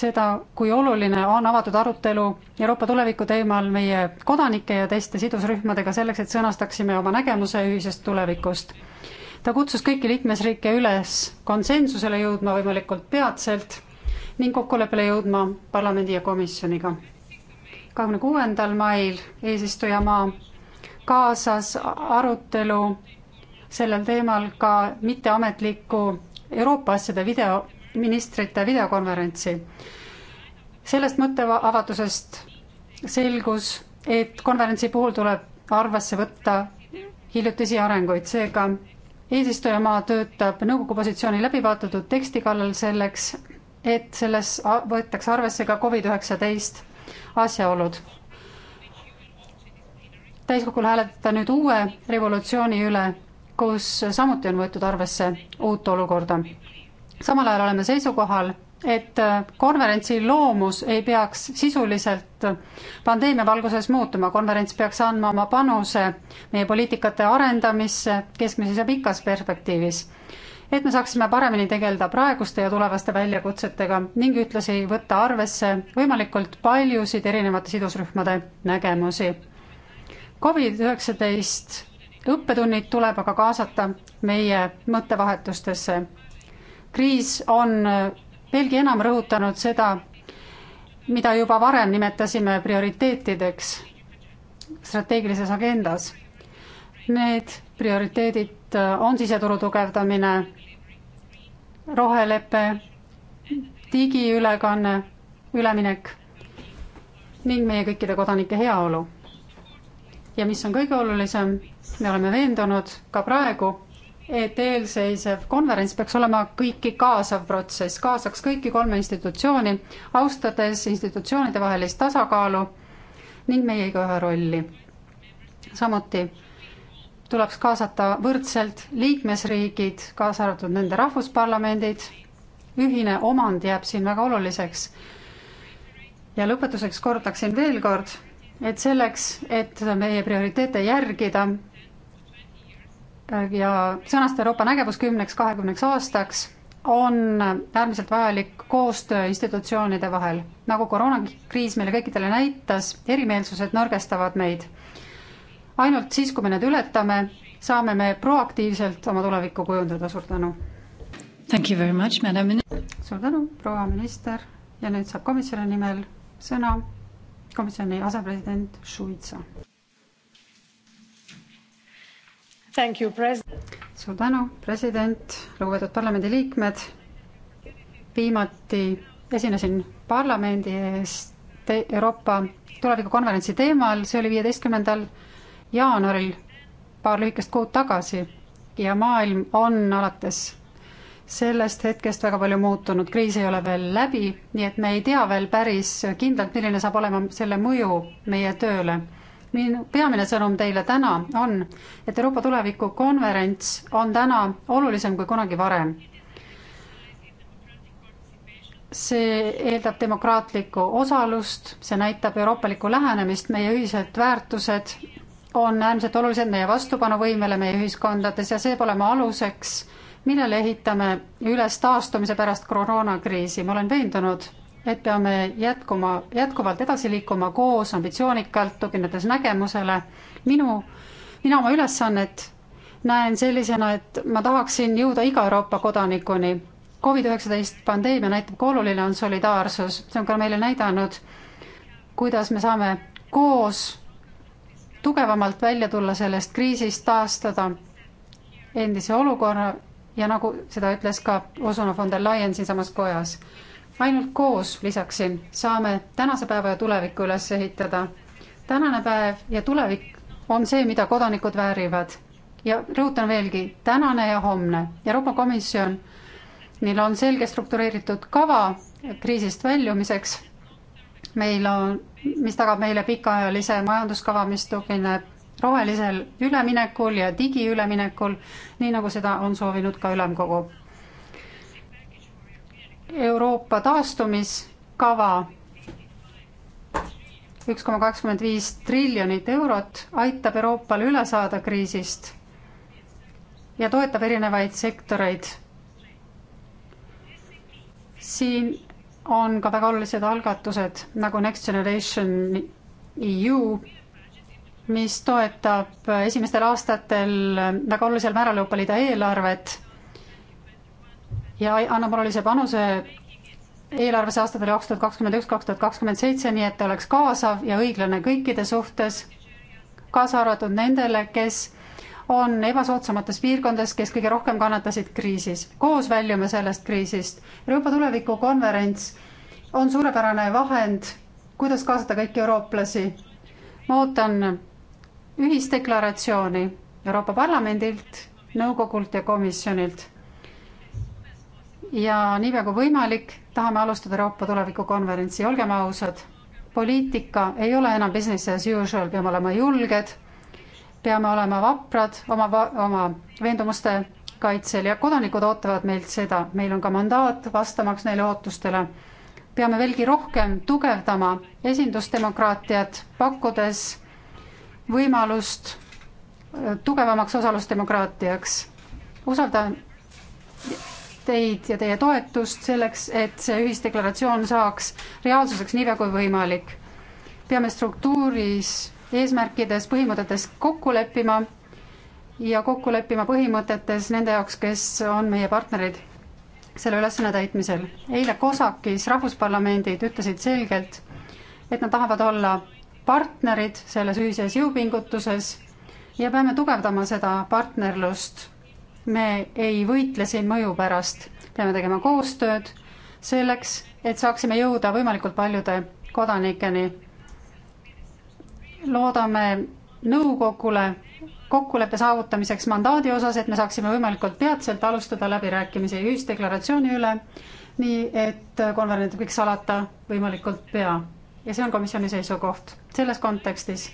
[SPEAKER 9] seda, kui oluline on avatud arutelu Euroopa tuleviku teemal meie kodanike ja teiste sidusrühmadega selleks, et sõnastaksime oma nägemuse ühisest tulevikust ta kutsus kõiki liikmesriike üles konsensusele jõudma võimalikult peatselt ning kokkuleppele jõudma parlamendi ja komisjoniga. kahekümne kuuendal mail eesistujamaa kaasas arutelu sellel teemal ka mitteametliku Euroopa asjade video, ministrite videokonverentsi. sellest mõtteavatusest selgus, et konverentsi puhul tuleb arvesse võtta hiljutisi arenguid, seega eesistujamaa töötab nõukogu positsiooni läbivaatatud teksti kallal selleks, et selles võetakse arvesse ka Covid üheksateist asjaolud. täiskogul hääletada nüüd uue revolutsiooni üle, kus samuti on võetud arvesse uut olukorda. samal ajal oleme seisukohal, et äh, konverentsi loomus ei peaks sisuliselt äh, pandeemia valguses muutuma, konverents peaks andma oma panuse meie poliitikate arendamisse keskmises ja pikas perspektiivis. et me saaksime paremini tegeleda praeguste ja tulevaste väljakutsetega ning ühtlasi võtta arvesse võimalikult paljusid erinevate sidusrühmade nägemusi. Covid-19 õppetunnid tuleb aga kaasata meie mõttevahetustesse. kriis on äh, veelgi enam rõhutanud seda, mida juba varem nimetasime prioriteetideks strateegilises agendas. Need prioriteedid äh, on siseturu tugevdamine, rohelepe, digiülekanne, üleminek ning meie kõikide kodanike heaolu. ja mis on kõige olulisem, me oleme veendunud ka praegu, et eelseisev konverents peaks olema kõiki kaasav protsess, kaasaks kõiki kolme institutsiooni, austades institutsioonide vahelist tasakaalu ning meie igaühe rolli. samuti tuleks kaasata võrdselt liikmesriigid, kaasa arvatud nende rahvusparlamendid, ühine omand jääb siin väga oluliseks. ja lõpetuseks kordaksin veel kord, et selleks, et meie prioriteete järgida, ja sõnast Euroopa nägevus kümneks, kahekümneks aastaks on äärmiselt vajalik koostöö institutsioonide vahel. nagu koroonakriis meile kõikidele näitas, erimeelsused nõrgestavad meid. ainult siis, kui me need ületame, saame me proaktiivselt oma tulevikku kujundada, suur tänu. Thank you very much, madam. suur tänu, proua minister ja nüüd saab komisjoni nimel sõna komisjoni asepresident Šuitsa suur tänu, president, lugupeetud parlamendiliikmed. viimati esinesin parlamendi ees te Euroopa tulevikukonverentsi teemal, see oli viieteistkümnendal jaanuaril paar lühikest kuud tagasi ja maailm on alates sellest hetkest väga palju muutunud, kriis ei ole veel läbi, nii et me ei tea veel päris kindlalt, milline saab olema selle mõju meie tööle minu peamine sõnum teile täna on, et Euroopa tuleviku konverents on täna olulisem kui kunagi varem. see eeldab demokraatlikku osalust, see näitab euroopalikku lähenemist, meie ühised väärtused on äärmiselt olulised meie vastupanuvõimele meie ühiskondades ja see peab olema aluseks, millele ehitame üles taastumise pärast koroonakriisi, ma olen veendunud et peame jätkuma, jätkuvalt edasi liikuma koos ambitsioonikalt, tuginedes nägemusele. minu, mina oma ülesannet näen sellisena, et ma tahaksin jõuda iga Euroopa kodanikuni. Covid-19 pandeemia näitab, kui oluline on solidaarsus, see on ka meile näidanud, kuidas me saame koos tugevamalt välja tulla sellest kriisist, taastada endise olukorra ja nagu seda ütles ka Ursula von der Leyen siinsamas kojas ainult koos, lisaksin, saame tänase päeva ja tuleviku üles ehitada. tänane päev ja tulevik on see, mida kodanikud väärivad. ja rõhutan veelgi, tänane ja homne. Euroopa Komisjon, neil on selge struktureeritud kava kriisist väljumiseks. meil on, mis tagab meile pikaajalise majanduskava, mis tugineb rohelisel üleminekul ja digiüleminekul, nii nagu seda on soovinud ka ülemkogu Euroopa taastumiskava üks koma kakskümmend viis triljonit eurot aitab Euroopal üle saada kriisist ja toetab erinevaid sektoreid. siin on ka väga olulised algatused nagu Next Generation EU, mis toetab esimestel aastatel väga olulisel määral Euroopa Liidu eelarvet ja annab olulise panuse eelarves aastatel kaks tuhat kakskümmend üks, kaks tuhat kakskümmend seitse, nii et ta oleks kaasav ja õiglane kõikide suhtes, kaasa arvatud nendele, kes on ebasoodsamates piirkondades, kes kõige rohkem kannatasid kriisis. koos väljume sellest kriisist. Euroopa tulevikukonverents on suurepärane vahend, kuidas kaasata kõiki eurooplasi. ma ootan ühisdeklaratsiooni Euroopa Parlamendilt, nõukogult ja komisjonilt ja niipea kui võimalik, tahame alustada Euroopa tulevikukonverentsi, olgem ausad, poliitika ei ole enam business as usual, peame olema julged, peame olema vaprad oma, oma veendumuste kaitsel ja kodanikud ootavad meilt seda, meil on ka mandaat vastamaks neile ootustele. peame veelgi rohkem tugevdama esindusdemokraatiat, pakkudes võimalust äh, tugevamaks osalusdemokraatiaks. usaldan teid ja teie toetust selleks, et see ühisdeklaratsioon saaks reaalsuseks niipea kui võimalik. peame struktuuris, eesmärkides, põhimõtetes kokku leppima ja kokku leppima põhimõtetes nende jaoks, kes on meie partnerid selle ülesanne täitmisel. eile COSAC-is rahvusparlamendid ütlesid selgelt, et nad tahavad olla partnerid selles ühises jõupingutuses ja peame tugevdama seda partnerlust me ei võitle siin mõju pärast, peame tegema koostööd selleks, et saaksime jõuda võimalikult paljude kodanikeni. loodame nõukogule kokkuleppe saavutamiseks mandaadi osas, et me saaksime võimalikult peatselt alustada läbirääkimisi ühisdeklaratsiooni üle, nii et konverents võiks alata võimalikult pea. ja see on komisjoni seisukoht. selles kontekstis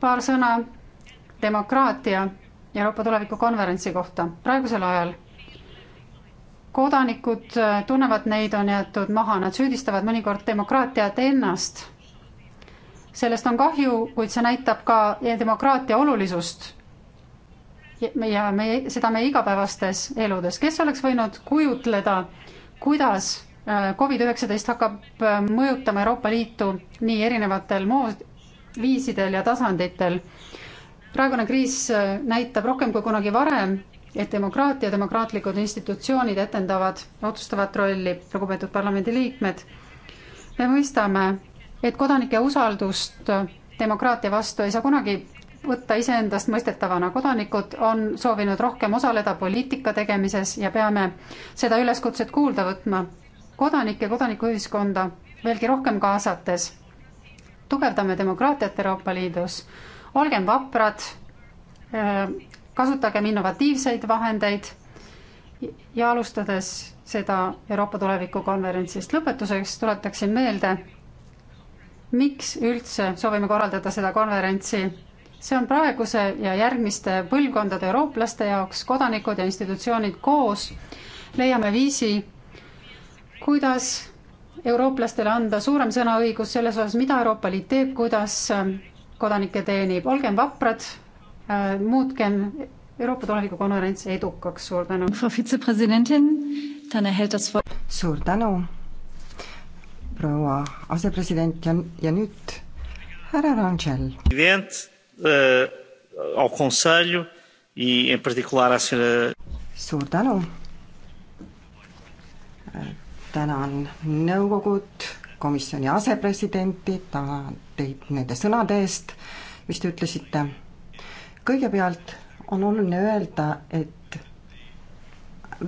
[SPEAKER 9] paar sõna demokraatia Euroopa tulevikukonverentsi kohta. praegusel ajal kodanikud äh, tunnevad, neid on jäetud maha, nad süüdistavad mõnikord demokraatiat ennast. sellest on kahju, kuid see näitab ka demokraatia olulisust. ja meie, seda meie igapäevastes eludes, kes oleks võinud kujutleda, kuidas äh, Covid-19 hakkab äh, mõjutama Euroopa Liitu nii erinevatel mood-, viisidel ja tasanditel praegune kriis äh, näitab rohkem kui kunagi varem, et demokraatia, demokraatlikud institutsioonid etendavad otsustavat rolli, lugupeetud parlamendiliikmed. me mõistame, et kodanike usaldust äh, demokraatia vastu ei saa kunagi võtta iseendast mõistetavana. kodanikud on soovinud rohkem osaleda poliitika tegemises ja peame seda üleskutset kuulda võtma. kodanikke, kodanikuühiskonda veelgi rohkem kaasates tugevdame demokraatiat Euroopa Liidus olgem vaprad, äh, kasutagem innovatiivseid vahendeid ja alustades seda Euroopa tuleviku konverentsist lõpetuseks tuletaksin meelde, miks üldse soovime korraldada seda konverentsi. see on praeguse ja järgmiste põlvkondade eurooplaste jaoks kodanikud ja institutsioonid koos leiame viisi, kuidas eurooplastele anda suurem sõnaõigus selles osas, mida Euroopa Liit teeb, kuidas kodanikke teenib, olgem vaprad, äh, muutkem Euroopa tuleviku konverents edukaks, suur tänu.
[SPEAKER 7] suur tänu, proua asepresident ja, ja nüüd härra Rangel.
[SPEAKER 2] Äh, e,
[SPEAKER 7] suur tänu. Äh, tänan nõukogud komisjoni asepresidenti, tänan teid nende sõnade eest, mis te ütlesite. kõigepealt on oluline öelda, et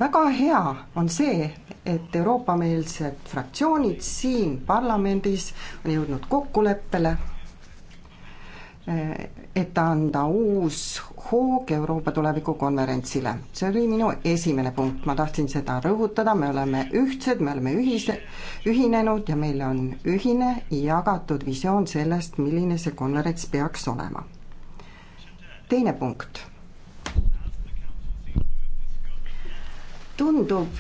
[SPEAKER 7] väga hea on see, et Euroopa-meelsed fraktsioonid siin parlamendis on jõudnud kokkuleppele et anda uus hoog Euroopa tulevikukonverentsile. see oli minu esimene punkt, ma tahtsin seda rõhutada, me oleme ühtsed, me oleme ühise, ühinenud ja meil on ühine jagatud visioon sellest, milline see konverents peaks olema. teine punkt. tundub,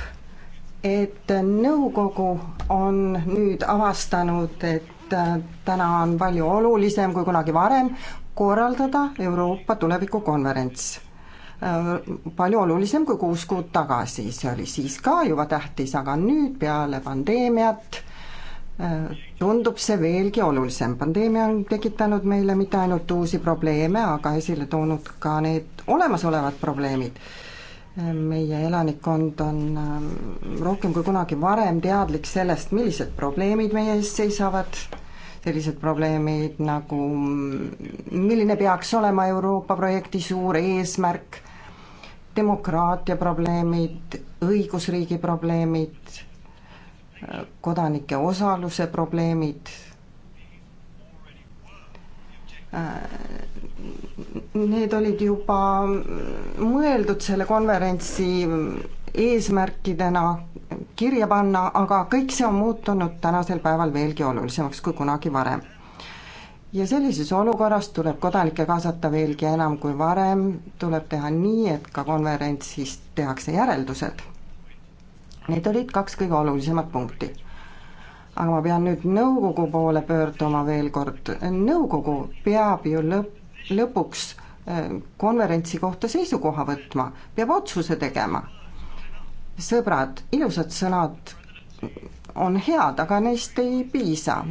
[SPEAKER 7] et nõukogu on nüüd avastanud, et äh, täna on palju olulisem kui kunagi varem korraldada Euroopa tulevikukonverents. Äh, palju olulisem kui kuus kuud tagasi, see oli siis ka juba tähtis, aga nüüd peale pandeemiat äh, tundub see veelgi olulisem, pandeemia on tekitanud meile mitte ainult uusi probleeme, aga esile toonud ka need olemasolevad probleemid äh, meie elanikkond on rohkem kui kunagi varem teadlik sellest, millised probleemid meie ees seisavad sellised probleemid nagu mm, milline peaks olema Euroopa projekti suur eesmärk, demokraatia probleemid, õigusriigi probleemid, kodanike osaluse probleemid, äh, need olid juba mõeldud selle konverentsi eesmärkidena kirja panna, aga kõik see on muutunud tänasel päeval veelgi olulisemaks kui kunagi varem. ja sellises olukorras tuleb kodanikke kaasata veelgi enam kui varem, tuleb teha nii, et ka konverentsist tehakse järeldused. Need olid kaks kõige olulisemat punkti. aga ma pean nüüd nõukogu poole pöörduma veel kord, nõukogu peab ju lõpp, lõpuks eh, konverentsi kohta seisukoha võtma, peab otsuse tegema sõbrad, ilusad sõnad on head, aga neist ei piisa.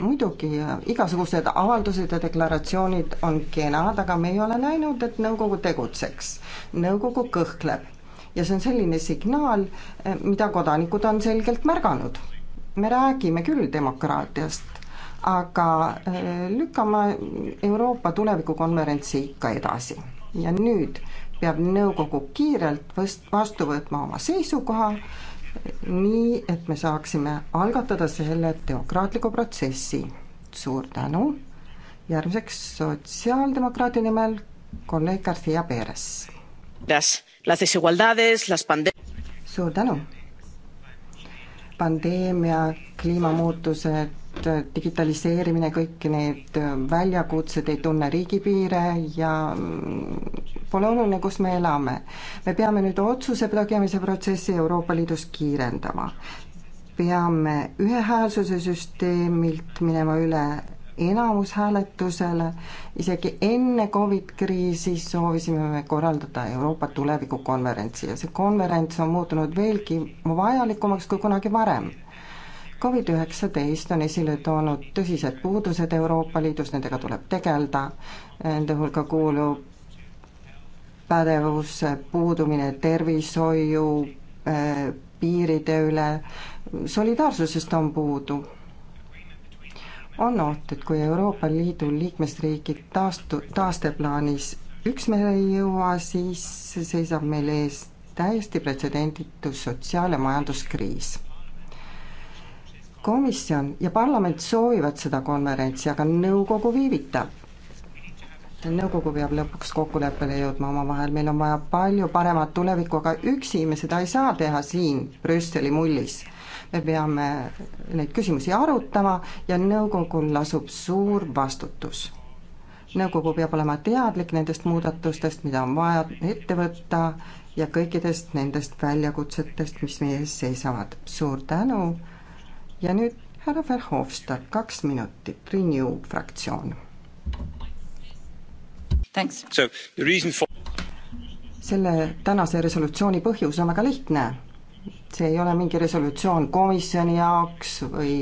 [SPEAKER 7] muidugi igasugused avaldused ja deklaratsioonid on kenad, aga me ei ole näinud, et nõukogu tegutseks. nõukogu kõhkleb ja see on selline signaal, eh, mida kodanikud on selgelt märganud. me räägime küll demokraatiast, aga eh, lükkame Euroopa tulevikukonverentsi ikka edasi ja nüüd peab nõukogu kiirelt vast-, vastu võtma oma seisukoha, nii et me saaksime algatada selle demokraatliku protsessi. suur tänu, järgmiseks sotsiaaldemokraadi nimel kolleeg Garcia Perez. suur tänu. pandeemia, kliimamuutused, Äh, digitaliseerimine, kõik need äh, väljakutsed ei tunne riigipiire ja mm, pole oluline, kus me elame. me peame nüüd otsuse tegemise protsessi Euroopa Liidus kiirendama. peame ühehäälsuse süsteemilt minema üle enamushääletusele, isegi enne Covid kriisi soovisime me korraldada Euroopa tulevikukonverentsi ja see konverents on muutunud veelgi vajalikumaks kui kunagi varem Covid-19 on esile toonud tõsised puudused Euroopa Liidus, nendega tuleb tegeleda, nende hulka kuulub pädevuse puudumine tervishoiu äh, piiride üle, solidaarsusest on puudu. on oht, et kui Euroopa Liidu liikmesriigid taastu-, taasteplaanis üksmeele ei jõua, siis seisab meil ees täiesti pretsedenditu sotsiaal- ja majanduskriis komisjon ja parlament soovivad seda konverentsi, aga nõukogu viivitab. nõukogu peab lõpuks kokkuleppele jõudma omavahel, meil on vaja palju paremat tulevikku, aga üksi me seda ei saa teha siin Brüsseli mullis. me peame neid küsimusi arutama ja nõukogul lasub suur vastutus. nõukogu peab olema teadlik nendest muudatustest, mida on vaja ette võtta ja kõikidest nendest väljakutsetest, mis meie ees seisavad. suur tänu ja nüüd härra Verhofstadt, kaks minutit, Renew fraktsioon.
[SPEAKER 2] For...
[SPEAKER 7] selle tänase resolutsiooni põhjus on väga lihtne see ei ole mingi resolutsioon komisjoni jaoks või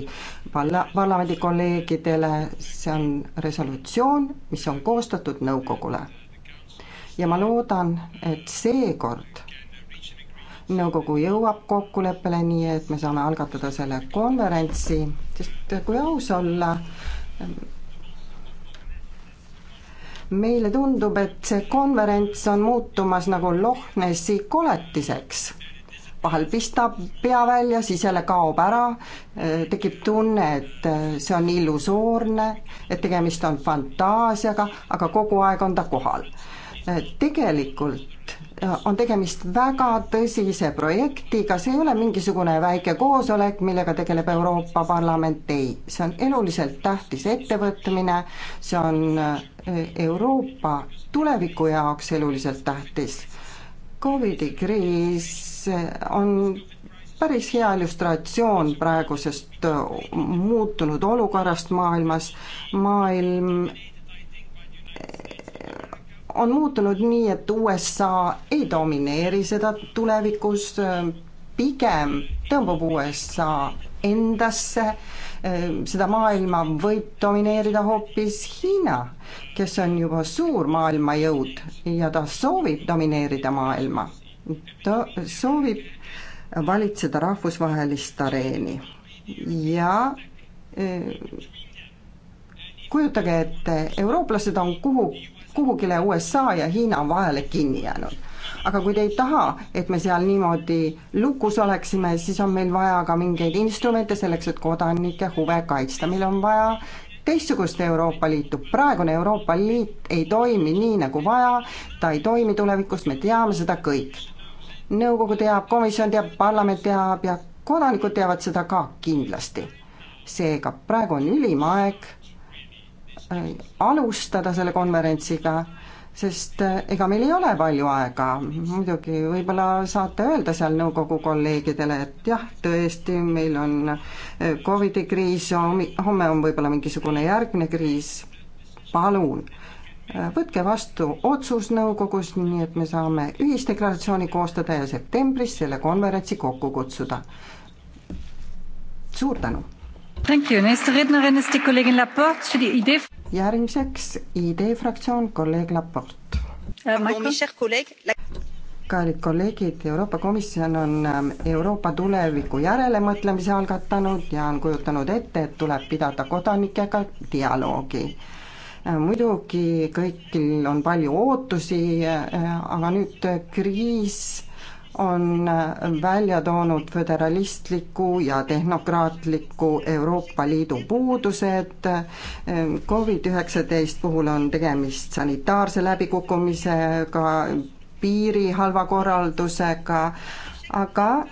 [SPEAKER 7] valla, parlamendi kolleegidele, see on resolutsioon, mis on koostatud nõukogule. ja ma loodan, et seekord nõukogu jõuab kokkuleppele, nii et me saame algatada selle konverentsi, sest kui aus olla, meile tundub, et see konverents on muutumas nagu Loch Nessi koletiseks. vahel pistab pea välja, siis jälle kaob ära, tekib tunne, et see on illusoorne, et tegemist on fantaasiaga, aga kogu aeg on ta kohal. tegelikult on tegemist väga tõsise projektiga, see ei ole mingisugune väike koosolek, millega tegeleb Euroopa Parlament, ei. see on eluliselt tähtis ettevõtmine, see on eh, Euroopa tuleviku jaoks eluliselt tähtis. Covidi kriis eh, on päris hea illustratsioon praegusest eh, muutunud olukorrast maailmas, maailm on muutunud nii, et USA ei domineeri seda tulevikus, pigem tõmbub USA endasse, seda maailma võib domineerida hoopis Hiina, kes on juba suur maailmajõud ja ta soovib domineerida maailma. ta soovib valitseda rahvusvahelist areeni ja eh, kujutage ette, eurooplased on kuhugi kuhugile USA ja Hiina on vahele kinni jäänud. aga kui te ei taha, et me seal niimoodi lukus oleksime, siis on meil vaja ka mingeid instrumente selleks, et kodanike huve kaitsta, meil on vaja teistsugust Euroopa Liitu, praegune Euroopa Liit ei toimi nii, nagu vaja, ta ei toimi tulevikus, me teame seda kõik. nõukogu teab, komisjon teab, parlament teab ja kodanikud teavad seda ka kindlasti. seega praegu on ülim aeg Äh, alustada selle konverentsiga, sest äh, ega meil ei ole palju aega, muidugi võib-olla saate öelda seal nõukogu kolleegidele, et jah, tõesti, meil on äh, Covidi kriis, homme on võib-olla mingisugune järgmine kriis, palun, võtke vastu otsus nõukogus, nii et me saame ühisdeklaratsiooni koostada ja septembris selle konverentsi kokku kutsuda. suur tänu! järgmiseks ID fraktsioon, kolleeg Laport äh, kallid kolleegid, Euroopa Komisjon on ähm, Euroopa tuleviku järelemõtlemise algatanud ja on kujutanud ette, et tuleb pidada kodanikega dialoogi. Äh, muidugi kõigil on palju ootusi, äh, aga nüüd kriis on välja toonud föderalistliku ja tehnokraatliku Euroopa Liidu puudused, Covid-19 puhul on tegemist sanitaarse läbikukkumisega, piiri halva korraldusega, aga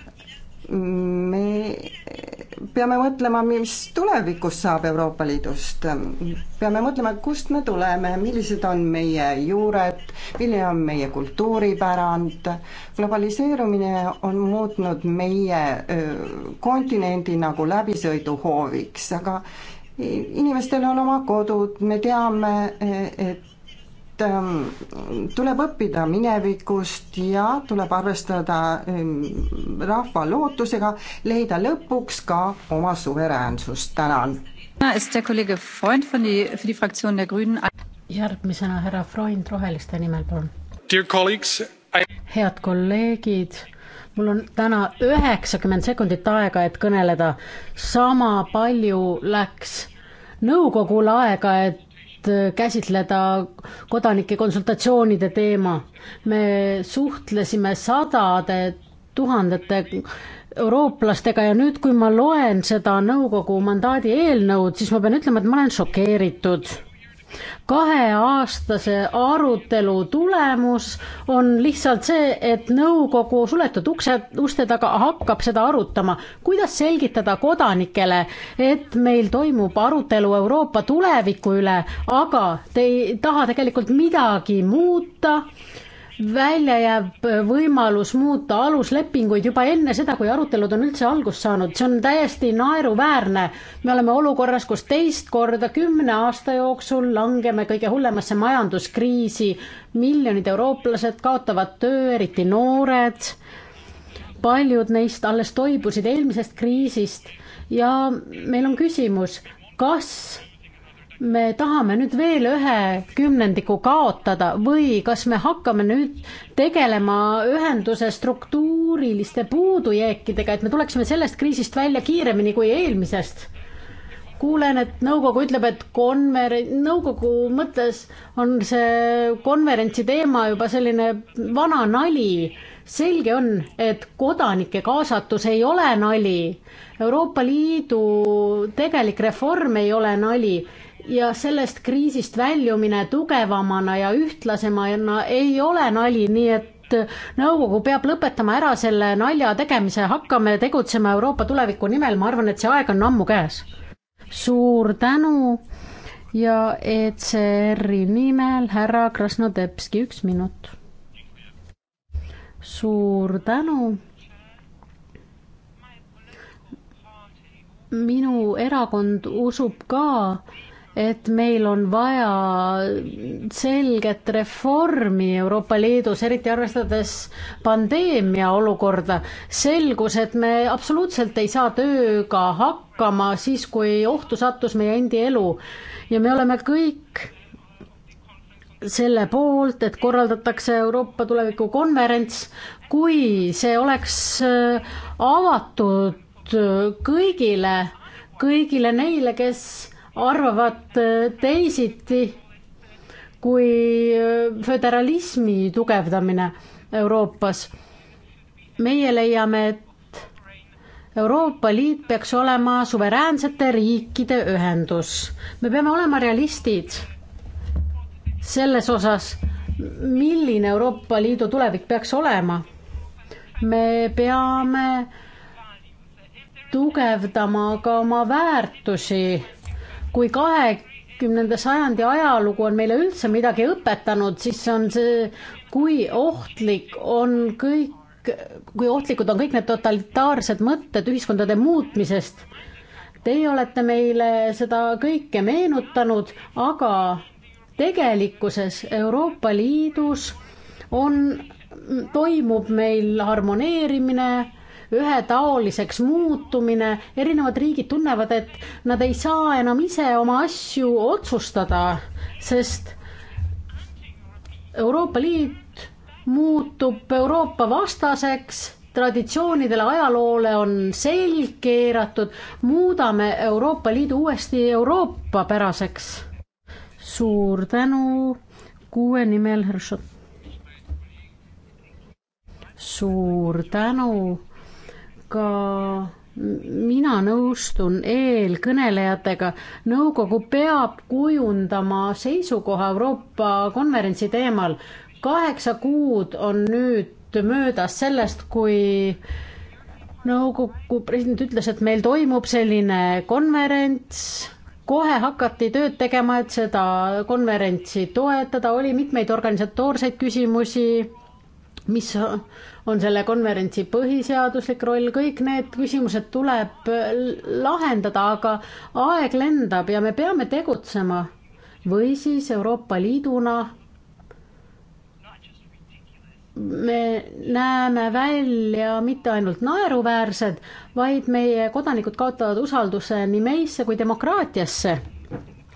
[SPEAKER 7] me peame mõtlema, mis tulevikus saab Euroopa Liidust. peame mõtlema, kust me tuleme, millised on meie juured, milline on meie kultuuripärand. globaliseerumine on muutnud meie kontinendi nagu läbisõiduhooviks, aga inimestel on oma kodud, me teame, e-, et Ähm, tuleb õppida minevikust ja tuleb arvestada ähm, rahva lootusega, leida lõpuks ka oma suveräänsust, tänan.
[SPEAKER 10] järgmisena härra Freund Roheliste nimel, palun. head kolleegid mul on täna üheksakümmend sekundit aega, et kõneleda. sama palju läks nõukogule aega, et käsitleda kodanike konsultatsioonide teema. me suhtlesime sadade tuhandete eurooplastega ja nüüd, kui ma loen seda nõukogu mandaadi eelnõud, siis ma pean ütlema, et ma olen šokeeritud kaheaastase arutelu tulemus on lihtsalt see, et nõukogu suletud ukse, uste taga hakkab seda arutama. kuidas selgitada kodanikele, et meil toimub arutelu Euroopa tuleviku üle, aga te ei taha tegelikult midagi muuta välja jääb äh, võimalus muuta aluslepinguid juba enne seda, kui arutelud on üldse algust saanud, see on täiesti naeruväärne. me oleme olukorras, kus teist korda kümne aasta jooksul langeme kõige hullemasse majanduskriisi. miljonid eurooplased kaotavad töö, eriti noored. paljud neist alles toibusid eelmisest kriisist ja meil on küsimus, kas me tahame nüüd veel ühe kümnendiku kaotada või kas me hakkame nüüd tegelema ühenduse struktuuriliste puudujääkidega, et me tuleksime sellest kriisist välja kiiremini kui eelmisest? kuulen, et nõukogu ütleb, et konverents, nõukogu mõttes on see konverentsi teema juba selline vana nali. selge on, et kodanike kaasatus ei ole nali. Euroopa Liidu tegelik reform ei ole nali ja sellest kriisist väljumine tugevamana ja ühtlasemana ei ole nali, nii et nõukogu peab lõpetama ära selle nalja tegemise, hakkame tegutsema Euroopa tuleviku nimel, ma arvan, et see aeg on ammu käes. suur tänu ja ECR-i nimel härra Krasnodebski, üks minut. suur tänu. minu erakond usub ka et meil on vaja selget reformi Euroopa Liidus, eriti arvestades pandeemia olukorda. selgus, et me absoluutselt ei saa tööga hakkama siis, kui ohtu sattus meie endi elu ja me oleme kõik selle poolt, et korraldatakse Euroopa tuleviku konverents, kui see oleks äh, avatud äh, kõigile, kõigile neile, kes arvavad äh, teisiti kui äh, föderalismi tugevdamine Euroopas. meie leiame, et Euroopa Liit peaks olema suveräänsete riikide ühendus. me peame olema realistid selles osas, milline Euroopa Liidu tulevik peaks olema. me peame tugevdama ka oma väärtusi kui kahekümnenda sajandi ajalugu on meile üldse midagi õpetanud, siis on see, kui ohtlik on kõik, kui ohtlikud on kõik need totalitaarsed mõtted ühiskondade muutmisest. Teie olete meile seda kõike meenutanud, aga tegelikkuses Euroopa Liidus on, toimub meil harmoneerimine ühetaoliseks muutumine, erinevad riigid tunnevad, et nad ei saa enam ise oma asju otsustada, sest Euroopa Liit muutub Euroopa vastaseks, traditsioonidele, ajaloole on selg keeratud, muudame Euroopa Liidu uuesti Euroopa-päraseks. suur tänu, kuue nimel Hršot suur tänu, ka mina nõustun eelkõnelejatega, nõukogu peab kujundama seisukoha Euroopa konverentsi teemal. kaheksa kuud on nüüd möödas sellest, kui nõukogu president ütles, et meil toimub selline konverents, kohe hakati tööd tegema, et seda konverentsi toetada, oli mitmeid organisatoorseid küsimusi mis on selle konverentsi põhiseaduslik roll, kõik need küsimused tuleb lahendada, aga aeg lendab ja me peame tegutsema. või siis Euroopa Liiduna me näeme välja mitte ainult naeruväärsed, vaid meie kodanikud kaotavad usalduse nii meisse kui demokraatiasse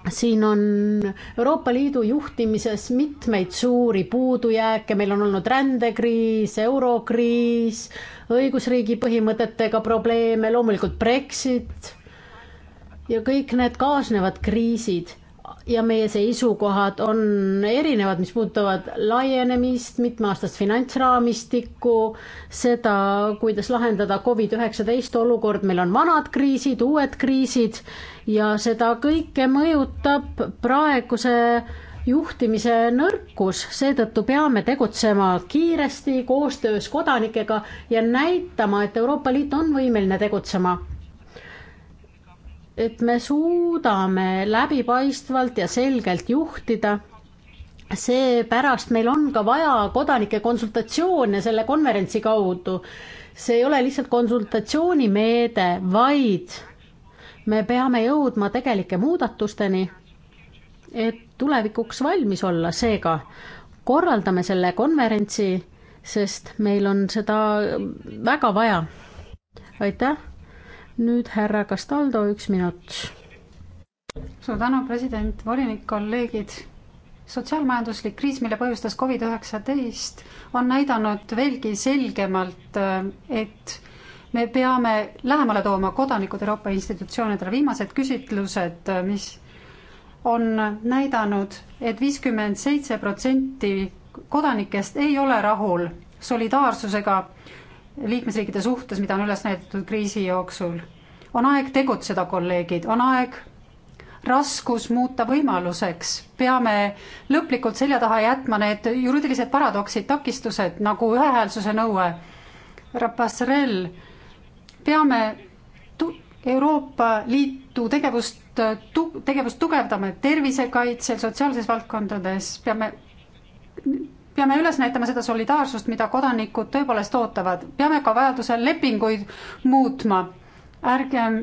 [SPEAKER 10] siin on Euroopa Liidu juhtimises mitmeid suuri puudujääke, meil on olnud rändekriis, eurokriis, õigusriigi põhimõtetega probleeme, loomulikult Brexit ja kõik need kaasnevad kriisid ja meie seisukohad on erinevad, mis puudutavad laienemist, mitmeaastast finantsraamistikku, seda, kuidas lahendada Covid üheksateist olukord, meil on vanad kriisid, uued kriisid ja seda kõike mõjutab praeguse juhtimise nõrkus, seetõttu peame tegutsema kiiresti koostöös kodanikega ja näitama, et Euroopa Liit on võimeline tegutsema et me suudame läbipaistvalt ja selgelt juhtida seepärast meil on ka vaja kodanike konsultatsioone selle konverentsi kaudu. see ei ole lihtsalt konsultatsioonimeede, vaid me peame jõudma tegelike muudatusteni, et tulevikuks valmis olla, seega korraldame selle konverentsi, sest meil on seda väga vaja. aitäh nüüd härra Castaldo, üks minut.
[SPEAKER 9] suur tänu, president, volinik, kolleegid sotsiaalmajanduslik kriis, mille põhjustas Covid üheksateist, on näidanud veelgi selgemalt, et me peame lähemale tooma kodanikud Euroopa institutsioonidele. viimased küsitlused, mis on näidanud et, et viiskümmend seitse protsenti kodanikest ei ole rahul solidaarsusega liikmesriikide suhtes, mida on üles näidatud kriisi jooksul. on aeg tegutseda, kolleegid, on aeg raskus muuta võimaluseks, peame lõplikult selja taha jätma need juriidilised paradoksid, takistused nagu ühehäälsuse nõue, rapasserell, peame tu-, Euroopa Liitu tegevust tu-, tegevust tugevdama tervisekaitsel, sotsiaalses valdkondades, peame peame üles näitama seda solidaarsust, mida kodanikud tõepoolest ootavad, peame ka vajadusel lepinguid muutma. ärgem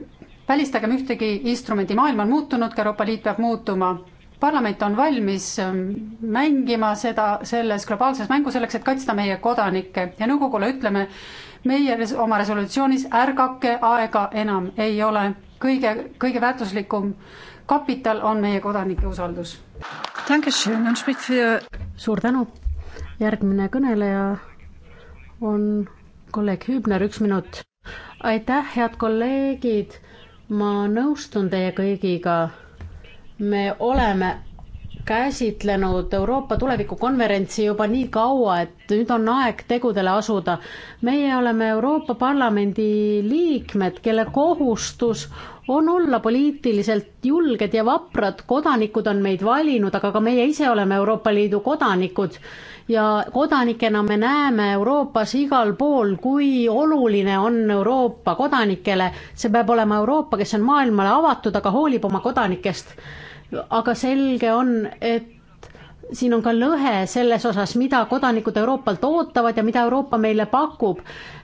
[SPEAKER 9] välistagem ühtegi instrumenti, maailm on muutunud, ka Euroopa Liit peab muutuma. parlament on valmis ähm, mängima seda selles globaalses mängus selleks, et kaitsta meie kodanikke ja nõukogule ütleme, meie oma resolutsioonis ärgake, aega enam ei ole. kõige, kõige väärtuslikum kapital on meie kodanike usaldus.
[SPEAKER 10] suur tänu järgmine kõneleja on kolleeg Hübner, üks minut. aitäh, head kolleegid. ma nõustun teie kõigiga. me oleme käsitlenud Euroopa tulevikukonverentsi juba nii kaua, et nüüd on aeg tegudele asuda. meie oleme Euroopa Parlamendi liikmed, kelle kohustus on olla poliitiliselt julged ja vaprad, kodanikud on meid valinud, aga ka meie ise oleme Euroopa Liidu kodanikud ja kodanikena me näeme Euroopas igal pool, kui oluline on Euroopa kodanikele, see peab olema Euroopa, kes on maailmale avatud, aga hoolib oma kodanikest. aga selge on, et siin on ka lõhe selles osas, mida kodanikud Euroopalt ootavad ja mida Euroopa meile pakub.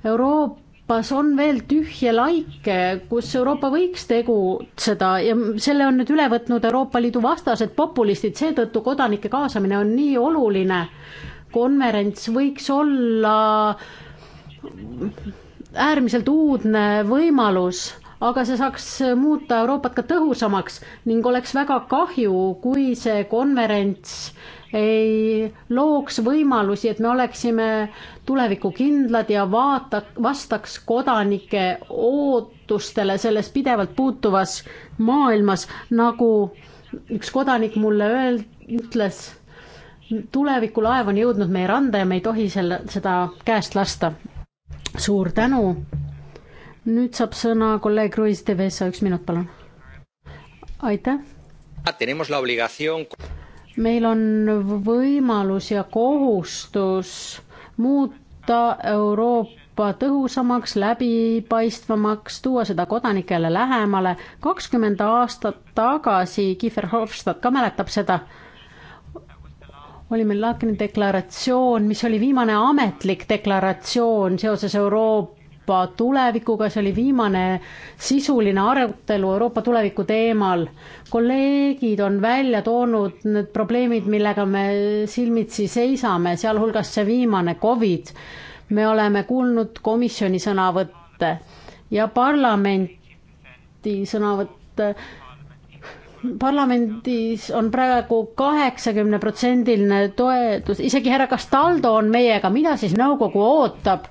[SPEAKER 10] Euroopas on veel tühje laike, kus Euroopa võiks tegutseda ja selle on nüüd üle võtnud Euroopa Liidu vastased populistid, seetõttu kodanike kaasamine on nii oluline konverents võiks olla äärmiselt uudne võimalus, aga see saaks muuta Euroopat ka tõhusamaks ning oleks väga kahju, kui see konverents ei looks võimalusi, et me oleksime tulevikukindlad ja vaata, vastaks kodanike ootustele selles pidevalt puutuvas maailmas, nagu üks kodanik mulle öel-, ütles tulevikulaev on jõudnud meie randa ja me ei tohi selle, seda käest lasta. suur tänu. nüüd saab sõna kolleeg Ruiz de Vesa, üks minut, palun. aitäh. meil on võimalus ja kohustus muuta Euroopa Euroopa tõhusamaks, läbipaistvamaks, tuua seda kodanikele lähemale. kakskümmend aastat tagasi, Kiefer Hofstadt ka mäletab seda, oli meil Laakini deklaratsioon, mis oli viimane ametlik deklaratsioon seoses Euroopa tulevikuga, see oli viimane sisuline arutelu Euroopa tuleviku teemal. kolleegid on välja toonud need probleemid, millega me silmitsi seisame, sealhulgas see viimane Covid. me oleme kuulnud komisjoni sõnavõtte ja parlamenti sõnavõtte parlamendis on praegu kaheksakümneprotsendiline toetus, isegi härra Castaldo on meiega, mida siis nõukogu ootab?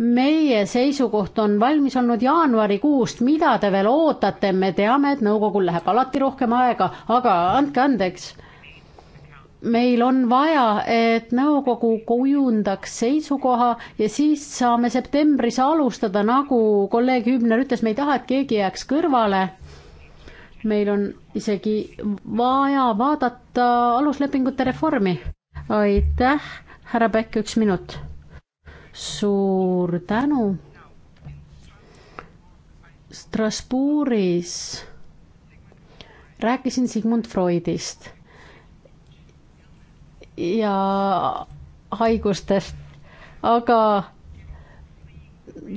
[SPEAKER 10] meie seisukoht on valmis olnud jaanuarikuust, mida te veel ootate, me teame, et nõukogul läheb alati rohkem aega, aga andke andeks. meil on vaja, et nõukogu kujundaks seisukoha ja siis saame septembris alustada, nagu kolleeg Hübner ütles, me ei taha, et keegi jääks kõrvale meil on isegi vaja vaadata aluslepingute reformi. aitäh, härra Pekk, üks minut. suur tänu. Strasbourgis rääkisin Sigmund Freudist ja haigustest, aga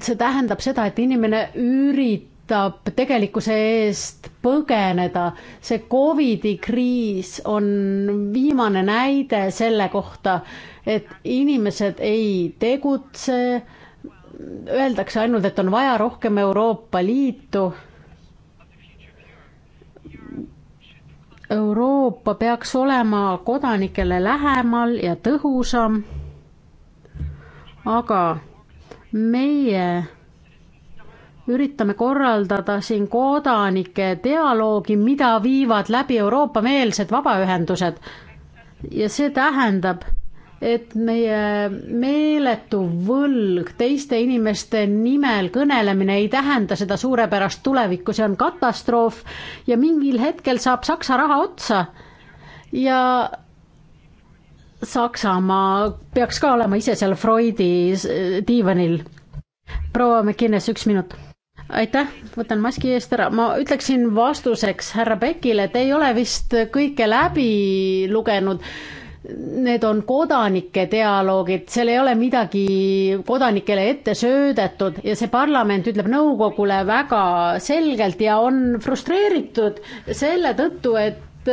[SPEAKER 10] see tähendab seda, et inimene üritab aitab tegelikkuse eest põgeneda. see Covidi kriis on viimane näide selle kohta, et inimesed ei tegutse. Öeldakse ainult, et on vaja rohkem Euroopa Liitu. Euroopa peaks olema kodanikele lähemal ja tõhusam. aga meie üritame korraldada siin kodanike dialoogi, mida viivad läbi Euroopa-meelsed vabaühendused. ja see tähendab, et meie meeletu võlg teiste inimeste nimel kõnelemine ei tähenda seda suurepärast tulevikku, see on katastroof ja mingil hetkel saab Saksa raha otsa. ja Saksamaa peaks ka olema ise seal Freudi diivanil. proua McInnes, üks minut aitäh, võtan maski eest ära, ma ütleksin vastuseks härra Pekile, te ei ole vist kõike läbi lugenud. Need on kodanike dialoogid, seal ei ole midagi kodanikele ette söödetud ja see parlament ütleb nõukogule väga selgelt ja on frustreeritud selle tõttu, et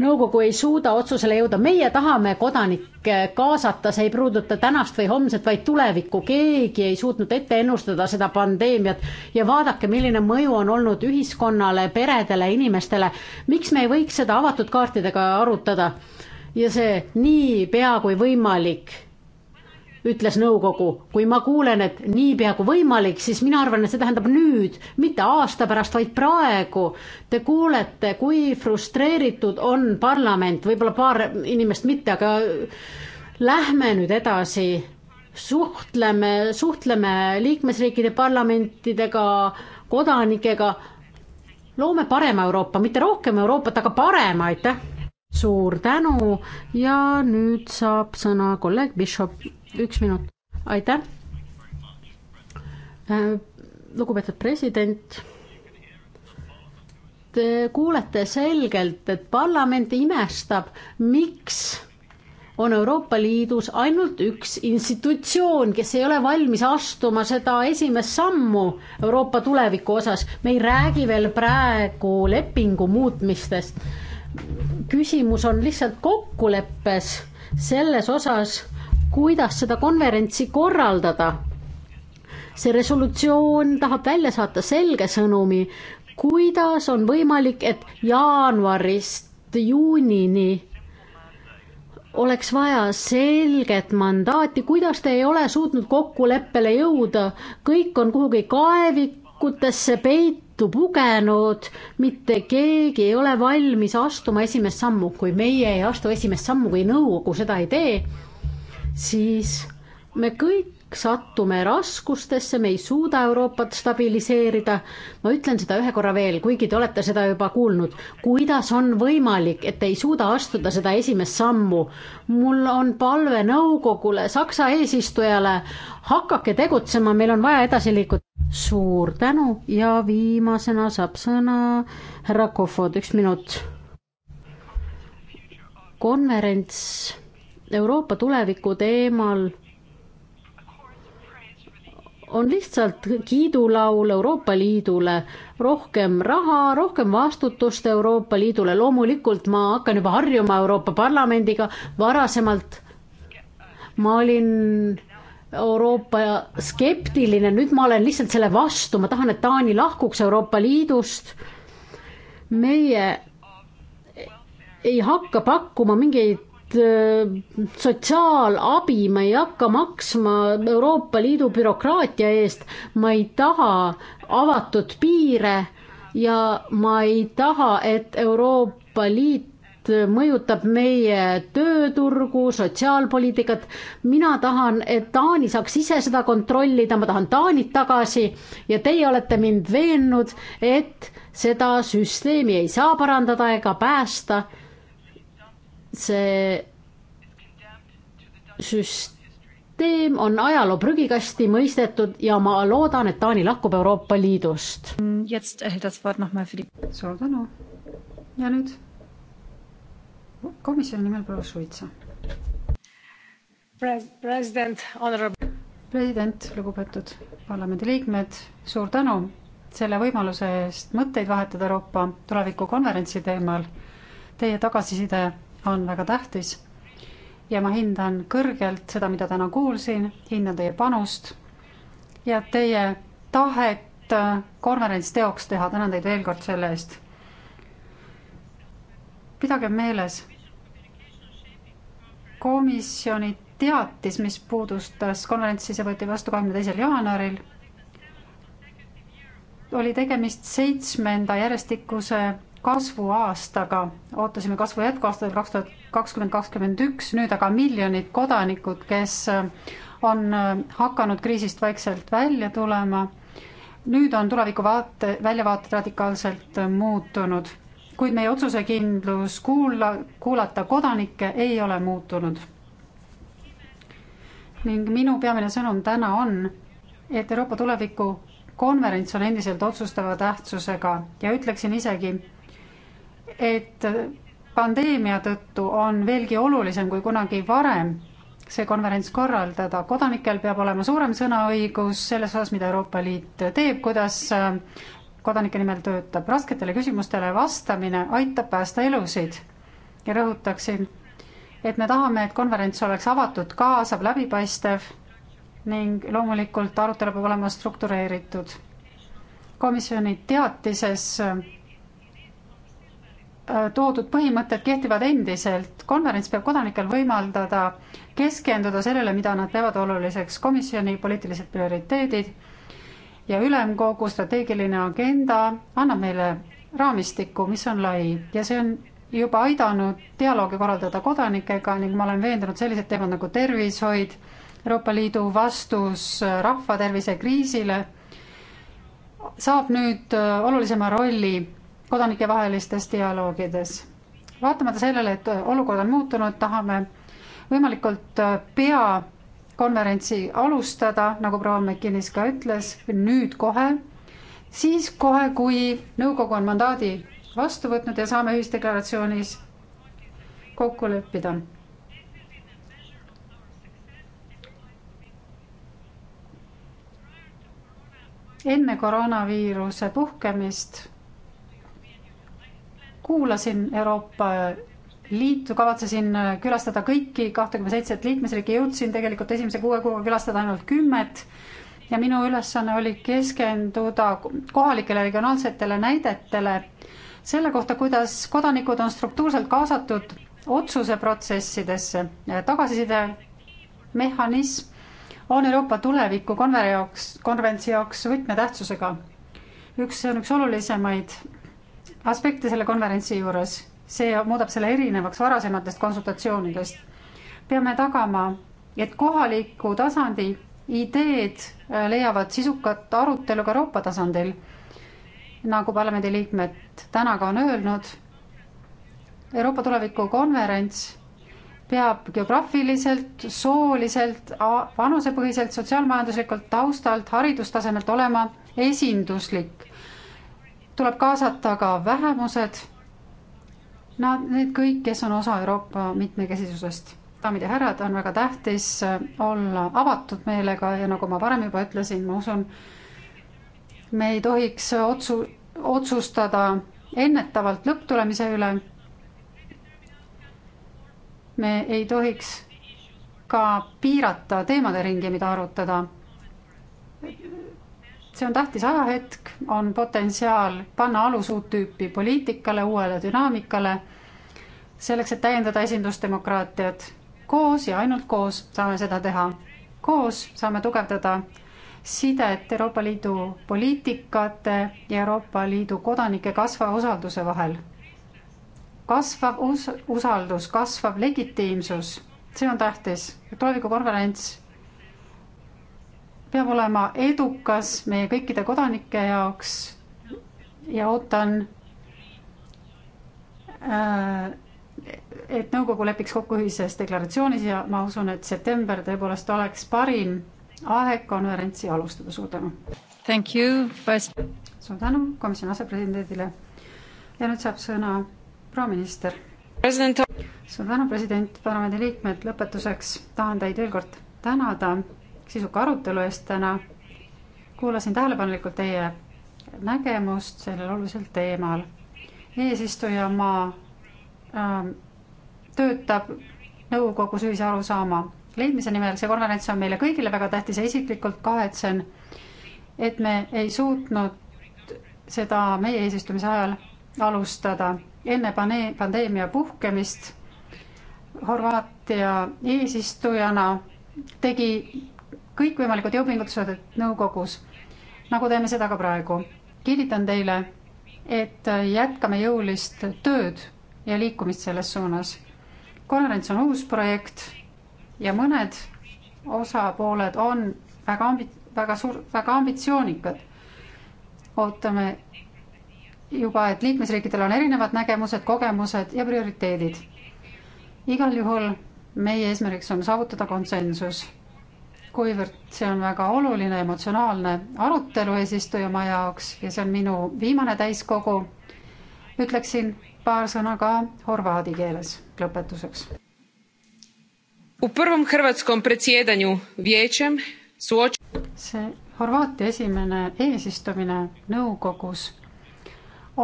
[SPEAKER 10] nõukogu ei suuda otsusele jõuda, meie tahame kodanikke kaasata, see ei puuduta tänast või homset, vaid tulevikku, keegi ei suutnud ette ennustada seda pandeemiat ja vaadake, milline mõju on olnud ühiskonnale, peredele, inimestele. miks me ei võiks seda avatud kaartidega arutada? ja see niipea kui võimalik ütles nõukogu. kui ma kuulen, et niipea kui võimalik, siis mina arvan, et see tähendab nüüd, mitte aasta pärast, vaid praegu. Te kuulete, kui frustreeritud on parlament, võib-olla paar inimest mitte, aga lähme nüüd edasi. suhtleme, suhtleme liikmesriikide parlamentidega, kodanikega. loome parema Euroopa, mitte rohkem Euroopat, aga parema, aitäh suur tänu ja nüüd saab sõna kolleeg Bishop üks minut, aitäh. Äh, lugupeetud president. Te kuulete selgelt, et parlament imestab, miks on Euroopa Liidus ainult üks institutsioon, kes ei ole valmis astuma seda esimest sammu Euroopa tuleviku osas. me ei räägi veel praegu lepingu muutmistest. küsimus on lihtsalt kokkuleppes selles osas, kuidas seda konverentsi korraldada. see resolutsioon tahab välja saata selge sõnumi, kuidas on võimalik, et jaanuarist juunini oleks vaja selget mandaati, kuidas te ei ole suutnud kokkuleppele jõuda, kõik on kuhugi kaevikutesse peitu pugenud, mitte keegi ei ole valmis astuma esimest sammu, kui meie ei astu esimest sammu, kui nõukogu seda ei tee siis me kõik sattume raskustesse, me ei suuda Euroopat stabiliseerida. ma ütlen seda ühe korra veel, kuigi te olete seda juba kuulnud. kuidas on võimalik, et ei suuda astuda seda esimest sammu? mul on palve nõukogule, Saksa eesistujale, hakake tegutsema, meil on vaja edasi liikuda. suur tänu ja viimasena saab sõna härra Kofod, üks minut. konverents Euroopa tuleviku teemal on lihtsalt kiidulaul Euroopa Liidule, rohkem raha, rohkem vastutust Euroopa Liidule, loomulikult ma hakkan juba harjuma Euroopa Parlamendiga, varasemalt ma olin Euroopa skeptiline, nüüd ma olen lihtsalt selle vastu, ma tahan, et Taani lahkuks Euroopa Liidust. meie ei hakka pakkuma mingeid Äh, sotsiaalabi ma ei hakka maksma Euroopa Liidu bürokraatia eest, ma ei taha avatud piire ja ma ei taha, et Euroopa Liit mõjutab meie tööturgu, sotsiaalpoliitikat. mina tahan, et Taani saaks ise seda kontrollida, ma tahan Taanit tagasi ja teie olete mind veennud, et seda süsteemi ei saa parandada ega päästa see süsteem on ajaloo prügikasti mõistetud ja ma loodan, et Taani lahkub Euroopa Liidust.
[SPEAKER 9] suur tänu. ja nüüd komisjoni nimel proua Šuitsa.
[SPEAKER 10] president,
[SPEAKER 9] president, lugupeetud parlamendiliikmed, suur tänu selle võimaluse eest mõtteid vahetada Euroopa tulevikukonverentsi teemal. Teie tagasiside on väga tähtis. ja ma hindan kõrgelt seda, mida täna kuulsin, hindan teie panust ja teie tahet konverents teoks teha, tänan teid veel kord selle eest. pidage meeles komisjoni teatis, mis puudustas konverentsi, see võeti vastu kahekümne teisel jaanuaril, oli tegemist seitsmenda järjestikuse kasvuaastaga, ootasime kasvu jätkuaastal kaks tuhat kakskümmend, kakskümmend üks, nüüd aga miljonid kodanikud, kes äh, on äh, hakanud kriisist vaikselt välja tulema. nüüd on tuleviku vaate, väljavaated radikaalselt äh, muutunud, kuid meie otsusekindlus kuula, kuulata kodanikke ei ole muutunud. ning minu peamine sõnum täna on, et Euroopa tuleviku konverents on endiselt otsustava tähtsusega ja ütleksin isegi, et pandeemia tõttu on veelgi olulisem kui kunagi varem see konverents korraldada. kodanikel peab olema suurem sõnaõigus selles osas, mida Euroopa Liit teeb, kuidas äh, kodanike nimel töötab. rasketele küsimustele vastamine aitab päästa elusid ja rõhutaksin, et me tahame, et konverents oleks avatud, kaasav, läbipaistev ning loomulikult arutelu peab olema struktureeritud. komisjoni teatises äh, Äh, toodud põhimõtted kehtivad endiselt. konverents peab kodanikel võimaldada keskenduda sellele, mida nad peavad oluliseks, komisjoni poliitilised prioriteedid ja ülemkogu strateegiline agenda annab meile raamistiku, mis on lai ja see on juba aidanud dialoogi korraldada kodanikega ning ma olen veendunud, sellised teemad nagu tervishoid, Euroopa Liidu vastus rahvatervise kriisile saab nüüd äh, olulisema rolli kodanikevahelistes dialoogides. vaatamata sellele, et olukord on muutunud, tahame võimalikult äh, pea konverentsi alustada, nagu proua McKinnis ka ütles, nüüd kohe, siis kohe, kui nõukogu on mandaadi vastu võtnud ja saame ühisdeklaratsioonis kokku leppida. enne koroonaviiruse puhkemist kuulasin Euroopa Liitu, kavatsesin külastada kõiki kahtekümmet seitset liikmesriiki, jõudsin tegelikult esimese kuue kuuga külastada ainult kümmet ja minu ülesanne oli keskenduda kohalikele regionaalsetele näidetele selle kohta, kuidas kodanikud on struktuurselt kaasatud otsuseprotsessidesse. tagasiside mehhanism on Euroopa tuleviku konverentsi jaoks, konverentsi jaoks võtmetähtsusega. üks, see on üks olulisemaid aspekte selle konverentsi juures, see muudab selle erinevaks varasematest konsultatsioonidest. peame tagama, et kohaliku tasandi ideed äh, leiavad sisukat arutelu ka Euroopa tasandil. nagu parlamendiliikmed täna ka on öelnud, Euroopa tuleviku konverents peab geograafiliselt, sooliselt, vanusepõhiselt, sotsiaalmajanduslikult taustalt, haridustasemelt olema esinduslik tuleb kaasata ka vähemused. Nad, need kõik, kes on osa Euroopa mitmekesisusest. daamid ja härrad, on väga tähtis äh, olla avatud meelega ja nagu ma varem juba ütlesin, ma usun, me ei tohiks otsu-, otsustada ennetavalt lõpptulemise üle. me ei tohiks ka piirata teemade ringi, mida arutada see on tähtis ajahetk, on potentsiaal panna alus uut tüüpi poliitikale, uuele dünaamikale, selleks, et täiendada esindusdemokraatiat. koos ja ainult koos saame seda teha. koos saame tugevdada sidet Euroopa Liidu poliitikate ja Euroopa Liidu kodanike kasvava usalduse vahel. kasvav us usaldus, kasvav legitiimsus, see on tähtis. tulevikukonverents peab olema edukas meie kõikide kodanike jaoks ja ootan, äh, et nõukogu lepiks kokku ühises deklaratsioonis ja ma usun, et september tõepoolest oleks parim aeg konverentsi alustada. suur tänu. Thank you, vice. suur tänu komisjoni asepresidendile. ja nüüd saab sõna proua minister. president. suur tänu, president, parlamendiliikmed, lõpetuseks tahan teid veel kord tänada sisuka arutelu eest täna. kuulasin tähelepanelikult teie nägemust sellel olulisel teemal. eesistujamaa äh, töötab nõukogus ühise arusaama leidmise nimel, see konverents on meile kõigile väga tähtis ja isiklikult kahetsen, et me ei suutnud seda meie eesistumise ajal alustada enne pane-, pandeemia puhkemist Horvaatia eesistujana tegi kõikvõimalikud jõupingutused nõukogus, nagu teeme seda ka praegu. kinnitan teile, et jätkame jõulist tööd ja liikumist selles suunas. konverents on uus projekt ja mõned osapooled on väga ambi-, väga suur, väga ambitsioonikad. ootame juba, et liikmesriikidel on erinevad nägemused, kogemused ja prioriteedid. igal juhul meie eesmärgiks on saavutada konsensus kuivõrd see on väga oluline emotsionaalne arutelu eesistujamaa jaoks ja see on minu viimane täiskogu, ütleksin paar sõna ka horvaadi keeles lõpetuseks. see Horvaatia esimene eesistumine nõukogus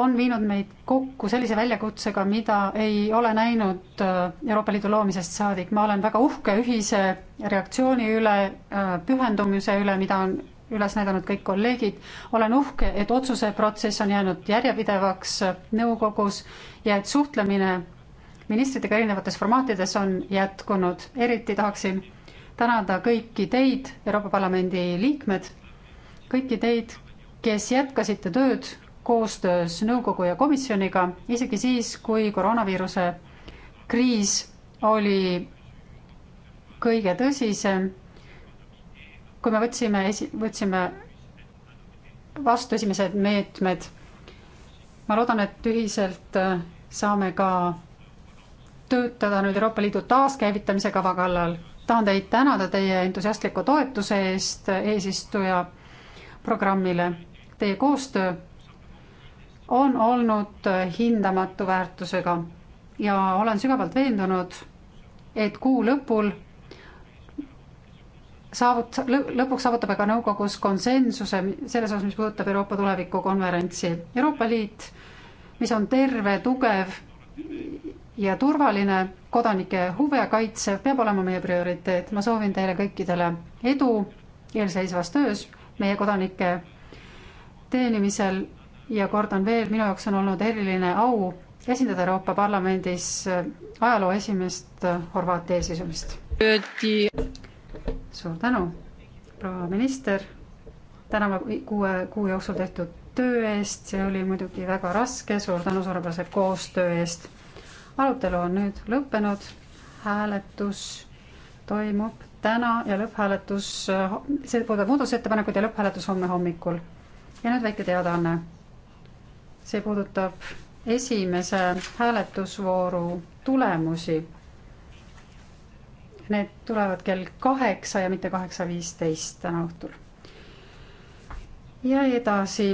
[SPEAKER 9] on viinud meid kokku sellise väljakutsega, mida ei ole näinud äh, Euroopa Liidu loomisest saadik. ma olen väga uhke ühise reaktsiooni üle, äh, pühendumise üle, mida on üles näidanud kõik kolleegid. olen uhke, et otsuseprotsess on jäänud järjepidevaks äh, nõukogus ja et suhtlemine ministritega erinevates formaatides on jätkunud. eriti tahaksin tänada kõiki teid, Euroopa Parlamendi liikmed, kõiki teid, kes jätkasite tööd koostöös nõukogu ja komisjoniga, isegi siis, kui koroonaviiruse kriis oli kõige tõsisem. kui me võtsime, võtsime vastu esimesed meetmed, ma loodan, et ühiselt äh, saame ka töötada nüüd Euroopa Liidu taaskäivitamise kava kallal. tahan teid tänada teie entusiastliku toetuse eest eesistuja programmile. Teie koostöö on olnud hindamatu väärtusega ja olen sügavalt veendunud, et kuu lõpul saavut-, lõpuks saavutame ka nõukogus konsensuse selles osas, mis puudutab Euroopa tuleviku konverentsi. Euroopa Liit, mis on terve, tugev ja turvaline kodanike huve kaitsev, peab olema meie prioriteet. ma soovin teile kõikidele edu eelseisvas töös meie kodanike teenimisel ja kordan veel, minu jaoks on olnud eriline au esindada Euroopa Parlamendis äh, ajaloo esimest äh, Horvaatia eesistumist. suur tänu, proua minister, tänava kuue kuu jooksul tehtud töö eest, see oli muidugi väga raske, suur tänu suurepärase koostöö eest. arutelu on nüüd lõppenud, hääletus toimub täna ja lõpphääletus, äh, see puudutab muudatusettepanekuid ja lõpphääletus homme hommikul. ja nüüd väike teadaanne see puudutab esimese hääletusvooru tulemusi. Need tulevad kell kaheksa ja mitte kaheksa viisteist täna õhtul. ja edasi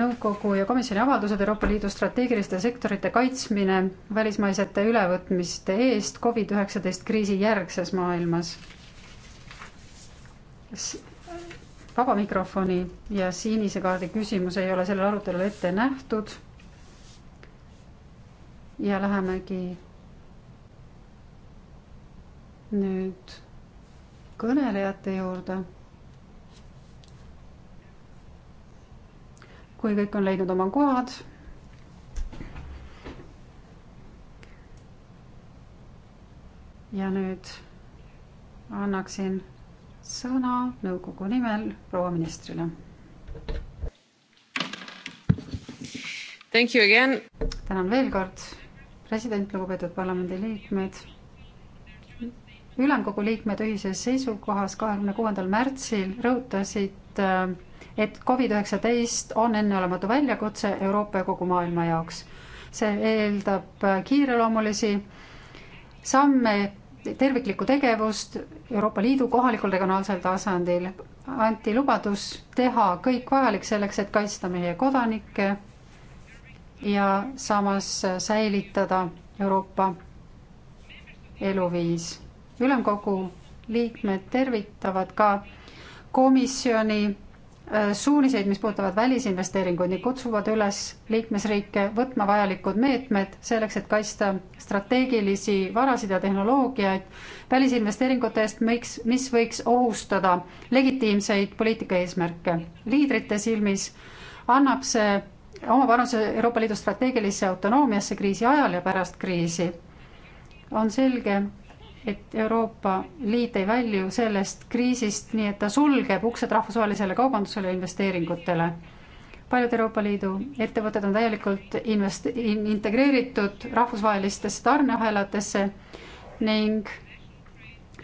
[SPEAKER 9] nõukogu ja komisjoni avaldused Euroopa Liidu strateegiliste sektorite kaitsmine välismaisete ülevõtmiste eest Covid üheksateist kriisi järgses maailmas vaba mikrofoni ja sinise kaardi küsimus ei ole sellel arutelul ette nähtud. ja lähemegi nüüd kõnelejate juurde. kui kõik on leidnud oma kohad. ja nüüd annaksin sõna nõukogu nimel proua ministrile. tänan veel kord, president, lugupeetud parlamendiliikmed, ülemkogu liikmed ühises seisukohas kahekümne kuuendal märtsil rõhutasid, et Covid üheksateist on enneolematu väljakutse Euroopa ja kogu maailma jaoks. see eeldab kiireloomulisi samme terviklikku tegevust Euroopa Liidu kohalikul regionaalsel tasandil. anti lubadus teha kõik vajalik selleks, et kaitsta meie kodanikke ja samas säilitada Euroopa eluviis. ülemkogu liikmed tervitavad ka komisjoni Äh, suuniseid, mis puudutavad välisinvesteeringuid ning kutsuvad üles liikmesriike võtma vajalikud meetmed selleks, et kaitsta strateegilisi varasid ja tehnoloogiaid välisinvesteeringute eest, miks, mis võiks ohustada legitiimseid poliitika eesmärke. liidrite silmis annab see oma panuse Euroopa Liidu strateegilisse autonoomiasse kriisi ajal ja pärast kriisi. on selge, et Euroopa Liit ei välju sellest kriisist, nii et ta sulgeb uksed rahvusvahelisele kaubandusele ja investeeringutele. paljud Euroopa Liidu ettevõtted on täielikult invest-, integreeritud rahvusvahelistesse tarneahelatesse ning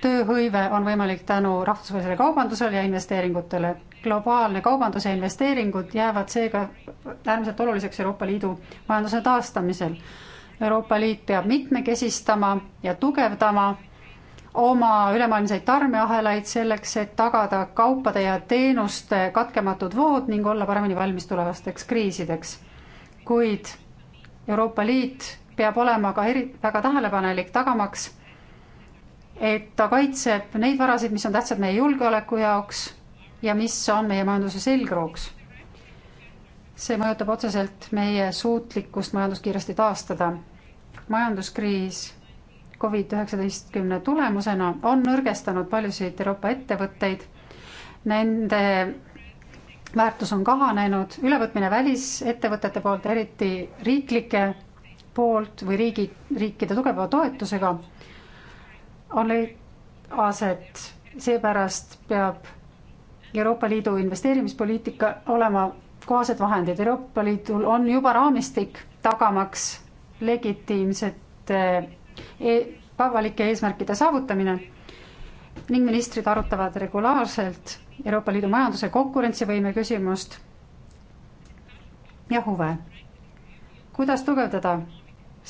[SPEAKER 9] tööhõive on võimalik tänu rahvusvahelisele kaubandusele ja investeeringutele. globaalne kaubandus ja investeeringud jäävad seega äärmiselt oluliseks Euroopa Liidu majanduse taastamisel. Euroopa Liit peab mitmekesistama ja tugevdama oma ülemaailmseid tarneahelaid selleks, et tagada kaupade ja teenuste katkematud vood ning olla paremini valmis tulevasteks kriisideks. kuid Euroopa Liit peab olema ka eri, väga tähelepanelik, tagamaks, et ta kaitseb neid varasid, mis on tähtsad meie julgeoleku jaoks ja mis on meie majanduse selgrooks. see mõjutab otseselt meie suutlikkust majandus kiiresti taastada. majanduskriis Covid üheksateistkümne tulemusena on nõrgestanud paljusid Euroopa ettevõtteid. Nende väärtus on kahanenud, ülevõtmine välisettevõtete poolt, eriti riiklike poolt või riigi, riikide tugeva toetusega on aset, seepärast peab Euroopa Liidu investeerimispoliitika olema kohased vahendid, Euroopa Liidul on juba raamistik tagamaks legitiimsete E-, avalike eesmärkide saavutamine ning ministrid arutavad regulaarselt Euroopa Liidu majanduse konkurentsivõime küsimust ja huve. kuidas tugevdada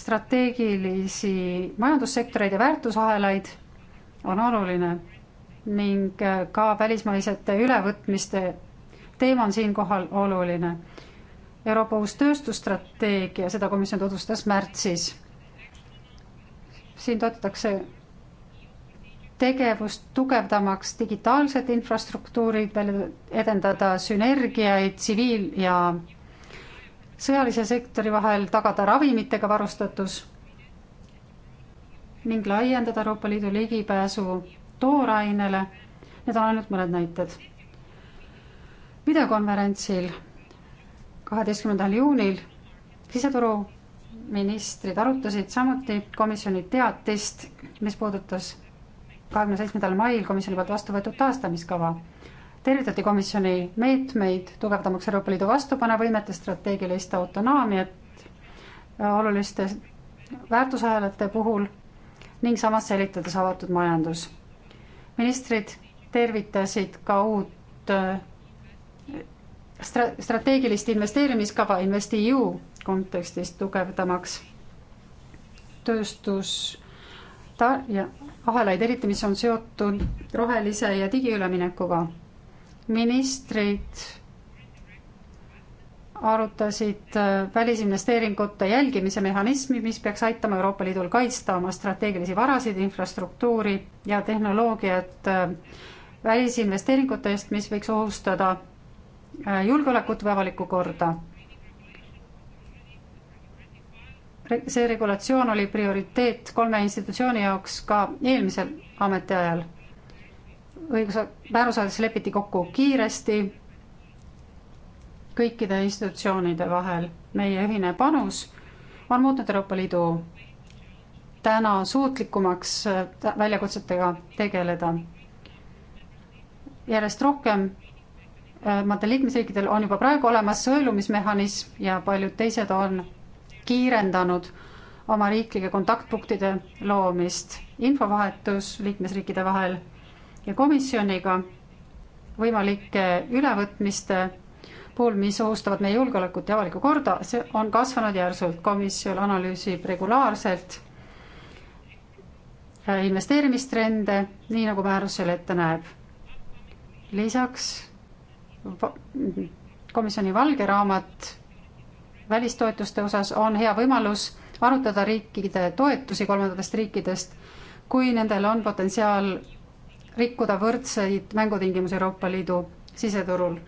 [SPEAKER 9] strateegilisi majandussektoreid ja väärtusahelaid on oluline ning äh, ka välismaisete ülevõtmiste teema on siinkohal oluline. Euroopa uus tööstusstrateegia, seda komisjon tutvustas märtsis siin toetatakse tegevust tugevdamaks digitaalset infrastruktuuri, edendada sünergiaid tsiviil- ja sõjalise sektori vahel, tagada ravimitega varustatus ning laiendada Euroopa Liidu ligipääsu toorainele. Need on ainult mõned näited. videokonverentsil kaheteistkümnendal juunil siseturu ministrid arutasid samuti komisjoni teatist, mis puudutas kahekümne seitsmendal mail komisjoni poolt vastu võetud taastamiskava. tervitati komisjoni meetmeid, tugevdamaks Euroopa Liidu vastupanevõimet ja strateegilist autonoomiat oluliste väärtusahelate puhul ning samas säilitades avatud majandus. ministrid tervitasid ka uut äh, stra-, strateegilist investeerimiskava InvestEU kontekstis tugevdamaks tööstus ta- ja ahelaid, eriti mis on seotud rohelise ja digiüleminekuga. ministrid arutasid äh, välisinvesteeringute jälgimise mehhanismi, mis peaks aitama Euroopa Liidul kaitsta oma strateegilisi varasid, infrastruktuuri ja tehnoloogiat äh, välisinvesteeringute eest, mis võiks ohustada äh, julgeolekut või avalikku korda see regulatsioon oli prioriteet kolme institutsiooni jaoks ka eelmisel ametiajal. õigus, määrusosades lepiti kokku kiiresti kõikide institutsioonide vahel. meie ühine panus on muutnud Euroopa Liidu täna suutlikumaks äh, väljakutsetega tegeleda. järjest rohkem äh, maadel liikmesriikidel on juba praegu olemas sõelumismehhanism ja paljud teised on kiirendanud oma riiklike kontaktpunktide loomist, infovahetus liikmesriikide vahel ja komisjoniga võimalike ülevõtmiste puhul, mis ohustavad meie julgeolekut ja avalikku korda, see on kasvanud järsult. komisjon analüüsib regulaarselt äh, investeerimistrende, nii nagu määrus selle ette näeb. lisaks komisjoni valge raamat välistoetuste osas on hea võimalus arutada riikide toetusi kolmandatest riikidest, kui nendel on potentsiaal rikkuda võrdseid mängutingimusi Euroopa Liidu siseturul.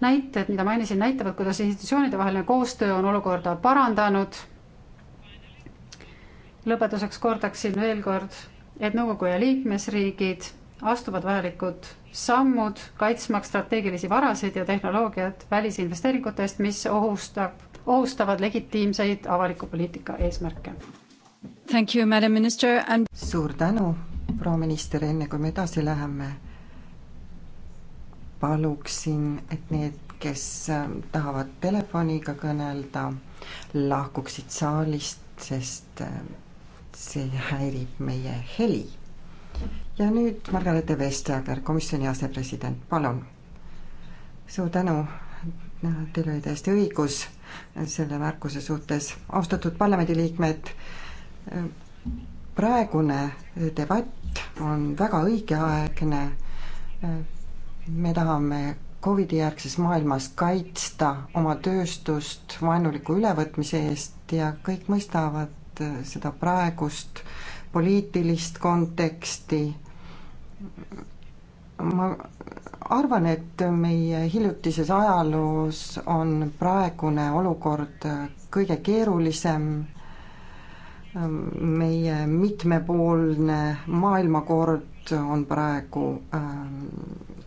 [SPEAKER 9] näited, mida mainisin, näitavad, kuidas institutsioonide vaheline koostöö on olukorda parandanud. lõpetuseks kordaksin veel kord, et nõukogu ja liikmesriigid astuvad vajalikud sammud kaitsmaks strateegilisi varasid ja tehnoloogiat välisinvesteeringute eest, mis ohustab ohustavad legitiimseid avaliku poliitika eesmärke.
[SPEAKER 7] Thank you, madam minister and suur tänu, proua minister, enne kui me edasi läheme, paluksin, et need, kes ähm, tahavad telefoniga kõnelda, lahkuksid saalist, sest ähm, see häirib meie heli. ja nüüd Margareete Vestager, komisjoni asepresident, palun. suur tänu, teil oli täiesti õigus selle märkuse suhtes. austatud parlamendiliikmed, praegune debatt on väga õigeaegne. me tahame Covidi järgses maailmas kaitsta oma tööstust vaenuliku ülevõtmise eest ja kõik mõistavad seda praegust poliitilist konteksti. ma arvan, et meie hiljutises ajaloos on praegune olukord kõige keerulisem, meie mitmepoolne maailmakord on praegu ähm,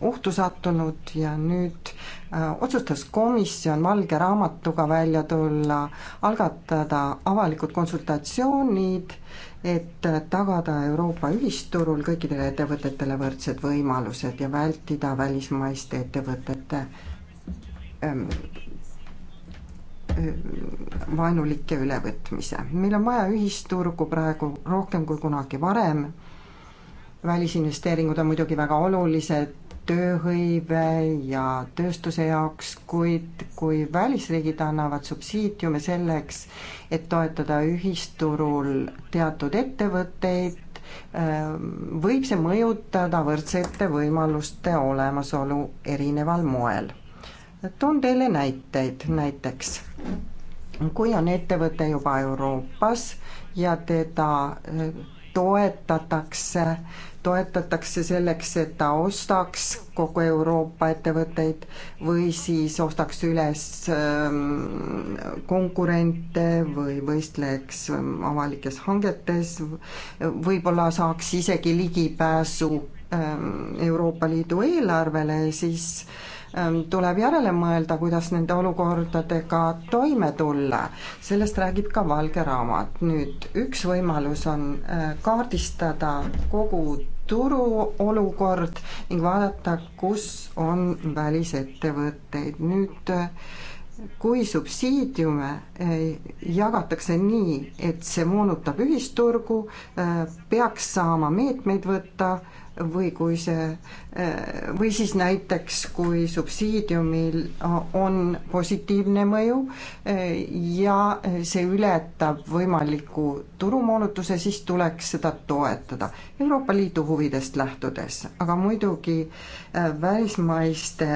[SPEAKER 7] ohtu sattunud ja nüüd äh, otsustas komisjon valge raamatuga välja tulla, algatada avalikud konsultatsioonid et tagada Euroopa ühisturul kõikidele ettevõtetele võrdsed võimalused ja vältida välismaiste ettevõtete ähm, äh, vaenulikke ülevõtmise. meil on vaja ühisturgu praegu rohkem kui kunagi varem, välisinvesteeringud on muidugi väga olulised tööhõive ja tööstuse jaoks, kuid kui välisriigid annavad subsiidiume selleks, et toetada ühisturul teatud ettevõtteid, ähm, võib see mõjutada võrdsete võimaluste olemasolu erineval moel. toon teile näiteid, näiteks kui on ettevõte juba Euroopas ja teda äh, toetatakse äh, toetatakse selleks, et ta ostaks kogu Euroopa ettevõtteid või siis ostaks üles ähm, konkurente või võistleks ähm, avalikes hangetes, võib-olla saaks isegi ligipääsu ähm, Euroopa Liidu eelarvele, siis tuleb järele mõelda, kuidas nende olukordadega toime tulla. sellest räägib ka Valge Raamat. nüüd üks võimalus on äh, kaardistada kogu turuolukord ning vaadata, kus on välisettevõtteid. nüüd kui subsiidiume eh, jagatakse nii, et see moonutab ühisturgu, eh, peaks saama meetmeid võtta või kui see, äh, või siis näiteks, kui subsiidiumil on positiivne mõju äh, ja see ületab võimaliku turumoonutuse, siis tuleks seda toetada Euroopa Liidu huvidest lähtudes, aga muidugi äh, välismaiste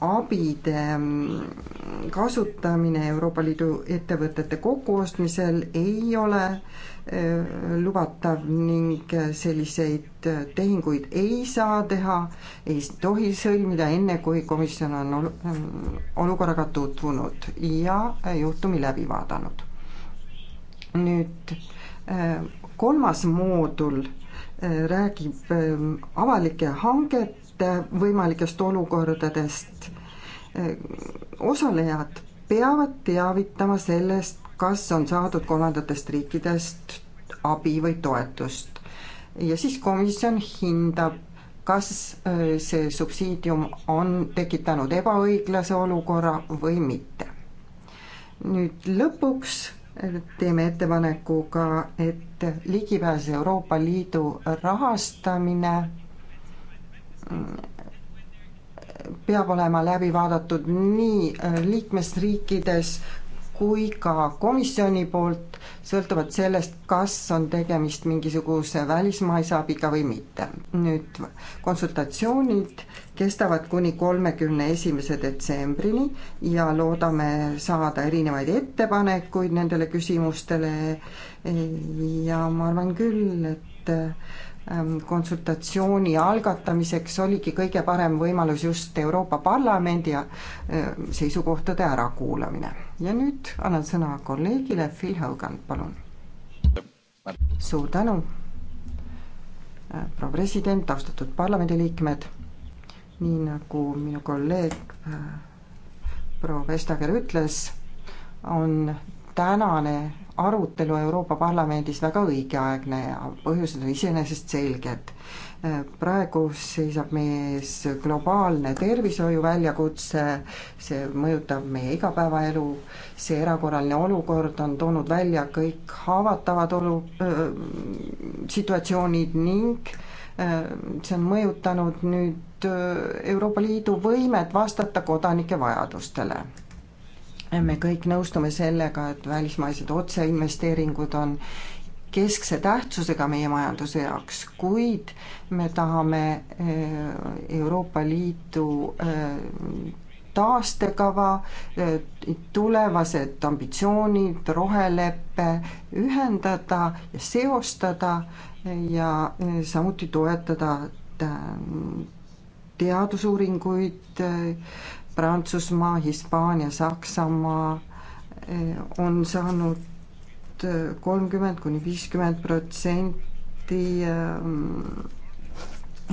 [SPEAKER 7] abide mm, kasutamine Euroopa Liidu ettevõtete kokkuostmisel ei ole äh, Äh, lubatav ning äh, selliseid äh, tehinguid ei saa teha, ei tohi sõlmida enne, kui komisjon on olukorraga tutvunud ja juhtumi läbi vaadanud. nüüd kolmas moodul räägib avalike hangete võimalikest olukordadest, osalejad peavad teavitama sellest, kas on saadud kolmandatest riikidest abi või toetust. ja siis komisjon hindab, kas äh, see subsiidium on tekitanud ebaõiglase olukorra või mitte. nüüd lõpuks äh, teeme ettepaneku ka, et ligipääs Euroopa Liidu rahastamine mm, peab olema läbi vaadatud nii äh, liikmesriikides kui ka komisjoni poolt, sõltuvalt sellest, kas on tegemist mingisuguse välismaise abiga või mitte. nüüd konsultatsioonid kestavad kuni kolmekümne esimese detsembrini ja loodame saada erinevaid ettepanekuid nendele küsimustele ja ma arvan küll, et äh, Ähm, konsultatsiooni algatamiseks oligi kõige parem võimalus just Euroopa Parlamendi äh, seisukohtade ärakuulamine. ja nüüd annan sõna kolleegile Phil Hogan, palun. suur tänu, äh, proua president, austatud parlamendiliikmed, nii nagu minu kolleeg äh, proua Vestager ütles, on tänane arutelu Euroopa Parlamendis väga õigeaegne ja põhjused on iseenesest selged. praegu seisab meie ees globaalne tervishoiu väljakutse, see mõjutab meie igapäevaelu, see erakorraline olukord on toonud välja kõik haavatavad olu-, situatsioonid ning see on mõjutanud nüüd Euroopa Liidu võimet vastata kodanike vajadustele me kõik nõustume sellega, et välismaised otseinvesteeringud on keskse tähtsusega meie majanduse jaoks, kuid me tahame eh, Euroopa Liidu eh, taastekava, eh, tulevased ambitsioonid, roheleppe ühendada ja seostada ja samuti toetada teadusuuringuid, Prantsusmaa, Hispaania, Saksamaa eh, on saanud eh, kolmkümmend kuni viiskümmend protsenti eh,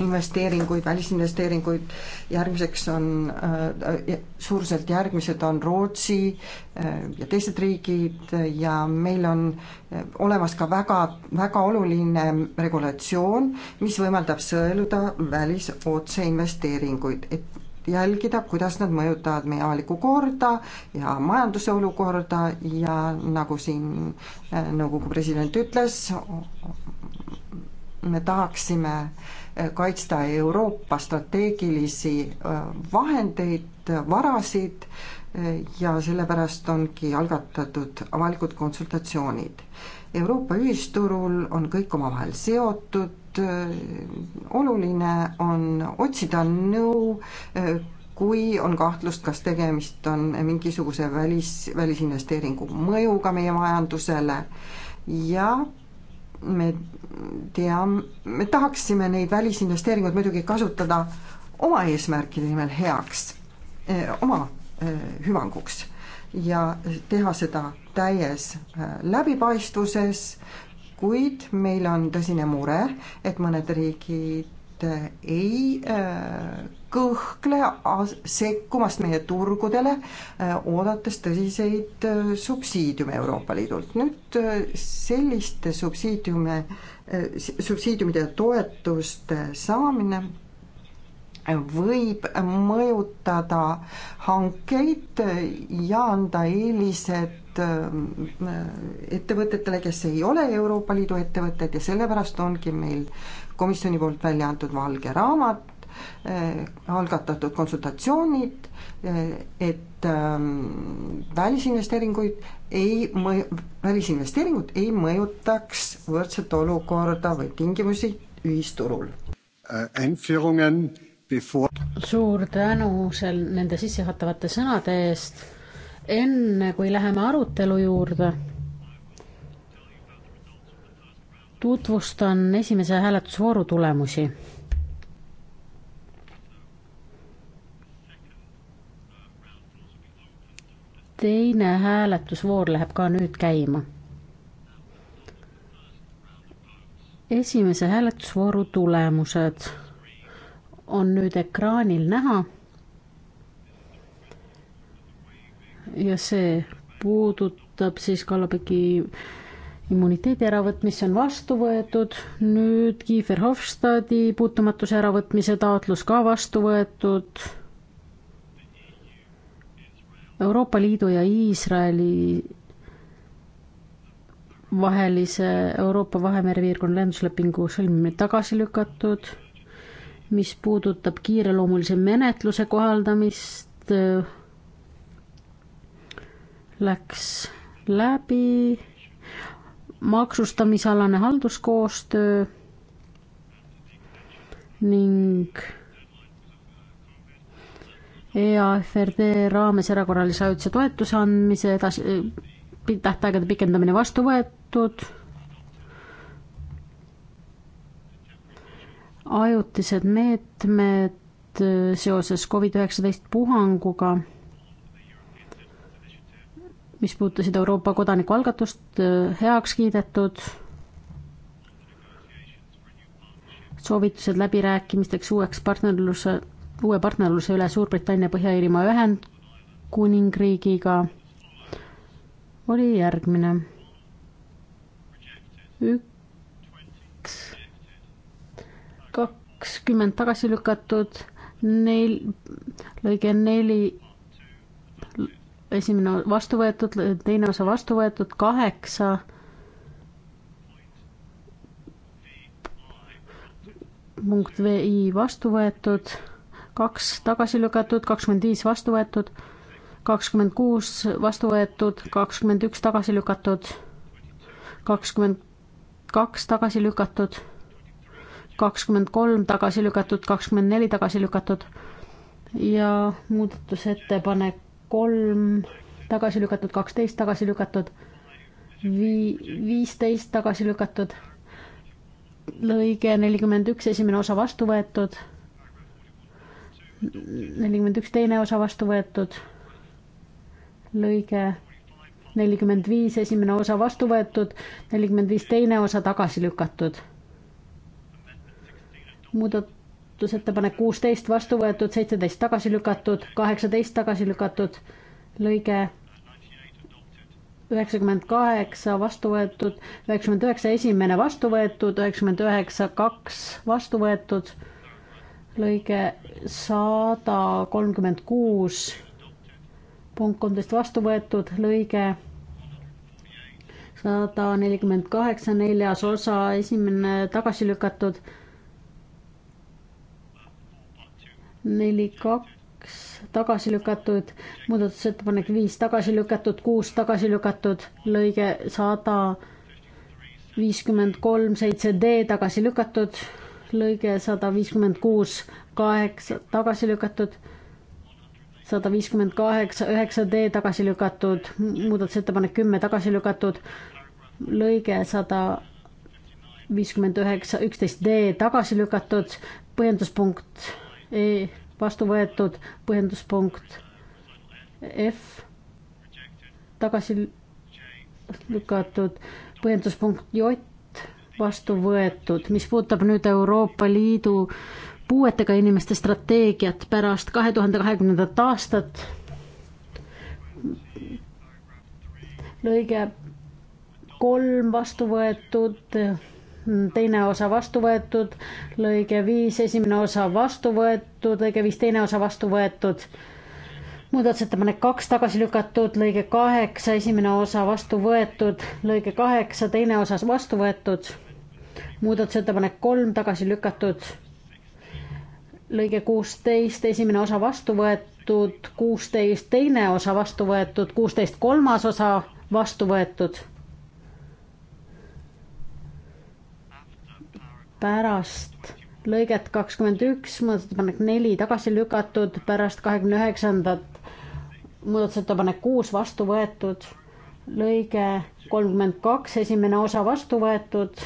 [SPEAKER 7] investeeringuid, välisinvesteeringuid, järgmiseks on äh,, suuruselt järgmised on Rootsi äh, ja teised riigid ja meil on äh, olemas ka väga, väga oluline regulatsioon, mis võimaldab sõeluda välisotseinvesteeringuid, et jälgida, kuidas nad mõjutavad meie avalikku korda ja majanduse olukorda ja nagu siin eh, nõukogu president ütles, me tahaksime eh, kaitsta Euroopa strateegilisi eh, vahendeid, varasid ja sellepärast ongi algatatud avalikud konsultatsioonid. Euroopa ühisturul on kõik omavahel seotud, Äh, oluline on otsida nõu, äh, kui on kahtlust, kas tegemist on mingisuguse välis, välisinvesteeringu mõjuga meie majandusele ja me teame, me tahaksime neid välisinvesteeringuid muidugi kasutada oma eesmärkide nimel heaks, äh, oma hüvanguks ja teha seda täies läbipaistvuses, kuid meil on tõsine mure, et mõned riigid äh, ei äh, kõhkle sekkumast meie turgudele, äh, oodates tõsiseid subsiidiume Euroopa Liidult. nüüd selliste subsiidiume, subsiidiumide ja toetuste saamine võib mõjutada hankeid ja anda eelised Äh, ettevõtetele, kes ei ole Euroopa Liidu ettevõtted ja sellepärast ongi meil komisjoni poolt välja antud valge raamat, äh, algatatud konsultatsioonid, äh, et ähm, välisinvesteeringuid ei mõju, välisinvesteeringud ei mõjutaks võrdset olukorda või tingimusi ühisturul.
[SPEAKER 10] suur tänu seal nende sissejuhatavate sõnade eest enne kui läheme arutelu juurde, tutvustan esimese hääletusvooru tulemusi. teine hääletusvoor läheb ka nüüd käima. esimese hääletusvooru tulemused on nüüd ekraanil näha ja see puudutab siis Kallapeki immuniteedi äravõtmist, see on vastu võetud, nüüd Kiefer Hofstadi puutumatuse äravõtmise taotlus ka vastu võetud. Euroopa Liidu ja Iisraeli vahelise Euroopa Vahemere piirkonna lenduslepingu sõlmimine tagasi lükatud, mis puudutab kiireloomulise menetluse kohaldamist läks läbi, maksustamisalane halduskoostöö ning EAFRD raames erakorralise ajutise toetuse andmise edasi, tähtaegade pikendamine vastu võetud, ajutised meetmed äh, seoses Covid-19 puhanguga mis puutusid Euroopa kodanikualgatust, äh, heaks kiidetud. soovitused läbirääkimisteks uueks partnerluse, uue partnerluse üle Suurbritannia, Põhja-Iirimaa Ühendkuningriigiga oli järgmine. üks, kakskümmend tagasi lükatud, neil, lõige neli esimene vastu võetud, teine osa vastu võetud, kaheksa. punkt VI vastu võetud, kaks tagasi lükatud, kakskümmend viis vastu võetud, kakskümmend kuus vastu võetud, kakskümmend üks tagasi lükatud, kakskümmend kaks tagasi lükatud, kakskümmend kolm tagasi lükatud, kakskümmend neli tagasi lükatud ja muudatusettepanek kolm tagasi lükatud, kaksteist tagasi lükatud, vii-, viisteist tagasi lükatud, lõige nelikümmend üks, esimene osa vastu võetud,
[SPEAKER 8] nelikümmend
[SPEAKER 10] üks, teine osa vastu võetud, lõige nelikümmend viis, esimene osa vastu võetud, nelikümmend viis, teine osa tagasi lükatud. muudat-, muudatusettepanek kuusteist vastu võetud, seitseteist tagasi lükatud, kaheksateist tagasi lükatud, lõige üheksakümmend kaheksa vastu võetud, üheksakümmend üheksa esimene vastu võetud, üheksakümmend üheksa kaks vastu võetud, lõige sada kolmkümmend kuus, punkt kolmteist vastu võetud, lõige sada nelikümmend kaheksa neljas osa, esimene tagasi lükatud neli, kaks tagasi lükatud, muudatusettepanek viis tagasi lükatud, kuus tagasi lükatud, lõige sada viiskümmend kolm, seitse D tagasi lükatud, lõige sada viiskümmend kuus, kaheksa tagasi lükatud sada viiskümmend kaheksa, üheksa D tagasi lükatud, muudatusettepanek kümme tagasi lükatud, lõige sada viiskümmend üheksa, üksteist D tagasi lükatud, põhjenduspunkt vastu võetud põhjenduspunkt F tagasi lükatud põhjenduspunkt J vastu võetud, mis puudutab nüüd Euroopa Liidu puuetega inimeste strateegiat pärast kahe tuhande kahekümnendat aastat. lõige kolm vastu võetud teine osa vastu võetud, lõige viis, esimene osa vastu võetud, lõige viis, teine osa vastu võetud. muudatusettepanek kaks tagasi lükatud, lõige kaheksa, esimene osa vastu võetud, lõige kaheksa, teine osa vastu võetud. muudatusettepanek kolm tagasi lükatud. lõige kuusteist, esimene osa vastu võetud, kuusteist teine osa vastu võetud, kuusteist kolmas osa vastu võetud pärast lõiget kakskümmend üks, muudatusettepanek neli tagasi lükatud, pärast kahekümne üheksandat muudatusettepanek kuus vastu võetud, lõige kolmkümmend kaks esimene osa vastu võetud,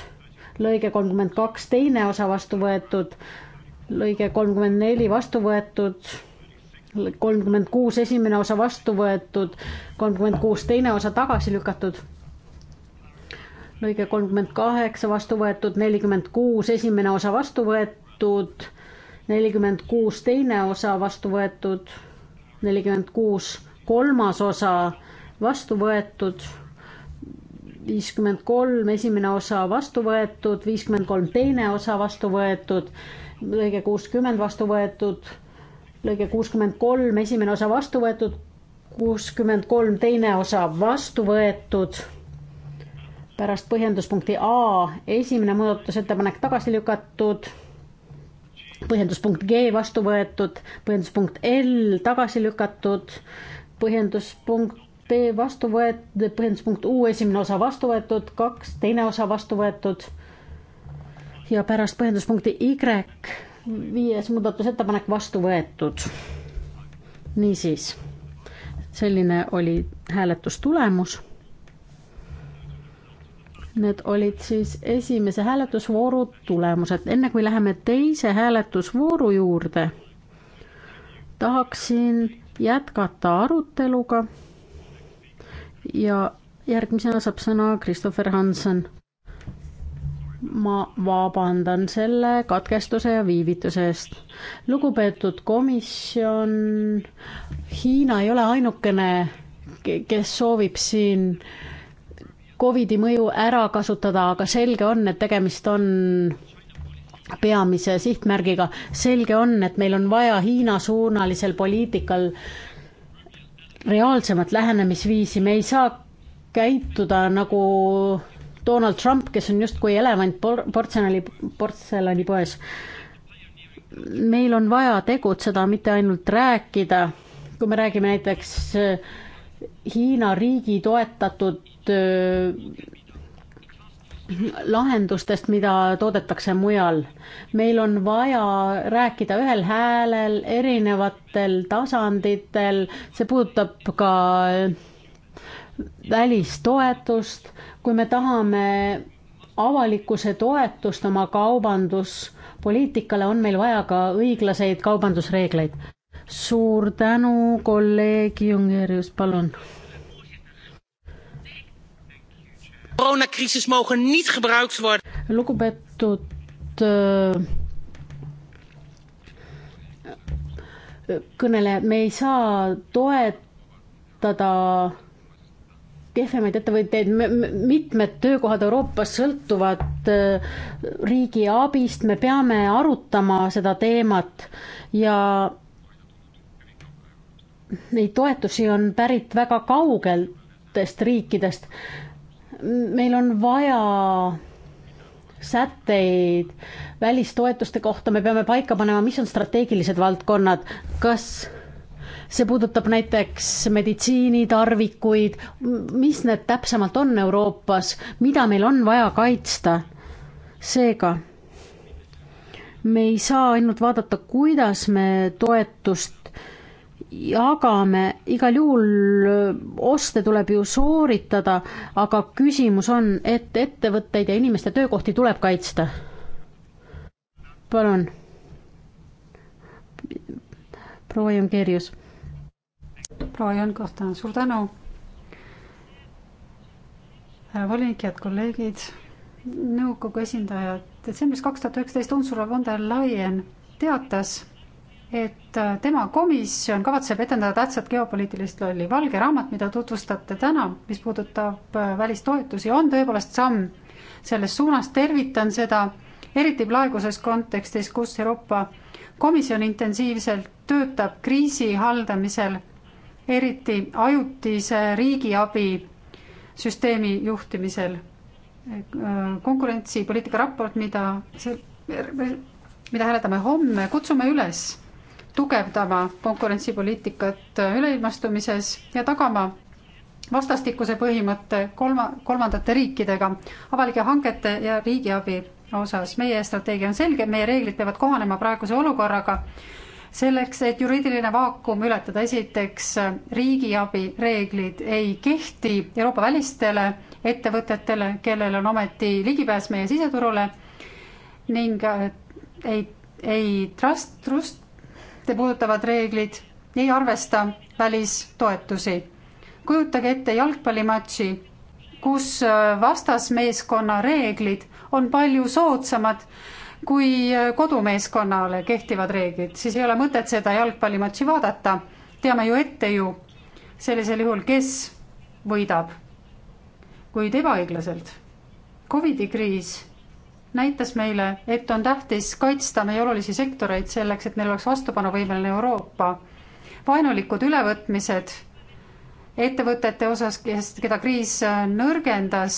[SPEAKER 10] lõige kolmkümmend kaks teine osa vastu võetud, lõige kolmkümmend neli vastu võetud, kolmkümmend kuus esimene osa vastu võetud, kolmkümmend kuus teine osa tagasi lükatud lõige kolmkümmend kaheksa vastu võetud, nelikümmend kuus esimene osa vastu võetud, nelikümmend kuus teine osa vastu võetud, nelikümmend kuus kolmas osa vastu võetud, viiskümmend kolm esimene osa vastu võetud, viiskümmend kolm teine osa vastu võetud, lõige kuuskümmend vastu võetud, lõige kuuskümmend kolm esimene osa vastu võetud, kuuskümmend kolm teine osa vastu võetud pärast põhjenduspunkti A esimene muudatusettepanek tagasi lükatud, põhjenduspunkt G vastu võetud, põhjenduspunkt L tagasi lükatud, põhjenduspunkt B vastu võetud, põhjenduspunkt U esimene osa vastu võetud, kaks teine osa vastu võetud ja pärast põhjenduspunkti Y viies muudatusettepanek vastu võetud. niisiis, selline oli hääletustulemus Need olid siis esimese hääletusvooru tulemused. enne kui läheme teise hääletusvooru juurde, tahaksin jätkata aruteluga. ja järgmisena saab sõna Christopher Hansen. ma vabandan selle katkestuse ja viivituse eest. lugupeetud komisjon, Hiina ei ole ainukene, kes soovib siin äh, Covidi mõju ära kasutada, aga selge on, et tegemist on peamise sihtmärgiga, selge on, et meil on vaja Hiina-suunalisel poliitikal reaalsemat lähenemisviisi, me ei saa käituda nagu Donald Trump, kes on justkui elevant portselani, portselanipoes. meil on vaja tegutseda, mitte ainult rääkida, kui me räägime näiteks äh, Hiina riigi toetatud äh, lahendustest, mida toodetakse mujal. meil on vaja rääkida ühel häälel erinevatel tasanditel, see puudutab ka äh, välistoetust, kui me tahame avalikkuse toetust oma kaubanduspoliitikale, on meil vaja ka õiglaseid kaubandusreegleid suur tänu, kolleeg Jungerius, palun.
[SPEAKER 1] koroonakriisis mogen niet gebruikt worden.
[SPEAKER 10] lugupeetud äh, kõnelejad, me ei saa toetada kehvemaid ettevõtteid, mitmed töökohad Euroopas sõltuvad äh, riigi abist, me peame arutama seda teemat ja neid toetusi on pärit väga kaugeltest riikidest. meil on vaja sätteid välistoetuste kohta, me peame paika panema, mis on strateegilised valdkonnad, kas see puudutab näiteks meditsiinitarvikuid, mis need täpsemalt on Euroopas, mida meil on vaja kaitsta. seega me ei saa ainult vaadata, kuidas me toetust jagame, igal juhul äh, oste tuleb ju sooritada, aga küsimus on, et ettevõtteid ja inimeste töökohti tuleb kaitsta. palun. proua Jongeerius. proua Jonkahta, suur
[SPEAKER 9] tänu. Äh, volinik, head kolleegid, nõukogu esindajad, detsembris kaks tuhat üheksateist Ursula von der Leyen teatas, et äh, tema komisjon kavatseb etendada tähtsat geopoliitilist lolli. valge raamat, mida tutvustate täna, mis puudutab äh, välistoetusi, on tõepoolest samm selles suunas, tervitan seda, eriti praeguses kontekstis, kus Euroopa Komisjon intensiivselt töötab kriisi haldamisel, eriti ajutise riigiabi süsteemi juhtimisel. konkurentsipoliitika raport, mida see mida hääletame homme, kutsume üles tugevdama konkurentsipoliitikat üleilmastumises ja tagama vastastikuse põhimõtte kolma, kolmandate riikidega avalike hangete ja riigiabi osas. meie strateegia on selge, meie reeglid peavad kohanema praeguse olukorraga selleks, et juriidiline vaakum ületada, esiteks riigiabi reeglid ei kehti Euroopa välistele ettevõtetele, kellel on ometi ligipääs meie siseturule ning äh, ei, ei trust, trust projekte puudutavad reeglid ei arvesta välistoetusi. kujutage ette jalgpallimatši, kus äh, vastasmeeskonna reeglid on palju soodsamad kui äh, kodumeeskonnale kehtivad reeglid, siis ei ole mõtet seda jalgpallimatši vaadata. teame ju ette ju sellisel juhul, kes võidab, kuid ebaõiglaselt. Covidi kriis näitas meile, et on tähtis kaitsta meie olulisi sektoreid selleks, et meil oleks vastupanuvõimeline Euroopa. vaenulikud ülevõtmised ettevõtete osas, kes, keda kriis äh, nõrgendas,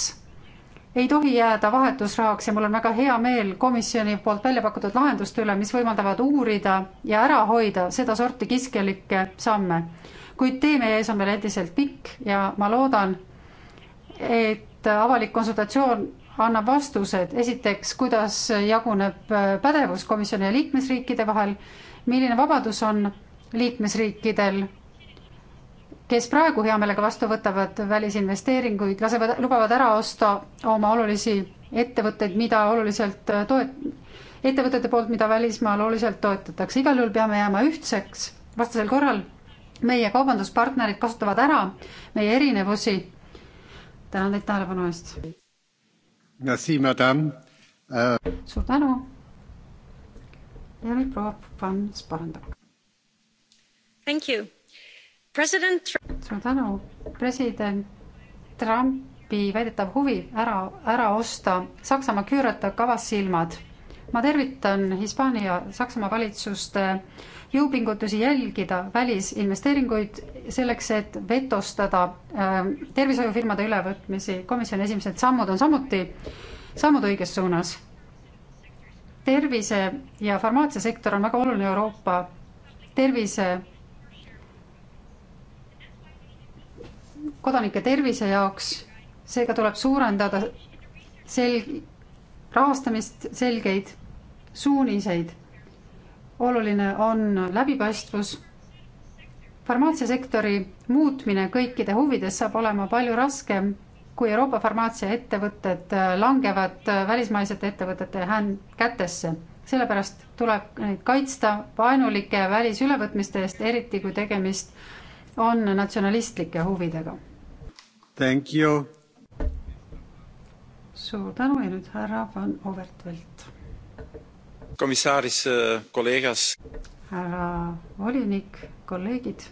[SPEAKER 9] ei tohi jääda vahetusrahaks ja mul on väga hea meel komisjoni poolt välja pakutud lahenduste üle, mis võimaldavad uurida ja ära hoida sedasorti kiskjalikke samme. kuid tee meie ees on veel endiselt pikk ja ma loodan, et avalik konsultatsioon annab vastused, esiteks, kuidas jaguneb äh, pädevus komisjoni ja liikmesriikide vahel, milline vabadus on liikmesriikidel, kes praegu hea meelega vastu võtavad välisinvesteeringuid, lasevad, lubavad ära osta oma olulisi ettevõtteid, mida oluliselt äh, toet-, ettevõtete poolt, mida välismaal oluliselt toetatakse, igal juhul peame jääma ühtseks, vastasel korral meie kaubanduspartnerid kasutavad ära meie erinevusi. tänan teid tähelepanu eest. Merci, madame uh.... suur tänu. ja nüüd proua Pans parandab.
[SPEAKER 6] Thank you. president.
[SPEAKER 9] suur tänu, president Trumpi väidetav huvi ära, ära osta Saksamaa küürata kavas silmad. ma tervitan Hispaania, Saksamaa valitsuste äh, jõupingutusi jälgida välisinvesteeringuid selleks, et vetostada äh, tervishoiufirmade ülevõtmisi. komisjoni esimesed sammud on samuti sammud õiges suunas. tervise ja farmaatsiasektor on väga oluline Euroopa tervise, kodanike tervise jaoks, seega tuleb suurendada sel-, rahastamist, selgeid suuniseid oluline on läbipaistvus. farmaatsiasektori muutmine kõikide huvides saab olema palju raskem, kui Euroopa farmaatsiaettevõtted äh, langevad äh, välismaisete ettevõtete kätesse. sellepärast tuleb neid kaitsta vaenulike välisülevõtmiste eest, eriti kui tegemist on natsionalistlike huvidega. Thank you. suur tänu ja nüüd härra Van Overtvelt
[SPEAKER 2] komissaris, äh, kolleegas.
[SPEAKER 9] härra volinik, kolleegid.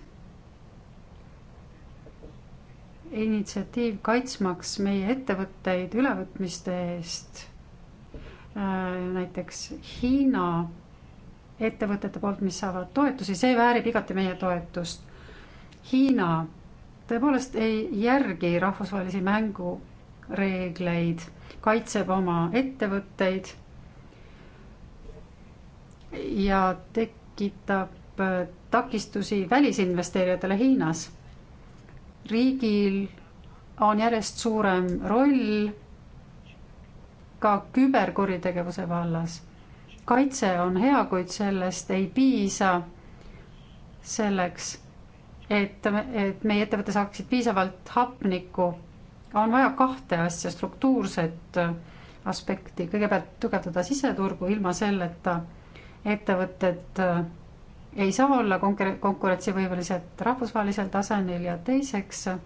[SPEAKER 9] initsiatiiv kaitsmaks meie ettevõtteid ülevõtmiste eest, äh, näiteks Hiina ettevõtete poolt, mis saavad toetusi, see väärib igati meie toetust. Hiina tõepoolest ei järgi rahvusvahelisi mängureegleid, kaitseb oma ettevõtteid ja tekitab äh, takistusi välisinvesteerijatele Hiinas. riigil on järjest suurem roll ka küberkuritegevuse vallas. kaitse on hea, kuid sellest ei piisa selleks, et, et meie ettevõte saaksid piisavalt hapnikku. on vaja kahte asja, struktuurset äh, aspekti, kõigepealt tugevdada siseturgu ilma selleta ettevõtted äh, ei saa olla konkur-, konkurentsivõimelised rahvusvahelisel tasemel ja teiseks äh,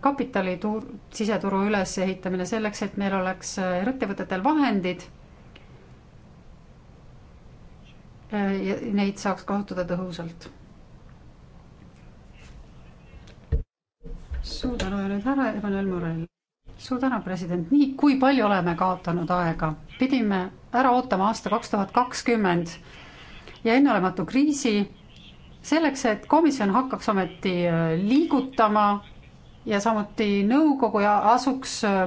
[SPEAKER 9] kapitalitur-, siseturu ülesehitamine selleks, et meil oleks äh, ettevõtetel vahendid ja neid saaks kasutada tõhusalt. suur tänu ja nüüd härra Emmanuel Morel suur tänu, president, nii kui palju oleme kaotanud aega, pidime ära ootama aasta kaks tuhat kakskümmend ja enneolematu kriisi selleks, et komisjon hakkaks ometi äh, liigutama ja samuti nõukogu ja asuks äh,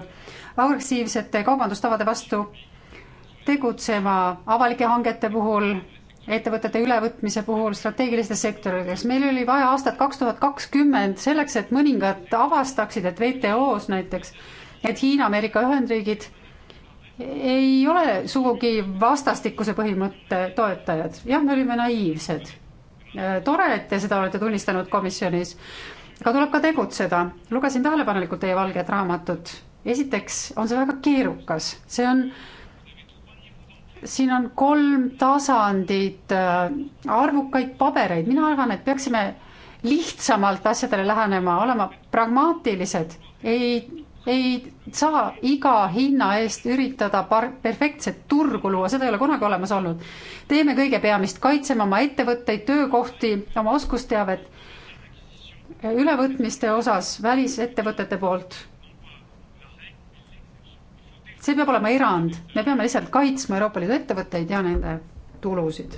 [SPEAKER 9] agressiivsete kaubandustavade vastu tegutsema avalike hangete puhul, ettevõtete ülevõtmise puhul strateegilistes sektorites. meil oli vaja aastat kaks tuhat kakskümmend selleks, et mõningad avastaksid, et WTO-s näiteks et Hiina, Ameerika Ühendriigid ei ole sugugi vastastikuse põhimõtte toetajad. jah, me olime naiivsed. Äh, tore, et te seda olete tunnistanud komisjonis, aga tuleb ka tegutseda. lugesin tähelepanelikult teie valget raamatut. esiteks on see väga keerukas, see on, siin on kolm tasandit äh, arvukaid pabereid, mina arvan, et peaksime lihtsamalt asjadele lähenema, olema pragmaatilised, ei ei saa iga hinna eest üritada par-, perfektset turgu luua, seda ei ole kunagi olemas olnud. teeme kõige peamist, kaitseme oma ettevõtteid, töökohti, oma oskusteavet ülevõtmiste osas välisettevõtete poolt. see peab olema erand, me peame lihtsalt kaitsma Euroopa Liidu ettevõtteid ja nende tulusid.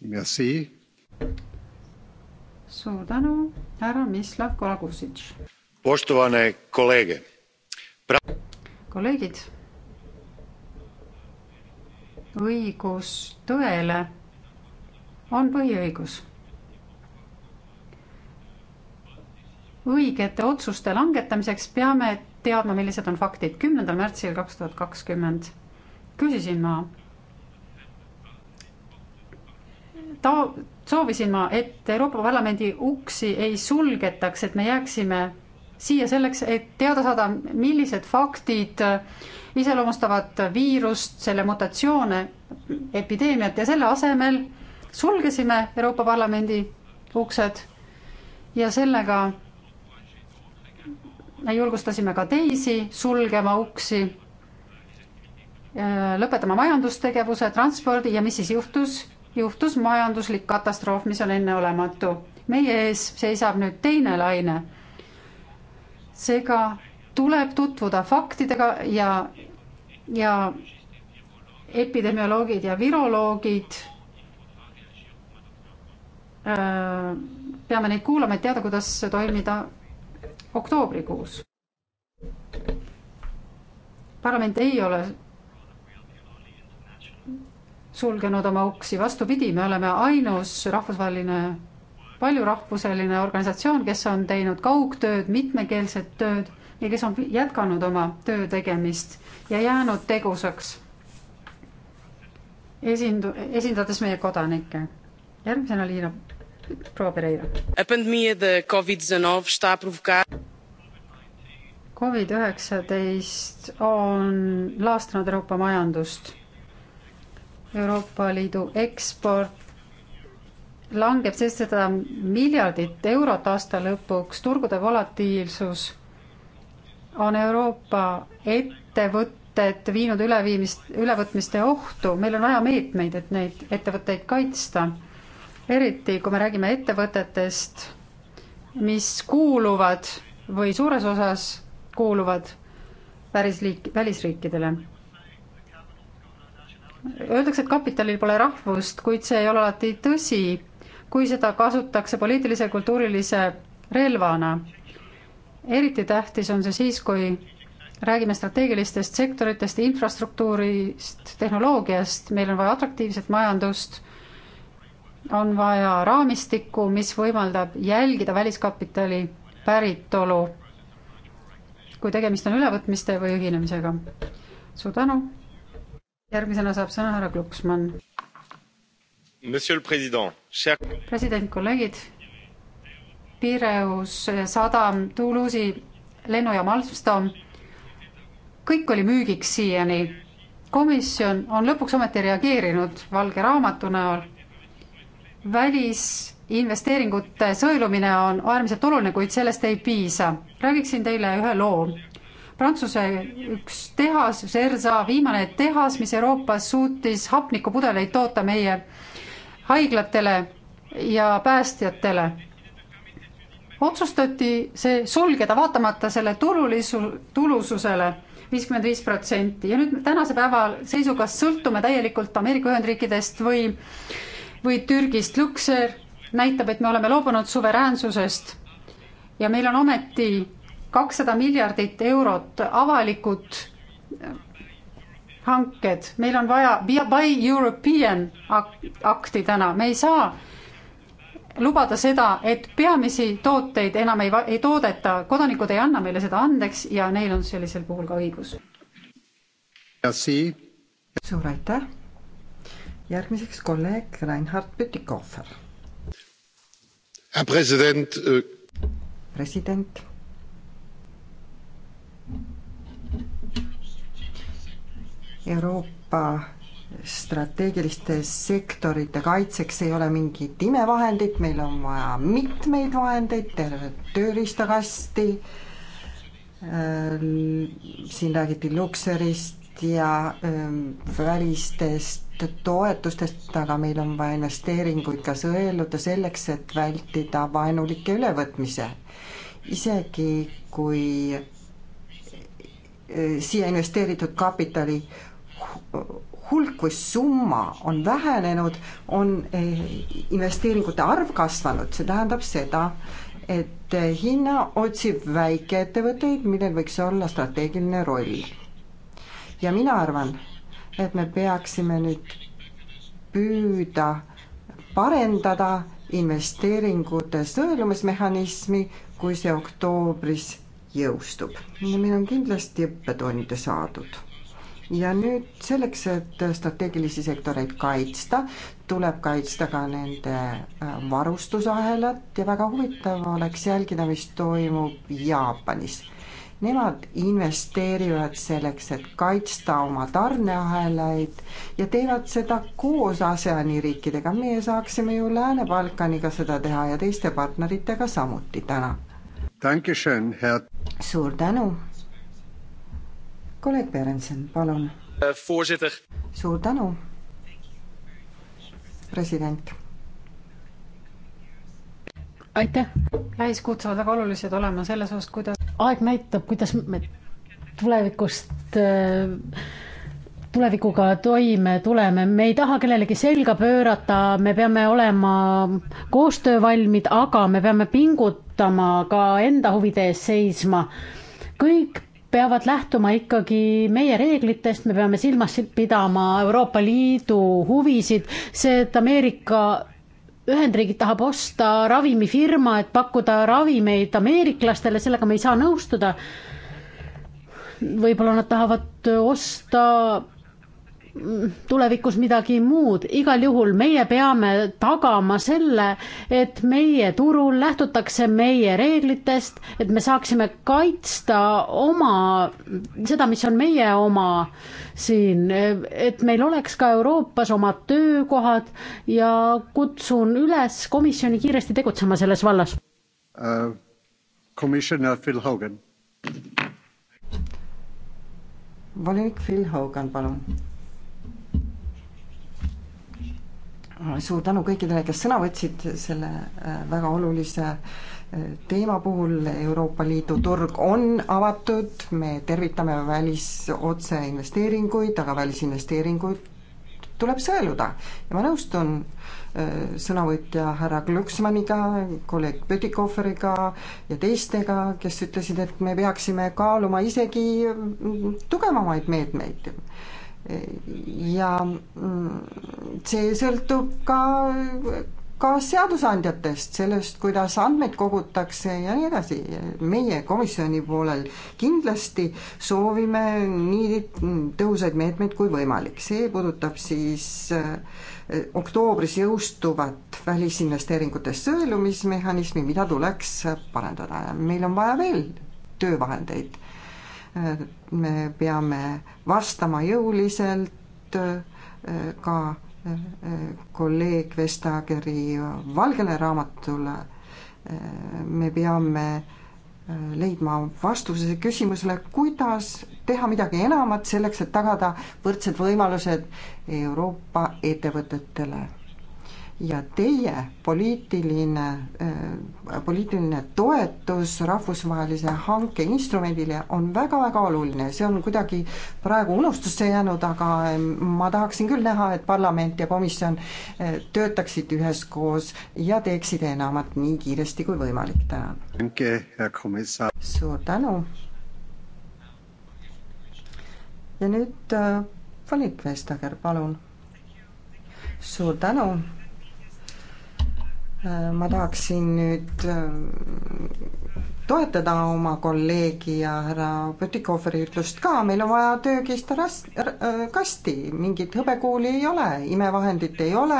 [SPEAKER 2] Merci.
[SPEAKER 9] suur tänu, härra Mislav Kolagusitš.
[SPEAKER 2] Poštovane kolege
[SPEAKER 9] kolleegid, õigus tõele on põhiõigus. õigete otsuste langetamiseks peame teadma, millised on faktid. kümnendal märtsil kaks tuhat kakskümmend küsisin ma ta-, soovisin ma, et Euroopa Parlamendi uksi ei sulgetaks, et me jääksime siia selleks, et teada saada, millised faktid iseloomustavad viirust, selle mutatsioone, epideemiat ja selle asemel sulgesime Euroopa Parlamendi uksed ja sellega julgustasime ka teisi sulgema uksi, äh, lõpetama majandustegevuse, transpordi ja mis siis juhtus? juhtus majanduslik katastroof, mis on enneolematu. meie ees seisab nüüd teine laine seega tuleb tutvuda faktidega ja, ja epidemioloogid ja viroloogid äh, peame neid kuulama, et teada, kuidas toimida oktoobrikuus. parlament ei ole sulgenud oma uksi, vastupidi, me oleme ainus rahvusvaheline paljurahvuseline organisatsioon, kes on teinud kaugtööd, mitmekeelset tööd ja kes on jätkanud oma töö tegemist ja jäänud tegusaks. esindu-, esindades meie kodanikke. järgmisena Liina, proua Pereira. Covid üheksateist on laastanud Euroopa majandust. Euroopa Liidu eksport langeb, sest seda miljardit eurot aasta lõpuks, turgude volatiilsus on Euroopa ettevõtted viinud üleviimist, ülevõtmiste ohtu, meil on vaja meetmeid, et neid ettevõtteid kaitsta. eriti, kui me räägime ettevõtetest, mis kuuluvad või suures osas kuuluvad välisliik, välisriikidele. Öeldakse, et kapitalil pole rahvust, kuid see ei ole alati tõsi kui seda kasutatakse poliitilise ja kultuurilise relvana. eriti tähtis on see siis, kui räägime strateegilistest sektoritest, infrastruktuurist, tehnoloogiast, meil on vaja atraktiivset majandust, on vaja raamistikku, mis võimaldab jälgida väliskapitali päritolu, kui tegemist on ülevõtmiste või ühinemisega. suur tänu. järgmisena saab sõna härra Glucksmann.
[SPEAKER 6] Monsieur le Président
[SPEAKER 9] president, kolleegid, Pireus sadam, Toulouse'i lennujaam Alstom, kõik oli müügiks siiani. komisjon on lõpuks ometi reageerinud valge raamatu näol. välisinvesteeringute sõelumine on äärmiselt oluline, kuid sellest ei piisa. räägiksin teile ühe loo. Prantsuse üks tehas, Versa, viimane tehas, mis Euroopas suutis hapnikupudeleid toota meie haiglatele ja päästjatele. otsustati see sulgeda, vaatamata selle tululisu, tulususele viiskümmend viis protsenti ja nüüd tänase päeva seisuga sõltume täielikult Ameerika Ühendriikidest või, või Türgist. Luxer näitab, et me oleme loobunud suveräänsusest ja meil on ometi kakssada miljardit eurot avalikud hanked, meil on vaja Buy European akti täna, me ei saa lubada seda, et peamisi tooteid enam ei, ei toodeta, kodanikud ei anna meile seda andeks ja neil on sellisel puhul ka õigus.
[SPEAKER 7] suur aitäh. järgmiseks kolleeg Reinhard Pütikohver.
[SPEAKER 8] Äh president.
[SPEAKER 7] president Euroopa strateegiliste sektorite kaitseks ei ole mingit imevahendit, meil on vaja mitmeid vahendeid, tervet tööriistakasti, äh, siin räägiti Luxerist ja ähm, välistest toetustest, aga meil on vaja investeeringuid ka sõeluda selleks, et vältida vaenulikke ülevõtmise. isegi kui äh, siia investeeritud kapitali hulk või summa on vähenenud, on eh, investeeringute arv kasvanud, see tähendab seda, et eh, Hiina otsib väikeettevõtteid, millel võiks olla strateegiline roll. ja mina arvan, et me peaksime nüüd püüda parendada investeeringute sõelumismehhanismi, kui see oktoobris jõustub. ja meil on kindlasti õppetunde saadud ja nüüd selleks, et strateegilisi sektoreid kaitsta, tuleb kaitsta ka nende äh, varustusahelat ja väga huvitav oleks jälgida, mis toimub Jaapanis. Nemad investeerivad selleks, et kaitsta oma tarneahelaid ja teevad seda koos ASEAN-i riikidega. meie saaksime ju Lääne-Balkaniga seda teha ja teiste partneritega samuti. tänan. suur tänu kolleeg Berenson, palun.
[SPEAKER 8] Eh,
[SPEAKER 7] suur tänu, president.
[SPEAKER 9] aitäh. lähiskuud saavad väga olulised olema selles osas,
[SPEAKER 10] kuidas aeg näitab, kuidas me tulevikust äh, tulevikuga toime tuleme, me ei taha kellelegi selga pöörata, me peame olema koostöövalmid, aga me peame pingutama ka enda huvide eest seisma. kõik peavad lähtuma ikkagi meie reeglitest, me peame silmas pidama Euroopa Liidu huvisid, see, et Ameerika Ühendriigid tahab osta ravimifirma, et pakkuda ravimeid ameeriklastele, sellega me ei saa nõustuda. võib-olla nad tahavad osta tulevikus midagi muud, igal juhul meie peame tagama selle, et meie turul lähtutakse meie reeglitest, et me saaksime kaitsta oma, seda, mis on meie oma siin, et meil oleks ka Euroopas omad töökohad ja kutsun üles komisjoni kiiresti tegutsema selles vallas
[SPEAKER 2] uh,. Commissioner
[SPEAKER 8] Phil Hogan.
[SPEAKER 7] volinik Phil Hogan, palun Äh, suur tänu kõikidele, kes sõna võtsid selle äh, väga olulise äh, teema puhul, Euroopa Liidu turg on avatud, me tervitame välisotseinvesteeringuid, aga välisinvesteeringuid tuleb sõeluda ja ma nõustun sõnavõtja härra Glüksmaniga, kolleeg Pütikoferiga ja teistega, kes ütlesid, et me peaksime kaaluma isegi mm, tugevamaid meetmeid meet ja mm, see sõltub ka, ka seadusandjatest, sellest, kuidas andmeid kogutakse ja nii edasi. meie komisjoni poolel kindlasti soovime nii tõhusaid meetmeid kui võimalik, see puudutab siis eh, oktoobris jõustuvat välisinvesteeringutest sõelumismehhanismi, mida tuleks parandada ja meil on vaja veel töövahendeid me peame vastama jõuliselt äh, ka äh, kolleeg Vestageri valgele raamatule. Äh, me peame leidma vastuse küsimusele, kuidas teha midagi enamat selleks, et tagada võrdsed võimalused Euroopa ettevõtetele ja teie poliitiline, äh, poliitiline toetus rahvusvahelise hanke instrumendile on väga-väga oluline, see on kuidagi praegu unustusse jäänud, aga ähm, ma tahaksin küll näha, et parlament ja komisjon äh, töötaksid üheskoos ja teeksid enamat nii kiiresti kui võimalik, tänan. suur tänu. ja nüüd äh, Vanik Vestager, palun. suur tänu Äh, ma tahaksin nüüd äh, toetada oma kolleegi ja härra Pütikoferi ütlust ka, meil on vaja töökiista rast-, äh, kasti, mingit hõbekuuli ei ole, imevahendit ei ole,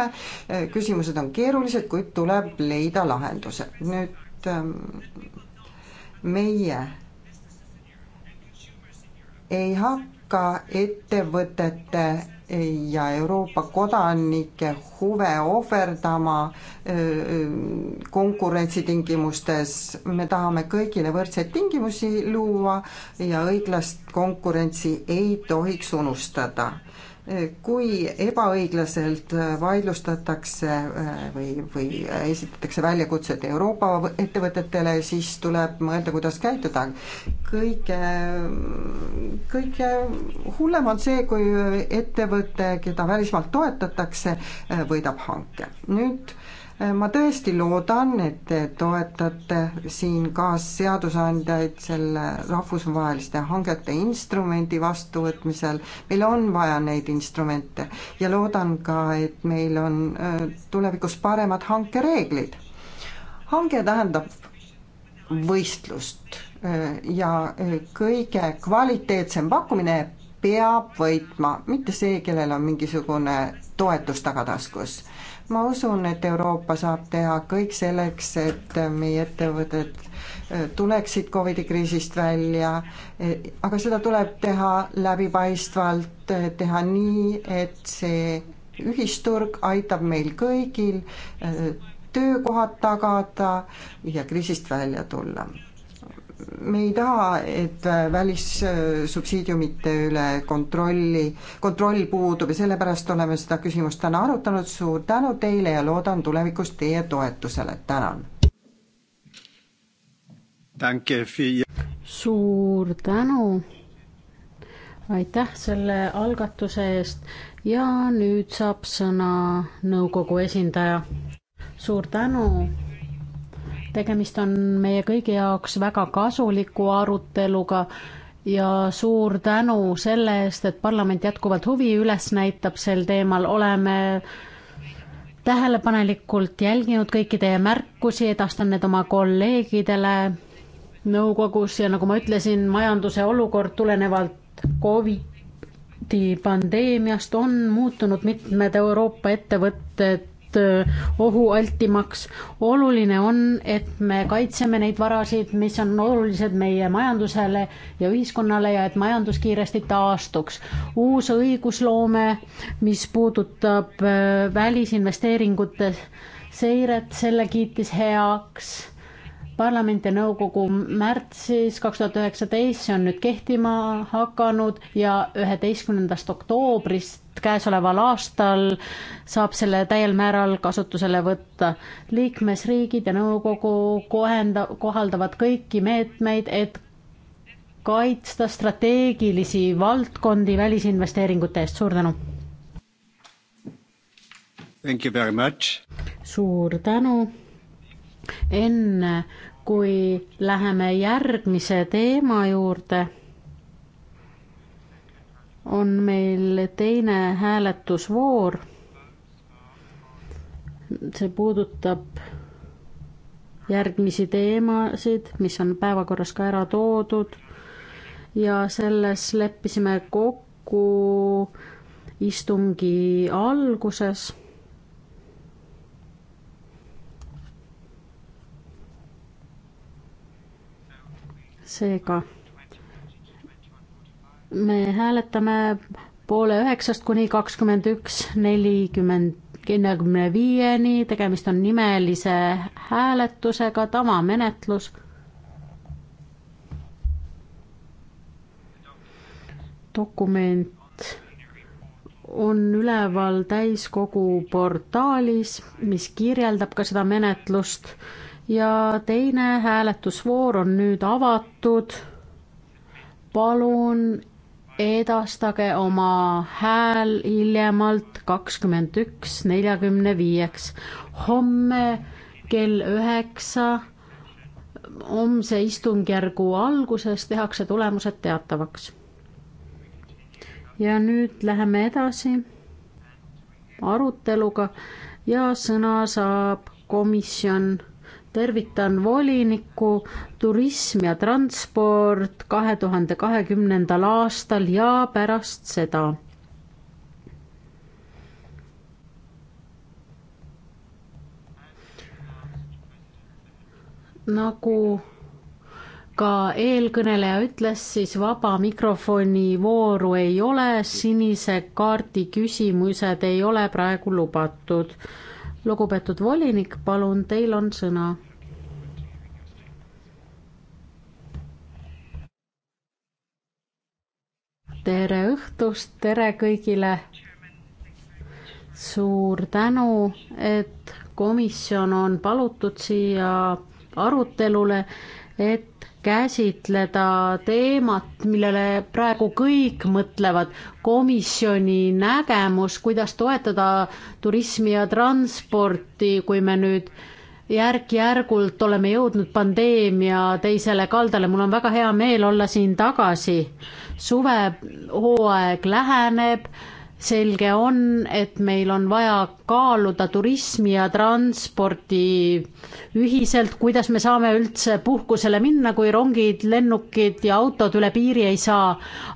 [SPEAKER 7] küsimused on keerulised, kuid tuleb leida lahendused. nüüd ähm, meie ei hakka ettevõtete ja Euroopa kodanike huve ohverdama konkurentsitingimustes. me tahame kõigile võrdseid tingimusi luua ja õiglast konkurentsi ei tohiks unustada kui ebaõiglaselt äh, vaidlustatakse äh, või, või esitatakse väljakutsed Euroopa ettevõtetele, siis tuleb mõelda, kuidas käituda. kõige, kõige hullem on see, kui äh, ettevõte, keda välismaalt toetatakse, võidab hanke. nüüd ma tõesti loodan, et te toetate siin kaasseadusandjaid selle rahvusvaheliste hangete instrumendi vastuvõtmisel. meil on vaja neid instrumente ja loodan ka, et meil on äh, tulevikus paremad hankereeglid. hange tähendab võistlust äh, ja äh, kõige kvaliteetsem pakkumine peab võitma, mitte see, kellel on mingisugune toetus tagataskus ma usun, et Euroopa saab teha kõik selleks, et meie ettevõtted äh, tuleksid Covidi kriisist välja, äh, aga seda tuleb teha läbipaistvalt, äh, teha nii, et see ühisturg aitab meil kõigil töökohad tagada ja kriisist välja tulla me ei taha, et äh, välissubsiidiumite üle kontrolli, kontroll puudub ja sellepärast oleme seda küsimust täna arutanud, suur tänu teile ja loodan tulevikus teie toetusele, tänan.
[SPEAKER 10] suur tänu, aitäh selle algatuse eest ja nüüd saab sõna nõukogu esindaja. suur tänu tegemist on meie kõigi jaoks väga kasuliku aruteluga ja suur tänu selle eest, et parlament jätkuvalt huvi üles näitab sel teemal, oleme tähelepanelikult jälginud kõiki teie märkusi, edastan need oma kolleegidele nõukogus ja nagu ma ütlesin, majanduse olukord tulenevalt Covidi pandeemiast on muutunud, mitmed Euroopa ettevõtted Äh, ohualtimaks. oluline on, et me kaitseme neid varasid, mis on olulised meie majandusele ja ühiskonnale ja et majandus kiiresti taastuks. uus õigusloome, mis puudutab äh, välisinvesteeringute seiret, selle kiitis heaks parlament ja nõukogu märtsis kaks tuhat üheksateist, see on nüüd kehtima hakanud ja üheteistkümnendast oktoobrist käesoleval aastal saab selle täiel määral kasutusele võtta. liikmesriigid ja nõukogu kohenda-, kohaldavad kõiki meetmeid, et kaitsta strateegilisi valdkondi välisinvesteeringute eest, suur tänu! suur tänu! enne kui läheme järgmise teema juurde on meil teine hääletusvoor. see puudutab järgmisi teemasid, mis on päevakorras ka ära toodud ja selles leppisime kokku istungi alguses seega me hääletame poole üheksast kuni kakskümmend üks nelikümmend neljakümne viieni, tegemist on nimelise hääletusega, tavamenetlus. dokument on üleval täiskogu portaalis, mis kirjeldab ka seda menetlust ja teine hääletusvoor on nüüd avatud. palun edastage oma hääl hiljemalt kakskümmend üks neljakümne viieks. homme kell üheksa homse istungjärgu alguses tehakse tulemused teatavaks. ja nüüd läheme edasi aruteluga ja sõna saab komisjon tervitan volinikku, turism ja transport kahe tuhande kahekümnendal aastal ja pärast seda. nagu ka eelkõneleja ütles, siis vaba mikrofoni vooru ei ole, sinise kaardi küsimused ei ole praegu lubatud lugupeetud volinik, palun, teil on sõna. tere õhtust, tere kõigile. suur tänu, et komisjon on palutud siia arutelule, et käsitleda teemat, millele praegu kõik mõtlevad, komisjoni nägemus, kuidas toetada turismi ja transporti, kui me nüüd järk-järgult oleme jõudnud pandeemia teisele kaldale, mul on väga hea meel olla siin tagasi. suvehooaeg läheneb, selge on, et meil on vaja kaaluda turismi ja transporti ühiselt, kuidas me saame üldse puhkusele minna, kui rongid, lennukid ja autod üle piiri ei saa.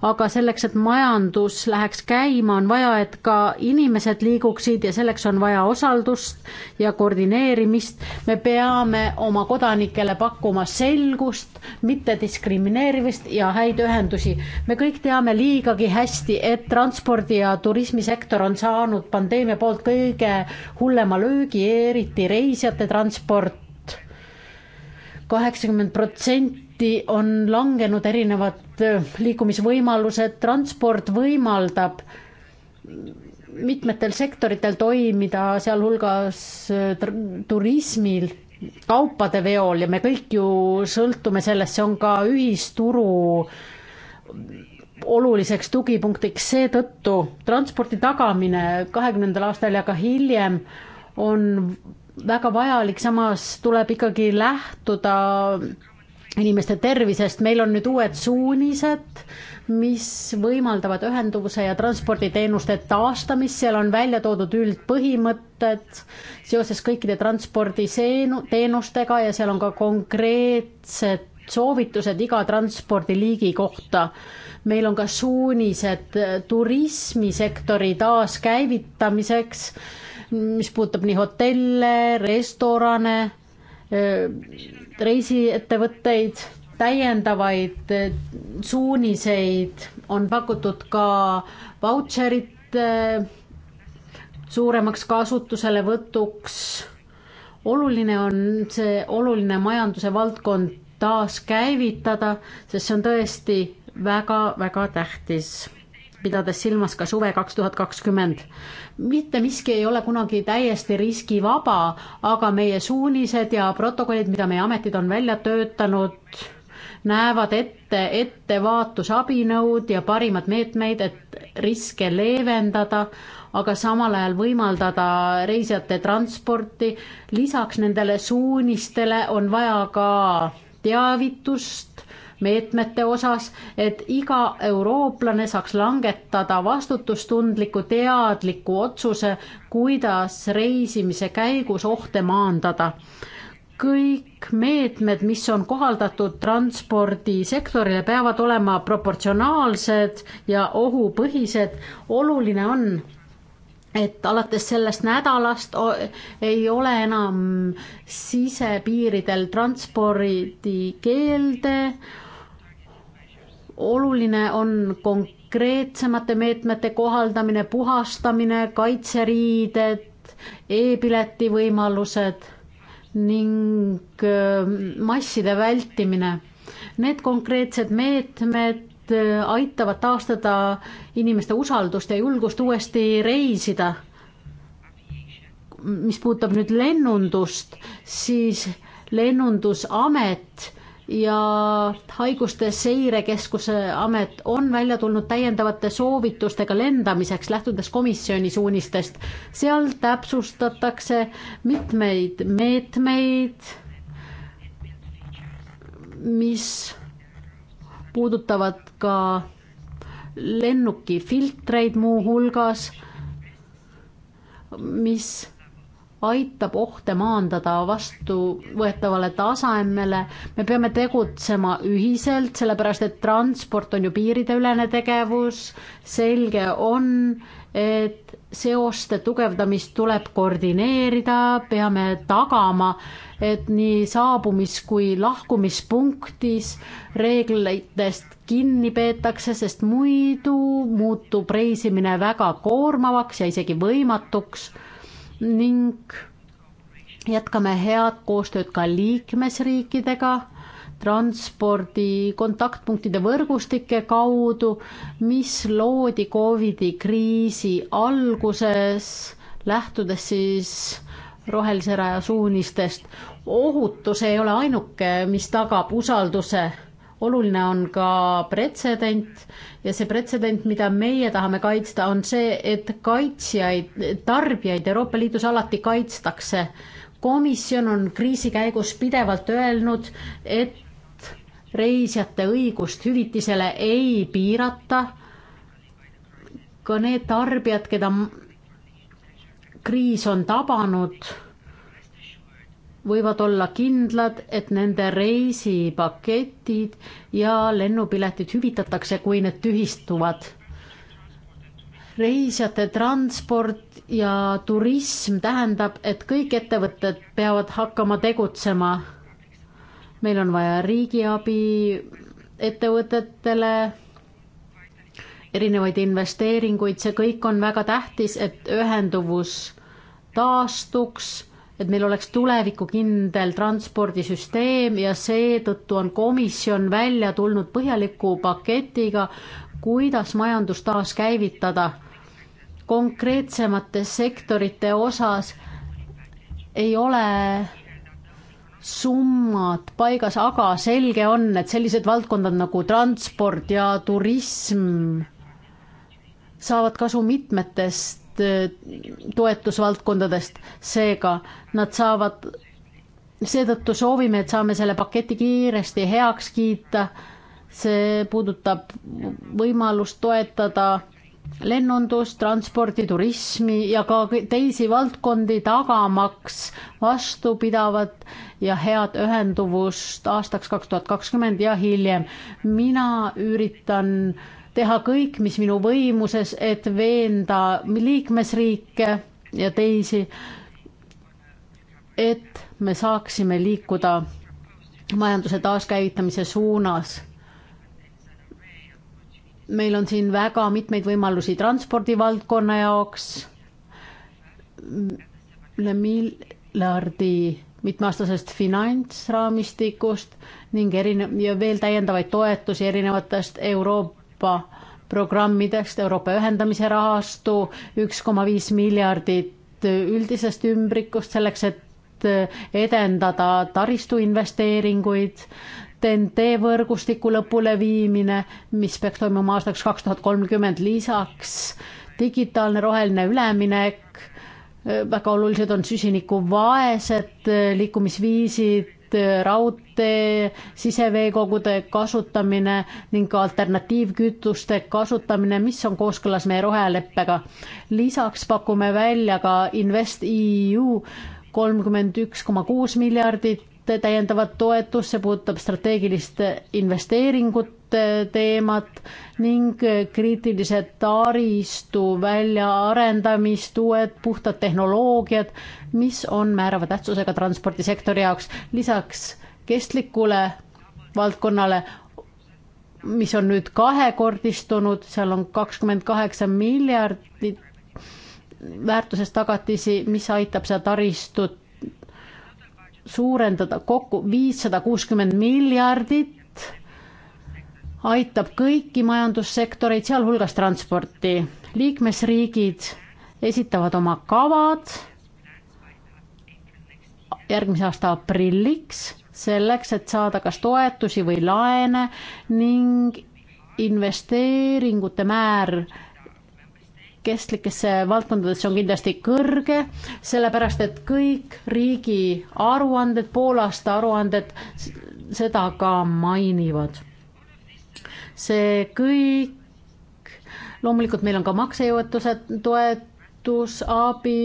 [SPEAKER 10] aga selleks, et majandus läheks käima, on vaja, et ka inimesed liiguksid ja selleks on vaja osaldust ja koordineerimist. me peame oma kodanikele pakkuma selgust, mitte diskrimineerimist ja häid ühendusi. me kõik teame liigagi hästi, et transpordi ja turismisektor on saanud pandeemia poolt kõige kõige hullema löögi, eriti reisijate transport. kaheksakümmend protsenti on langenud erinevad äh, liikumisvõimalused, transport võimaldab mitmetel sektoritel toimida, sealhulgas äh, turismil, kaupade veol ja me kõik ju sõltume sellest, see on ka ühisturu oluliseks tugipunktiks, seetõttu transpordi tagamine kahekümnendal aastal ja ka hiljem on väga vajalik, samas tuleb ikkagi lähtuda inimeste tervisest, meil on nüüd uued suunised, mis võimaldavad ühenduvuse ja transporditeenuste taastamist, seal on välja toodud üldpõhimõtted seoses kõikide transporditeenustega ja seal on ka konkreetsed soovitused iga transpordiliigi kohta meil on ka suunised äh, turismisektori taaskäivitamiseks, mis puudutab nii hotelle, restorane, äh, reisiettevõtteid, täiendavaid äh, suuniseid on pakutud ka vautšerite suuremaks kasutuselevõtuks. oluline on see oluline majanduse valdkond taaskäivitada, sest see on tõesti väga-väga tähtis, pidades silmas ka suve kaks tuhat kakskümmend. mitte miski ei ole kunagi täiesti riskivaba, aga meie suunised ja protokollid, mida meie ametid on välja töötanud, näevad ette ettevaatusabinõud ja parimad meetmeid, et riske leevendada, aga samal ajal võimaldada reisijate transporti. lisaks nendele suunistele on vaja ka teavitust meetmete osas, et iga eurooplane saaks langetada vastutustundliku teadliku otsuse, kuidas reisimise käigus ohte maandada kõik meetmed, mis on kohaldatud transpordisektorile, peavad olema proportsionaalsed ja ohupõhised. oluline on, et alates sellest nädalast ei ole enam sisepiiridel transpordikeelde oluline on konkreetsemate meetmete kohaldamine, puhastamine, kaitseriided e, e-pileti võimalused ning äh, masside vältimine. Need konkreetsed meetmed äh, aitavad taastada inimeste usaldust ja julgust uuesti reisida. mis puudutab nüüd lennundust, siis lennundusamet ja haiguste seirekeskuse amet on välja tulnud täiendavate soovitustega lendamiseks, lähtudes komisjoni suunistest. seal täpsustatakse mitmeid meetmeid, mis puudutavad ka lennukifiltreid muuhulgas, mis aitab ohte maandada vastuvõetavale tasemele. me peame tegutsema ühiselt, sellepärast et transport on ju piirideülene tegevus. selge on, et seoste tugevdamist tuleb koordineerida, peame tagama, et nii saabumis kui lahkumispunktis reeglitest kinni peetakse, sest muidu muutub reisimine väga koormavaks ja isegi võimatuks ning jätkame head koostööd ka liikmesriikidega transpordi kontaktpunktide võrgustike kaudu, mis loodi Covidi kriisi alguses, lähtudes siis rohelise raja suunistest. ohutus ei ole ainuke, mis tagab usalduse oluline on ka pretsedent ja see pretsedent, mida meie tahame kaitsta, on see, et kaitsjaid, tarbijaid Euroopa Liidus alati kaitstakse. komisjon on kriisi käigus pidevalt öelnud, et reisijate õigust hüvitisele ei piirata. ka need tarbijad, keda kriis on tabanud võivad olla kindlad, et nende reisipaketid ja lennupiletid hüvitatakse, kui need tühistuvad. reisijate transport ja turism tähendab, et kõik ettevõtted peavad hakkama tegutsema. meil on vaja riigiabi ettevõtetele, erinevaid investeeringuid, see kõik on väga tähtis, et ühenduvus taastuks et meil oleks tulevikukindel transpordisüsteem ja seetõttu on komisjon välja tulnud põhjaliku paketiga, kuidas majandust taaskäivitada konkreetsemate sektorite osas ei ole summad paigas, aga selge on, et sellised valdkondad nagu transport ja turism saavad kasu mitmetest Eh, toetusvaldkondadest, seega nad saavad, seetõttu soovime, et saame selle paketi kiiresti heaks kiita. see puudutab võimalust toetada lennundust, transporti, turismi ja ka teisi valdkondi, tagamaks vastupidavat ja head ühenduvust aastaks kaks tuhat kakskümmend ja hiljem. mina üritan äh, teha kõik, mis minu võimuses, et veenda liikmesriike ja teisi, et me saaksime liikuda majanduse taaskäivitamise suunas meil on siin väga mitmeid võimalusi transpordivaldkonna jaoks, üle miljardi mitmeaastasest finantsraamistikust ning erinev ja veel täiendavaid toetusi erinevatest Euroopa Euroopa programmidest, Euroopa ühendamise rahastu, üks koma viis miljardit üldisest ümbrikust selleks, et edendada taristuinvesteeringuid, TNT võrgustiku lõpuleviimine, mis peaks toimuma aastaks kaks tuhat kolmkümmend, lisaks digitaalne roheline üleminek, väga olulised on süsinikuvaesed liikumisviisid, raudtee, siseveekogude kasutamine ning ka alternatiivkütuste kasutamine, mis on kooskõlas meie roheleppega. lisaks pakume välja ka InvestEU kolmkümmend üks koma kuus miljardit täiendavat toetust, see puudutab strateegilist investeeringut teemat ning kriitilise taristu väljaarendamist, uued puhtad tehnoloogiad, mis on määrava tähtsusega transpordisektori jaoks. lisaks kestlikule valdkonnale mis on nüüd kahekordistunud, seal on kakskümmend kaheksa miljardit väärtuses tagatisi, mis aitab seda taristut suurendada kokku viissada kuuskümmend miljardit aitab kõiki majandussektoreid, sealhulgas transporti. liikmesriigid esitavad oma kavad järgmise aasta aprilliks, selleks, et saada kas toetusi või laene ning investeeringute määr kestlikesse valdkondadesse on kindlasti kõrge, sellepärast et kõik riigi aruanded, poolaasta aruanded seda ka mainivad see kõik, loomulikult meil on ka maksejõuetuse toetus, abi,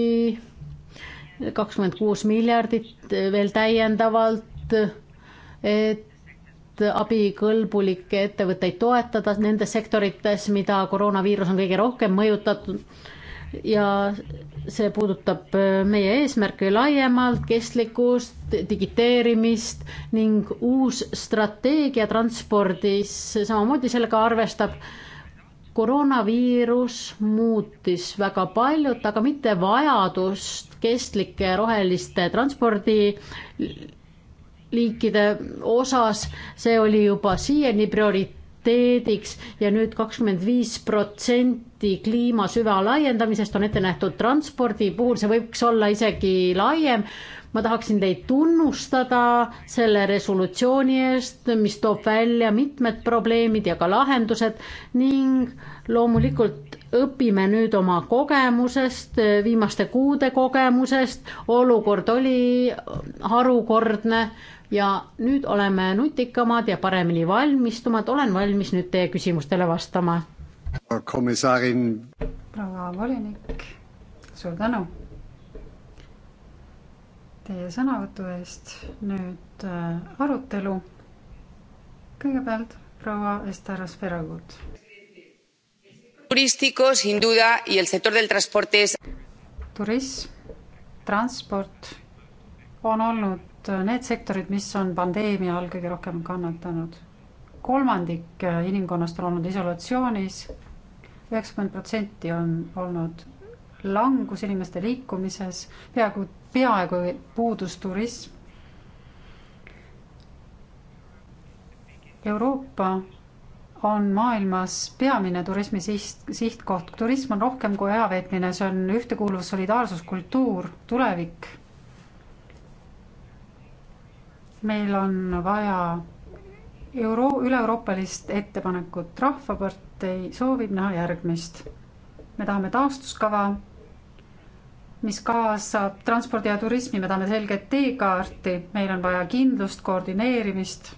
[SPEAKER 10] kakskümmend kuus miljardit veel täiendavalt, et abikõlbulikke ettevõtteid toetada nendes sektorites, mida koroonaviirus on kõige rohkem mõjutatud ja see puudutab äh, meie eesmärke laiemalt, kestlikkust, digiteerimist ning uus strateegia transpordis samamoodi sellega arvestab. koroonaviirus muutis väga paljut, aga mitte vajadust kestlike roheliste transpordi liikide osas, see oli juba siiani prioriteet prioriteediks ja nüüd kakskümmend viis protsenti kliima süvalaiendamisest on ette nähtud transpordi puhul, see võiks olla isegi laiem ma tahaksin teid tunnustada selle resolutsiooni eest, mis toob välja mitmed probleemid ja ka lahendused ning loomulikult õpime nüüd oma kogemusest, viimaste kuude kogemusest, olukord oli harukordne ja nüüd oleme nutikamad ja paremini valmistumad, olen valmis nüüd teie küsimustele vastama.
[SPEAKER 2] komissarin.
[SPEAKER 10] proua volinik, suur tänu teie sõnavõtu
[SPEAKER 9] eest. nüüd äh, arutelu. kõigepealt proua Ester Asperagut.
[SPEAKER 6] turístico sin duda y el sector del transporte es.
[SPEAKER 9] turism, transport on olnud Äh, need sektorid, mis on pandeemia all kõige rohkem kannatanud. kolmandik äh, inimkonnast on olnud isolatsioonis, üheksakümmend protsenti on olnud langus inimeste liikumises, peaaegu, peaaegu puudus turism. Euroopa on maailmas peamine turismi siht, sihtkoht. turism on rohkem kui ajaveetmine, see on ühtekuuluvus, solidaarsus, kultuur, tulevik meil on vaja euro-, üle-euroopalist ettepanekut. rahvapartei soovib näha järgmist. me tahame taastuskava, mis kaasab transpordi ja turismi, me tahame selget teekaarti, meil on vaja kindlust, koordineerimist.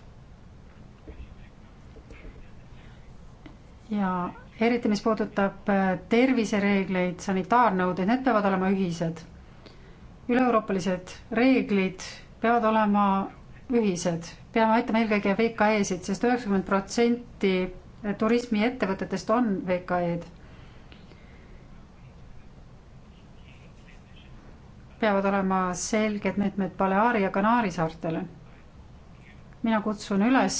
[SPEAKER 9] ja eriti, mis puudutab äh, tervisereegleid, sanitaarnõudeid, need peavad olema ühised. üle-euroopalised reeglid peavad olema ühised, peame aitama eelkõige VKE-sid, sest üheksakümmend protsenti turismiettevõtetest on VKE-d. peavad olema selged meetmed Baleari ja Kanaari saartele. mina kutsun üles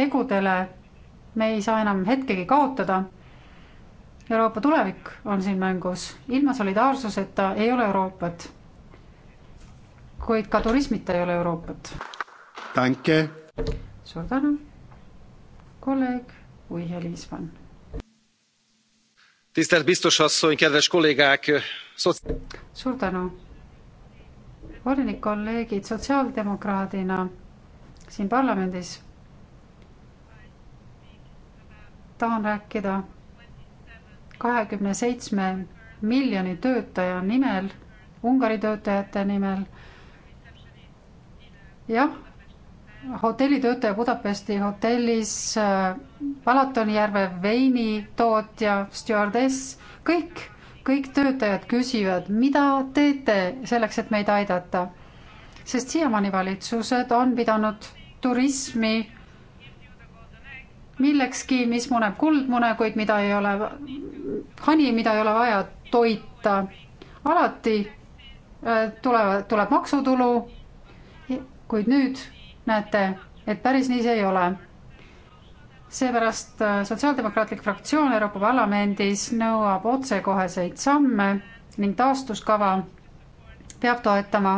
[SPEAKER 9] tegudele, me ei saa enam hetkegi kaotada. Euroopa tulevik on siin mängus, ilma solidaarsuseta ei ole Euroopat kuid ka turismita ei ole Euroopat. Danke. suur tänu, kolleeg Uihja Liismann.
[SPEAKER 2] Tisztelt biztos asszony, kedves kollégák!
[SPEAKER 9] Szoci... Suur tänu! Volinik kolleegid, sotsiaaldemokraadina siin parlamendis tahan rääkida kahekümne seitsme miljoni töötaja nimel, Ungari töötajate nimel. jah hotellitöötaja Budapesti hotellis, Balatoni-järve äh, veinitootja, stjuardess, kõik, kõik töötajad küsivad, mida teete selleks, et meid aidata. sest siiamaani valitsused on pidanud turismi millekski, mis muneb kuldmune, kuid mida ei ole, hani, mida ei ole vaja toita. alati äh, tulevad, tuleb maksutulu, kuid nüüd näete, et päris nii see ei ole. seepärast äh, Sotsiaaldemokraatlik fraktsioon Euroopa Parlamendis nõuab otsekoheseid samme ning taastuskava peab toetama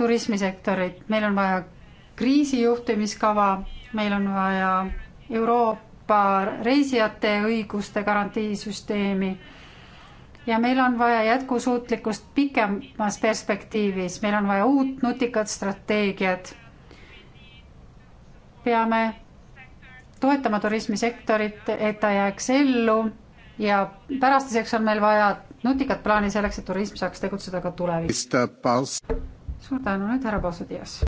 [SPEAKER 9] turismisektorit, meil on vaja kriisijuhtimiskava, meil on vaja Euroopa reisijate õiguste garantiisüsteemi ja meil on vaja jätkusuutlikkust pikemas perspektiivis, meil on vaja uut nutikat strateegiat peame toetama turismisektorit, et ta jääks ellu ja pärastiseks on meil vaja nutikat plaani selleks, et turism saaks tegutseda ka tulevikus. suur tänu, nüüd härra Pausudias.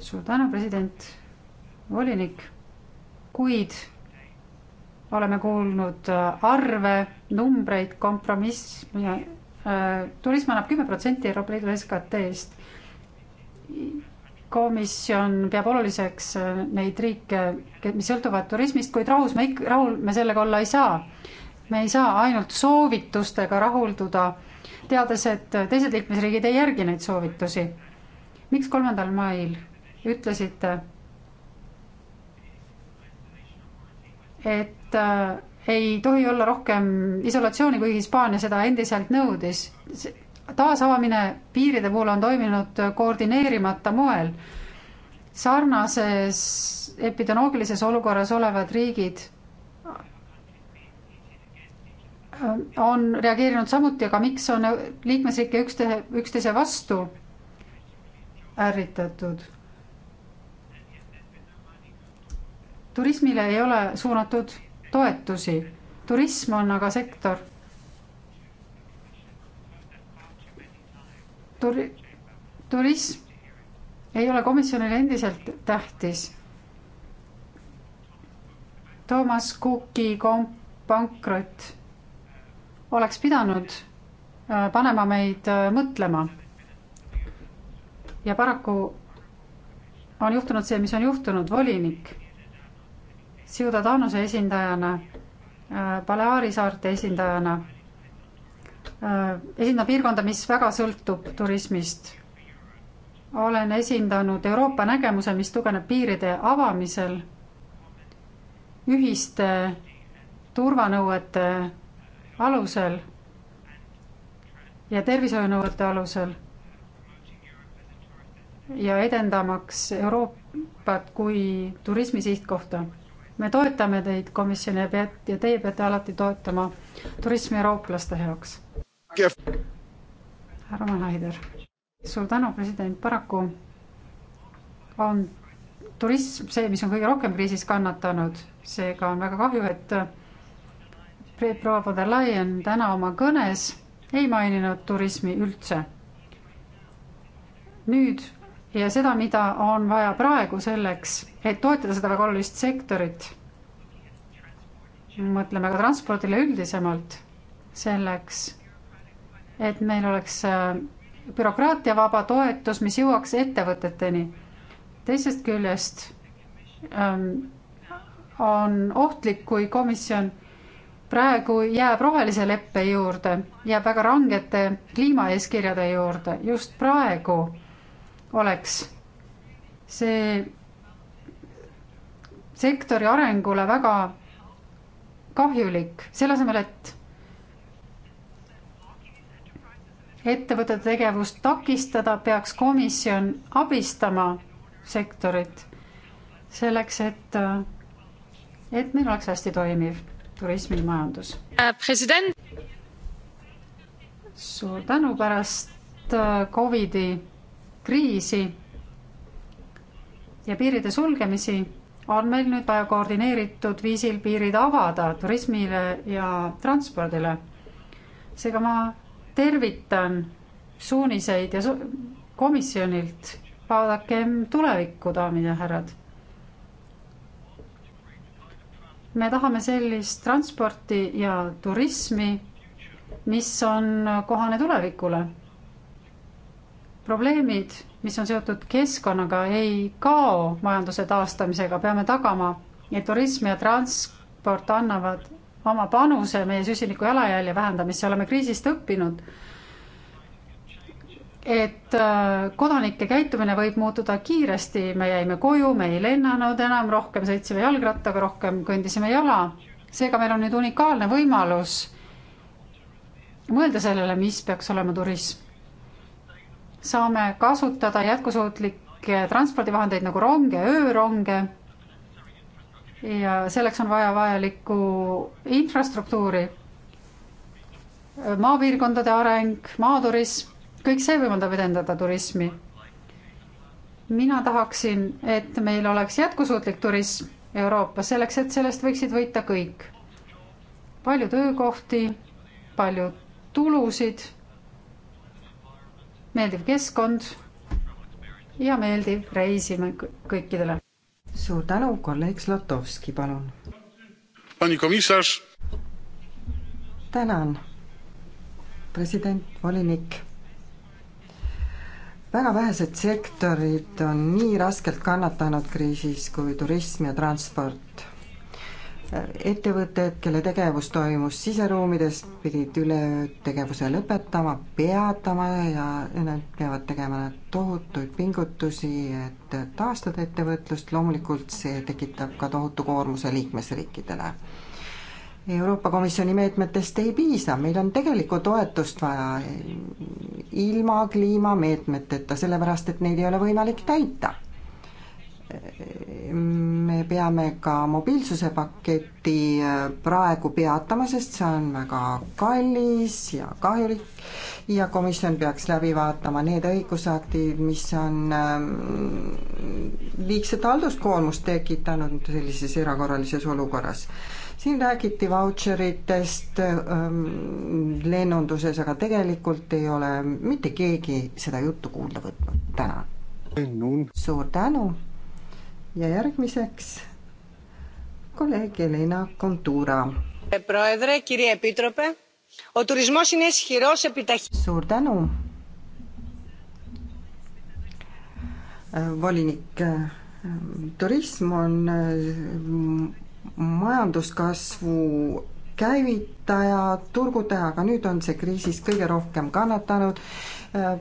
[SPEAKER 9] suur tänu, president, volinik. kuid oleme kuulnud äh, arve, numbreid, kompromissi. Äh, turism annab kümme protsenti Euroopa Liidu SKT-st komisjon peab oluliseks äh, neid riike, mis sõltuvad turismist, kuid rahus me ikka, rahul me sellega olla ei saa. me ei saa ainult soovitustega rahulduda, teades, et teised liikmesriigid ei järgi neid soovitusi. miks kolmandal mail ütlesite, et äh, ei tohi olla rohkem isolatsiooni, kui Hispaania seda endiselt nõudis taasavamine piiride puhul on toiminud koordineerimata moel. sarnases epidemioloogilises olukorras olevad riigid äh, on reageerinud samuti, aga miks on liikmesriike üksteise, üksteise vastu ärritatud? turismile ei ole suunatud toetusi. turism on aga sektor Turi-, turism ei ole komisjonile endiselt tähtis. Toomas Kuki komp-, pankrot oleks pidanud äh, panema meid äh, mõtlema. ja paraku on juhtunud see, mis on juhtunud, volinik Ciudadanose esindajana, äh, Baleari saarte esindajana Äh, esindan piirkonda, mis väga sõltub turismist. olen esindanud Euroopa nägemuse, mis tugevneb piiride avamisel, ühiste turvanõuete alusel ja tervishoiunõuete alusel ja edendamaks Euroopat kui turismi sihtkohta. me toetame teid, komisjon, ja peate ja teie peate alati toetama turismi eurooplaste heaks härra Mannheider, suur tänu, president, paraku on turism see, mis on kõige rohkem kriisis kannatanud, seega on väga kahju, et proua von der Leyen täna oma kõnes ei maininud turismi üldse. nüüd ja seda, mida on vaja praegu selleks, et toetada seda väga olulist sektorit. mõtleme ka transpordile üldisemalt selleks et meil oleks äh, bürokraatiavaba toetus, mis jõuaks ettevõteteni. teisest küljest ähm, on ohtlik, kui komisjon praegu jääb rohelise leppe juurde, jääb väga rangete kliimaeeskirjade juurde, just praegu oleks see sektori arengule väga kahjulik, selle asemel, et ettevõtte tegevust takistada, peaks komisjon abistama sektorit selleks, et, et meil oleks hästi toimiv turismimajandus. president. suur tänu pärast äh, Covidi kriisi ja piiride sulgemisi on meil nüüd vaja koordineeritud viisil piirid avada turismile ja transpordile. seega ma tervitan suuniseid ja su komisjonilt, vaadakem tulevikku, daamid ja härrad. me tahame sellist transporti ja turismi, mis on kohane tulevikule. probleemid, mis on seotud keskkonnaga, ei kao majanduse taastamisega, peame tagama, et turism ja transport annavad oma panuse meie süsiniku jalajälje vähendamisse, oleme kriisist õppinud, et äh, kodanike käitumine võib muutuda kiiresti, me jäime koju, me ei lennanud enam, rohkem sõitsime jalgrattaga, rohkem kõndisime jala. seega meil on nüüd unikaalne võimalus mõelda sellele, mis peaks olema turism. saame kasutada jätkusuutlikke transpordivahendeid nagu ronge, ööronge ja selleks on vaja vajalikku infrastruktuuri, maapiirkondade areng, maaturism, kõik see võimaldab edendada turismi. mina tahaksin, et meil oleks jätkusuutlik turism Euroopas, selleks et sellest võiksid võita kõik. palju töökohti, palju tulusid, meeldiv keskkond ja meeldiv reisimine kõikidele
[SPEAKER 7] suur tänu, kolleeg Zlatovski, palun. tänan, president, volinik. väga vähesed sektorid on nii raskelt kannatanud kriisis kui turism ja transport ettevõtted, kelle tegevus toimus siseruumides, pidid üleöö tegevuse lõpetama, peatama ja nad peavad tegema tohutuid pingutusi, et taastada ettevõtlust, loomulikult see tekitab ka tohutu koormuse liikmesriikidele. Euroopa Komisjoni meetmetest ei piisa, meil on tegelikku toetust vaja ilma kliimameetmeteta, sellepärast et neid ei ole võimalik täita me peame ka mobiilsuse paketti äh, praegu peatama, sest see on väga kallis ja kahjulik ja komisjon peaks läbi vaatama need õigusaktid, mis on ähm, liigset halduskoormust tekitanud sellises erakorralises olukorras siin räägiti vautšeritest ähm, lennunduses, aga tegelikult ei ole mitte keegi seda juttu kuulda võtnud. tänan. suur tänu ja järgmiseks kolleeg Elina Kontura. suur tänu. volinik, turism on majanduskasvu käivitaja, turgutaja, aga nüüd on see kriisis kõige rohkem kannatanud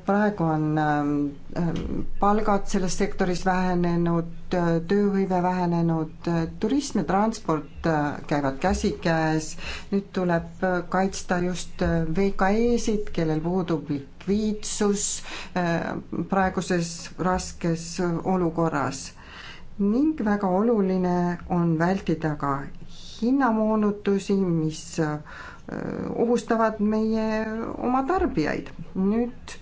[SPEAKER 7] praegu on ähm, ähm, palgad selles sektoris vähenenud, äh, tööhõive vähenenud, äh, turism ja transport äh, käivad käsikäes, nüüd tuleb kaitsta just VKE-sid, kellel puudub likviidsus praeguses raskes olukorras. ning väga oluline on vältida ka hinnamoonutusi, mis Äh, ohustavad meie oma tarbijaid. nüüd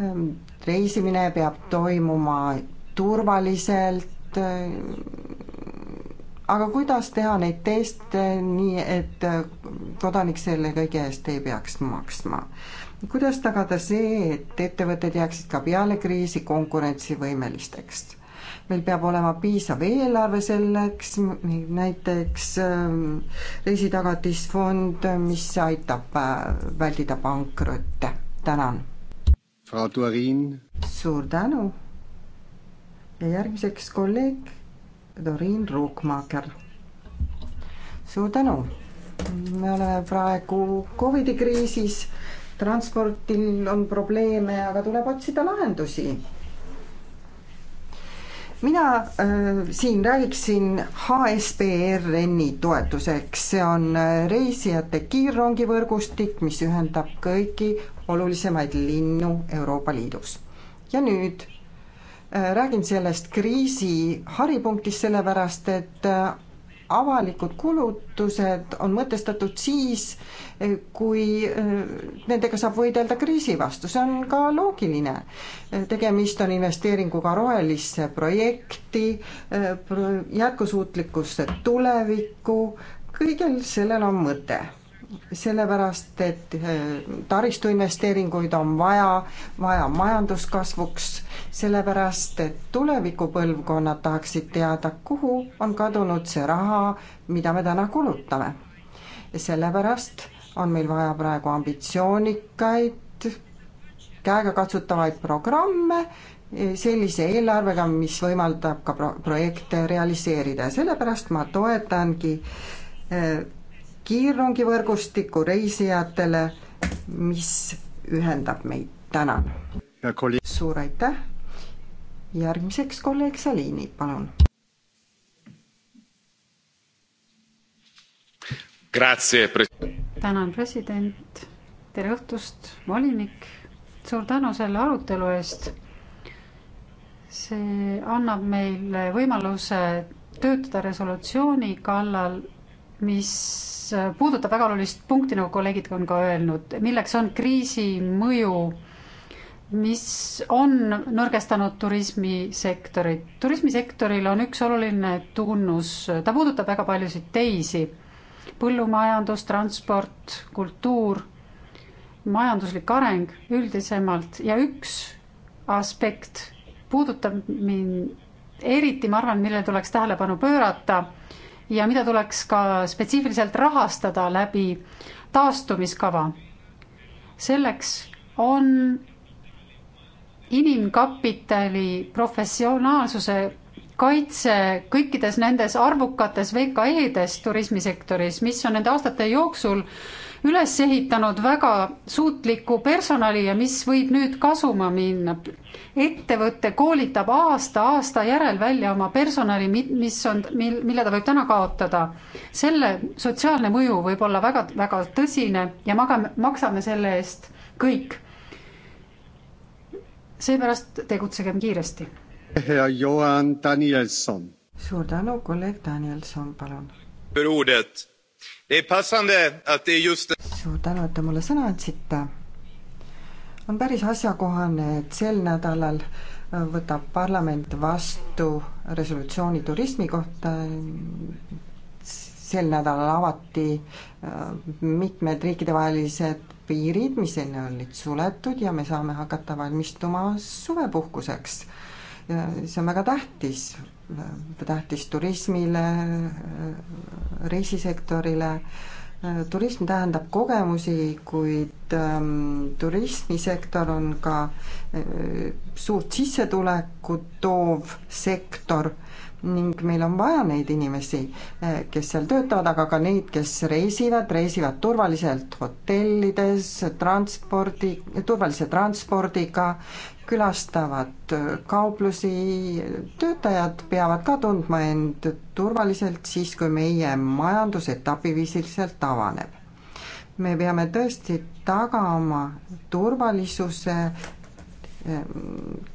[SPEAKER 7] ähm, reisimine peab toimuma turvaliselt, äh, aga kuidas teha neid teste nii, et äh, kodanik selle kõige eest ei peaks maksma? kuidas tagada see, et ettevõtted jääksid ka peale kriisi konkurentsivõimelisteks? meil peab olema piisav eelarve selleks, näiteks ähm, reisitagatisfond, mis aitab äh, väldida pankrotte. tänan.
[SPEAKER 2] Frau Turin.
[SPEAKER 7] suur tänu. ja järgmiseks kolleeg Dorin Ruukmaager. suur tänu. me oleme praegu Covidi kriisis, transpordil on probleeme, aga tuleb otsida lahendusi mina äh, siin räägiksin HSBRN-i toetuseks, see on äh, reisijate kiirrongivõrgustik, mis ühendab kõiki olulisemaid linnu Euroopa Liidus. ja nüüd äh, räägin sellest kriisi haripunktist, sellepärast et äh, avalikud kulutused on mõtestatud siis, kui eh, nendega saab võidelda kriisi vastu, see on ka loogiline. Eh, tegemist on investeeringuga rohelisse projekti, eh, jätkusuutlikkusse tulevikku, kõigel sellel on mõte sellepärast, et äh, taristuinvesteeringuid on vaja, vaja majanduskasvuks, sellepärast et tulevikupõlvkonnad tahaksid teada, kuhu on kadunud see raha, mida me täna kulutame. ja sellepärast on meil vaja praegu ambitsioonikaid, käegakatsutavaid programme, äh, sellise eelarvega, mis võimaldab ka pro-, projekte realiseerida ja sellepärast ma toetangi äh, kiirrongivõrgustiku reisijatele, mis ühendab meid. tänan. suur aitäh. järgmiseks kolleeg Salini, palun.
[SPEAKER 9] tänan, president. tere õhtust, volinik. suur tänu selle arutelu eest. see annab meile võimaluse töötada resolutsiooni kallal, mis puudutab väga olulist punkti, nagu kolleegid on ka öelnud, milleks on kriisi mõju, mis on nõrgestanud turismisektorit. turismisektoril on üks oluline tunnus, ta puudutab väga paljusid teisi, põllumajandus, transport, kultuur, majanduslik areng üldisemalt ja üks aspekt puudutab mind eriti, ma arvan, millele tuleks tähelepanu pöörata ja mida tuleks ka spetsiifiliselt rahastada läbi taastumiskava. selleks on inimkapitali professionaalsuse kaitse kõikides nendes arvukates VKE-des turismisektoris, mis on nende aastate jooksul äh, üles ehitanud väga suutliku personali ja mis võib nüüd kasuma minna. ettevõte koolitab aasta-aasta järel välja oma personali, mis on, mil, mille ta võib täna kaotada. selle sotsiaalne mõju võib olla väga-väga tõsine ja magame, maksame selle eest kõik.
[SPEAKER 7] seepärast tegutsegem kiiresti.
[SPEAKER 2] hea Johan Danielson.
[SPEAKER 7] suur tänu, kolleeg Danielson, palun suur tänu, et te mulle sõna andsite. on päris asjakohane, et sel nädalal äh, võtab parlament vastu resolutsiooni turismi kohta. sel nädalal avati äh, mitmed riikidevahelised piirid, mis enne olid suletud ja me saame hakata valmistuma suvepuhkuseks. see on väga tähtis, Äh, tähtis turismile, äh, reisisektorile. Äh, turism tähendab kogemusi, kuid ähm, turismisektor on ka suurt sissetulekut toov sektor ning meil on vaja neid inimesi, kes seal töötavad, aga ka neid, kes reisivad, reisivad turvaliselt hotellides, transpordi, turvalise transpordiga, külastavad kauplusi, töötajad peavad ka tundma end turvaliselt siis, kui meie majandus etapiviisiliselt avaneb. me peame tõesti tagama turvalisuse eh,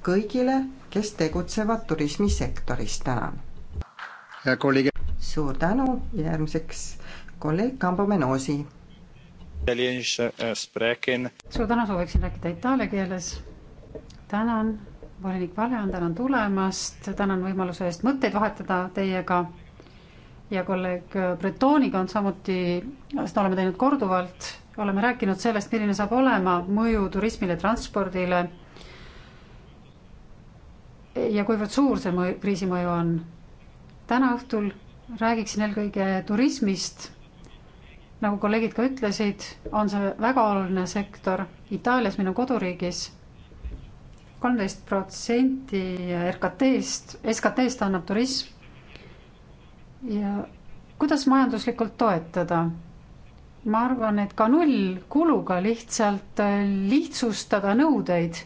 [SPEAKER 7] kõigile, kes tegutsevad turismisektoris, tänan. suur tänu, järgmiseks kolleeg Kambo Menosi.
[SPEAKER 2] Eh, eh, suur
[SPEAKER 9] tänu, sooviksin rääkida itaalia keeles tänan, volinik Valjan, tänan tulemast, tänan võimaluse eest mõtteid vahetada teiega ja kolleeg Bretoniga on samuti, seda oleme teinud korduvalt, oleme rääkinud sellest, milline saab olema mõju turismile, transpordile ja kuivõrd suur see mõju, kriisi mõju on. täna õhtul räägiksin eelkõige turismist. nagu kolleegid ka ütlesid, on see väga oluline sektor Itaalias, minu koduriigis kolmteist protsenti RKT-st, SKT-st annab turism. ja kuidas majanduslikult toetada? ma arvan, et ka nullkuluga lihtsalt äh, lihtsustada nõudeid,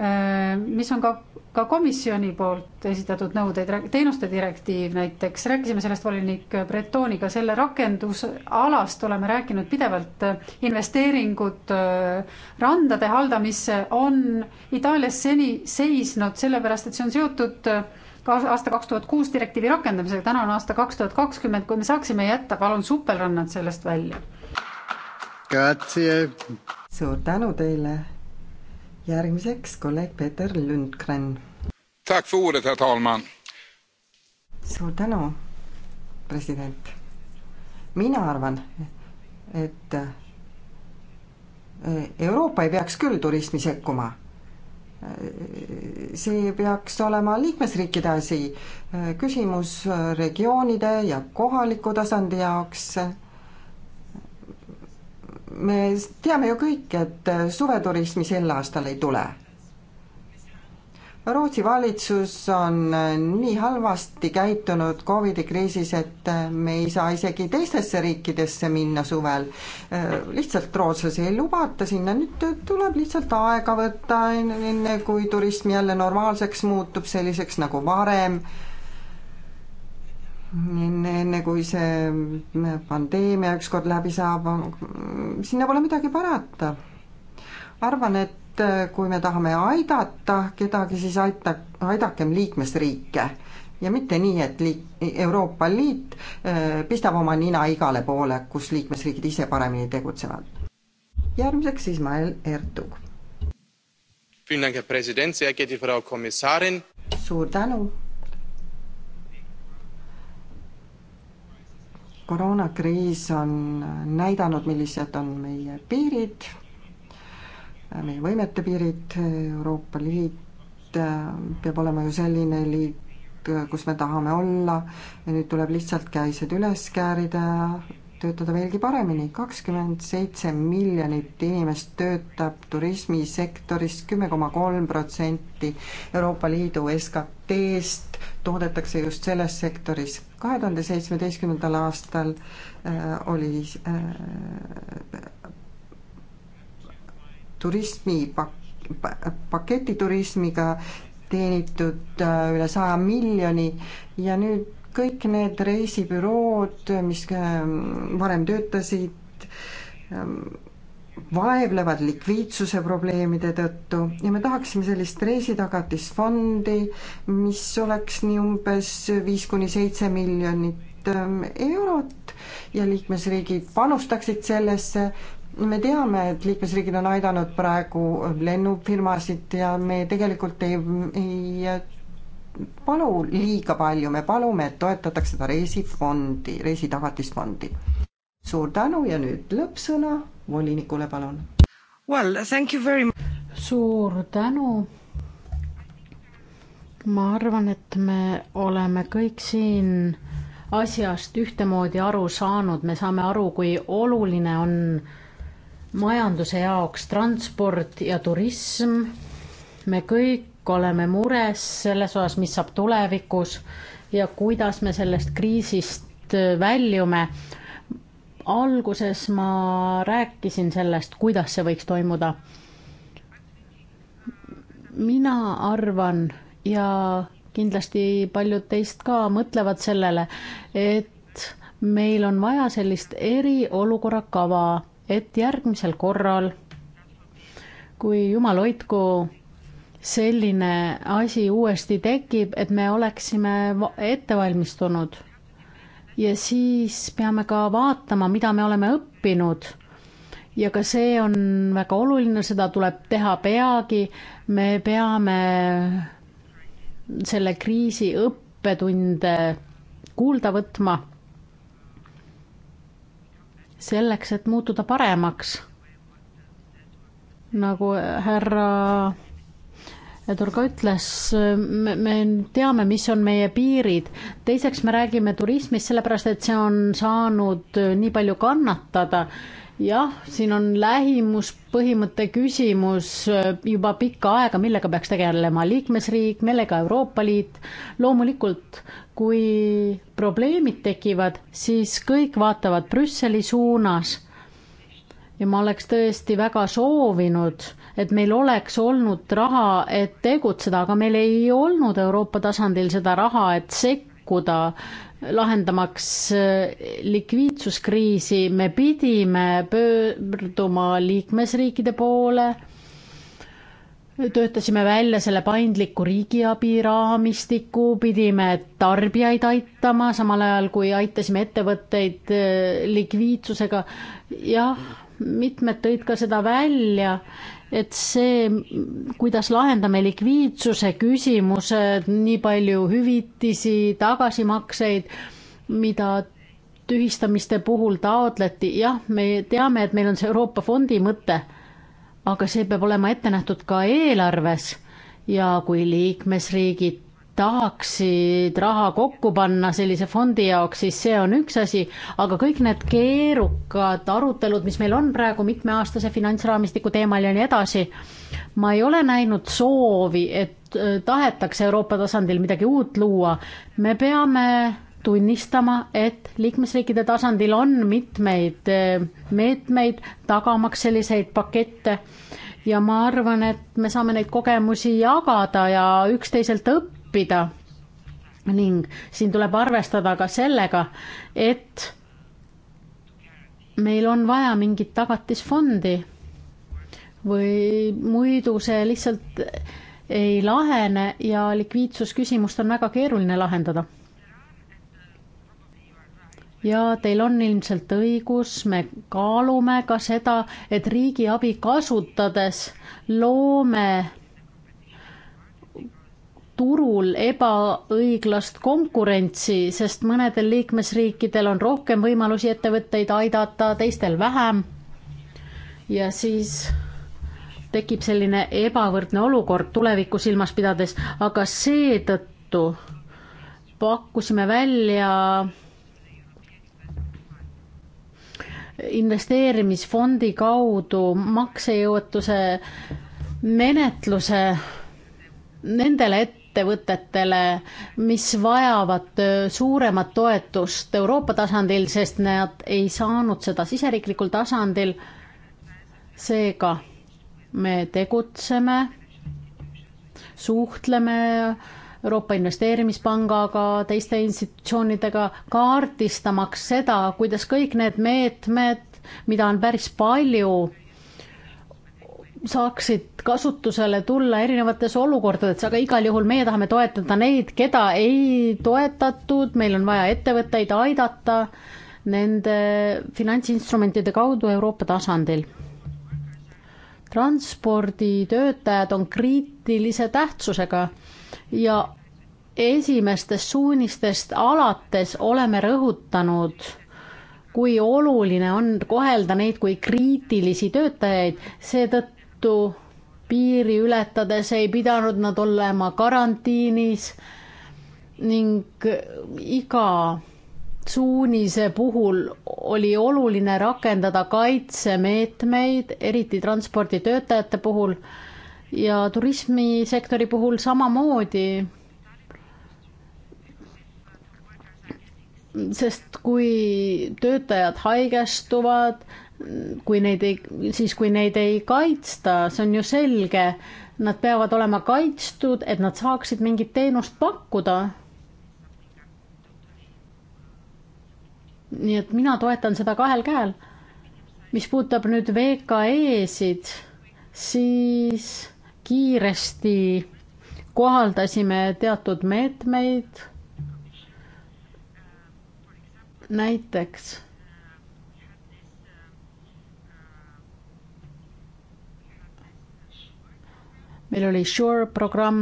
[SPEAKER 9] äh, mis on ka ka komisjoni poolt esitatud nõudeid, teenuste direktiiv näiteks, rääkisime sellest volinik Bretoniga, selle rakendusalast oleme rääkinud pidevalt, investeeringud äh, randade haldamisse on Itaalias seni seisnud, sellepärast et see on seotud äh, ka aasta kaks tuhat kuus direktiivi rakendamisega, täna on aasta kaks tuhat kakskümmend, kui me saaksime jätta palun supelrannad sellest
[SPEAKER 7] välja. suur tänu teile järgmiseks kolleeg Peeter Lundgren. suur tänu, president. mina arvan, et eh, Euroopa ei peaks küll turismi sekkuma. Eh, see peaks olema liikmesriikide asi, eh, küsimus regioonide ja kohaliku tasandi jaoks me teame ju kõik, et suveturismi sel aastal ei tule. Rootsi valitsus on nii halvasti käitunud Covidi kriisis, et me ei saa isegi teistesse riikidesse minna suvel. lihtsalt rootslasi ei lubata sinna, nüüd tuleb lihtsalt aega võtta, enne kui turism jälle normaalseks muutub, selliseks nagu varem enne, enne kui see pandeemia ükskord läbi saab, sinna pole midagi parata. arvan, et äh, kui me tahame aidata kedagi, siis aita, aidakem liikmesriike ja mitte nii, et liik-, Euroopa Liit äh, pistab oma nina igale poole, kus liikmesriigid ise paremini tegutsevad. järgmiseks Ismael Ertug. suur tänu koroonakriis on näidanud, millised on meie piirid, meie võimete piirid, Euroopa Liit äh, peab olema ju selline liit, äh, kus me tahame olla ja nüüd tuleb lihtsalt käised üles käärida, töötada veelgi paremini. kakskümmend seitse miljonit inimest töötab turismisektoris, kümme koma kolm protsenti Euroopa Liidu SKT-st toodetakse just selles sektoris. kahe tuhande seitsmeteistkümnendal aastal äh, oli äh, turismipak-, paketiturismiga teenitud äh, üle saja miljoni ja nüüd kõik need reisibürood, mis ähm, varem töötasid, ähm, vaevlevad likviidsuse probleemide tõttu ja me tahaksime sellist reisitagatisfondi, mis oleks nii umbes viis kuni seitse miljonit ähm, eurot ja liikmesriigid panustaksid sellesse. me teame, et liikmesriigid on aidanud praegu lennufirmasid ja me tegelikult ei, ei palu liiga palju, me palume, et toetataks seda reisifondi, reisitagatisfondi. suur tänu ja nüüd lõppsõna volinikule, palun.
[SPEAKER 10] Well, thank you very much. suur tänu. ma arvan, et me oleme kõik siin asjast ühtemoodi aru saanud, me saame aru, kui oluline on majanduse jaoks transport ja turism. me kõik oleme mures selles osas, mis saab tulevikus ja kuidas me sellest kriisist väljume. alguses ma rääkisin sellest, kuidas see võiks toimuda. mina arvan ja kindlasti paljud teist ka mõtlevad sellele, et meil on vaja sellist eriolukorra kava, et järgmisel korral, kui jumal hoidku, selline asi uuesti tekib, et me oleksime ette valmistunud. ja siis peame ka vaatama, mida me oleme õppinud. ja ka see on väga oluline, seda tuleb teha peagi. me peame selle kriisi õppetunde kuulda võtma. selleks, et muutuda paremaks. nagu härra Turga ütles, me teame, mis on meie piirid. teiseks me räägime turismist, sellepärast et see on saanud äh, nii palju kannatada. jah, siin on lähimuspõhimõtte küsimus äh, juba pikka aega, millega peaks tegelema liikmesriik, millega Euroopa Liit. loomulikult, kui probleemid tekivad, siis kõik vaatavad Brüsseli suunas ja ma oleks tõesti väga soovinud, et meil oleks olnud raha, et tegutseda, aga meil ei olnud Euroopa tasandil seda raha, et sekkuda lahendamaks eh, likviidsuskriisi, me pidime pöörduma liikmesriikide poole, töötasime välja selle paindliku riigiabi raamistiku, pidime tarbijaid aitama, samal ajal kui aitasime ettevõtteid eh, likviidsusega, jah mitmed tõid ka seda välja, et see, kuidas lahendame likviidsuse küsimused, nii palju hüvitisi, tagasimakseid, mida tühistamiste puhul taotleti, jah, me teame, et meil on see Euroopa fondi mõte, aga see peab olema ette nähtud ka eelarves ja kui liikmesriigid tahaksid raha kokku panna sellise fondi jaoks, siis see on üks asi, aga kõik need keerukad arutelud, mis meil on praegu mitmeaastase finantsraamistiku teemal ja nii edasi, ma ei ole näinud soovi, et äh, tahetakse Euroopa tasandil midagi uut luua. me peame tunnistama, et liikmesriikide tasandil on mitmeid äh, meetmeid, tagamaks selliseid pakette ja ma arvan, et me saame neid kogemusi jagada ja üksteiselt õppida õppida. ning siin tuleb arvestada ka sellega, et meil on vaja mingit tagatisfondi või muidu see lihtsalt ei lahene ja likviidsusküsimust on väga keeruline lahendada. ja teil on ilmselt õigus, me kaalume ka seda, et riigiabi kasutades loome turul ebaõiglast konkurentsi, sest mõnedel liikmesriikidel on rohkem võimalusi ettevõtteid aidata, teistel vähem. ja siis tekib selline ebavõrdne olukord tulevikku silmas pidades, aga seetõttu pakkusime välja investeerimisfondi kaudu maksejõuetuse menetluse nendele et-, ettevõtetele, mis vajavad äh, suuremat toetust Euroopa tasandil, sest nad ei saanud seda siseriiklikul tasandil. seega me tegutseme, suhtleme Euroopa Investeerimispangaga, teiste institutsioonidega, kaardistamaks seda, kuidas kõik need meetmed, mida on päris palju, saaksid kasutusele tulla erinevates olukordades, aga igal juhul meie tahame toetada neid, keda ei toetatud, meil on vaja ettevõtteid aidata nende finantsinstrumentide kaudu Euroopa tasandil. transporditöötajad on kriitilise tähtsusega ja esimestest suunistest alates oleme rõhutanud kui oluline on kohelda neid kui kriitilisi töötajaid, seetõttu tõttu piiri ületades ei pidanud nad olema karantiinis ning iga suunise puhul oli oluline rakendada kaitsemeetmeid, eriti transporditöötajate puhul ja turismisektori puhul samamoodi. sest kui töötajad haigestuvad, kui neid ei, siis kui neid ei kaitsta, see on ju selge, nad peavad olema kaitstud, et nad saaksid mingit teenust pakkuda. nii et mina toetan seda kahel käel. mis puudutab nüüd VKE-sid, siis kiiresti kohaldasime teatud meetmeid. näiteks meil oli Sure programm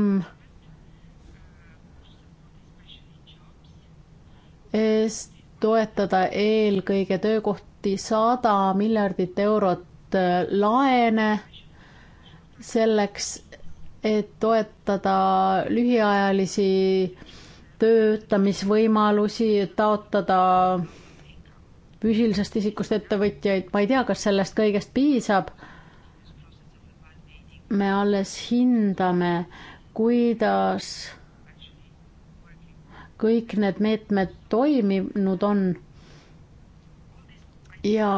[SPEAKER 10] eest toetada eelkõige töökohti sada miljardit eurot äh, laene selleks, et toetada lühiajalisi töötamisvõimalusi, taotada füüsilisest isikust ettevõtjaid, ma ei tea, kas sellest kõigest piisab me alles hindame, kuidas kõik need meetmed toiminud on. ja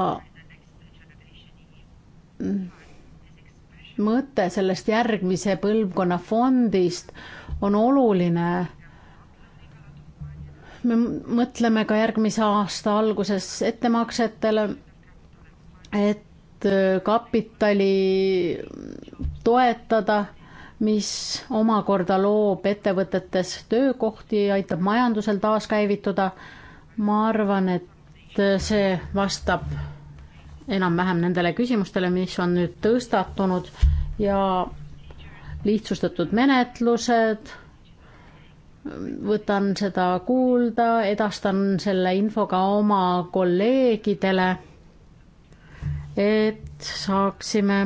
[SPEAKER 10] mõte sellest järgmise põlvkonna fondist on oluline me mõtleme ka järgmise aasta alguses ettemaksetele, et Äh, kapitali toetada, mis omakorda loob ettevõtetes töökohti, aitab majandusel taaskäivituda. ma arvan, et äh, see vastab enam-vähem nendele küsimustele, mis on nüüd tõstatunud ja lihtsustatud menetlused võtan seda kuulda, edastan selle info ka oma kolleegidele et saaksime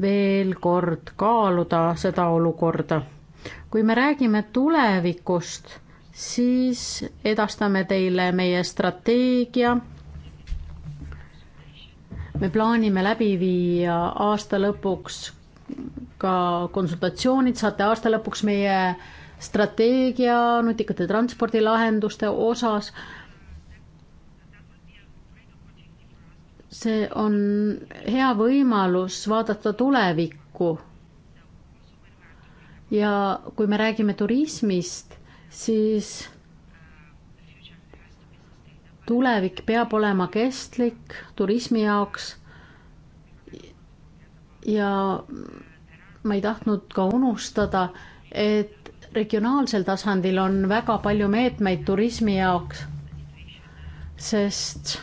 [SPEAKER 10] veel kord kaaluda seda olukorda. kui me räägime tulevikust, siis edastame teile meie strateegia. me plaanime läbi viia aasta lõpuks ka konsultatsioonid, saate aasta lõpuks meie strateegia nutikate transpordilahenduste osas see on hea võimalus vaadata tulevikku. ja kui me räägime turismist, siis tulevik peab olema kestlik turismi jaoks. ja ma ei tahtnud ka unustada, et regionaalsel tasandil on väga palju meetmeid turismi jaoks, sest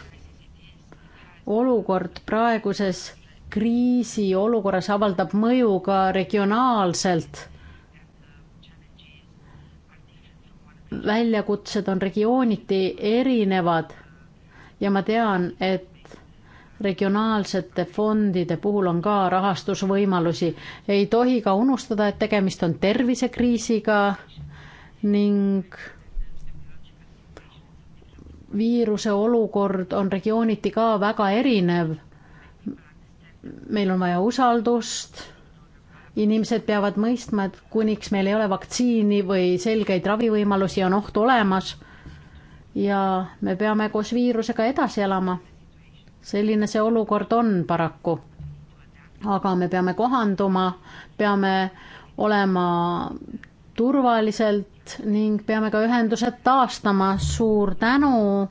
[SPEAKER 10] olukord praeguses kriisiolukorras avaldab mõju ka regionaalselt. väljakutsed on regiooniti erinevad ja ma tean, et regionaalsete fondide puhul on ka rahastusvõimalusi. ei tohi ka unustada, et tegemist on tervisekriisiga ning viiruse olukord on regiooniti ka väga erinev. meil on vaja usaldust, inimesed peavad mõistma, et kuniks meil ei ole vaktsiini või selgeid ravivõimalusi, on oht olemas ja me peame koos viirusega edasi elama. selline see olukord on paraku. aga me peame kohanduma, peame olema turvaliselt Liidult ning peame ka ühendused taastama. suur tänu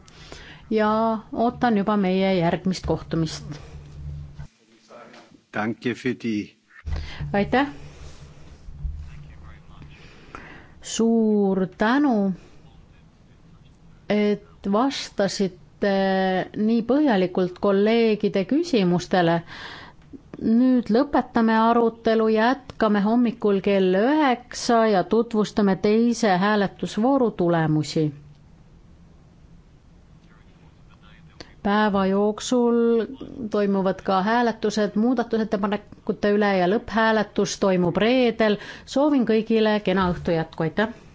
[SPEAKER 10] ja ootan juba meie järgmist kohtumist. aitäh. suur tänu, et vastasite nii põhjalikult kolleegide küsimustele nüüd lõpetame arutelu, jätkame hommikul kell üheksa ja tutvustame teise hääletusvooru tulemusi. päeva jooksul toimuvad ka hääletused muudatusettepanekute üle ja lõpphääletus toimub reedel. soovin kõigile kena õhtu jätku, aitäh!